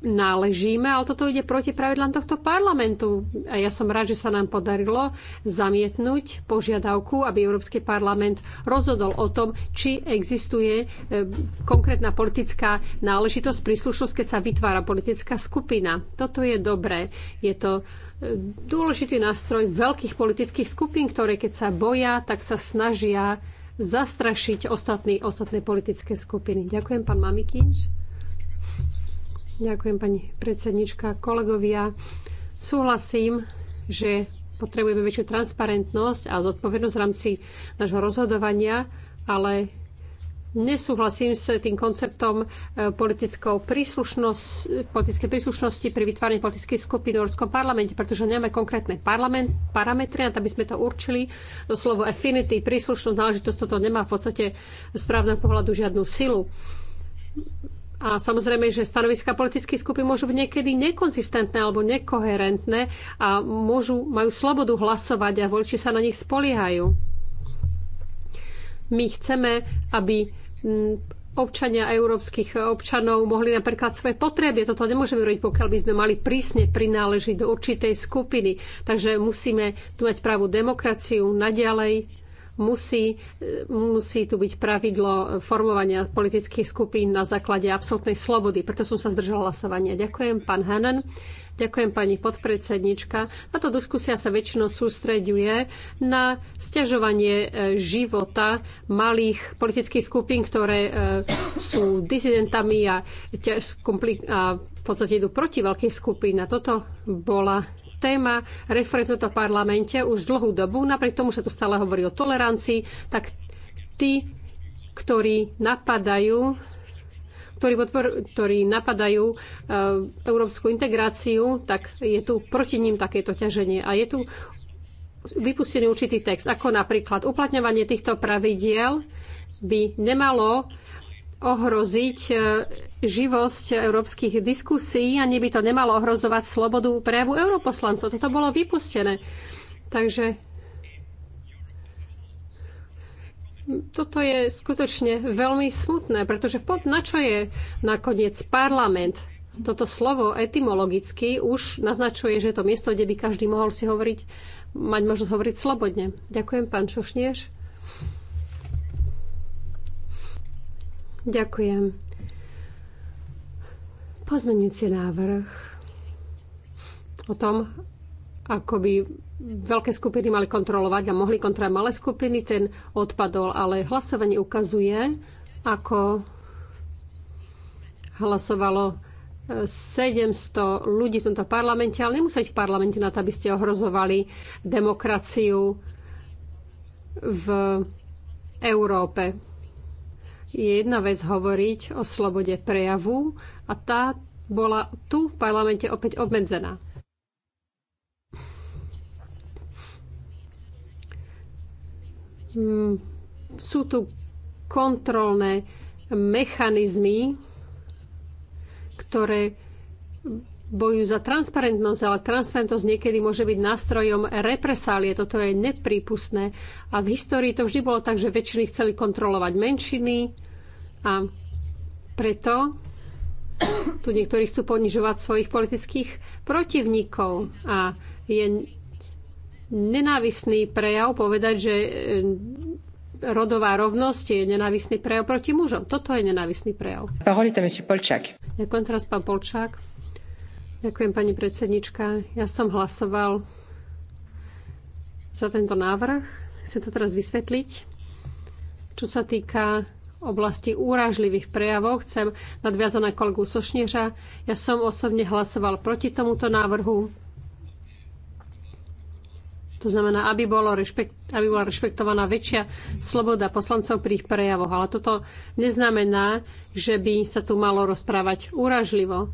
náležíme, ale toto ide proti pravidlám tohto parlamentu. A ja som rád, že sa nám podarilo zamietnúť požiadavku, aby Európsky parlament rozhodol o tom, či existuje e, konkrétna politická náležitosť, príslušnosť, keď sa vytvára politická skupina. Toto je dobré. Je to e, dôležitý nástroj veľkých politických skupín, ktoré keď sa boja, tak sa snažia zastrašiť ostatné politické skupiny. Ďakujem, pán Mamikínš. Ďakujem, pani predsednička. Kolegovia, súhlasím, že potrebujeme väčšiu transparentnosť a zodpovednosť v rámci nášho rozhodovania, ale nesúhlasím s tým konceptom e, politickou príslušnosť, politické príslušnosti pri vytváraní politických skupín v Európskom parlamente, pretože nemáme konkrétne parlament, parametre, a to by sme to určili. To slovo affinity, príslušnosť, náležitosť, toto nemá v podstate z právneho pohľadu žiadnu silu. A samozrejme, že stanoviska politických skupín môžu byť niekedy nekonzistentné alebo nekoherentné a môžu, majú slobodu hlasovať a voliči sa na nich spoliehajú. My chceme, aby mm, občania európskych občanov mohli napríklad svoje potreby. Toto nemôžeme robiť, pokiaľ by sme mali prísne prináležiť do určitej skupiny. Takže musíme tu mať pravú demokraciu naďalej Musí, musí tu byť pravidlo formovania politických skupín na základe absolútnej slobody. Preto som sa zdržala hlasovania. Ďakujem, pán Hanen. Ďakujem pani podpredsednička. Táto diskusia sa väčšinou sústreďuje na stiažovanie e, života malých politických skupín, ktoré e, sú disidentami a, a v podstate idú proti veľkých skupín. A toto bola téma referent v parlamente už dlhú dobu, napriek tomu, že tu stále hovorí o tolerancii, tak tí, ktorí napadajú ktorí, podpor, ktorí napadajú e, európsku integráciu, tak je tu proti ním takéto ťaženie. A je tu vypustený určitý text, ako napríklad uplatňovanie týchto pravidiel by nemalo ohroziť e, živosť európskych diskusí a by to nemalo ohrozovať slobodu prejavu europoslancov. Toto bolo vypustené. Takže toto je skutočne veľmi smutné, pretože pod na čo je nakoniec parlament? Toto slovo etymologicky už naznačuje, že to miesto, kde by každý mohol si hovoriť, mať možnosť hovoriť slobodne. Ďakujem, pán Šošnieš. Ďakujem. Pozmeňujúci návrh o tom, ako by veľké skupiny mali kontrolovať a mohli kontrolovať malé skupiny, ten odpadol, ale hlasovanie ukazuje, ako hlasovalo 700 e, ľudí v tomto parlamente, ale nemusíte v parlamente na to, aby ste ohrozovali demokraciu v Európe. Je jedna vec hovoriť o slobode prejavu a tá bola tu v parlamente opäť obmedzená. Mm, sú tu kontrolné mechanizmy, ktoré bojujú za transparentnosť, ale transparentnosť niekedy môže byť nástrojom represálie. Toto je neprípustné. A v histórii to vždy bolo tak, že väčšiny chceli kontrolovať menšiny a preto tu niektorí chcú ponižovať svojich politických protivníkov a je nenávisný prejav povedať, že e, rodová rovnosť je nenávisný prejav proti mužom. Toto je nenávisný prejav. Ďakujem teraz, pán Polčák. Ďakujem, pani predsednička. Ja som hlasoval za tento návrh. Chcem to teraz vysvetliť. Čo sa týka oblasti úražlivých prejavov, chcem nadviazať na kolegu Sošnieža. Ja som osobne hlasoval proti tomuto návrhu. To znamená, aby, bolo rešpekt, aby bola rešpektovaná väčšia sloboda poslancov pri ich prejavoch. Ale toto neznamená, že by sa tu malo rozprávať úražlivo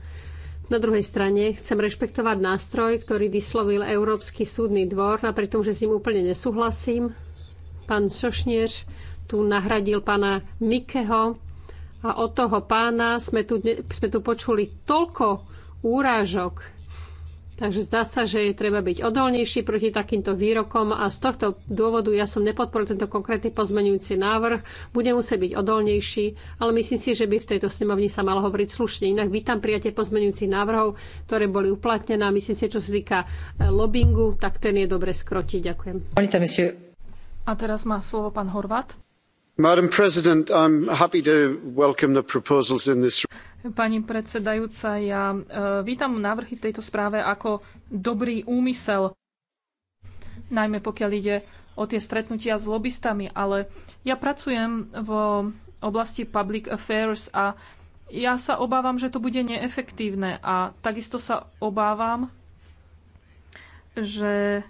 na druhej strane chcem rešpektovať nástroj, ktorý vyslovil Európsky súdny dvor, napriek tomu, že s ním úplne nesúhlasím. Pán Sošnier tu nahradil pána Mikeho a od toho pána sme tu, sme tu počuli toľko úrážok Takže zdá sa, že je treba byť odolnejší proti takýmto výrokom a z tohto dôvodu ja som nepodporil tento konkrétny pozmenujúci návrh. Bude musieť byť odolnejší, ale myslím si, že by v tejto snemovni sa malo hovoriť slušne. Inak vítam prijatie pozmenujúcich návrhov, ktoré boli uplatnené. Myslím si, čo sa týka eh, lobbingu, tak ten je dobre skrotiť. Ďakujem. A teraz má slovo pán Horvat. Madam President, happy to welcome the proposals in this Pani predsedajúca, ja e, vítam návrhy v tejto správe ako dobrý úmysel, najmä pokiaľ ide o tie stretnutia s lobbystami, ale ja pracujem v oblasti public affairs a ja sa obávam, že to bude neefektívne a takisto sa obávam, že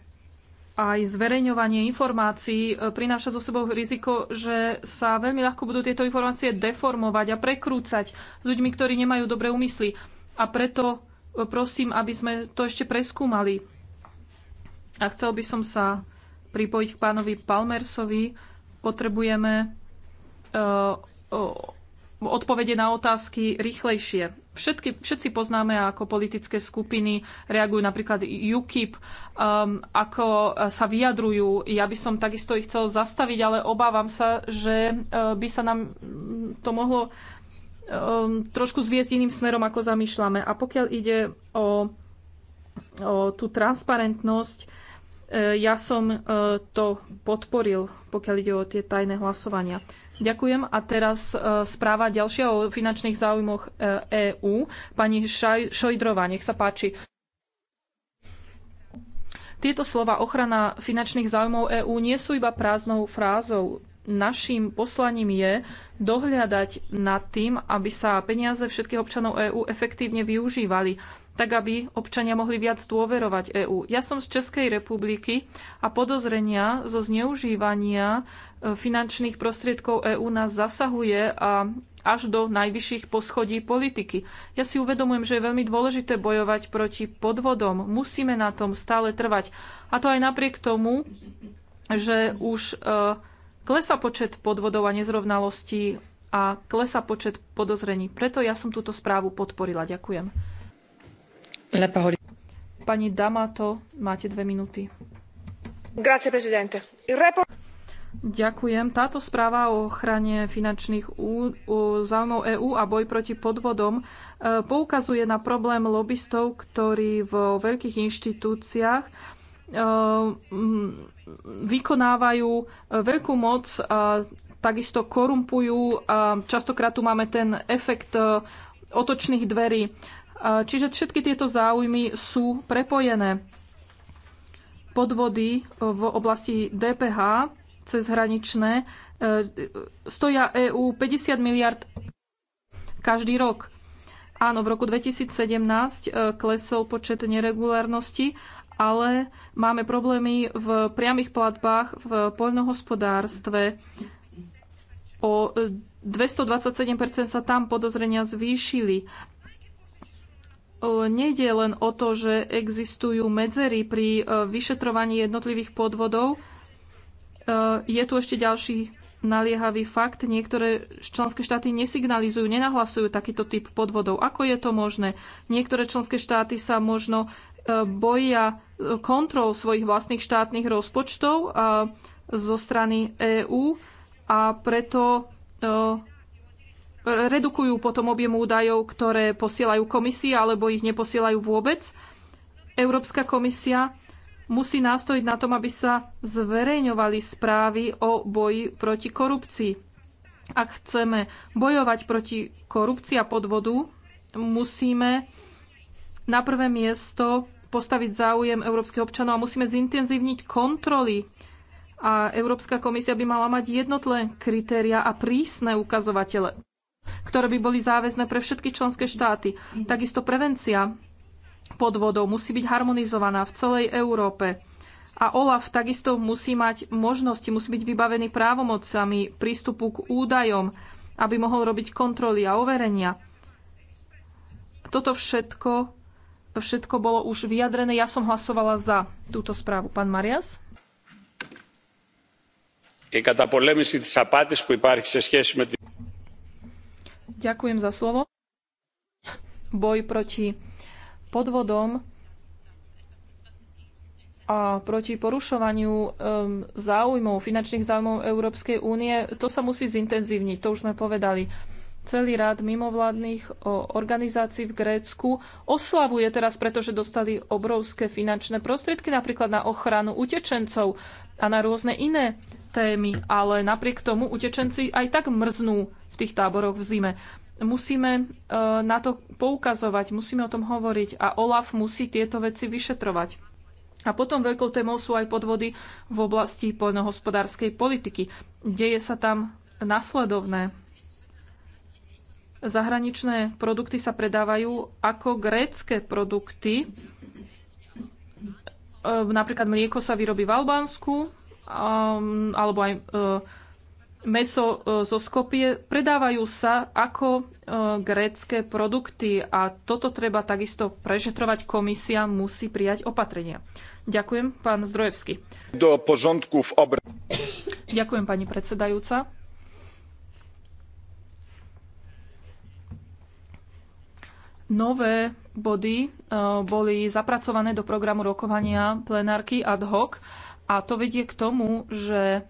aj zverejňovanie informácií e, prináša zo sebou riziko, že sa veľmi ľahko budú tieto informácie deformovať a prekrúcať s ľuďmi, ktorí nemajú dobré úmysly. A preto e, prosím, aby sme to ešte preskúmali. A chcel by som sa pripojiť k pánovi Palmersovi. Potrebujeme uh, uh, odpovede na otázky rýchlejšie. Všetky, všetci poznáme, ako politické skupiny reagujú napríklad UKIP, um, ako sa vyjadrujú. Ja by som takisto ich chcel zastaviť, ale obávam sa, že uh, by sa nám to mohlo um, trošku zviesť iným smerom, ako zamýšľame. A pokiaľ ide o, o tú transparentnosť, uh, ja som uh, to podporil, pokiaľ ide o tie tajné hlasovania. Ďakujem. A teraz e, správa ďalšia o finančných záujmoch EÚ. E Pani Šojdrová, nech sa páči. Tieto slova ochrana finančných záujmov EÚ nie sú iba prázdnou frázou. Naším poslaním je dohľadať nad tým, aby sa peniaze všetkých občanov EÚ efektívne využívali, tak aby občania mohli viac dôverovať EÚ. Ja som z Českej republiky a podozrenia zo zneužívania finančných prostriedkov EÚ nás zasahuje a až do najvyšších poschodí politiky. Ja si uvedomujem, že je veľmi dôležité bojovať proti podvodom. Musíme na tom stále trvať. A to aj napriek tomu, že už e, klesa počet podvodov a nezrovnalostí a klesa počet podozrení. Preto ja som túto správu podporila. Ďakujem. Pani Damato, máte dve minúty. Grazie, presidente. Il report... Ďakujem. Táto správa o ochrane finančných záujmov EÚ a boj proti podvodom e, poukazuje na problém lobbystov, ktorí vo veľkých inštitúciách e, vykonávajú e, veľkú moc a takisto korumpujú. A častokrát tu máme ten efekt otočných dverí. Čiže všetky tieto záujmy sú prepojené. Podvody v oblasti DPH cezhraničné, e, stoja EÚ 50 miliard každý rok. Áno, v roku 2017 e, klesol počet neregulárnosti, ale máme problémy v priamých platbách v poľnohospodárstve. O 227 e, sa tam podozrenia zvýšili. Nejde len o to, že existujú medzery pri vyšetrovaní jednotlivých podvodov, Eh, je tu ešte ďalší naliehavý fakt. Niektoré členské štáty nesignalizujú, nenahlasujú takýto typ podvodov. Ako je to možné? Niektoré členské štáty sa možno eh, boja eh, kontrol svojich vlastných štátnych rozpočtov zo strany EÚ a preto redukujú potom objem údajov, ktoré posielajú komisii alebo ich neposielajú vôbec. Európska komisia musí nástojiť na tom, aby sa zverejňovali správy o boji proti korupcii. Ak chceme bojovať proti korupcii a podvodu, musíme na prvé miesto postaviť záujem európskych občanov a musíme zintenzívniť kontroly. A Európska komisia by mala mať jednotlé kritéria a prísne ukazovatele, ktoré by boli záväzné pre všetky členské štáty. Takisto prevencia vodou musí byť harmonizovaná v celej Európe. A OLAF takisto musí mať možnosti, musí byť vybavený právomocami prístupu k údajom, aby mohol robiť kontroly a overenia. Toto všetko, všetko bolo už vyjadrené. Ja som hlasovala za túto správu. Pán Marias? Ďakujem za slovo. Boj proti podvodom a proti porušovaniu um, záujmov, finančných záujmov Európskej únie, to sa musí zintenzívniť, to už sme povedali. Celý rád mimovládnych organizácií v Grécku oslavuje teraz, pretože dostali obrovské finančné prostriedky napríklad na ochranu utečencov a na rôzne iné témy, ale napriek tomu utečenci aj tak mrznú v tých táboroch v zime. Musíme e, na to poukazovať, musíme o tom hovoriť a OLAF musí tieto veci vyšetrovať. A potom veľkou témou sú aj podvody v oblasti poľnohospodárskej politiky. Deje sa tam nasledovné. Zahraničné produkty sa predávajú ako grécké produkty. E, napríklad mlieko sa vyrobí v Albánsku, alebo aj e, meso e, zo Skopie, predávajú sa ako e, grécké produkty a toto treba takisto prešetrovať. Komisia musí prijať opatrenia. Ďakujem, pán Zdrojevský. Do požontku v obr... Ďakujem, pani predsedajúca. Nové body e, boli zapracované do programu rokovania plenárky ad hoc a to vedie k tomu, že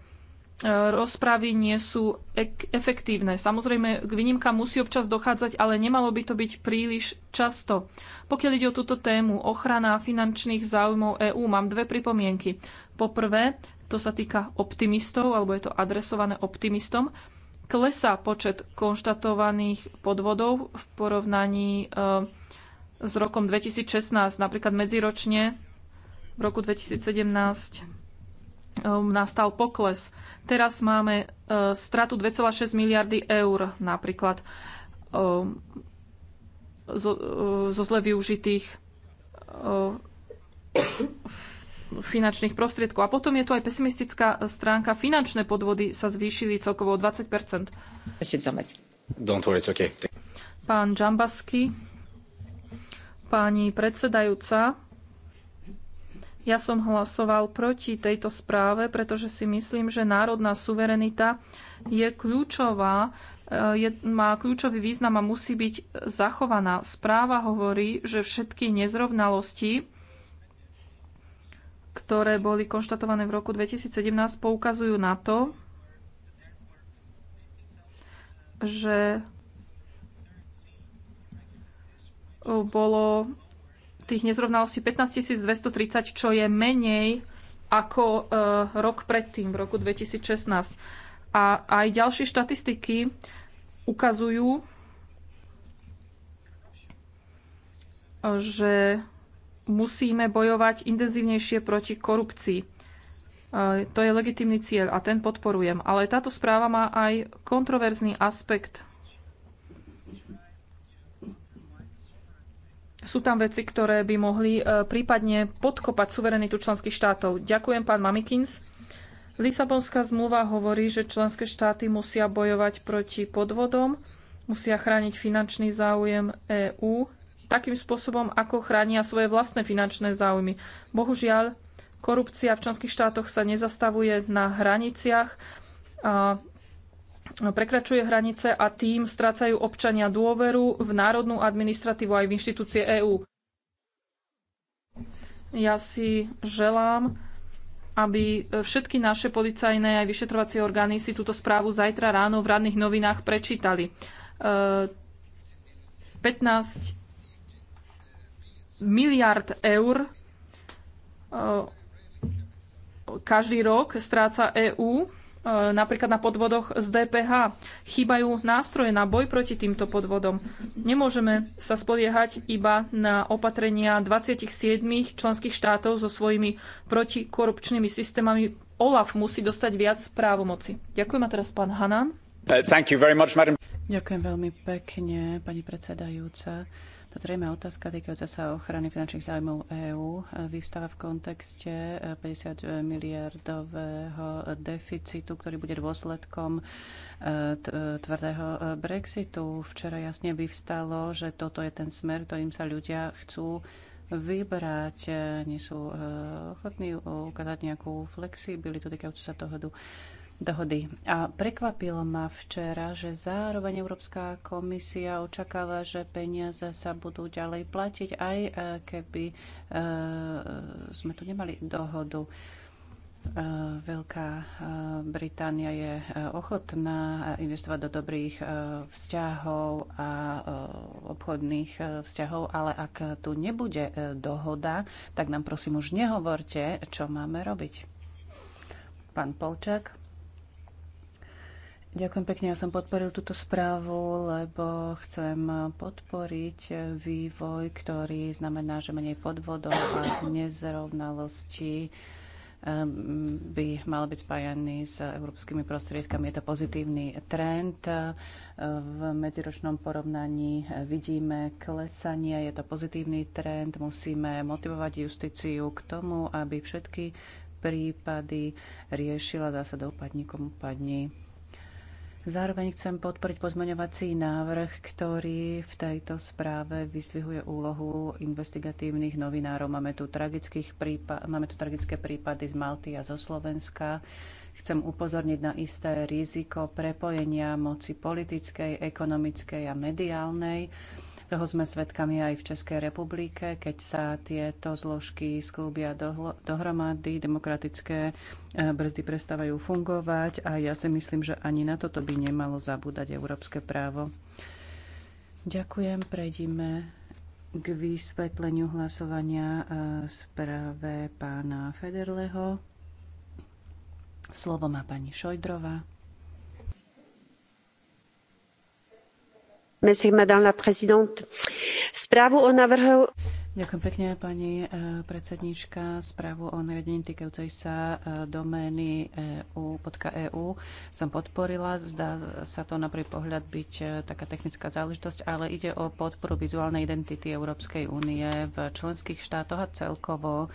E, rozpravy nie sú ek- efektívne. Samozrejme, k výnimkám musí občas dochádzať, ale nemalo by to byť príliš často. Pokiaľ ide o túto tému, ochrana finančných záujmov EÚ, mám dve pripomienky. Poprvé, to sa týka optimistov, alebo je to adresované optimistom, klesá počet konštatovaných podvodov v porovnaní e, s rokom 2016, napríklad medziročne v roku 2017 Ehm, nastal pokles. Teraz máme e, stratu 2,6 miliardy eur napríklad ehm, zo, e, zo zle využitých ehm, finančných prostriedkov. A potom je tu aj pesimistická stránka. Finančné podvody sa zvýšili celkovo o 20 Don't worry, it's okay. Pán Džambasky, pani predsedajúca, ja som hlasoval proti tejto správe, pretože si myslím, že národná suverenita je kľúčová, eh, je, má kľúčový význam a musí byť zachovaná. Správa hovorí, že všetky nezrovnalosti, ktoré boli konštatované v roku 2017, poukazujú na to, že eh, bolo tých nezrovnalostí 15 230, čo je menej ako eh, rok predtým, v roku 2016. A aj ďalšie štatistiky ukazujú, že musíme bojovať intenzívnejšie proti korupcii. Eh, to je legitimný cieľ a ten podporujem. Ale táto správa má aj kontroverzný aspekt. Sú tam veci, ktoré by mohli e, prípadne podkopať suverenitu členských štátov. Ďakujem, pán Mamikins. Lisabonská zmluva hovorí, že členské štáty musia bojovať proti podvodom, musia chrániť finančný záujem EÚ takým spôsobom, ako chránia svoje vlastné finančné záujmy. Bohužiaľ, korupcia v členských štátoch sa nezastavuje na hraniciach a prekračuje hranice a tým strácajú občania dôveru v národnú administratívu aj v inštitúcie EÚ. Ja si želám, aby všetky naše policajné aj vyšetrovacie orgány si túto správu zajtra ráno v radných novinách prečítali. 15 e, miliard eur e, každý rok stráca EÚ E, napríklad na podvodoch z DPH. Chýbajú nástroje na boj proti týmto podvodom. Nemôžeme sa spoliehať iba na opatrenia 27 členských štátov so svojimi protikorupčnými systémami. OLAF musí dostať viac právomoci. Ďakujem a teraz pán Hanan. Uh, much, Ďakujem veľmi pekne, pani predsedajúca. Tá zrejme otázka týkajúca sa ochrany finančných zájmov EÚ eh, vystáva v kontexte 50 eh, miliardového deficitu, ktorý bude dôsledkom eh, tvrdého Brexitu. Včera jasne vyvstalo, že toto je ten smer, ktorým sa ľudia chcú vybrať, nie sú ochotní ukázať nejakú flexibilitu týkajúcu sa dohodu dohody. A prekvapilo ma včera, že zároveň Európska komisia očakáva, že peniaze sa budú ďalej platiť, aj e, keby e, sme tu nemali dohodu. E, Veľká Británia je ochotná investovať do dobrých vzťahov a obchodných vzťahov, ale ak tu nebude dohoda, tak nám prosím už nehovorte, čo máme robiť. Pán Polčák. Ďakujem pekne, ja som podporil túto správu, lebo chcem podporiť vývoj, ktorý znamená, že menej podvodov a nezrovnalostí by mal byť spájaný s európskymi prostriedkami. Je to pozitívny trend. V medziročnom porovnaní vidíme klesanie. Je to pozitívny trend. Musíme motivovať justíciu k tomu, aby všetky prípady riešila zásadou padníkom padní. Zároveň chcem podporiť pozmeňovací návrh, ktorý v tejto správe vysvihuje úlohu investigatívnych novinárov. Máme tu, tragických máme tu tragické prípady z Malty a zo Slovenska. Chcem upozorniť na isté riziko prepojenia moci politickej, ekonomickej a mediálnej toho sme svedkami aj v Českej republike, keď sa tieto zložky sklúbia dohromady, demokratické e, brzdy prestávajú fungovať a ja si myslím, že ani na toto by nemalo zabúdať európske právo. Ďakujem, prejdime k vysvetleniu hlasovania e, správe pána Federleho. Slovo má pani Šojdrová. správu o Ďakujem pekne, pani eh, predsedníčka. Správu o nariadení týkajúcej sa eh, domény EÚ e som podporila. Zdá sa to na prvý pohľad byť eh, taká technická záležitosť, ale ide o podporu vizuálnej identity Európskej únie v členských štátoch a celkovo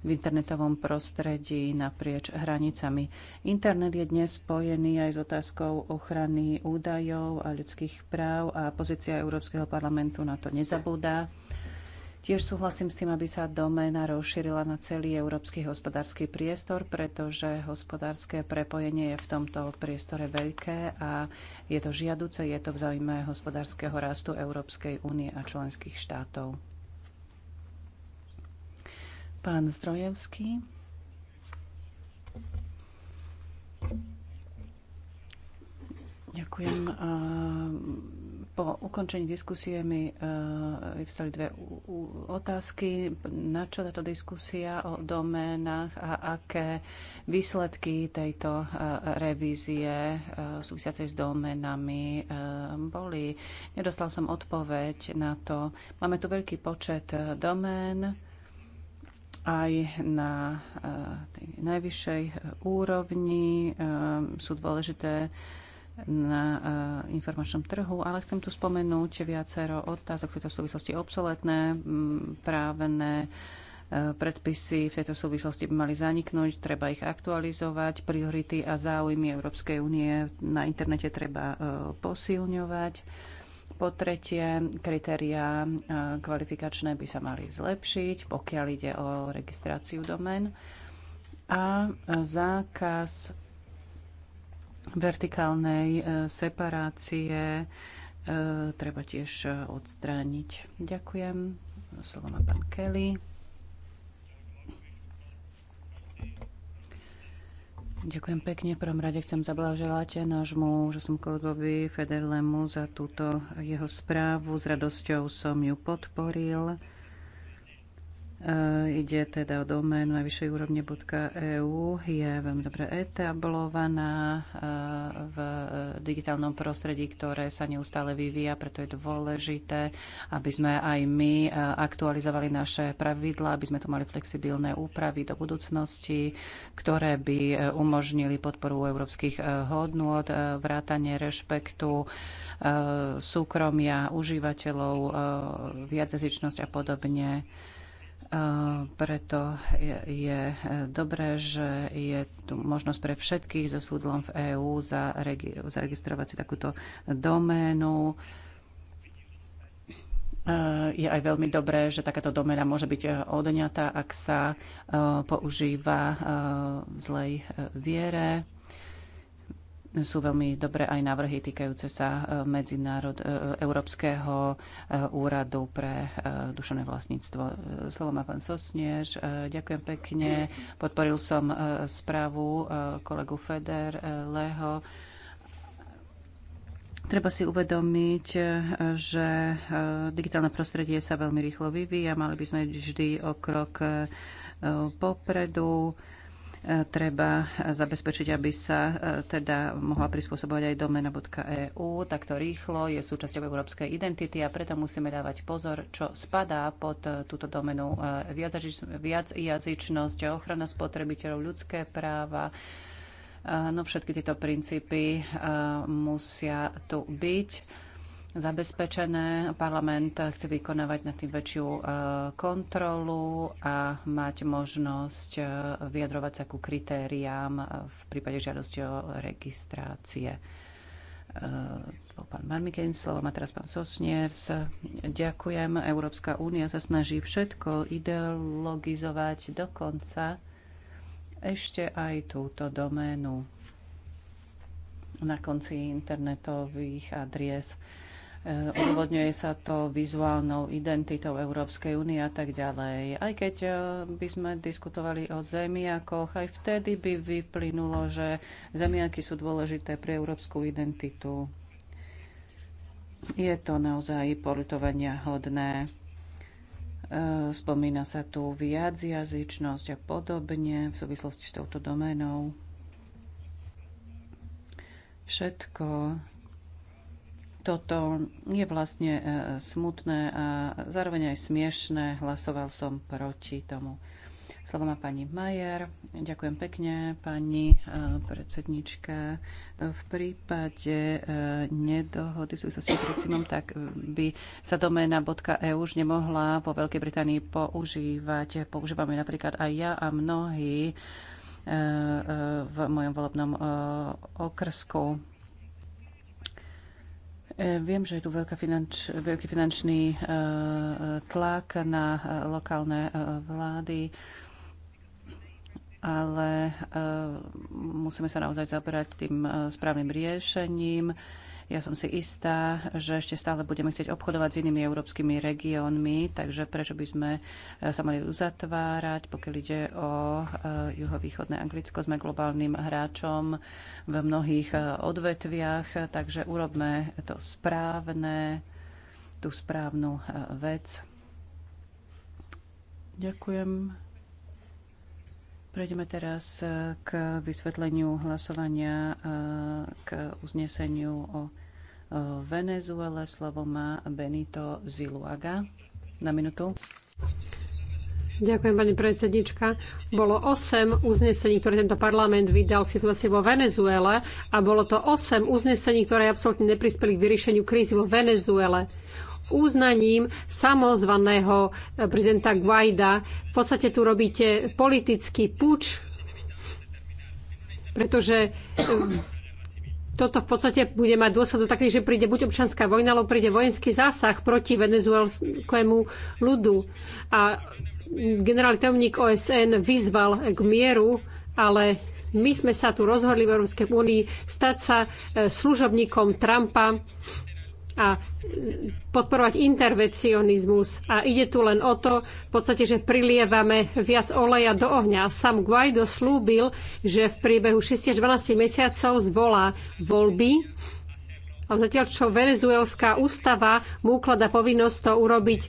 v internetovom prostredí naprieč hranicami. Internet je dnes spojený aj s otázkou ochrany údajov a ľudských práv a pozícia Európskeho parlamentu na to nezabúda. Tiež súhlasím s tým, aby sa doména rozšírila na celý európsky hospodársky priestor, pretože hospodárske prepojenie je v tomto priestore veľké a je to žiaduce, je to v záujme hospodárskeho rastu Európskej únie a členských štátov. Pán Zdrojevský. Ďakujem. Po ukončení diskusie mi e, vyvstali dve otázky. Na čo táto diskusia o doménach a aké výsledky tejto e, revízie e, súvisiacej s doménami boli? Nedostal som odpoveď na to. Máme tu veľký počet domén aj na eh, tej najvyššej eh, úrovni eh, sú dôležité na informačnom trhu, ale chcem tu spomenúť viacero otázok v tejto súvislosti obsoletné, mm, právne predpisy v tejto súvislosti by mali zaniknúť, treba ich aktualizovať, priority a záujmy Európskej únie na internete treba posilňovať po tretie, kritériá e, kvalifikačné by sa mali zlepšiť, pokiaľ ide o registráciu domén a e, zákaz vertikálnej e, separácie treba tiež odstrániť. Ďakujem. Slovo má pán Kelly. Ďakujem pekne. V prvom rade chcem zablahoželať nášmu som kolegovi Federlemu za túto jeho správu. S radosťou som ju podporil. E, ide teda o doménu najvyššej úrovne .eu. Je veľmi dobre etablovaná e, v e, digitálnom prostredí, ktoré sa neustále vyvíja, preto je dôležité, aby sme aj my aktualizovali naše pravidla, aby sme tu mali flexibilné úpravy do budúcnosti, ktoré by umožnili podporu európskych hodnôt, vrátanie rešpektu súkromia užívateľov, viacjazyčnosť a podobne. Preto je, je dobré, že je tu možnosť pre všetkých so súdlom v EÚ zaregistrovať si takúto doménu. Je aj veľmi dobré, že takáto doména môže byť e, odňatá, ak sa e, používa e, v zlej viere sú veľmi dobré aj návrhy týkajúce sa e, medzinárod, e, Európskeho e, úradu pre duševné vlastníctvo. Slovo má pán Sosnier. Ďakujem pekne. Podporil som správu kolegu Feder Leho. Treba si uvedomiť, že digitálne prostredie sa veľmi rýchlo vyvíja, mali by sme vždy o krok popredu treba zabezpečiť, aby sa e, teda mohla prispôsobovať aj domena.eu takto rýchlo, je súčasťou európskej identity a preto musíme dávať pozor, čo spadá pod e, túto domenu e, viac jazyčnosť, ochrana spotrebiteľov, ľudské práva, No všetky tieto princípy musia tu byť zabezpečené. Parlament chce vykonávať nad tým väčšiu e, kontrolu a mať možnosť e, vyjadrovať sa ku kritériám e, v prípade žiadosti o registrácie. Bol pán Marmiken, slovo má teraz pán Sosniers. Ďakujem. Európska únia sa snaží všetko ideologizovať dokonca ešte aj túto doménu na konci internetových adries. E, Odvodňuje sa to vizuálnou identitou Európskej únie a tak ďalej. Aj keď e, by sme diskutovali o zemiakoch, aj vtedy by vyplynulo, že zemiaky sú dôležité pre európsku identitu. Je to naozaj politovania hodné. E, spomína sa tu viac jazyčnosť a podobne v súvislosti s touto doménou. Všetko toto je vlastne e, smutné a zároveň aj smiešné. Hlasoval som proti tomu. Slovo má pani Majer. Ďakujem pekne, pani e, predsednička. V prípade e, nedohody v súvislosti s Breximom, tak by sa doména.eu už nemohla vo Veľkej Británii používať. Používame napríklad aj ja a mnohí v mojom volebnom okrsku. E, viem, že je tu finanč, veľký finančný e, tlak na e, lokálne vlády, ale musíme sa naozaj zaberať tým správnym riešením ja som si istá, že ešte stále budeme chcieť obchodovať s inými európskymi regiónmi, takže prečo by sme eh, sa mali uzatvárať, pokiaľ ide o eh, juhovýchodné Anglicko. Sme globálnym hráčom v mnohých eh, odvetviach, takže urobme to správne, tú správnu vec. Ďakujem. Prejdeme teraz k vysvetleniu hlasovania k uzneseniu o Venezuele. Slovo má Benito Ziluaga na minútu. Ďakujem, pani predsednička. Bolo 8 uznesení, ktoré tento parlament vydal k situácii vo Venezuele a bolo to 8 uznesení, ktoré absolútne neprispeli k vyriešeniu krízy vo Venezuele uznaním samozvaného eh, prezidenta Guaida. V podstate tu robíte politický puč, pretože eh, toto v podstate bude mať dôsledok taký, že príde buď občanská vojna, alebo príde vojenský zásah proti venezuelskému ľudu. A generálny tajomník OSN vyzval k mieru, ale my sme sa tu rozhodli v Európskej únii stať sa e, služobníkom Trumpa a podporovať intervencionizmus. A ide tu len o to, v podstate, že prilievame viac oleja do ohňa. Sam Guaido slúbil, že v priebehu 6 až 12 mesiacov zvolá voľby a Zatiaľ, čo venezuelská ústava mu uklada povinnosť to urobiť e,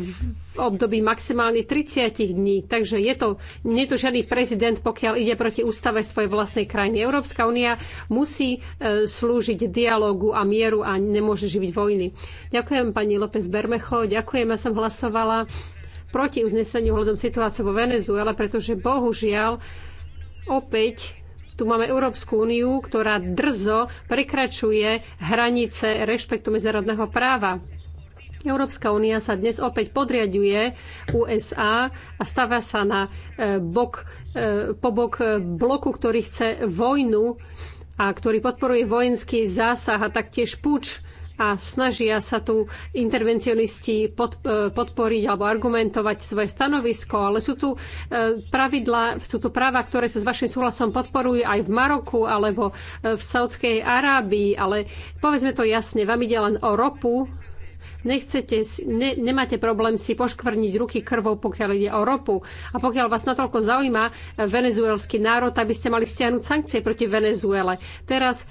v období maximálne 30 dní. Takže je to, nie je to žiadny prezident, pokiaľ ide proti ústave svojej vlastnej krajiny. Európska únia musí e, slúžiť dialogu a mieru a nemôže živiť vojny. Ďakujem pani López Bermecho, ďakujem, ja som hlasovala proti uzneseniu hľadom situácie vo Venezuele, pretože bohužiaľ opäť tu máme Európsku úniu, ktorá drzo prekračuje hranice rešpektu medzinárodného práva. Európska únia sa dnes opäť podriaduje USA a stáva sa na e, bok, e, po bok e, bloku, ktorý chce vojnu a ktorý podporuje vojenský zásah a taktiež puč a snažia sa tu intervencionisti e, podporiť alebo argumentovať svoje stanovisko, ale sú tu e, pravidla, sú tu práva, ktoré sa s vašim súhlasom podporujú aj v Maroku alebo e, v Saudskej Arábii, ale povedzme to jasne, vám ide len o ropu, nechcete, ne, nemáte problém si poškvrniť ruky krvou, pokiaľ ide o ropu. A pokiaľ vás natoľko zaujíma venezuelský národ, aby ste mali stiahnuť sankcie proti Venezuele. Teraz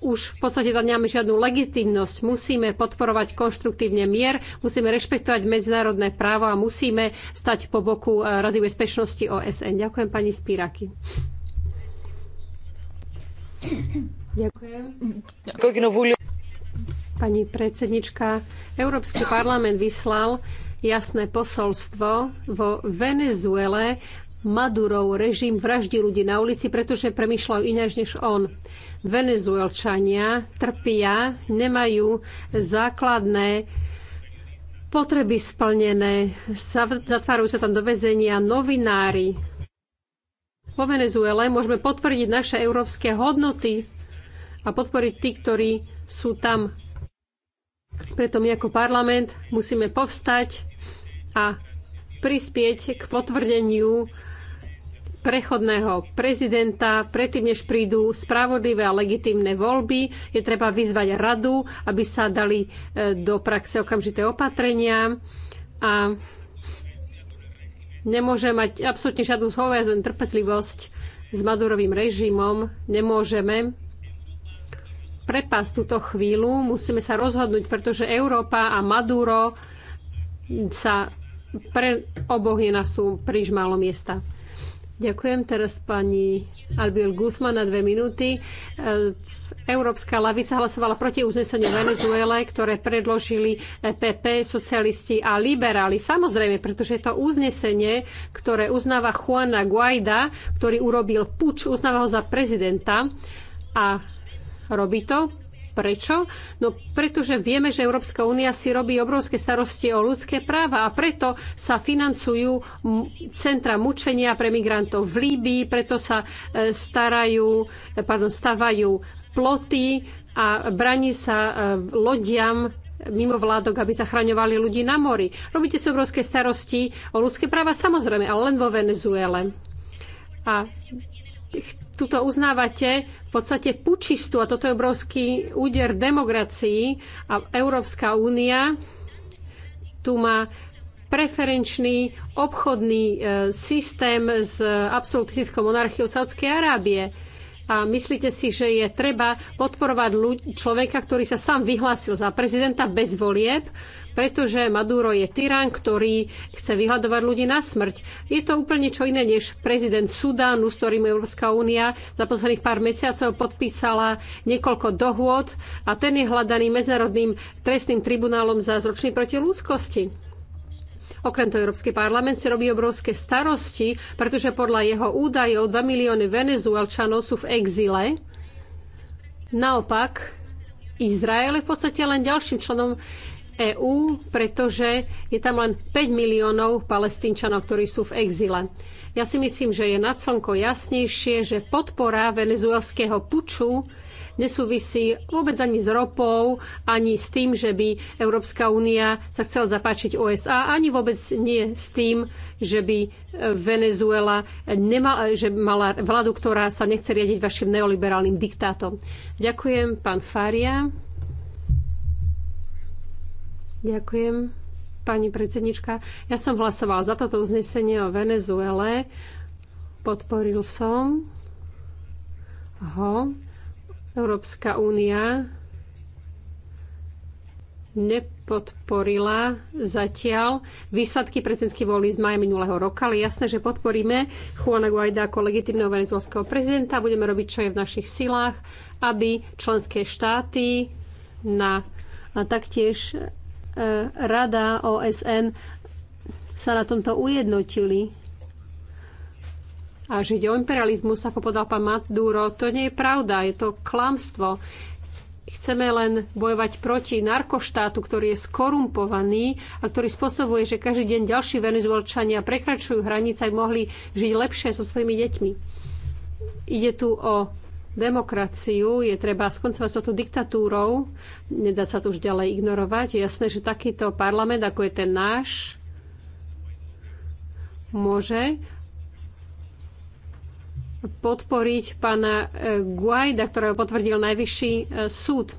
už v podstate tam nemáme žiadnu legitimnosť. Musíme podporovať konštruktívne mier, musíme rešpektovať medzinárodné právo a musíme stať po boku eh, Rady bezpečnosti OSN. Ďakujem pani Spiraky. Ďakujem. Pani predsednička, Európsky parlament vyslal jasné posolstvo vo Venezuele Madurov režim vraždí ľudí na ulici, pretože premyšľajú ináč než on. Venezuelčania trpia, nemajú základné potreby splnené, zatvárajú sa tam do väzenia novinári. Vo Venezuele môžeme potvrdiť naše európske hodnoty a podporiť tí, ktorí sú tam. Preto my ako parlament musíme povstať a prispieť k potvrdeniu prechodného prezidenta. Predtým, než prídu spravodlivé a legitímne voľby, je treba vyzvať radu, aby sa dali e, do praxe okamžité opatrenia a nemôže mať absolútne žiadnu zhoviazenú trpezlivosť s Madurovým režimom. Nemôžeme prepásť túto chvíľu. Musíme sa rozhodnúť, pretože Európa a Maduro sa pre oboch je na sú príliš málo miesta. Ďakujem teraz pani Albiol Guzman na dve minúty. E, Európska lavica hlasovala proti uzneseniu Venezuele, ktoré predložili PP, e socialisti a liberáli. Samozrejme, pretože je to uznesenie, ktoré uznáva Juana Guaida, ktorý urobil puč, uznáva ho za prezidenta a robí to Prečo? No pretože vieme, že Európska únia si robí obrovské starosti o ľudské práva a preto sa financujú centra mučenia pre migrantov v Líbii, preto sa e, starajú, e, pardon, stavajú ploty a braní sa e, lodiam mimo vládok, aby zachraňovali ľudí na mori. Robíte si obrovské starosti o ľudské práva, samozrejme, ale len vo Venezuele. A tuto uznávate v podstate pučistu a toto je obrovský úder demokracii a Európska únia tu má preferenčný obchodný e, systém s absolutistickou monarchiou Saudskej Arábie a myslíte si, že je treba podporovať človeka, ktorý sa sám vyhlásil za prezidenta bez volieb, pretože Maduro je tyran, ktorý chce vyhľadovať ľudí na smrť. Je to úplne čo iné než prezident Sudánu, s ktorým Európska únia za posledných pár mesiacov podpísala niekoľko dohôd a ten je hľadaný Medzinárodným trestným tribunálom za zročný proti ľudskosti. Okrem toho Európsky parlament si robí obrovské starosti, pretože podľa jeho údajov 2 milióny venezuelčanov sú v exile. Naopak, Izrael je v podstate len ďalším členom EÚ, pretože je tam len 5 miliónov palestínčanov, ktorí sú v exile. Ja si myslím, že je na slnko jasnejšie, že podpora venezuelského puču nesúvisí vôbec ani s ropou, ani s tým, že by Európska únia sa chcela zapáčiť USA, ani vôbec nie s tým, že by Venezuela nemala, že mala vládu, ktorá sa nechce riadiť vašim neoliberálnym diktátom. Ďakujem, pán Faria. Ďakujem, pani predsednička. Ja som hlasoval za toto uznesenie o Venezuele. Podporil som ho Európska únia nepodporila zatiaľ výsledky prezidentských volí z maja minulého roka, ale jasné, že podporíme Juana Guaida ako legitimného venezuelského prezidenta. Budeme robiť, čo je v našich silách, aby členské štáty na, a taktiež e, Rada OSN sa na tomto ujednotili a že ide o imperializmus, ako podal pán Maduro, to nie je pravda, je to klamstvo. Chceme len bojovať proti narkoštátu, ktorý je skorumpovaný a ktorý spôsobuje, že každý deň ďalší venezuelčania prekračujú hranice a mohli žiť lepšie so svojimi deťmi. Ide tu o demokraciu, je treba skoncovať sa tu diktatúrou, nedá sa to už ďalej ignorovať. Je jasné, že takýto parlament, ako je ten náš, môže podporiť pána e, Guaida, ktorého potvrdil najvyšší e, súd.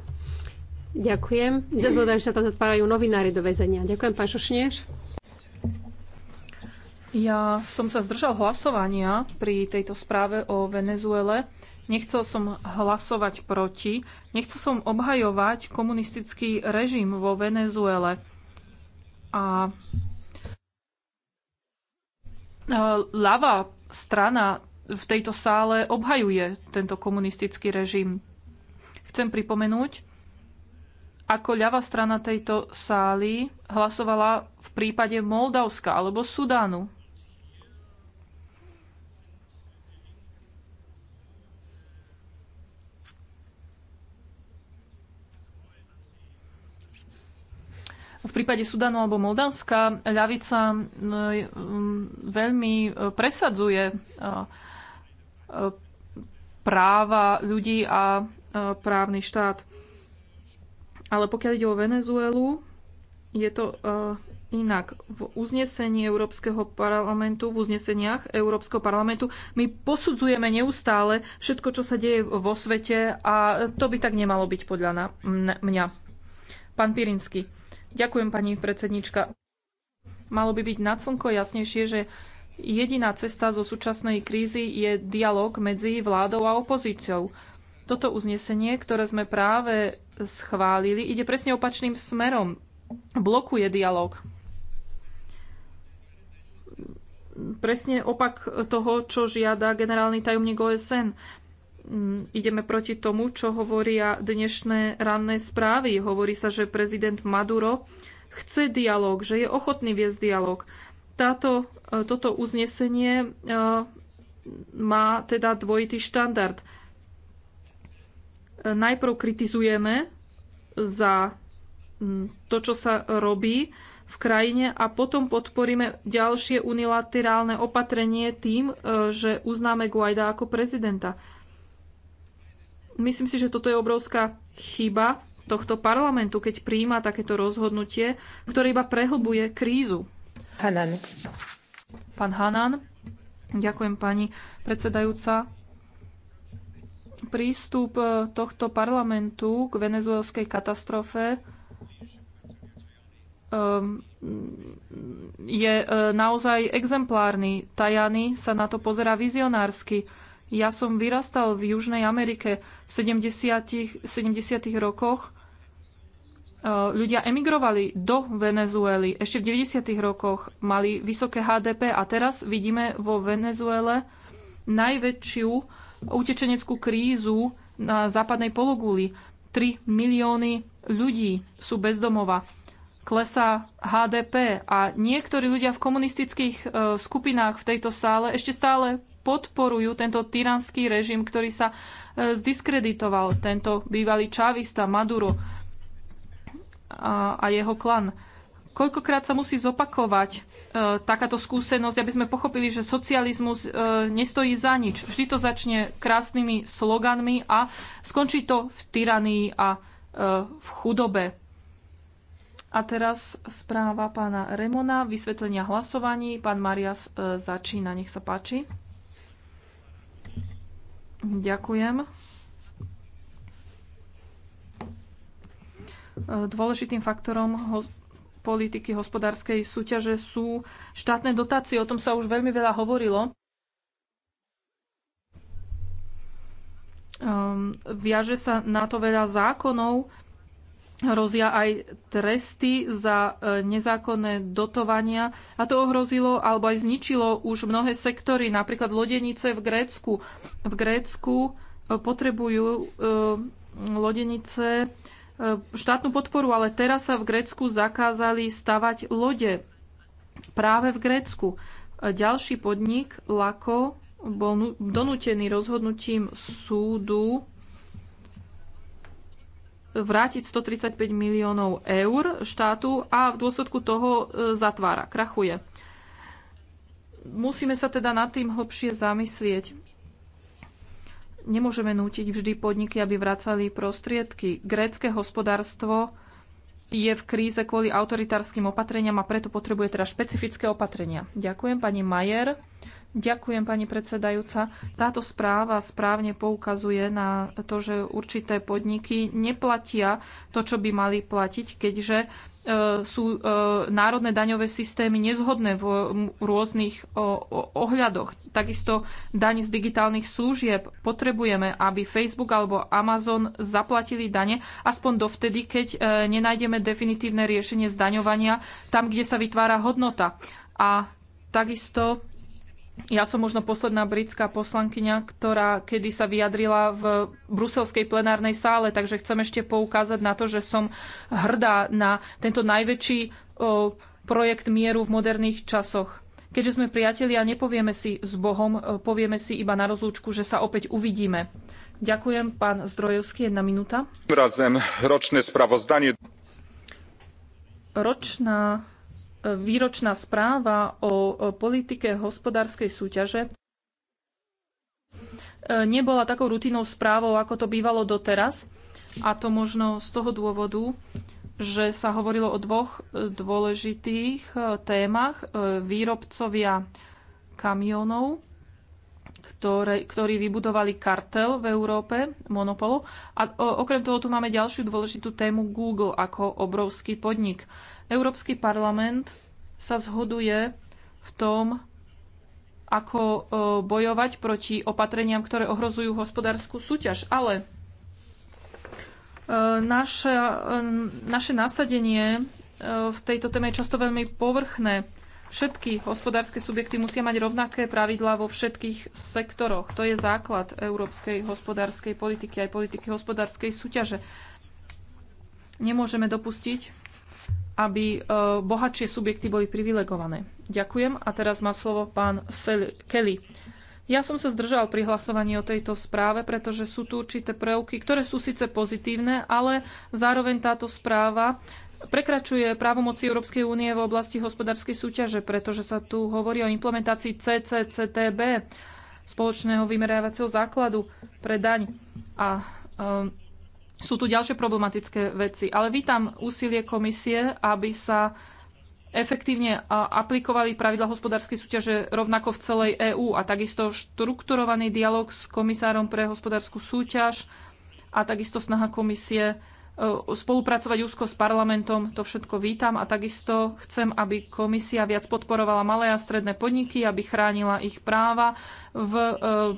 Ďakujem. Zazvodajú, že sa tam zatvárajú novinári do väzenia. Ďakujem, pán Šušnieš. Ja som sa zdržal hlasovania pri tejto správe o Venezuele. Nechcel som hlasovať proti. Nechcel som obhajovať komunistický režim vo Venezuele. A ľava strana v tejto sále obhajuje tento komunistický režim. Chcem pripomenúť, ako ľavá strana tejto sály hlasovala v prípade Moldavska alebo Sudánu. V prípade Sudanu alebo Moldavska ľavica no, mm, veľmi e, presadzuje e, E, práva ľudí a e, právny štát. Ale pokiaľ ide o Venezuelu, je to e, inak. V uznesení Európskeho parlamentu, v uzneseniach Európskeho parlamentu my posudzujeme neustále všetko, čo sa deje vo svete a to by tak nemalo byť podľa mňa. Pán Pirinsky. Ďakujem, pani predsednička. Malo by byť nad slnko jasnejšie, že Jediná cesta zo súčasnej krízy je dialog medzi vládou a opozíciou. Toto uznesenie, ktoré sme práve schválili, ide presne opačným smerom. Blokuje dialog. Presne opak toho, čo žiada generálny tajomník OSN. Ideme proti tomu, čo hovoria dnešné ranné správy. Hovorí sa, že prezident Maduro chce dialog, že je ochotný viesť dialog. Táto E, toto uznesenie e, má teda dvojitý štandard. E, najprv kritizujeme za to, čo sa robí v krajine a potom podporíme ďalšie unilaterálne opatrenie tým, že uznáme Guaida ako prezidenta. Myslím si, že toto je obrovská chyba tohto parlamentu, keď príjma takéto rozhodnutie, ktoré iba prehlbuje krízu. Hanan. Pán Hanan. Ďakujem pani predsedajúca. Prístup e, tohto parlamentu k venezuelskej katastrofe e, je e, naozaj exemplárny. Tajany sa na to pozerá vizionársky. Ja som vyrastal v Južnej Amerike v 70. 70 rokoch E, ľudia emigrovali do Venezuely. Ešte v 90. rokoch mali vysoké HDP a teraz vidíme vo Venezuele najväčšiu utečeneckú krízu na západnej pologuli. 3 milióny ľudí sú bezdomova. Klesá HDP a niektorí ľudia v komunistických e, skupinách v tejto sále ešte stále podporujú tento tyranský režim, ktorý sa e, zdiskreditoval, tento bývalý čávista Maduro a, a jeho klan. Koľkokrát sa musí zopakovať e, takáto skúsenosť, aby sme pochopili, že socializmus e, nestojí za nič. Vždy to začne krásnymi sloganmi a skončí to v tyranii a e, v chudobe. A teraz správa pána Remona, vysvetlenia hlasovaní. Pán Marias e, začína, nech sa páči. Ďakujem. dôležitým faktorom politiky hospodárskej súťaže sú štátne dotácie. O tom sa už veľmi veľa hovorilo. Um, viaže sa na to veľa zákonov, hrozia aj tresty za e, nezákonné dotovania a to ohrozilo alebo aj zničilo už mnohé sektory, napríklad lodenice v Grécku. V Grécku e, potrebujú uh, lodenice štátnu podporu, ale teraz sa v Grécku zakázali stavať lode. Práve v Grécku. Ďalší podnik, Lako, bol donútený rozhodnutím súdu vrátiť 135 miliónov eur štátu a v dôsledku toho e, zatvára, krachuje. Musíme sa teda nad tým hlbšie zamyslieť Nemôžeme nútiť vždy podniky, aby vracali prostriedky. Grécke hospodárstvo je v kríze kvôli autoritárskym opatreniam a preto potrebuje teda špecifické opatrenia. Ďakujem pani Majer. Ďakujem pani predsedajúca. Táto správa správne poukazuje na to, že určité podniky neplatia to, čo by mali platiť, keďže E, sú e, národné daňové systémy nezhodné v rôznych ohľadoch. Takisto daň z digitálnych služieb potrebujeme, aby Facebook alebo Amazon zaplatili dane, aspoň dovtedy, keď e, nenájdeme definitívne riešenie zdaňovania tam, kde sa vytvára hodnota. A takisto ja som možno posledná britská poslankyňa, ktorá kedy sa vyjadrila v bruselskej plenárnej sále, takže chcem ešte poukázať na to, že som hrdá na tento najväčší o, projekt mieru v moderných časoch. Keďže sme priatelia, nepovieme si s Bohom, povieme si iba na rozlúčku, že sa opäť uvidíme. Ďakujem, pán Zdrojovský, jedna minúta. Razem ročné spravozdanie. Ročná výročná správa o politike hospodárskej súťaže e, nebola takou rutinou správou, ako to bývalo doteraz. A to možno z toho dôvodu, že sa hovorilo o dvoch e, dôležitých e, témach. Výrobcovia kamionov, ktoré, ktorí vybudovali kartel v Európe, monopolu. A okrem toho tu máme ďalšiu dôležitú tému Google ako obrovský podnik. Európsky parlament sa zhoduje v tom, ako e, bojovať proti opatreniam, ktoré ohrozujú hospodárskú súťaž. Ale e, naše, naše nasadenie e, v tejto téme je často veľmi povrchné. Všetky hospodárske subjekty musia mať rovnaké pravidlá vo všetkých sektoroch. To je základ európskej hospodárskej politiky aj politiky hospodárskej súťaže. Nemôžeme dopustiť, aby e, bohatšie subjekty boli privilegované. Ďakujem a teraz má slovo pán Kelly. Ja som sa zdržal pri hlasovaní o tejto správe, pretože sú tu určité prvky, ktoré sú síce pozitívne, ale zároveň táto správa prekračuje právomoci Európskej únie v oblasti hospodárskej súťaže, pretože sa tu hovorí o implementácii CCCTB, spoločného vymerávacieho základu pre daň. A um, sú tu ďalšie problematické veci, ale vítam úsilie komisie, aby sa efektívne aplikovali pravidla hospodárskej súťaže rovnako v celej EÚ a takisto štrukturovaný dialog s komisárom pre hospodárskú súťaž a takisto snaha komisie E, spolupracovať úzko s parlamentom, to všetko vítam a takisto chcem, aby komisia viac podporovala malé a stredné podniky, aby chránila ich práva v e,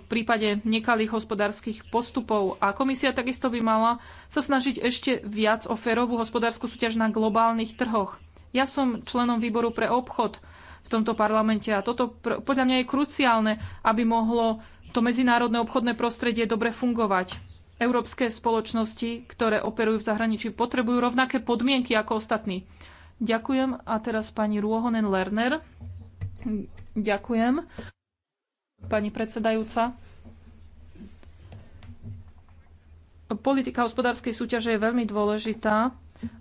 prípade nekalých hospodárskych postupov. A komisia takisto by mala sa snažiť ešte viac o férovú hospodárskú súťaž na globálnych trhoch. Ja som členom výboru pre obchod v tomto parlamente a toto podľa mňa je kruciálne, aby mohlo to medzinárodné obchodné prostredie dobre fungovať európske spoločnosti, ktoré operujú v zahraničí, potrebujú rovnaké podmienky ako ostatní. Ďakujem. A teraz pani Ruohonen Lerner. Ďakujem. Pani predsedajúca. Politika hospodárskej súťaže je veľmi dôležitá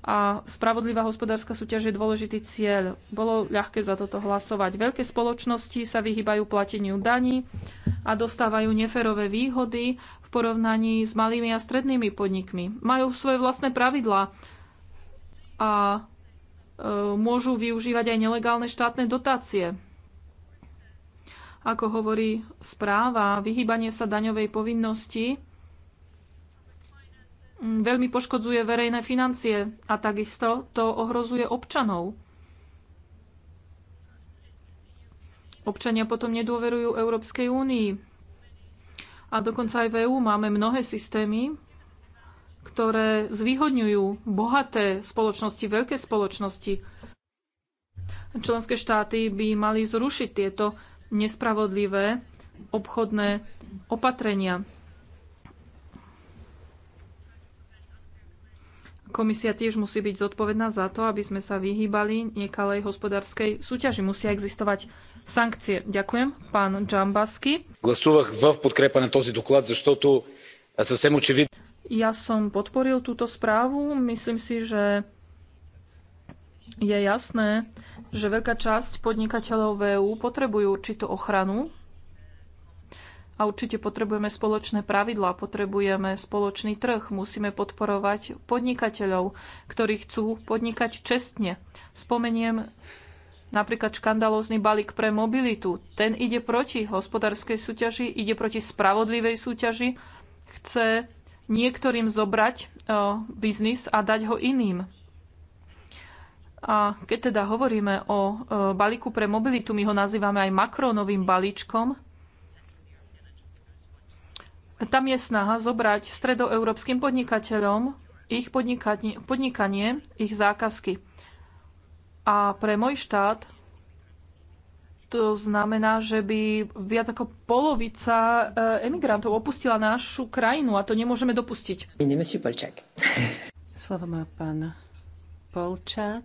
a spravodlivá hospodárska súťaž je dôležitý cieľ. Bolo ľahké za toto hlasovať. Veľké spoločnosti sa vyhýbajú plateniu daní a dostávajú neferové výhody porovnaní s malými a strednými podnikmi. Majú svoje vlastné pravidlá a e, môžu využívať aj nelegálne štátne dotácie. Ako hovorí správa, vyhýbanie sa daňovej povinnosti veľmi poškodzuje verejné financie a takisto to ohrozuje občanov. Občania potom nedôverujú Európskej únii. A dokonca aj v EÚ máme mnohé systémy, ktoré zvýhodňujú bohaté spoločnosti, veľké spoločnosti. Členské štáty by mali zrušiť tieto nespravodlivé obchodné opatrenia. Komisia tiež musí byť zodpovedná za to, aby sme sa vyhýbali nekalej hospodárskej súťaži. Musia existovať sankcie. Ďakujem, pán Džambasky. Hlasovach v podkrepa na doklad, Ja som podporil túto správu. Myslím si, že je jasné, že veľká časť podnikateľov VÚ EÚ potrebujú určitú ochranu a určite potrebujeme spoločné pravidlá, potrebujeme spoločný trh, musíme podporovať podnikateľov, ktorí chcú podnikať čestne. Spomeniem napríklad škandalózny balík pre mobilitu. Ten ide proti hospodárskej súťaži, ide proti spravodlivej súťaži, chce niektorým zobrať e, biznis a dať ho iným. A keď teda hovoríme o e, balíku pre mobilitu, my ho nazývame aj makronovým balíčkom, tam je snaha zobrať stredoeurópskym podnikateľom ich podnikanie, podnikanie, ich zákazky. A pre môj štát to znamená, že by viac ako polovica eh, emigrantov opustila našu krajinu a to nemôžeme dopustiť. *laughs* Slovo má pán Polčák.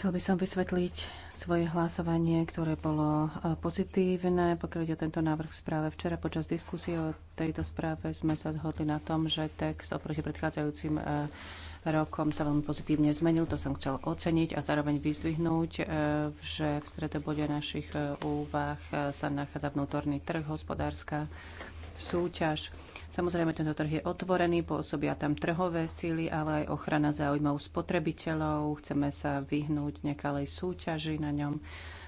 Chcel by som vysvetliť svoje hlasovanie, ktoré bolo eh, pozitívne. Pokiaľ ide o tento návrh správe, včera počas diskusie o tejto správe sme sa zhodli na tom, že text oproti predchádzajúcim eh, rokom sa veľmi pozitívne zmenil. To som chcel oceniť a zároveň vyzdvihnúť, eh, že v stredobode našich úvah sa nachádza vnútorný trh, hospodárska súťaž Samozrejme, tento trh je otvorený, pôsobia tam trhové síly, ale aj ochrana záujmov spotrebiteľov. Chceme sa vyhnúť nekalej súťaži na ňom.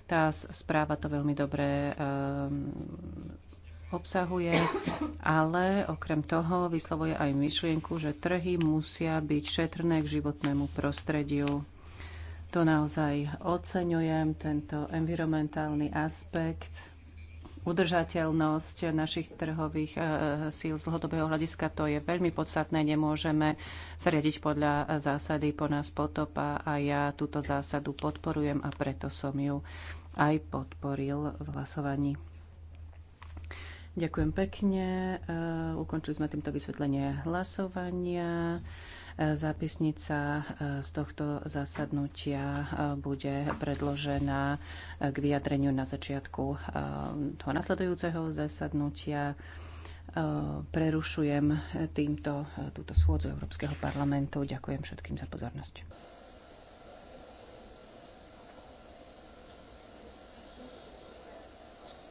Tá správa to veľmi dobre um, obsahuje, ale okrem toho vyslovuje aj myšlienku, že trhy musia byť šetrné k životnému prostrediu. To naozaj oceňujem, tento environmentálny aspekt udržateľnosť našich trhových eh, síl z dlhodobého hľadiska. To je veľmi podstatné. Nemôžeme sa riadiť podľa zásady po nás potopa a ja túto zásadu podporujem a preto som ju aj podporil v hlasovaní. Ďakujem pekne. Eh, ukončili sme týmto vysvetlenie hlasovania. Zápisnica eh, z tohto zasadnutia eh, bude predložená eh, k vyjadreniu na začiatku toho nasledujúceho zasadnutia. Prerušujem týmto túto schôdzu Európskeho parlamentu. Ďakujem všetkým za pozornosť.